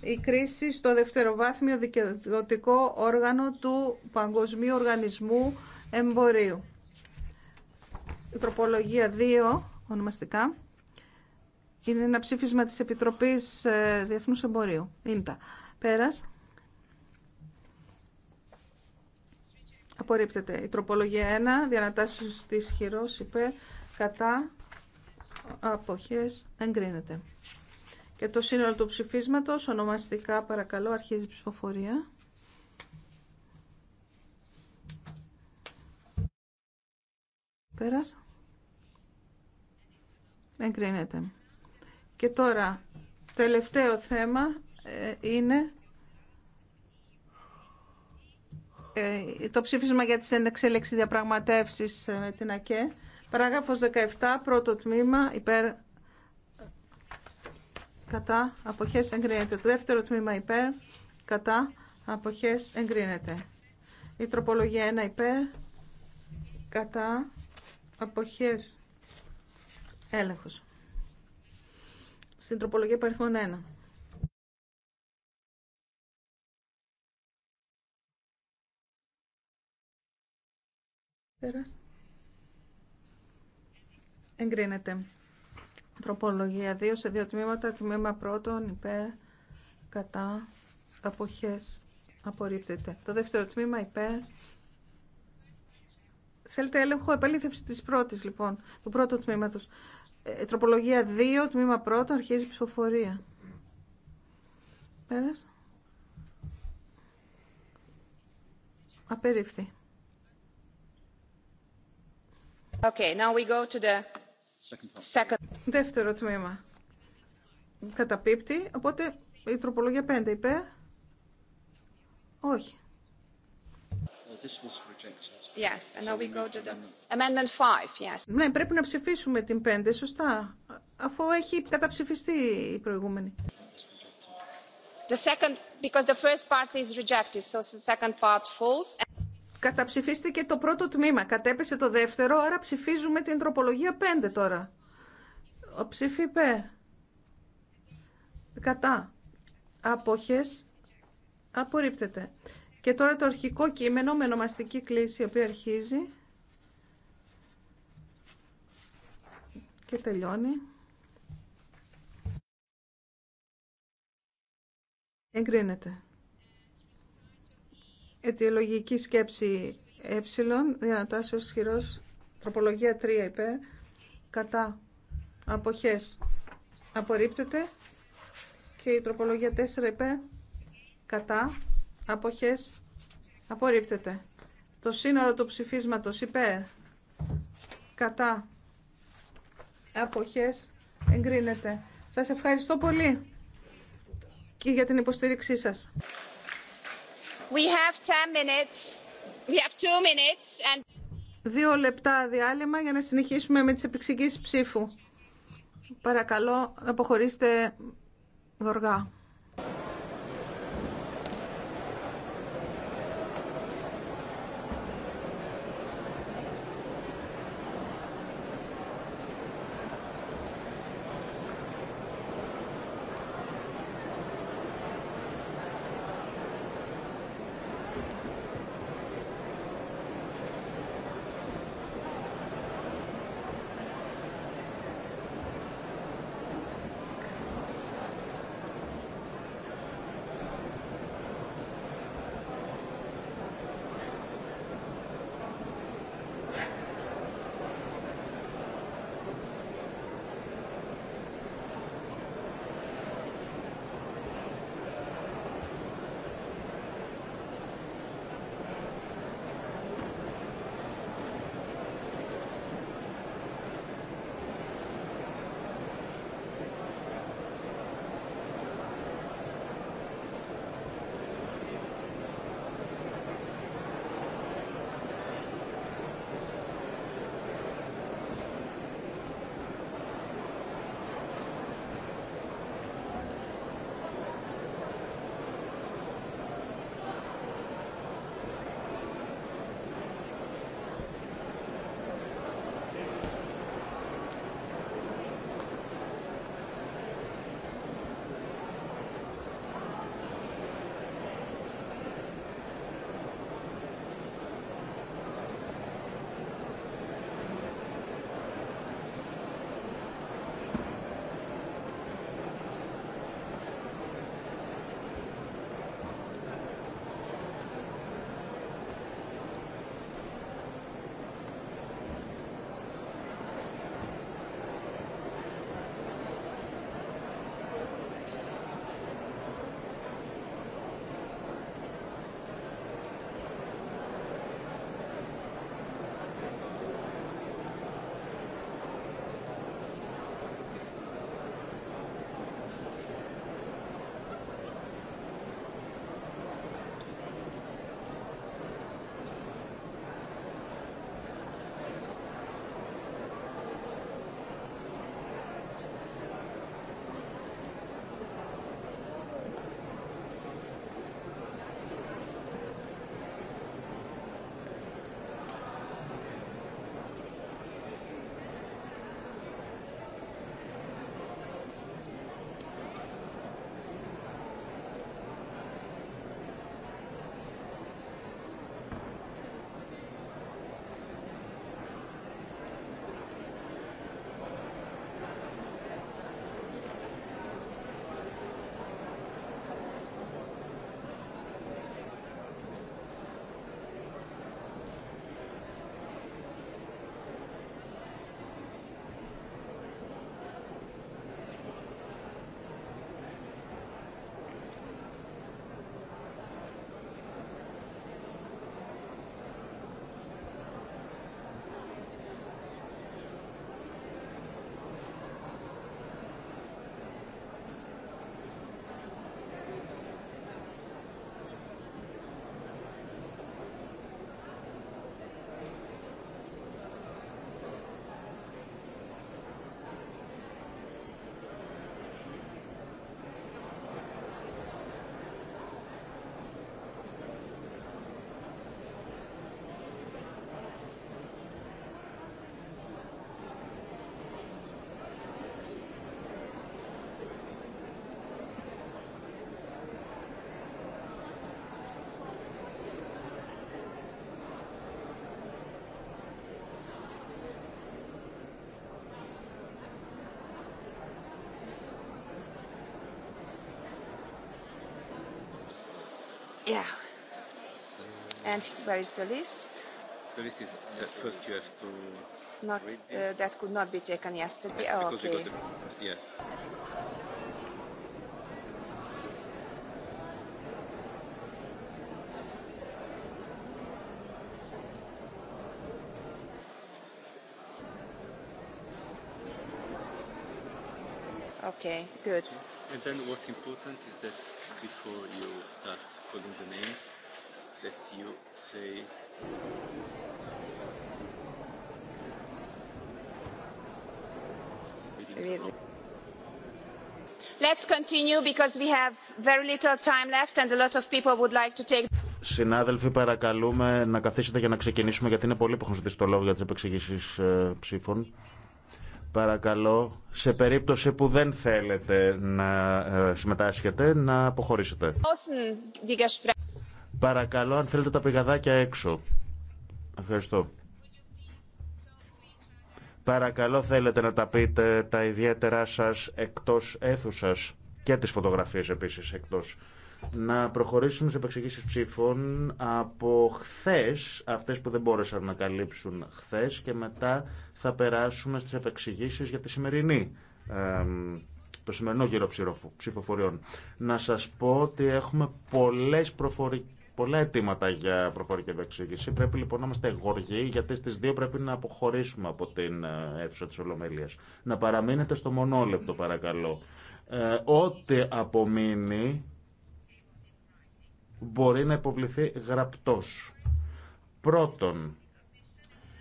η κρίση στο δευτεροβάθμιο δικαιωτικό όργανο του Παγκοσμίου Οργανισμού Εμπορίου. Η τροπολογία 2, ονομαστικά. Είναι ένα ψήφισμα της Επιτροπής ε, Διεθνούς Εμπορίου. τα. Πέρας. Απορρίπτεται. Η τροπολογία 1, διανατάσεις της χειρός είπε κατά, αποχές, εγκρίνεται. Και το σύνολο του ψηφίσματος, ονομαστικά παρακαλώ, αρχίζει η ψηφοφορία. Πέρας. Εγκρίνεται. Και τώρα, τελευταίο θέμα ε, είναι ε, το ψήφισμα για τις ενεξέλεξη διαπραγματεύσεις ε, με την ΑΚΕ. Παράγραφος 17, πρώτο τμήμα, υπέρ κατά αποχές εγκρίνεται. Το δεύτερο τμήμα υπέρ κατά αποχές εγκρίνεται. Η τροπολογία 1 υπέρ κατά αποχές έλεγχος στην τροπολογία παριθμών 1. Εγκρίνεται. Τροπολογία 2 σε δύο τμήματα. Τμήμα πρώτον υπέρ, κατά, αποχές, απορρίπτεται. Το δεύτερο τμήμα υπέρ. Θέλετε έλεγχο επαλήθευση της πρώτης λοιπόν, του πρώτου τμήματος. Ε, τροπολογία 2, τμήμα 1, αρχίζει η ψηφοφορία. Πέρασε. Απερίφθη. Okay, now we go to the second. Δεύτερο τμήμα. Καταπίπτει, οπότε η τροπολογία 5 υπέρ. Όχι. Yes, and now we go to the amendment 5, yes. Ναι, πρέπει να ψηφίσουμε την 5, σωστά, αφού έχει καταψηφιστεί η προηγούμενη. The second, because the first part is rejected, so the second part falls. Καταψηφίστηκε το πρώτο τμήμα, κατέπεσε το δεύτερο, άρα ψηφίζουμε την τροπολογία 5 τώρα. Ο ψήφι Κατά. Απόχες. Απορρίπτεται. Και τώρα το αρχικό κείμενο με ονομαστική κλίση, η οποία αρχίζει και τελειώνει. Εγκρίνεται. Αιτιολογική σκέψη ε, διανατάσσεως ισχυρό τροπολογία 3 υπέρ, κατά αποχές απορρίπτεται και η τροπολογία 4 υπέρ, κατά Αποχές. Απορρίπτεται. Το σύνολο του ψηφίσματος υπέρ. Κατά. Αποχές. Εγκρίνεται. Σας ευχαριστώ πολύ και για την υποστήριξή σας. We have minutes. We have minutes and... Δύο λεπτά διάλειμμα για να συνεχίσουμε με τις επεξηγήσεις ψήφου. Παρακαλώ, αποχωρήστε γοργά. Yeah. And where is the list? The list is first you have to. Not that could not be taken yesterday. okay. yeah. Okay, good. And then what's important is that before you start calling the names that you say Let's continue because we have very little time left and a lot of people would like to take Συνάδελφοι, παρακαλούμε να καθίσετε για να ξεκινήσουμε, γιατί είναι πολύ που έχουν ζητήσει το λόγο για τι επεξηγήσει ψήφων. Παρακαλώ, σε περίπτωση που δεν θέλετε να ε, συμμετάσχετε, να αποχωρήσετε. Παρακαλώ, αν θέλετε τα πηγαδάκια έξω. Ευχαριστώ. Παρακαλώ, θέλετε να τα πείτε τα ιδιαίτερά σας εκτός αίθουσας και τις φωτογραφίες επίσης εκτός να προχωρήσουμε σε επεξηγήσεις ψήφων από χθες, αυτές που δεν μπόρεσαν να καλύψουν χθες και μετά θα περάσουμε στις επεξηγήσεις για τη σημερινή το σημερινό γύρο ψηφοφοριών. Να σας πω ότι έχουμε πολλές προφορι πολλά αιτήματα για προφορική επεξήγηση. Πρέπει λοιπόν να είμαστε γοργοί, γιατί στις δύο πρέπει να αποχωρήσουμε από την ε, αίθουσα της Ολομέλεια. Να παραμείνετε στο μονόλεπτο, παρακαλώ. Ε, ό,τι απομείνει μπορεί να υποβληθεί γραπτός. Πρώτον,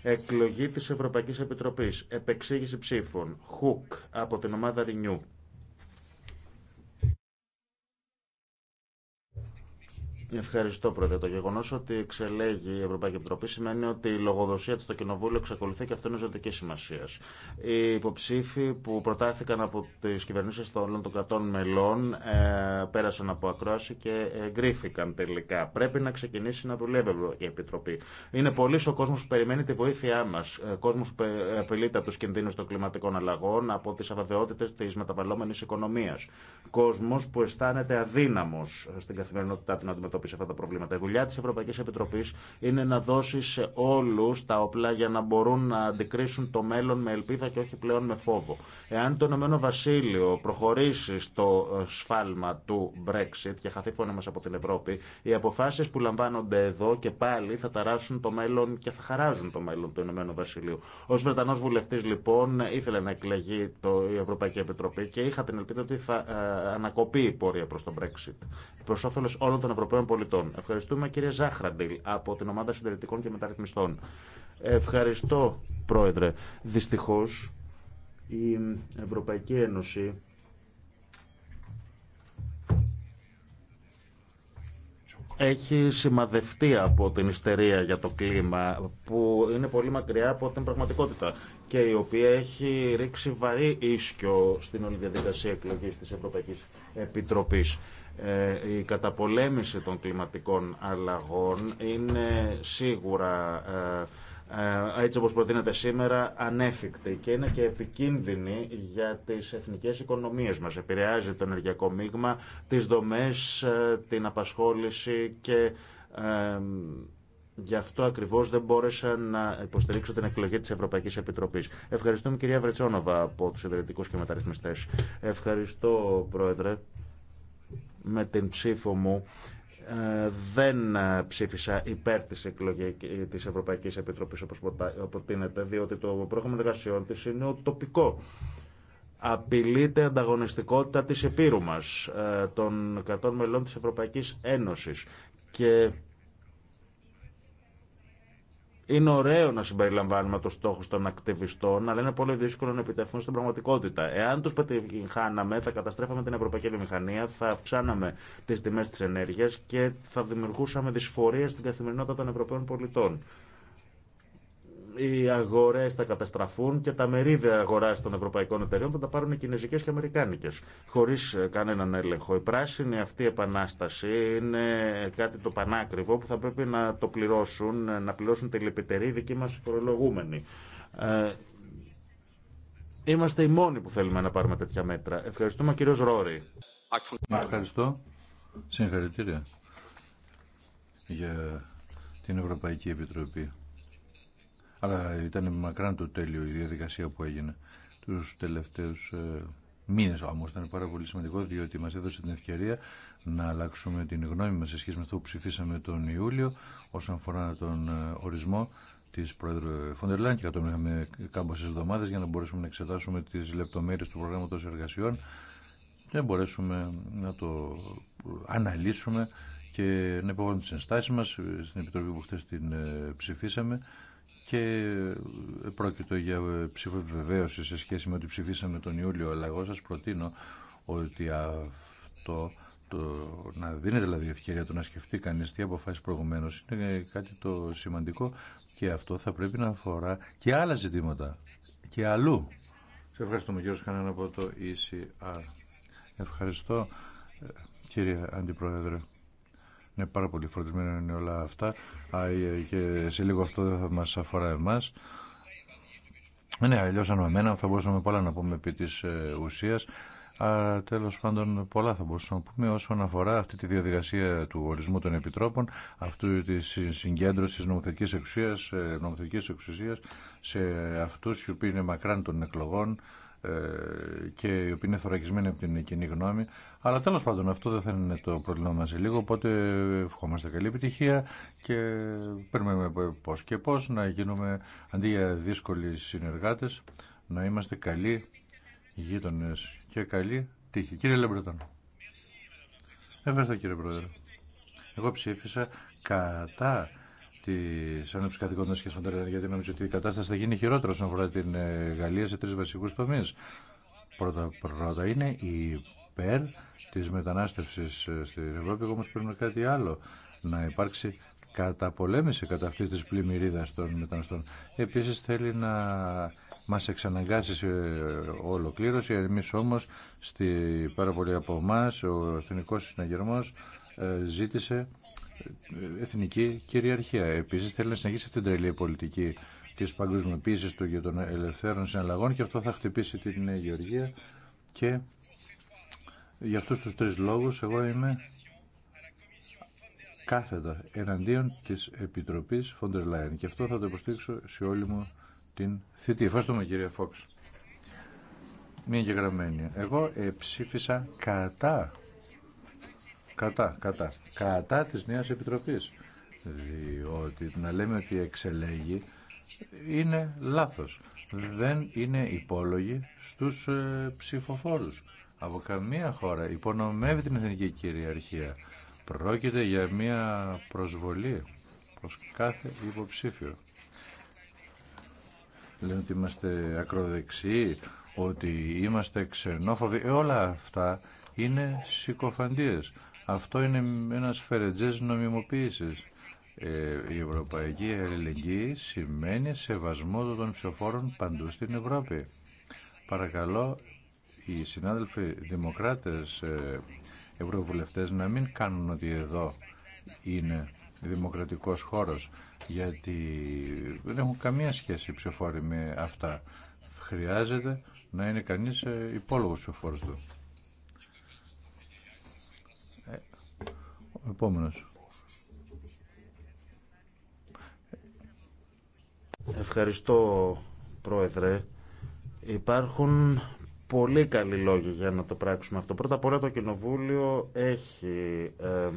εκλογή της Ευρωπαϊκής Επιτροπής, επεξήγηση ψήφων, χουκ από την ομάδα Ρινιού. Ευχαριστώ, Πρόεδρε. Το γεγονό ότι εξελέγει η Ευρωπαϊκή Επιτροπή σημαίνει ότι η λογοδοσία τη στο Κοινοβούλιο εξακολουθεί και αυτό είναι ζωτική σημασία. Οι υποψήφοι που προτάθηκαν από τι κυβερνήσει των όλων των κρατών μελών ε, πέρασαν από ακρόαση και εγκρίθηκαν τελικά. Πρέπει να ξεκινήσει να δουλεύει η Επιτροπή. Είναι πολλοί ο κόσμο που περιμένει τη βοήθειά μα. Ε, κόσμο που ε, απειλείται από του κινδύνου των κλιματικών αλλαγών, από τι αβεβαιότητε τη μεταβαλλόμενη οικονομία. Κόσμο που αισθάνεται αδύναμο στην καθημερινότητά του να αντιμετωπίσει αυτά τα προβλήματα. Η δουλειά τη Ευρωπαϊκή Επιτροπή είναι να δώσει σε όλου τα όπλα για να μπορούν να αντικρίσουν το μέλλον με ελπίδα και όχι πλέον με φόβο. Εάν το Ηνωμένο Βασίλειο προχωρήσει στο ε, σφάλμα του Brexit και χαθεί φωνή μα από την Ευρώπη, οι αποφάσει που λαμβάνονται εδώ και πάλι θα ταράσουν το μέλλον και θα χαράζουν το μέλλον του Ηνωμένου Βασιλείου. Ω Βρετανό βουλευτή, λοιπόν, ήθελε να εκλεγεί το, η Ευρωπαϊκή Επιτροπή και είχα την ελπίδα ότι θα ε, ανακοπεί η πορεία προ τον Brexit. Προ όφελο όλων των Ευρωπαίων Ευχαριστούμε κύριε Ζάχραντιλ από την ομάδα συντηρητικών και μεταρρυθμιστών. Ευχαριστώ πρόεδρε. Δυστυχώς η Ευρωπαϊκή Ένωση έχει σημαδευτεί από την ιστερία για το κλίμα που είναι πολύ μακριά από την πραγματικότητα και η οποία έχει ρίξει βαρύ ίσκιο στην όλη διαδικασία εκλογής της Ευρωπαϊκής Επιτροπής. Ε, η καταπολέμηση των κλιματικών αλλαγών είναι σίγουρα ε, ε, έτσι όπως προτείνεται σήμερα ανέφικτη και είναι και επικίνδυνη για τις εθνικές οικονομίες μας. Επηρεάζει το ενεργειακό μείγμα, τις δομές, την απασχόληση και γι' αυτό ακριβώς δεν μπόρεσα να υποστηρίξω την εκλογή της Ευρωπαϊκής Επιτροπής. Ευχαριστούμε κυρία Βρετσόνοβα από τους Ιδρυτικούς και Μεταρρυθμιστές. Ευχαριστώ Πρόεδρε με την ψήφο μου ε, δεν ε, ψήφισα υπέρ της, εκλογή, της Ευρωπαϊκής Επιτροπής όπως προτείνεται, διότι το πρόγραμμα εργασιών της είναι τοπικό. Απειλείται ανταγωνιστικότητα της επίρου μας, ε, των κρατών μελών της Ευρωπαϊκής Ένωσης και είναι ωραίο να συμπεριλαμβάνουμε το στόχο των ακτιβιστών, αλλά είναι πολύ δύσκολο να επιτευχθούν στην πραγματικότητα. Εάν του πετυχάναμε, θα καταστρέφαμε την ευρωπαϊκή βιομηχανία, θα αυξάναμε τι τιμέ τη ενέργεια και θα δημιουργούσαμε δυσφορία στην καθημερινότητα των Ευρωπαίων πολιτών οι αγορέ θα καταστραφούν και τα μερίδια αγορά των ευρωπαϊκών εταιριών θα τα πάρουν οι κινέζικε και αμερικάνικε. Χωρί κανέναν έλεγχο. Η πράσινη αυτή επανάσταση είναι κάτι το πανάκριβο που θα πρέπει να το πληρώσουν, να πληρώσουν τελεπιτεροί οι δικοί μα φορολογούμενοι. Ε, είμαστε οι μόνοι που θέλουμε να πάρουμε τέτοια μέτρα. Ευχαριστούμε κύριο Ρόρι. Ευχαριστώ. Συγχαρητήρια για την Ευρωπαϊκή Επιτροπή αλλά ήταν μακράν το τέλειο η διαδικασία που έγινε τους τελευταίους ε, μήνε όμω. ήταν πάρα πολύ σημαντικό διότι μα έδωσε την ευκαιρία να αλλάξουμε την γνώμη μα σε σχέση με αυτό που ψηφίσαμε τον Ιούλιο όσον αφορά τον ε, ορισμό τη Πρόεδρου Φοντερ και κατόπιν είχαμε κάμποσε εβδομάδε για να μπορέσουμε να εξετάσουμε τι λεπτομέρειε του προγράμματο εργασιών και να μπορέσουμε να το αναλύσουμε και να υποβάλουμε τι ενστάσει μα στην Επιτροπή που χθε την ε, ψηφίσαμε και πρόκειται για ψήφο επιβεβαίωση σε σχέση με ό,τι ψηφίσαμε τον Ιούλιο. Αλλά εγώ σας προτείνω ότι αυτό το, να δίνεται δηλαδή ευκαιρία του να σκεφτεί κανεί τι αποφάσει προηγουμένω είναι κάτι το σημαντικό και αυτό θα πρέπει να αφορά και άλλα ζητήματα και αλλού. Σε ευχαριστούμε κύριο Σκανάν από το ECR. Ευχαριστώ ε, κύριε Αντιπρόεδρε. Είναι πάρα πολύ φροντισμένα είναι όλα αυτά ε, και σε λίγο αυτό δεν θα μας αφορά εμάς. Ναι, αλλιώς αν θα μπορούσαμε πολλά να πούμε επί της ε, ουσίας. αλλά τέλος πάντων πολλά θα μπορούσαμε να πούμε όσον αφορά αυτή τη διαδικασία του ορισμού των επιτρόπων, αυτού της συγκέντρωσης νομοθετικής εξουσία, ε, νομοθετικής εξουσίας σε αυτούς οι οποίοι είναι μακράν των εκλογών, και οι οποίοι είναι θωρακισμένοι από την κοινή γνώμη. Αλλά τέλο πάντων αυτό δεν θα είναι το πρόβλημα μα λίγο. Οπότε ευχόμαστε καλή επιτυχία και περιμένουμε πώ και πώ να γίνουμε αντί για δύσκολοι συνεργάτε να είμαστε καλοί γείτονε και καλή τύχη. Κύριε Λεμπρετών. Ευχαριστώ κύριε Πρόεδρε. Εγώ ψήφισα κατά τη άνοιξη καθηγόντων και στον γιατί νομίζω ότι η κατάσταση θα γίνει χειρότερο όσον αφορά την ε, Γαλλία σε τρει βασικού τομεί. Πρώτα, πρώτα είναι η υπέρ τη μετανάστευση ε, στην Ευρώπη, όμω πρέπει να κάτι άλλο, να υπάρξει καταπολέμηση κατά αυτή τη πλημμυρίδα των μεταναστών. Επίση θέλει να μα εξαναγκάσει σε ολοκλήρωση, Εμεί όμω, στη, πάρα πολύ από εμά, ο εθνικό συναγερμό ε, ζήτησε εθνική κυριαρχία. Επίσης θέλει να συνεχίσει αυτήν την τρελή πολιτική της παγκοσμιοποίηση του για των ελευθέρων συναλλαγών και αυτό θα χτυπήσει την Γεωργία και για αυτούς του τρεις λόγους εγώ είμαι κάθετα εναντίον της Επιτροπής Φόντερ Λάιν και αυτό θα το υποστήριξω σε όλη μου την θητή. Ευχαριστούμε κυρία Φόξ. Μία γεγραμμένη. Εγώ ψήφισα κατά Κατά, κατά. Κατά της Νέας Επιτροπής. Διότι να λέμε ότι εξελέγει είναι λάθος. Δεν είναι υπόλογοι στους ε, ψηφοφόρους. Από καμία χώρα υπονομεύει την εθνική κυριαρχία. Πρόκειται για μια προσβολή προς κάθε υποψήφιο. Λένε ότι είμαστε ακροδεξιοί, ότι είμαστε ξενόφοβοι. Ε, όλα αυτά είναι συκοφαντίες. Αυτό είναι ένας φερετζές νομιμοποίησης. Ε, η Ευρωπαϊκή Ελληνική σημαίνει σεβασμό των ψηφοφόρων παντού στην Ευρώπη. Παρακαλώ οι συνάδελφοι δημοκράτες ε, ευρωβουλευτές να μην κάνουν ότι εδώ είναι δημοκρατικός χώρος γιατί δεν έχουν καμία σχέση οι με αυτά. Χρειάζεται να είναι κανείς ε, υπόλογος ψηφόρος του. Ε, Ευχαριστώ, Πρόεδρε. Υπάρχουν πολύ καλοί λόγοι για να το πράξουμε αυτό. Πρώτα απ' όλα το Κοινοβούλιο έχει ε,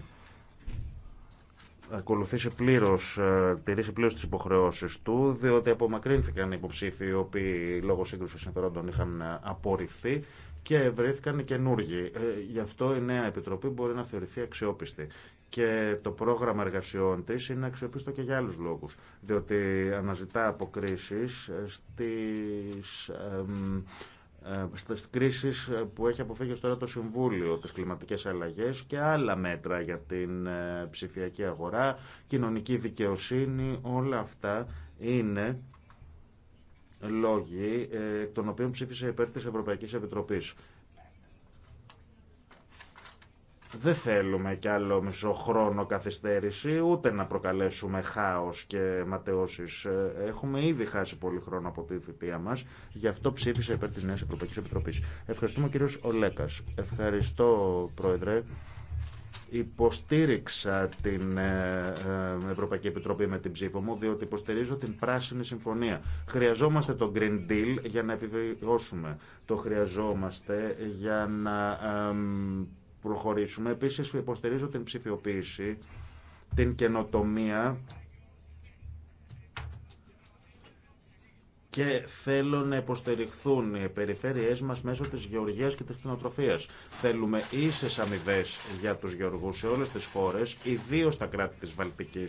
ακολουθήσει πλήρως, ε, τηρήσει πλήρως τις υποχρεώσεις του, διότι απομακρύνθηκαν οι υποψήφοι οι οποίοι λόγω σύγκρουσης συμφερόντων είχαν ε, απορριφθεί και βρέθηκαν καινούργοι. Ε, γι' αυτό η νέα επιτροπή μπορεί να θεωρηθεί αξιόπιστη. Και το πρόγραμμα εργασιών τη είναι αξιόπιστο και για άλλου λόγου. Διότι αναζητά αποκρίσει ε, στι. Ε, στι κρίσει που έχει αποφύγει τώρα το Συμβούλιο, τι κλιματικέ αλλαγές και άλλα μέτρα για την ψηφιακή αγορά, κοινωνική δικαιοσύνη, όλα αυτά είναι λόγοι, ε, των οποίων ψήφισε υπέρ της Ευρωπαϊκής Επιτροπής. Δεν θέλουμε κι άλλο μισό χρόνο καθυστέρηση, ούτε να προκαλέσουμε χάος και ματαιώσεις. Ε, έχουμε ήδη χάσει πολύ χρόνο από τη θητεία μας, γι' αυτό ψήφισε υπέρ της Νέας Ευρωπαϊκής Επιτροπής. Ευχαριστούμε κύριος Ολέκας. Ευχαριστώ, Πρόεδρε. Υποστήριξα την ε, ε, Ευρωπαϊκή Επιτροπή με την ψήφο μου, διότι υποστηρίζω την Πράσινη Συμφωνία. Χρειαζόμαστε το Green Deal για να επιβιώσουμε. Το χρειαζόμαστε για να προχωρήσουμε. Επίσης, υποστηρίζω την ψηφιοποίηση, την καινοτομία και θέλω να υποστηριχθούν οι περιφέρειές μας μέσω της γεωργίας και της κτηνοτροφία. Θέλουμε ίσες αμοιβέ για τους γεωργού σε όλε τις χώρες, ιδίω στα κράτη της Βαλτική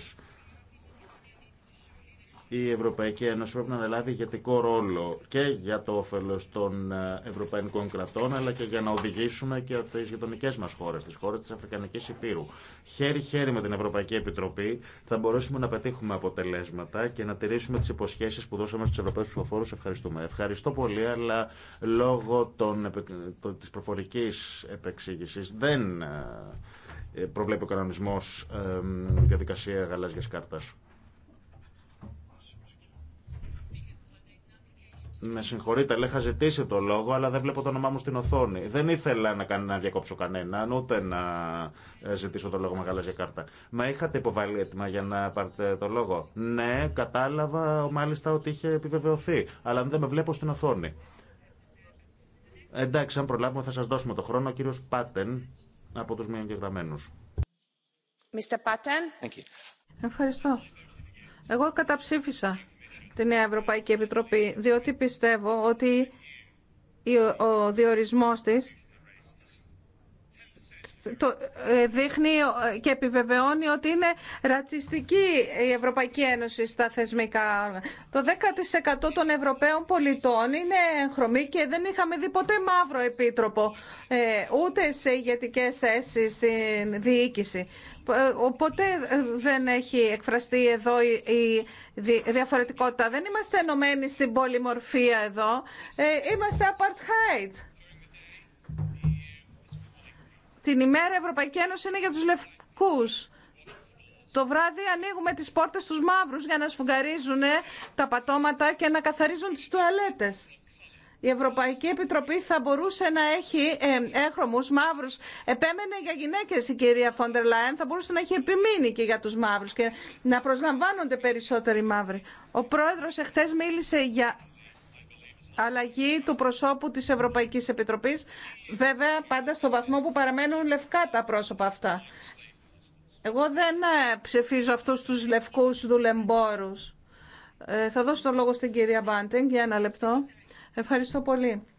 η Ευρωπαϊκή Ένωση πρέπει να αναλάβει ηγετικό ρόλο και για το όφελο των ε, ευρωπαϊκών κρατών, αλλά και για να οδηγήσουμε και τι γειτονικέ μα χώρε, τι χώρε τη Αφρικανική Υπήρου. Χέρι-χέρι με την Ευρωπαϊκή Επιτροπή θα μπορέσουμε να πετύχουμε αποτελέσματα και να τηρήσουμε τι υποσχέσει που δώσαμε στου Ευρωπαίου ψηφοφόρου. Ευχαριστούμε. Ευχαριστώ πολύ, αλλά λόγω τη προφορική επεξήγηση δεν ε, προβλέπει ο κανονισμό ε, διαδικασία γαλάζια κάρτα. Με συγχωρείτε, αλλά είχα ζητήσει το λόγο, αλλά δεν βλέπω το όνομά μου στην οθόνη. Δεν ήθελα να, να διακόψω κανέναν, ούτε να ε, ζητήσω το λόγο με γαλάζια κάρτα. Μα είχατε υποβάλει έτοιμα για να πάρετε το λόγο. Ναι, κατάλαβα μάλιστα ότι είχε επιβεβαιωθεί, αλλά δεν με βλέπω στην οθόνη. Εντάξει, αν προλάβουμε θα σας δώσουμε το χρόνο. Ο κύριος Πάτεν από τους μη εγγεγραμμένους. Ευχαριστώ. Εγώ καταψήφισα την Νέα Ευρωπαϊκή Επιτροπή, διότι πιστεύω ότι ο διορισμός της το ε, δείχνει ε, και επιβεβαιώνει ότι είναι ρατσιστική η Ευρωπαϊκή Ένωση στα θεσμικά. Το 10% των Ευρωπαίων πολιτών είναι χρωμή και δεν είχαμε δει ποτέ μαύρο επίτροπο, ε, ούτε σε ηγετικέ θέσει στην διοίκηση. Οπότε δεν έχει εκφραστεί εδώ η διαφορετικότητα. Δεν είμαστε ενωμένοι στην πολυμορφία εδώ. Είμαστε apartheid. Την ημέρα Ευρωπαϊκή Ένωση είναι για τους λευκούς. Το βράδυ ανοίγουμε τις πόρτες στους μαύρους για να σφουγγαρίζουν ε, τα πατώματα και να καθαρίζουν τις τουαλέτες. Η Ευρωπαϊκή Επιτροπή θα μπορούσε να έχει ε, έχρωμους μαύρους. Επέμενε για γυναίκες η κυρία Φόντερ Λάιν. θα μπορούσε να έχει επιμείνει και για τους μαύρους και να προσλαμβάνονται περισσότεροι μαύροι. Ο πρόεδρος εχθές μίλησε για αλλαγή του προσώπου της Ευρωπαϊκής Επιτροπής, βέβαια πάντα στο βαθμό που παραμένουν λευκά τα πρόσωπα αυτά. Εγώ δεν ε, ψηφίζω αυτούς τους λευκούς δουλεμπόρους. Ε, θα δώσω το λόγο στην κυρία Μπάντινγκ για ένα λεπτό. Ευχαριστώ πολύ.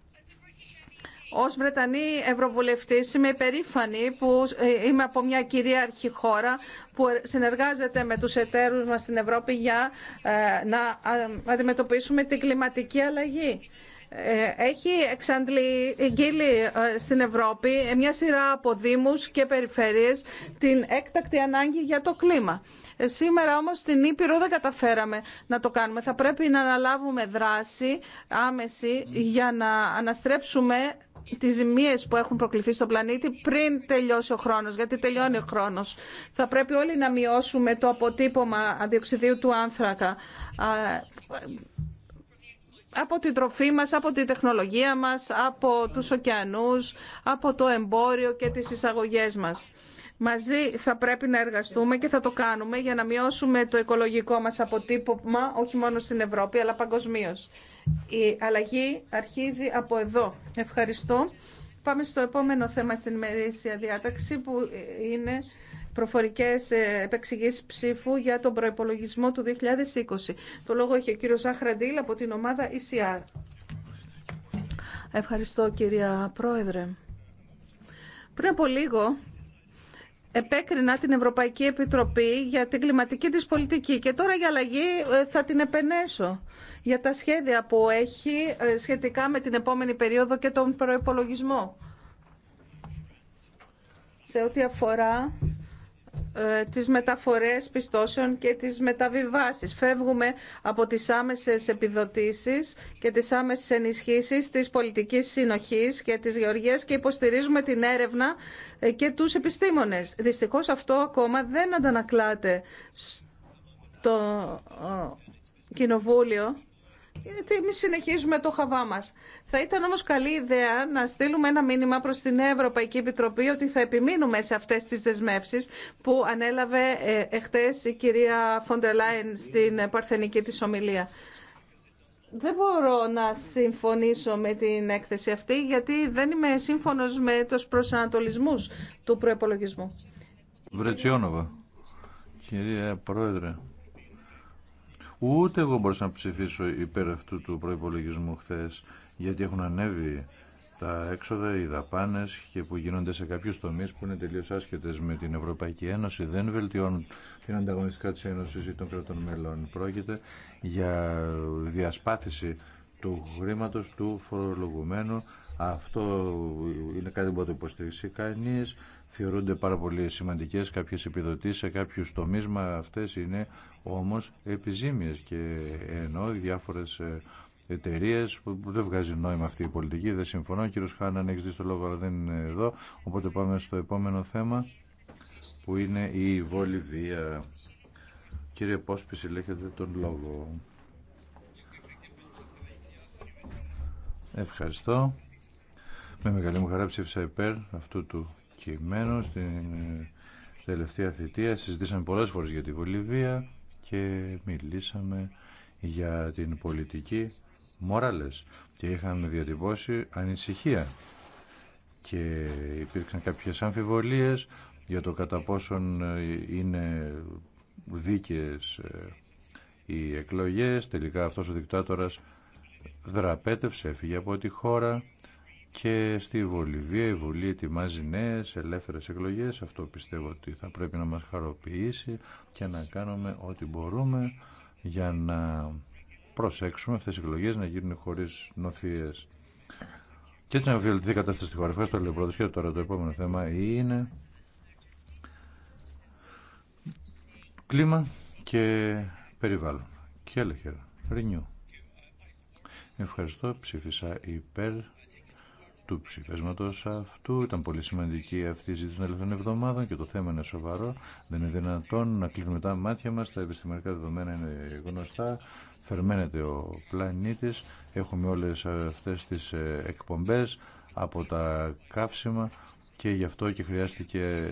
Ως Βρετανή Ευρωβουλευτής είμαι υπερήφανη που ε, είμαι από μια κυρίαρχη χώρα που ε, συνεργάζεται με τους εταίρους μας στην Ευρώπη για ε, να αντιμετωπίσουμε την κλιματική αλλαγή. Έχει εξαντλήσει στην Ευρώπη μια σειρά από δήμους και περιφέρειες την έκτακτη ανάγκη για το κλίμα. Σήμερα όμως στην Ήπειρο δεν καταφέραμε να το κάνουμε. Θα πρέπει να αναλάβουμε δράση άμεση για να αναστρέψουμε τις ζημίες που έχουν προκληθεί στον πλανήτη πριν τελειώσει ο χρόνος, γιατί τελειώνει ο χρόνος. Θα πρέπει όλοι να μειώσουμε το αποτύπωμα αντιοξιδίου του άνθρακα από την τροφή μας, από την τεχνολογία μας, από τους ωκεανούς, από το εμπόριο και τις εισαγωγές μας. Μαζί θα πρέπει να εργαστούμε και θα το κάνουμε για να μειώσουμε το οικολογικό μας αποτύπωμα, όχι μόνο στην Ευρώπη, αλλά παγκοσμίως. Η αλλαγή αρχίζει από εδώ. Ευχαριστώ. Πάμε στο επόμενο θέμα στην ημερήσια διάταξη που είναι προφορικές ε, επεξηγήσεις ψήφου για τον προϋπολογισμό του 2020. Το λόγο έχει ο κύριος Άχραντήλ από την ομάδα ECR. Ευχαριστώ κυρία Πρόεδρε. Πριν από λίγο επέκρινα την Ευρωπαϊκή Επιτροπή για την κλιματική της πολιτική και τώρα για αλλαγή ε, θα την επενέσω για τα σχέδια που έχει ε, σχετικά με την επόμενη περίοδο και τον προϋπολογισμό. Σε ό,τι αφορά ε, τις μεταφορές πιστώσεων και τις μεταβιβάσεις. Φεύγουμε από τις άμεσες επιδοτήσεις και τις άμεσες ενισχύσεις της πολιτικής συνοχής και της γεωργίας και υποστηρίζουμε την έρευνα ε, και τους επιστήμονες. Δυστυχώς αυτό ακόμα δεν αντανακλάται στο ε, Κοινοβούλιο γιατί εμεί συνεχίζουμε το χαβά μα. Θα ήταν όμω καλή ιδέα να στείλουμε ένα μήνυμα προ την Ευρωπαϊκή Επιτροπή ότι θα επιμείνουμε σε αυτέ τι δεσμεύσει που ανέλαβε ε, εχθέ η κυρία Φόντερ στην παρθενική τη ομιλία. Δεν μπορώ να συμφωνήσω με την έκθεση αυτή γιατί δεν είμαι σύμφωνος με τους προσανατολισμούς του προπολογισμού. Βρετσιόνοβα, κυρία Πρόεδρε, Ούτε εγώ μπορούσα να ψηφίσω υπέρ αυτού του προπολογισμού χθε, γιατί έχουν ανέβει τα έξοδα, οι δαπάνε και που γίνονται σε κάποιου τομεί που είναι τελείω άσχετε με την Ευρωπαϊκή Ένωση, δεν βελτιώνουν την ανταγωνιστικά τη Ένωση ή των κρατών μελών. Πρόκειται για διασπάθηση του χρήματο του φορολογουμένου. Αυτό είναι κάτι που μπορεί να υποστηρίξει κανεί θεωρούνται πάρα πολύ σημαντικές κάποιες επιδοτήσεις σε κάποιους τομείς, μα αυτές είναι όμως επιζήμιες και ενώ διάφορες ε, εταιρείε που δεν βγάζει νόημα αυτή η πολιτική, δεν συμφωνώ. Κύριο Χάναν, έχει δει στο λόγο, αλλά δεν είναι εδώ. Οπότε πάμε στο επόμενο θέμα που είναι η Βολιβία. Κύριε Πόσπη λέγεται τον λόγο. Ευχαριστώ. Με μεγάλη μου χαρά ψήφισα υπέρ αυτού του κειμένο στην ε, τελευταία θητεία. Συζητήσαμε πολλές φορές για τη Βολιβία και μιλήσαμε για την πολιτική Μόραλες και είχαμε διατυπώσει ανησυχία και υπήρξαν κάποιες αμφιβολίες για το κατά πόσον ε, είναι δίκαιες ε, οι εκλογές. Τελικά αυτός ο δικτάτορας δραπέτευσε, έφυγε από τη χώρα και στη Βολιβία η Βουλή ετοιμάζει νέες ελεύθερες εκλογές. Αυτό πιστεύω ότι θα πρέπει να μας χαροποιήσει και να κάνουμε ό,τι μπορούμε για να προσέξουμε αυτές οι εκλογές να γίνουν χωρίς νοθείες. Και έτσι να βελτιθεί η κατάσταση στη χώρα. Ευχαριστώ λέει Και τώρα το επόμενο θέμα είναι κλίμα και περιβάλλον. Και έλεγχε. Ρινιού. Ευχαριστώ. Ψήφισα υπέρ του ψηφίσματος αυτού. Ήταν πολύ σημαντική αυτή η ζήτηση των τελευταίων εβδομάδων και το θέμα είναι σοβαρό. Δεν είναι δυνατόν να κλείνουμε τα μάτια μας. Τα επιστημονικά δεδομένα είναι γνωστά. Θερμαίνεται ο πλανήτης. Έχουμε όλες αυτές τις ε, εκπομπές από τα καύσιμα και γι' αυτό και χρειάστηκε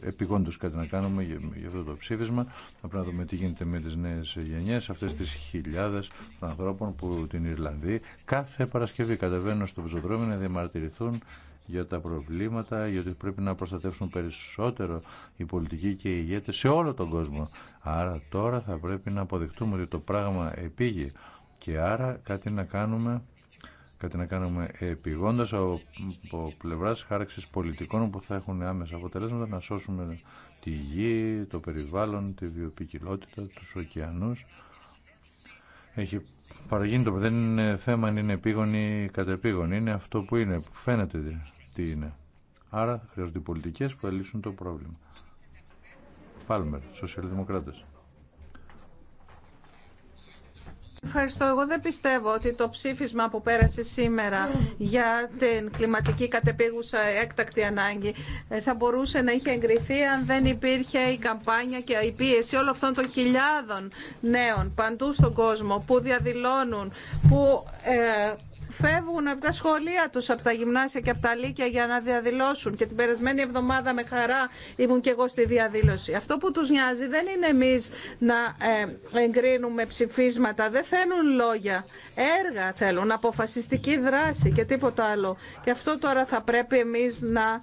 επιγόντως κάτι να κάνουμε για αυτό το ψήφισμα. Θα πρέπει να δούμε τι γίνεται με τις νέες γενιές, αυτές τις χιλιάδες των ανθρώπων που την Ιρλανδία κάθε Παρασκευή κατεβαίνουν στο πεζοδρόμιο να διαμαρτυρηθούν για τα προβλήματα, γιατί πρέπει να προστατεύσουν περισσότερο οι πολιτικοί και οι ηγέτες σε όλο τον κόσμο. Άρα τώρα θα πρέπει να αποδεχτούμε ότι το πράγμα επήγει και άρα κάτι να κάνουμε κάτι να κάνουμε επιγόντω από πλευράς χάραξη πολιτικών που θα έχουν άμεσα αποτελέσματα να σώσουμε τη γη, το περιβάλλον, τη βιοποικιλότητα, τους ωκεανούς. Έχει παραγίνει το δεν είναι θέμα αν είναι επίγον ή κατεπίγον. Είναι αυτό που είναι, που φαίνεται τι είναι. Άρα χρειάζονται πολιτικές που θα λύσουν το πρόβλημα. Πάλμερ, σοσιαλδημοκράτες. Ευχαριστώ. Εγώ δεν πιστεύω ότι το ψήφισμα που πέρασε σήμερα για την κλιματική κατεπίγουσα έκτακτη ανάγκη ε, θα μπορούσε να είχε εγκριθεί αν δεν υπήρχε η καμπάνια και η πίεση όλων αυτών των χιλιάδων νέων παντού στον κόσμο που διαδηλώνουν, που ε, φεύγουν από τα σχολεία τους, από τα γυμνάσια και από τα λύκια για να διαδηλώσουν. Και την περασμένη εβδομάδα με χαρά ήμουν και εγώ στη διαδήλωση. Αυτό που τους νοιάζει δεν είναι εμείς να ε, εγκρίνουμε ψηφίσματα, δεν θέλουν λόγια. Έργα θέλουν, αποφασιστική δράση και τίποτα άλλο. Και αυτό τώρα θα πρέπει εμείς να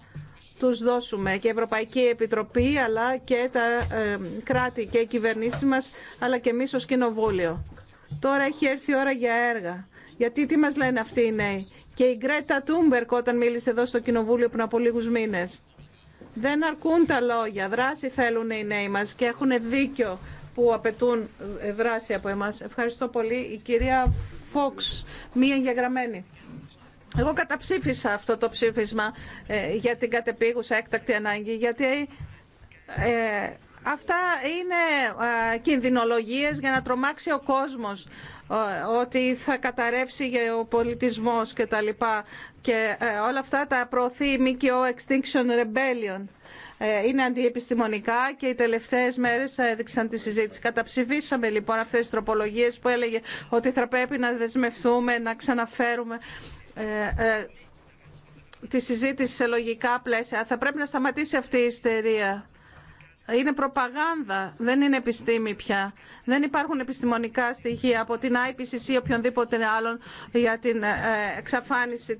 τους δώσουμε και η Ευρωπαϊκή Επιτροπή αλλά και τα ε, κράτη και οι κυβερνήσεις μας αλλά και εμείς ως Κοινοβούλιο. Τώρα έχει έρθει η ώρα για έργα. Γιατί τι μας λένε αυτοί οι νέοι. Και η Γκρέτα Τούμπερκ όταν μίλησε εδώ στο Κοινοβούλιο πριν από λίγους μήνες. Δεν αρκούν τα λόγια. Δράση θέλουν οι νέοι μας και έχουν δίκιο που απαιτούν ε, δράση από εμάς. Ευχαριστώ πολύ. Η κυρία Φόξ, μία εγγεγραμμένη. Εγώ καταψήφισα αυτό το ψήφισμα ε, για την κατεπήγουσα έκτακτη ανάγκη, γιατί ε, Αυτά είναι ε, κινδυνολογίες για να τρομάξει ο κόσμος ε, ότι θα καταρρεύσει ο πολιτισμός και τα λοιπά. Και ε, όλα αυτά τα προωθεί η ΜΚΟ Extinction Rebellion. Είναι αντιεπιστημονικά και οι τελευταίες μέρες έδειξαν τη συζήτηση. Καταψηφίσαμε λοιπόν αυτές τις τροπολογίες που έλεγε ότι θα πρέπει να δεσμευτούμε, να ξαναφέρουμε τη συζήτηση σε λογικά πλαίσια. Θα πρέπει να σταματήσει αυτή η ιστερία είναι προπαγάνδα, δεν είναι επιστήμη πια. Δεν υπάρχουν επιστημονικά στοιχεία από την IPCC ή οποιονδήποτε άλλον για την ε, εξαφάνιση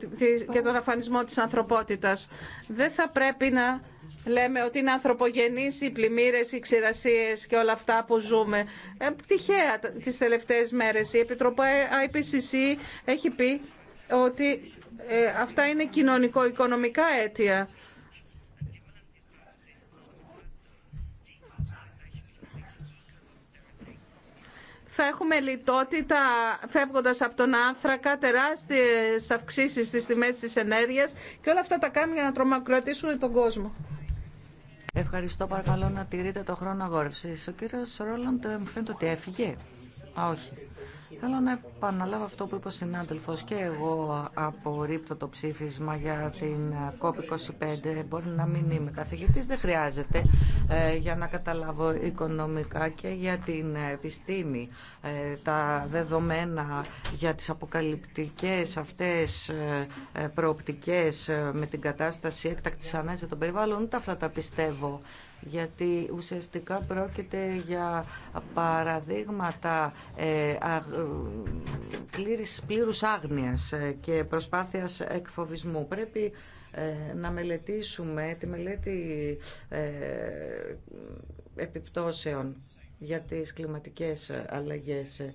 και τον αφανισμό της ανθρωπότητας. Δεν θα πρέπει να λέμε ότι είναι ανθρωπογενείς οι πλημμύρες, οι ξηρασίες και όλα αυτά που ζούμε. Ε, τυχαία τις τελευταίες μέρες. Η Επιτροπή IPCC έχει πει ότι ε, αυτά είναι κοινωνικο-οικονομικά αίτια θα έχουμε λιτότητα φεύγοντας από τον άνθρακα, τεράστιες αυξήσεις στις τιμές της ενέργειας και όλα αυτά τα κάνουν για να τρομακρατήσουν τον κόσμο. Ευχαριστώ παρακαλώ να τηρείτε το χρόνο αγόρευσης. Ο κύριος Ρόλαντ ε, μου φαίνεται ότι έφυγε. Α, όχι. Θέλω να επαναλάβω αυτό που είπε ο συνάδελφο και εγώ απορρίπτω το ψήφισμα για την COP25. Ε, Μπορεί να μην είμαι καθηγητής, δεν χρειάζεται ε, για να καταλάβω οικονομικά και για την επιστήμη. Ε, τα δεδομένα για τι αποκαλυπτικέ αυτέ προοπτικέ με την κατάσταση Έκτακτη ανάγκη των περιβάλλων, ούτε αυτά τα πιστεύω γιατί ουσιαστικά πρόκειται για παραδείγματα ε, α, ε, πλήρους άγνοιας ε, και προσπάθειας εκφοβισμού. Πρέπει ε, να μελετήσουμε τη μελέτη επιπτώσεων για τις κλιματικές αλλαγές.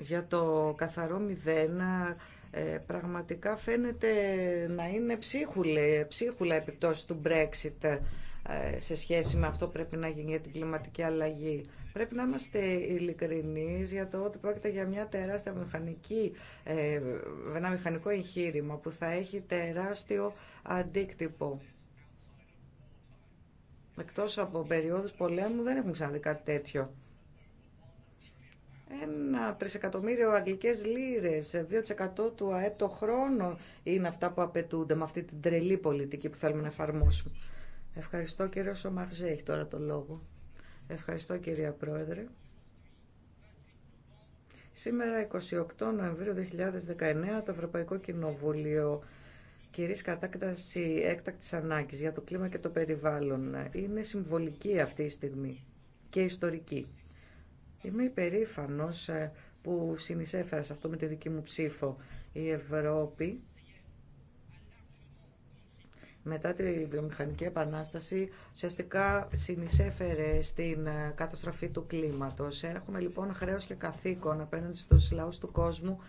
Για το καθαρό μηδέν πραγματικά φαίνεται να είναι ψίχουλα, ψίχουλα επιπτώσεις του Brexit ε, σε σχέση με αυτό πρέπει να γίνει για την κλιματική αλλαγή. Πρέπει να είμαστε ειλικρινεί για το ότι πρόκειται για μια τεράστια μηχανική, ε, ένα μηχανικό εγχείρημα που θα έχει τεράστιο αντίκτυπο. Εκτός από περιόδους πολέμου δεν έχουμε ξαναδεί κάτι τέτοιο. Ένα τρισεκατομμύριο αγγλικές λίρες, 2% του ΑΕΠ το χρόνο είναι αυτά που απαιτούνται με αυτή την τρελή πολιτική που θέλουμε να εφαρμόσουμε. Ευχαριστώ κύριε Σομαρζέ, έχει τώρα το λόγο. Ευχαριστώ κυρία Πρόεδρε. Σήμερα 28 Νοεμβρίου 2019 το Ευρωπαϊκό Κοινοβούλιο κυρίες κατάκταση έκτακτης ανάγκης για το κλίμα και το περιβάλλον. Είναι συμβολική αυτή η στιγμή και ιστορική. Είμαι υπερήφανος ε, που συνεισέφερα σε αυτό με τη δική μου ψήφο. Η Ευρώπη μετά τη βιομηχανική επανάσταση ουσιαστικά συνεισέφερε στην ε, καταστροφή του κλίματος. Έχουμε λοιπόν χρέος και καθήκον απέναντι στους λαούς του κόσμου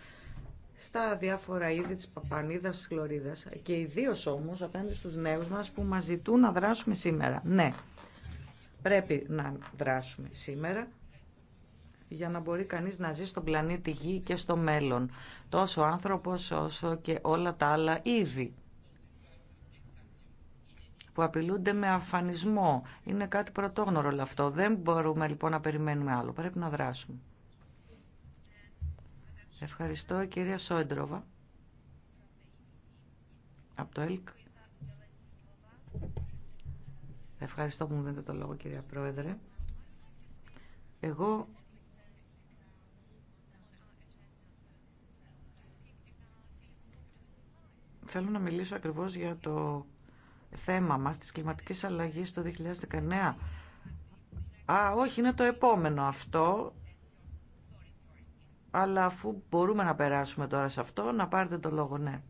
στα διάφορα είδη της παπανίδας, της χλωρίδας και ιδίω όμως απέναντι στους νέους μας που μας ζητούν να δράσουμε σήμερα. Ναι, πρέπει να δράσουμε σήμερα για να μπορεί κανείς να ζει στον πλανήτη Γη και στο μέλλον. Τόσο άνθρωπος όσο και όλα τα άλλα είδη που απειλούνται με αφανισμό. Είναι κάτι πρωτόγνωρο όλο αυτό. Δεν μπορούμε λοιπόν να περιμένουμε άλλο. Πρέπει να δράσουμε. Ευχαριστώ κυρία Σόντροβα. Από το ΕΛΚ. Ευχαριστώ που μου δίνετε το λόγο κυρία Πρόεδρε. Εγώ θέλω να μιλήσω ακριβώς για το θέμα μας της κλιματικής αλλαγής το 2019. Α, όχι, είναι το επόμενο αυτό. Αλλά αφού μπορούμε να περάσουμε τώρα σε αυτό, να πάρετε το λόγο, ναι.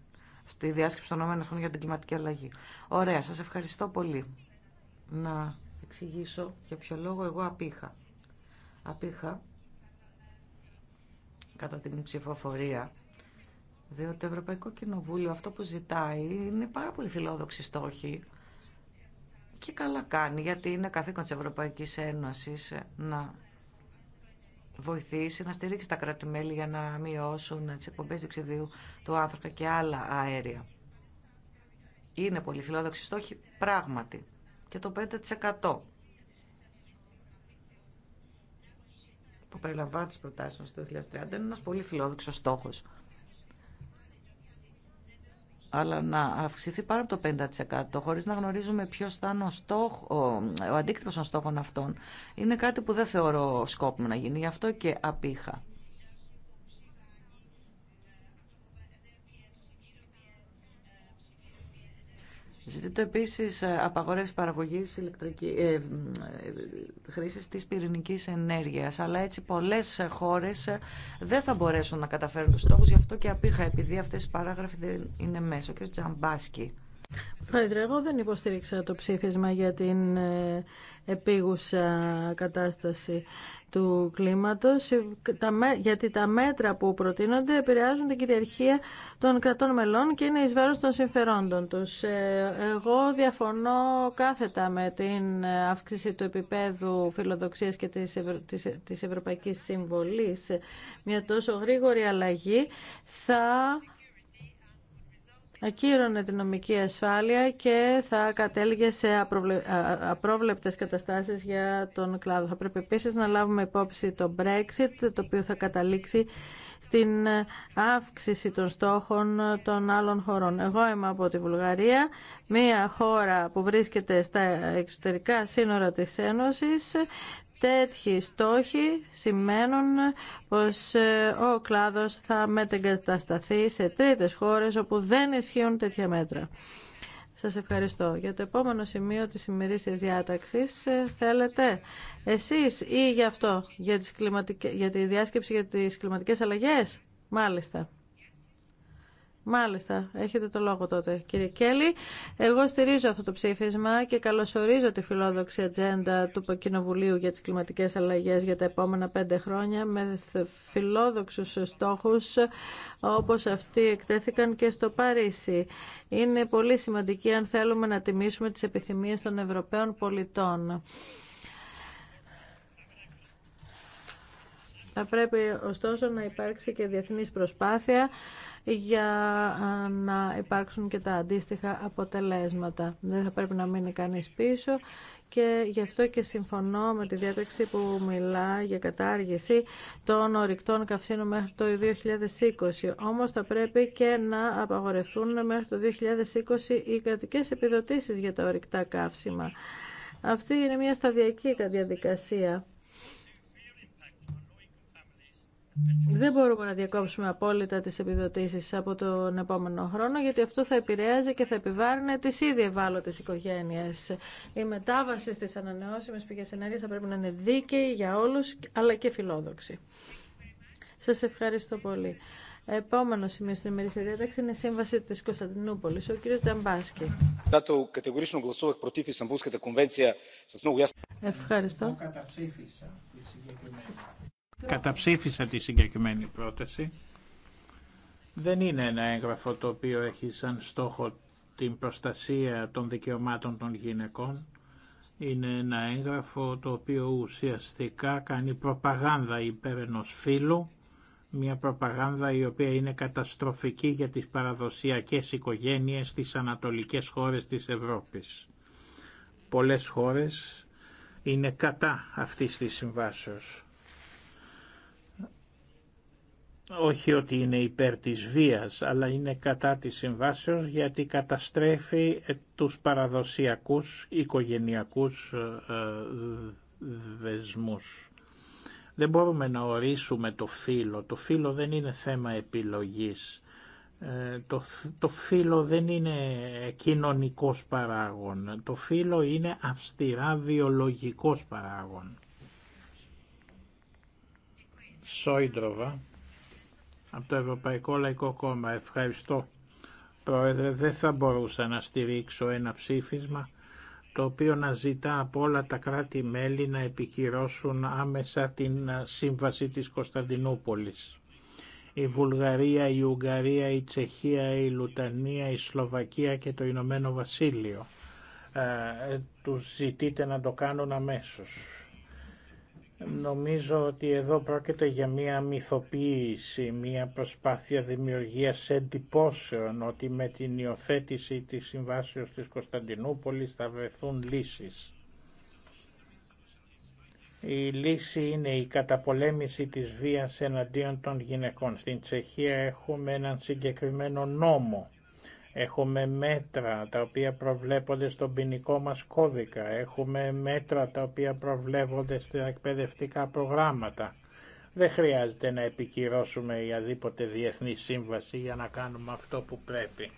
Στη διάσκεψη των ΟΕΕ για την κλιματική αλλαγή. Ωραία, σας ευχαριστώ πολύ. Να εξηγήσω για ποιο λόγο εγώ απήχα. Απήχα κατά την ψηφοφορία διότι το Ευρωπαϊκό Κοινοβούλιο αυτό που ζητάει είναι πάρα πολύ φιλόδοξη στόχη και καλά κάνει γιατί είναι καθήκον της Ευρωπαϊκής Ένωσης να βοηθήσει να στηρίξει τα κρατη για να μειώσουν τις εκπομπές διοξιδίου του άνθρακα και άλλα αέρια. Είναι πολύ φιλόδοξη στόχη πράγματι και το 5% που περιλαμβάνει τις προτάσεις το 2030 είναι ένας πολύ φιλόδοξος στόχος αλλά να αυξηθεί πάνω από το 50% χωρίς να γνωρίζουμε ποιος θα είναι ο, ο, αντίκτυπος των στόχων αυτών είναι κάτι που δεν θεωρώ σκόπιμο να γίνει, γι' αυτό και απήχα. Ζητείται επίσης ε, απαγορεύση παραγωγής ηλεκτρικής ε, ε, χρήσης της πυρηνικής ενέργειας, αλλά έτσι πολλές χώρες ε, δεν θα μπορέσουν να καταφέρουν του στόχου, γι' αυτό και απήχα, επειδή αυτέ οι παράγραφοι δεν είναι μέσο. Και ο Τζαμπάσκι. Πρόεδρε, εγώ δεν υποστήριξα το ψήφισμα για την ε, επίγουσα κατάσταση του κλίματος, γιατί τα μέτρα που προτείνονται επηρεάζουν την κυριαρχία των κρατών μελών και είναι εις βάρος των συμφερόντων τους. Ε, εγώ διαφωνώ κάθετα με την αύξηση του επίπεδου φιλοδοξίας και της, Ευρω... της Ευρωπαϊκής Συμβολής. Μια τόσο γρήγορη αλλαγή θα ακύρωνε την νομική ασφάλεια και θα κατέληγε σε απρόβλεπτες καταστάσεις για τον κλάδο. Θα πρέπει επίσης να λάβουμε υπόψη το Brexit, το οποίο θα καταλήξει στην αύξηση των στόχων των άλλων χωρών. Εγώ είμαι από τη Βουλγαρία, μια χώρα που βρίσκεται στα εξωτερικά σύνορα της Ένωσης τέτοιοι στόχοι σημαίνουν πως ε, ο κλάδος θα μετεγκατασταθεί σε τρίτες χώρες όπου δεν ισχύουν τέτοια μέτρα. Σας ευχαριστώ. Για το επόμενο σημείο της ημερήσιας διάταξης ε, θέλετε εσείς ή για αυτό, για, τις για τη διάσκεψη για τις κλιματικές αλλαγές. Μάλιστα. Μάλιστα, έχετε το λόγο τότε κύριε Κέλλη. Εγώ στηρίζω αυτό το ψήφισμα και καλωσορίζω τη φιλόδοξη ατζέντα του Κοινοβουλίου για τις κλιματικές αλλαγές για τα επόμενα πέντε χρόνια με φιλόδοξους στόχους όπως αυτοί εκτέθηκαν και στο Παρίσι. Είναι πολύ σημαντική αν θέλουμε να τιμήσουμε τις επιθυμίες των Ευρωπαίων πολιτών. Θα πρέπει ωστόσο να υπάρξει και διεθνής προσπάθεια για να υπάρξουν και τα αντίστοιχα αποτελέσματα. Δεν θα πρέπει να μείνει κανείς πίσω και γι' αυτό και συμφωνώ με τη διάταξη που μιλά για κατάργηση των ορυκτών καυσίνων μέχρι το 2020. Όμως θα πρέπει και να απαγορευτούν μέχρι το 2020 οι κρατικές επιδοτήσεις για τα ορυκτά καύσιμα. Αυτή είναι μια σταδιακή διαδικασία δεν μπορούμε να διακόψουμε απόλυτα τις επιδοτήσεις από τον επόμενο χρόνο, γιατί αυτό θα επηρεάζει και θα επιβάρυνε τις ήδη ευάλωτες οικογένειες. Η μετάβαση στις ανανεώσιμες πηγές ενέργειας θα πρέπει να είναι δίκαιη για όλους, αλλά και φιλόδοξη. Σας ευχαριστώ πολύ. Επόμενο σημείο στην ημερήσια διάταξη είναι η σύμβαση τη Κωνσταντινούπολη. Ο κύριο Τζαμπάσκη. Ευχαριστώ. Καταψήφισα τη συγκεκριμένη πρόταση. Δεν είναι ένα έγγραφο το οποίο έχει σαν στόχο την προστασία των δικαιωμάτων των γυναικών. Είναι ένα έγγραφο το οποίο ουσιαστικά κάνει προπαγάνδα υπέρ ενός φύλου, μια προπαγάνδα η οποία είναι καταστροφική για τις παραδοσιακές οικογένειες στις ανατολικές χώρες της Ευρώπης. Πολλές χώρες είναι κατά αυτής της συμβάσεως όχι ότι είναι υπέρ της βίας, αλλά είναι κατά της συμβάσεως γιατί καταστρέφει ε, τους παραδοσιακούς οικογενειακούς ε, ε, δεσμούς. Δεν μπορούμε να ορίσουμε το φύλλο. Το φύλλο δεν είναι θέμα επιλογής. Το, το φύλλο δεν είναι κοινωνικός παράγων. Το φύλλο είναι αυστηρά βιολογικός παράγων. Σόιντροβα από το Ευρωπαϊκό Λαϊκό Κόμμα. Ευχαριστώ. Πρόεδρε, δεν θα μπορούσα να στηρίξω ένα ψήφισμα το οποίο να ζητά από όλα τα κράτη-μέλη να επικυρώσουν άμεσα την ε, σύμβαση της Κωνσταντινούπολης. Η Βουλγαρία, η Ουγγαρία, η Τσεχία, η Λουτανία, η Σλοβακία και το Ηνωμένο Βασίλειο. Ε, ε τους ζητείτε να το κάνουν αμέσως. Νομίζω ότι εδώ πρόκειται για μία μυθοποίηση, μία προσπάθεια δημιουργίας εντυπώσεων ότι με την υιοθέτηση της συμβάσεως της Κωνσταντινούπολης θα βρεθούν λύσεις. Η λύση είναι η καταπολέμηση της βίας εναντίον των γυναικών. Στην Τσεχία έχουμε έναν συγκεκριμένο νόμο Έχουμε μέτρα τα οποία προβλέπονται στον ποινικό μας κώδικα. Έχουμε μέτρα τα οποία προβλέπονται στα εκπαιδευτικά προγράμματα. Δεν χρειάζεται να επικυρώσουμε η αδίποτε διεθνή σύμβαση για να κάνουμε αυτό που πρέπει.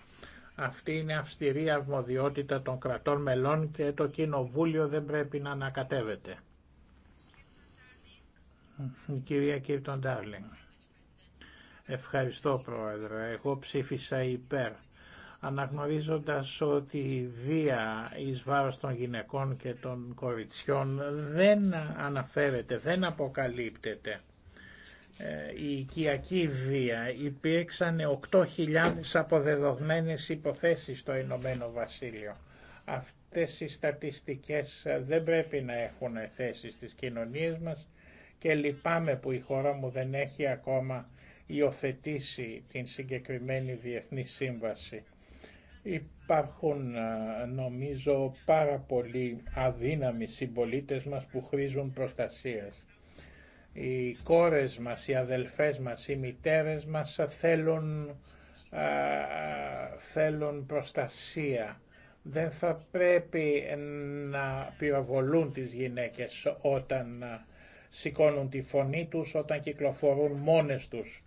Αυτή είναι αυστηρή αρμοδιότητα των κρατών μελών και το Κοινοβούλιο δεν πρέπει να ανακατεύεται. κυρία Ευχαριστώ Πρόεδρε. Εγώ ψήφισα υπέρ αναγνωρίζοντας ότι η βία εις βάρος των γυναικών και των κοριτσιών δεν αναφέρεται, δεν αποκαλύπτεται. Ε, η οικιακή βία υπήρξαν 8.000 αποδεδογμένες υποθέσεις στο Ηνωμένο Βασίλειο. Αυτές οι στατιστικές δεν πρέπει να έχουν θέση στις κοινωνίες μας και λυπάμαι που η χώρα μου δεν έχει ακόμα υιοθετήσει την συγκεκριμένη διεθνή σύμβαση. Υπάρχουν νομίζω πάρα πολλοί αδύναμοι συμπολίτες μας που χρήζουν προστασίας. Οι κόρες μας, οι αδελφές μας, οι μητέρες μας θέλουν, θέλουν προστασία. Δεν θα πρέπει να πυροβολούν τις γυναίκες όταν σηκώνουν τη φωνή τους, όταν κυκλοφορούν μόνες τους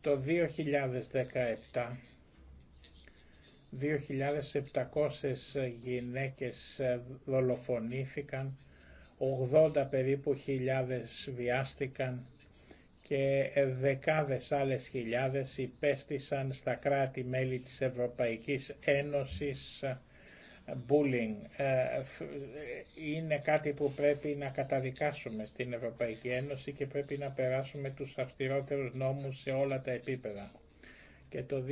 Το 2017 2.700 γυναίκες δολοφονήθηκαν, 80 περίπου χιλιάδες βιάστηκαν και δεκάδες άλλες χιλιάδες υπέστησαν στα κράτη-μέλη της Ευρωπαϊκής Ένωσης bullying ε, είναι κάτι που πρέπει να καταδικάσουμε στην Ευρωπαϊκή Ένωση και πρέπει να περάσουμε τους αυστηρότερους νόμους σε όλα τα επίπεδα. Και το 2019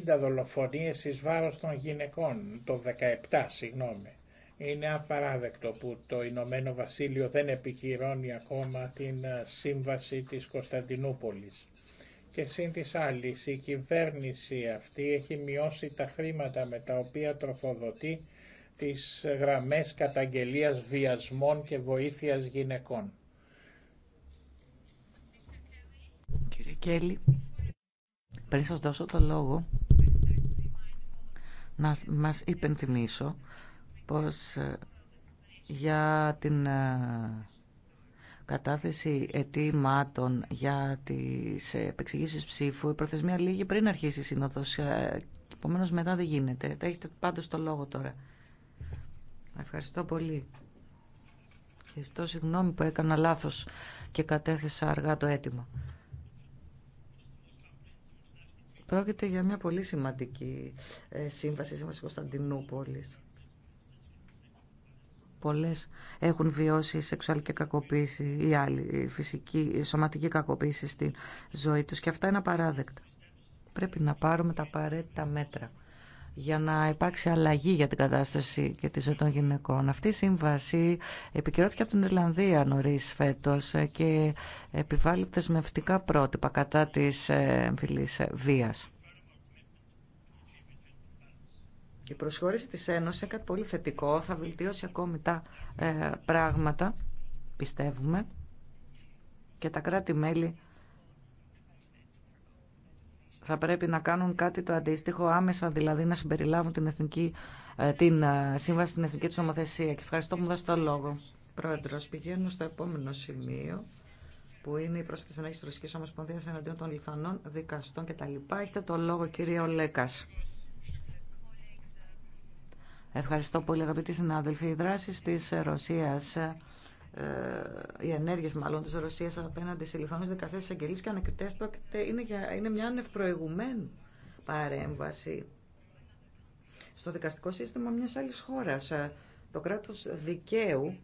250 ε, δολοφονίες εις βάρος των γυναικών, το 17 συγγνώμη. Είναι απαράδεκτο που το Ηνωμένο Βασίλειο δεν επικυρώνει ακόμα την ε, σύμβαση της Κωνσταντινούπολης και σύν της άλλης η κυβέρνηση αυτή έχει μειώσει τα χρήματα με τα οποία τροφοδοτεί τις γραμμές καταγγελίας βιασμών και βοήθειας γυναικών. Κύριε Κέλλη, πριν σας δώσω το λόγο, να μας υπενθυμίσω πως ε, για την ε, κατάθεση αιτήματων για τι επεξηγήσει ψήφου. Η προθεσμία λίγη πριν αρχίσει η συνοδοσία. Ε, επομένω μετά δεν γίνεται. Τα έχετε πάντω το λόγο τώρα. Ευχαριστώ πολύ. Και στο συγγνώμη που έκανα λάθος και κατέθεσα αργά το αίτημα. Πρόκειται για μια πολύ σημαντική ε, σύμβαση, σύμβαση Κωνσταντινούπολης Πολλές έχουν βιώσει σεξουαλική κακοποίηση ή άλλη φυσική, σωματική κακοποίηση στη ζωή τους και αυτά είναι απαράδεκτα. Πρέπει να πάρουμε τα απαραίτητα μέτρα για να υπάρξει αλλαγή για την κατάσταση και τη ζωή των γυναικών. Αυτή η σύμβαση επικυρώθηκε από την Ιρλανδία νωρί φέτο και επιβάλλει δεσμευτικά πρότυπα κατά τη ε, εμφυλή ε, βία. Η προσχώρηση της Ένωσης είναι κάτι πολύ θετικό, θα βελτιώσει ακόμη τα ε, πράγματα, πιστεύουμε, και τα κράτη-μέλη θα πρέπει να κάνουν κάτι το αντίστοιχο άμεσα, δηλαδή να συμπεριλάβουν την, εθνική, ε, την ε, σύμβαση στην εθνική του Και ευχαριστώ που μου δώσετε το λόγο. Πρόεδρος, πηγαίνω στο επόμενο σημείο που είναι η πρόσφατη ανάγκη τη Ρωσική Ομοσπονδία εναντίον των Λιθανών, δικαστών κτλ. Έχετε το λόγο, κύριε Ολέκα. Ευχαριστώ πολύ αγαπητοί συνάδελφοι. Οι δράσεις της Ρωσίας, ε, οι ενέργειες μάλλον της Ρωσίας απέναντι σε λιθόνες δικαστές εισαγγελίες και ανακριτές είναι, για, είναι μια ανευπροηγουμένη παρέμβαση στο δικαστικό σύστημα μιας άλλης χώρας. Ε, το κράτος δικαίου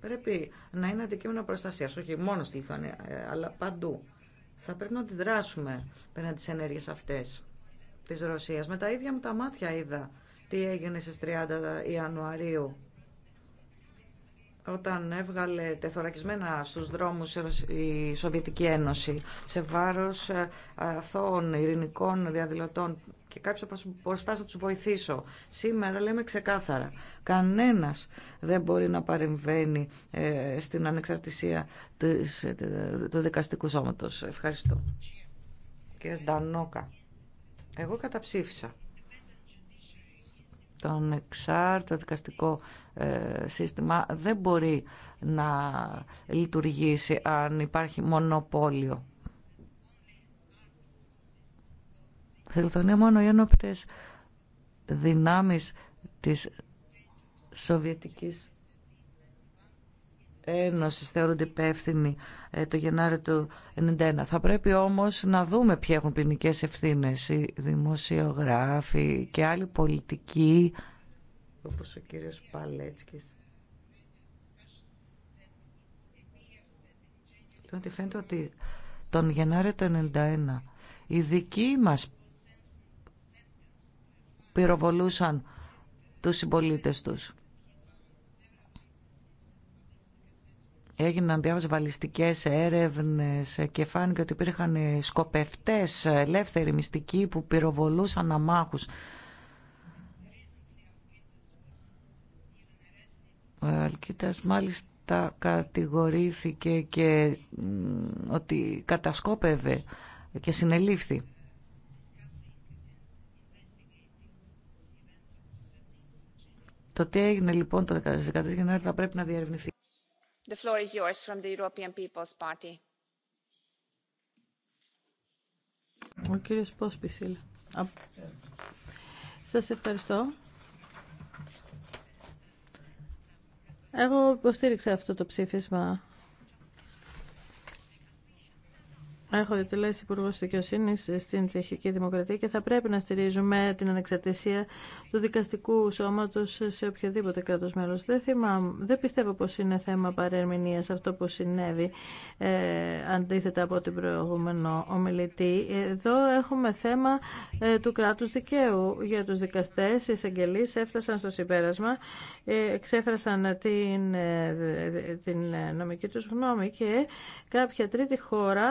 πρέπει να είναι αντικείμενο προστασία, όχι μόνο στη Λιθουανία, ε, αλλά παντού. Θα πρέπει να αντιδράσουμε πέραν τις ενέργειες αυτές της Ρωσίας. Με τα ίδια μου τα μάτια είδα τι έγινε στις 30 Ιανουαρίου όταν έβγαλε τεθωρακισμένα στους δρόμους η Σοβιετική Ένωση σε βάρος ε, αθώων ειρηνικών διαδηλωτών και κάποιος από προσπάθησε να τους βοηθήσω. Σήμερα λέμε ξεκάθαρα, κανένας δεν μπορεί να παρεμβαίνει ε, στην ανεξαρτησία ε, του δικαστικού σώματος. Ευχαριστώ. Κύριε Στανόκα. Εγώ καταψήφισα τον εξάρτητο δικαστικό ε, σύστημα δεν μπορεί να λειτουργήσει αν υπάρχει μονοπόλιο. Σε μόνο οι ένοπτες δυνάμεις της Σοβιετικής Ένωση θεωρούνται υπεύθυνοι ε, το Γενάρη του 1991. Θα πρέπει όμως να δούμε ποιοι έχουν ποινικέ ευθύνε, οι δημοσιογράφοι και άλλοι πολιτικοί όπω ο κύριος Παλέτσκης. Λοιπόν, φαίνεται ότι τον Γενάρη του 1991 οι δικοί μας πυροβολούσαν τους συμπολίτε τους. έγιναν διάφορες βαλιστικές έρευνες και φάνηκε ότι υπήρχαν σκοπευτές ελεύθεροι μυστικοί που πυροβολούσαν αμάχους. Ο Αλκίτας μάλιστα κατηγορήθηκε και ότι κατασκόπευε και συνελήφθη. Το τι έγινε λοιπόν το 14 Γενάρη θα πρέπει να διερευνηθεί. Σας ευχαριστώ. Εγώ υποστήριξα αυτό το ψήφισμα Έχω διατελέσει Υπουργό Δικαιοσύνη στην Τσεχική Δημοκρατία και θα πρέπει να στηρίζουμε την ανεξαρτησία του δικαστικού σώματο σε οποιοδήποτε κράτο μέλο. Δεν, δεν πιστεύω πω είναι θέμα παρερμηνία αυτό που συνέβη ε, αντίθετα από την προηγούμενο ομιλητή. Εδώ έχουμε θέμα ε, του κράτου δικαίου. Για του δικαστέ, οι εισαγγελεί έφτασαν στο συμπέρασμα, ε, εξέφρασαν την, ε, την νομική του γνώμη και κάποια τρίτη χώρα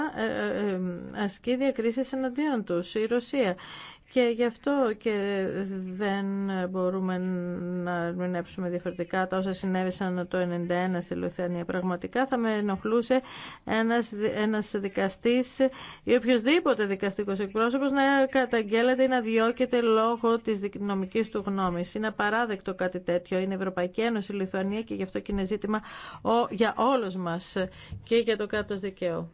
ασκεί διακρίσεις εναντίον τους η Ρωσία. Και γι' αυτό και δεν μπορούμε να ερμηνεύσουμε διαφορετικά τα όσα συνέβησαν το 1991 στη Λουθένια. Πραγματικά θα με ενοχλούσε ένας, ένας δικαστής ή οποιοδήποτε δικαστικός εκπρόσωπος να καταγγέλλεται ή να διώκεται λόγω της νομικής του γνώμης. Είναι απαράδεκτο κάτι τέτοιο. Είναι Ευρωπαϊκή Ένωση, Λιθουανία και γι' αυτό και είναι ζήτημα για όλους μας και για το κράτος δικαίου.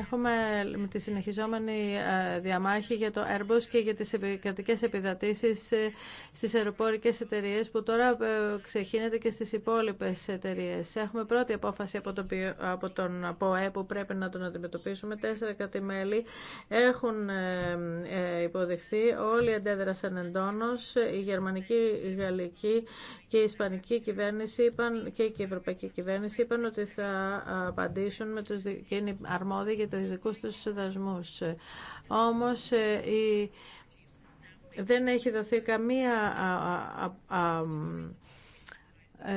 Έχουμε τη συνεχιζόμενη ε, διαμάχη για το Airbus και για τις επικρατικές επιδατήσεις ε, στις αεροπορικές εταιρείε που τώρα ε, ξεχύνεται και στις υπόλοιπες εταιρείε. Έχουμε πρώτη απόφαση από τον, από τον ΠΟΕ που πρέπει να τον αντιμετωπίσουμε. Τέσσερα κατημέλη έχουν υποδεχθεί. Όλοι αντέδρασαν εντόνως. Η γερμανική, η γαλλική και η ισπανική κυβέρνηση είπαν, και η ευρωπαϊκή κυβέρνηση είπαν ότι θα απαντήσουν με τους, και για τους δικούς τους δασμούς. Όμως ε, η... δεν έχει δοθεί καμία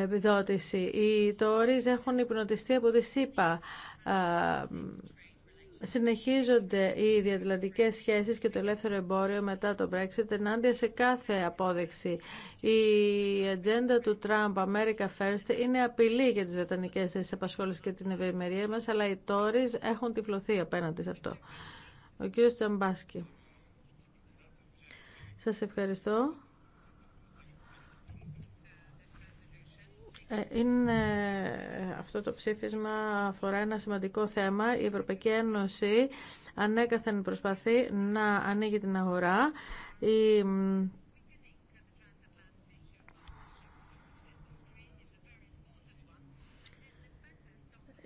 επιδότηση. Οι τόρεις έχουν υπνοτιστεί από τη ΣΥΠΑ συνεχίζονται οι διατλαντικές σχέσεις και το ελεύθερο εμπόριο μετά το Brexit ενάντια σε κάθε απόδειξη. Η ατζέντα του Τραμπ, America First, είναι απειλή για τις βρετανικές θέσεις απασχόλησης και την ευημερία μας, αλλά οι Tories έχουν τυφλωθεί απέναντι σε αυτό. Ο κύριος Τσαμπάσκι. Σας ευχαριστώ. Ε, είναι ε, αυτό το ψήφισμα αφορά ένα σημαντικό θέμα. Η Ευρωπαϊκή Ένωση ανέκαθεν προσπαθεί να ανοίγει την αγορά. Η...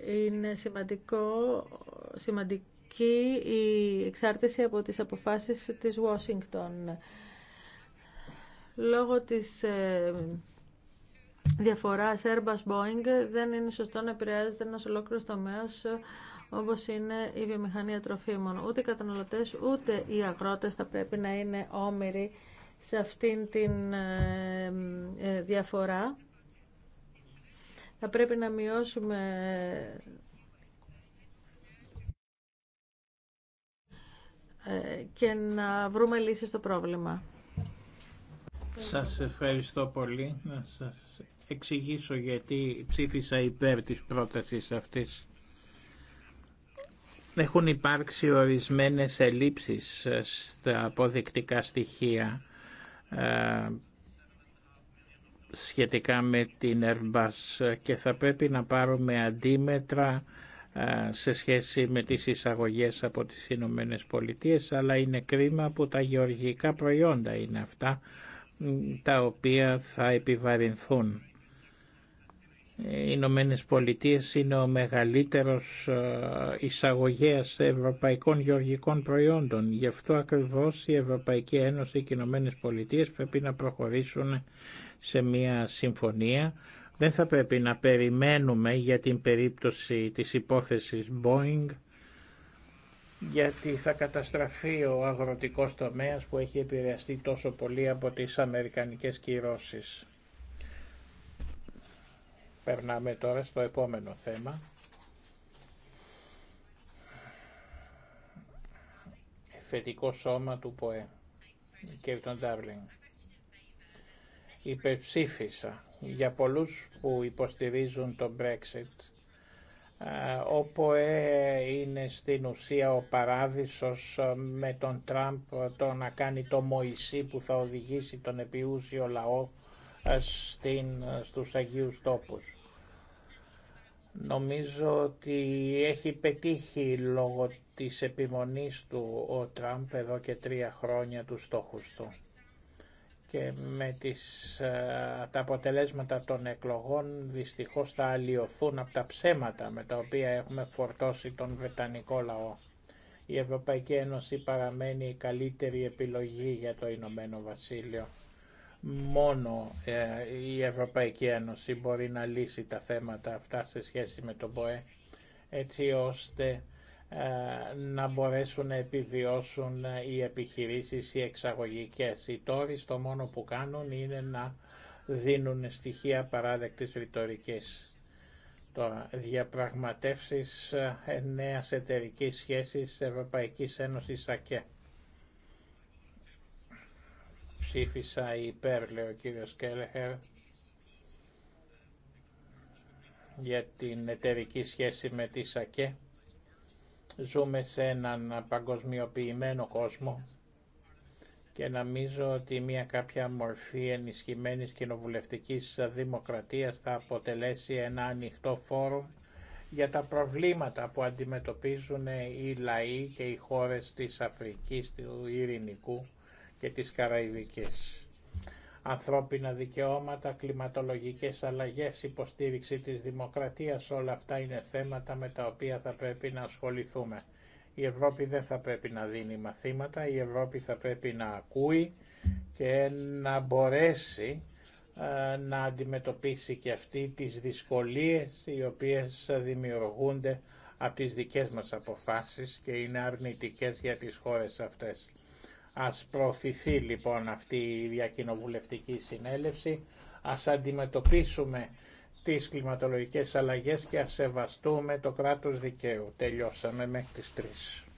Είναι σημαντικό, σημαντική η εξάρτηση από τις αποφάσεις της Washington. Λόγω της ε, διαφορά Airbus-Boeing δεν είναι σωστό να επηρεάζεται ένας ολόκληρος τομέας ε, όπως είναι η βιομηχανία τροφίμων. Ούτε οι καταναλωτέ ούτε οι αγρότες θα πρέπει να είναι όμοιροι σε αυτήν την ε, ε, διαφορά. Θα πρέπει να μειώσουμε και να βρούμε λύσεις στο πρόβλημα. Σας ευχαριστώ πολύ. Να σας εξηγήσω γιατί ψήφισα υπέρ της πρότασης αυτής. Έχουν υπάρξει ορισμένες ελλείψεις ε, στα αποδεικτικά στοιχεία ε, σχετικά με την Airbus και θα πρέπει να πάρουμε αντίμετρα ε, σε σχέση με τις εισαγωγές από τις Ηνωμένε Πολιτείες, αλλά είναι κρίμα που τα γεωργικά προϊόντα είναι αυτά τα οποία θα επιβαρυνθούν. Οι Ηνωμένε Πολιτείε είναι ο μεγαλύτερος ε, εισαγωγέας ευρωπαϊκών γεωργικών προϊόντων. Γι' αυτό ακριβώς η Ευρωπαϊκή Ένωση και οι Ηνωμένε Πολιτείε πρέπει να προχωρήσουν σε μια συμφωνία. Δεν θα πρέπει να περιμένουμε για την περίπτωση της υπόθεσης Boeing γιατί θα καταστραφεί ο αγροτικός τομέας που έχει επηρεαστεί τόσο πολύ από τις αμερικανικές κυρώσεις. Περνάμε τώρα στο επόμενο θέμα. Φετικό σώμα του ΠΟΕ Κύριε τον Ντάρλινγκ. Υπερψήφισα για πολλούς που υποστηρίζουν το Brexit. Ο ΠΟΕ είναι στην ουσία ο παράδεισος με τον Τραμπ το να κάνει το Μωυσή που θα οδηγήσει τον επιούσιο λαό στην, στους Αγίους Τόπους. Νομίζω ότι έχει πετύχει λόγω της επιμονής του ο Τραμπ εδώ και τρία χρόνια του στόχους του. Και με τις, ε, τα αποτελέσματα των εκλογών δυστυχώς θα αλλοιωθούν από τα ψέματα με τα οποία έχουμε φορτώσει τον Βρετανικό λαό. Η Ευρωπαϊκή Ένωση παραμένει η καλύτερη επιλογή για το Ηνωμένο Βασίλειο μόνο ε, η Ευρωπαϊκή Ένωση μπορεί να λύσει τα θέματα αυτά σε σχέση με τον ΠΟΕ έτσι ώστε ε, να μπορέσουν να επιβιώσουν ε, οι επιχειρήσεις οι εξαγωγικές. Οι τόροι το μόνο που κάνουν είναι να δίνουν στοιχεία παράδεκτης ρητορική. Τώρα, διαπραγματεύσεις νέας εταιρικής σχέσης Ευρωπαϊκής Ένωσης ΑΚΕ ψήφισα υπέρ, λέει ο κύριος Κέλεχερ, για την εταιρική σχέση με τη ΣΑΚΕ. Ζούμε σε έναν παγκοσμιοποιημένο κόσμο και νομίζω ότι μια κάποια μορφή ενισχυμένης κοινοβουλευτικής δημοκρατίας θα αποτελέσει ένα ανοιχτό φόρουμ για τα προβλήματα που αντιμετωπίζουν οι λαοί και οι χώρες της Αφρικής, του Ειρηνικού και τις καραϊβικές Ανθρώπινα δικαιώματα, κλιματολογικές αλλαγές, υποστήριξη της δημοκρατίας, όλα αυτά είναι θέματα με τα οποία θα πρέπει να ασχοληθούμε. Η Ευρώπη δεν θα πρέπει να δίνει μαθήματα, η Ευρώπη θα πρέπει να ακούει και να μπορέσει να αντιμετωπίσει και αυτή τις δυσκολίες οι οποίες δημιουργούνται από τις δικές μας αποφάσεις και είναι αρνητικές για τις χώρες αυτές. Ας προωθηθεί λοιπόν αυτή η διακοινοβουλευτική συνέλευση, ας αντιμετωπίσουμε τις κλιματολογικές αλλαγές και ας σεβαστούμε το κράτος δικαίου. Τελειώσαμε μέχρι τις 3.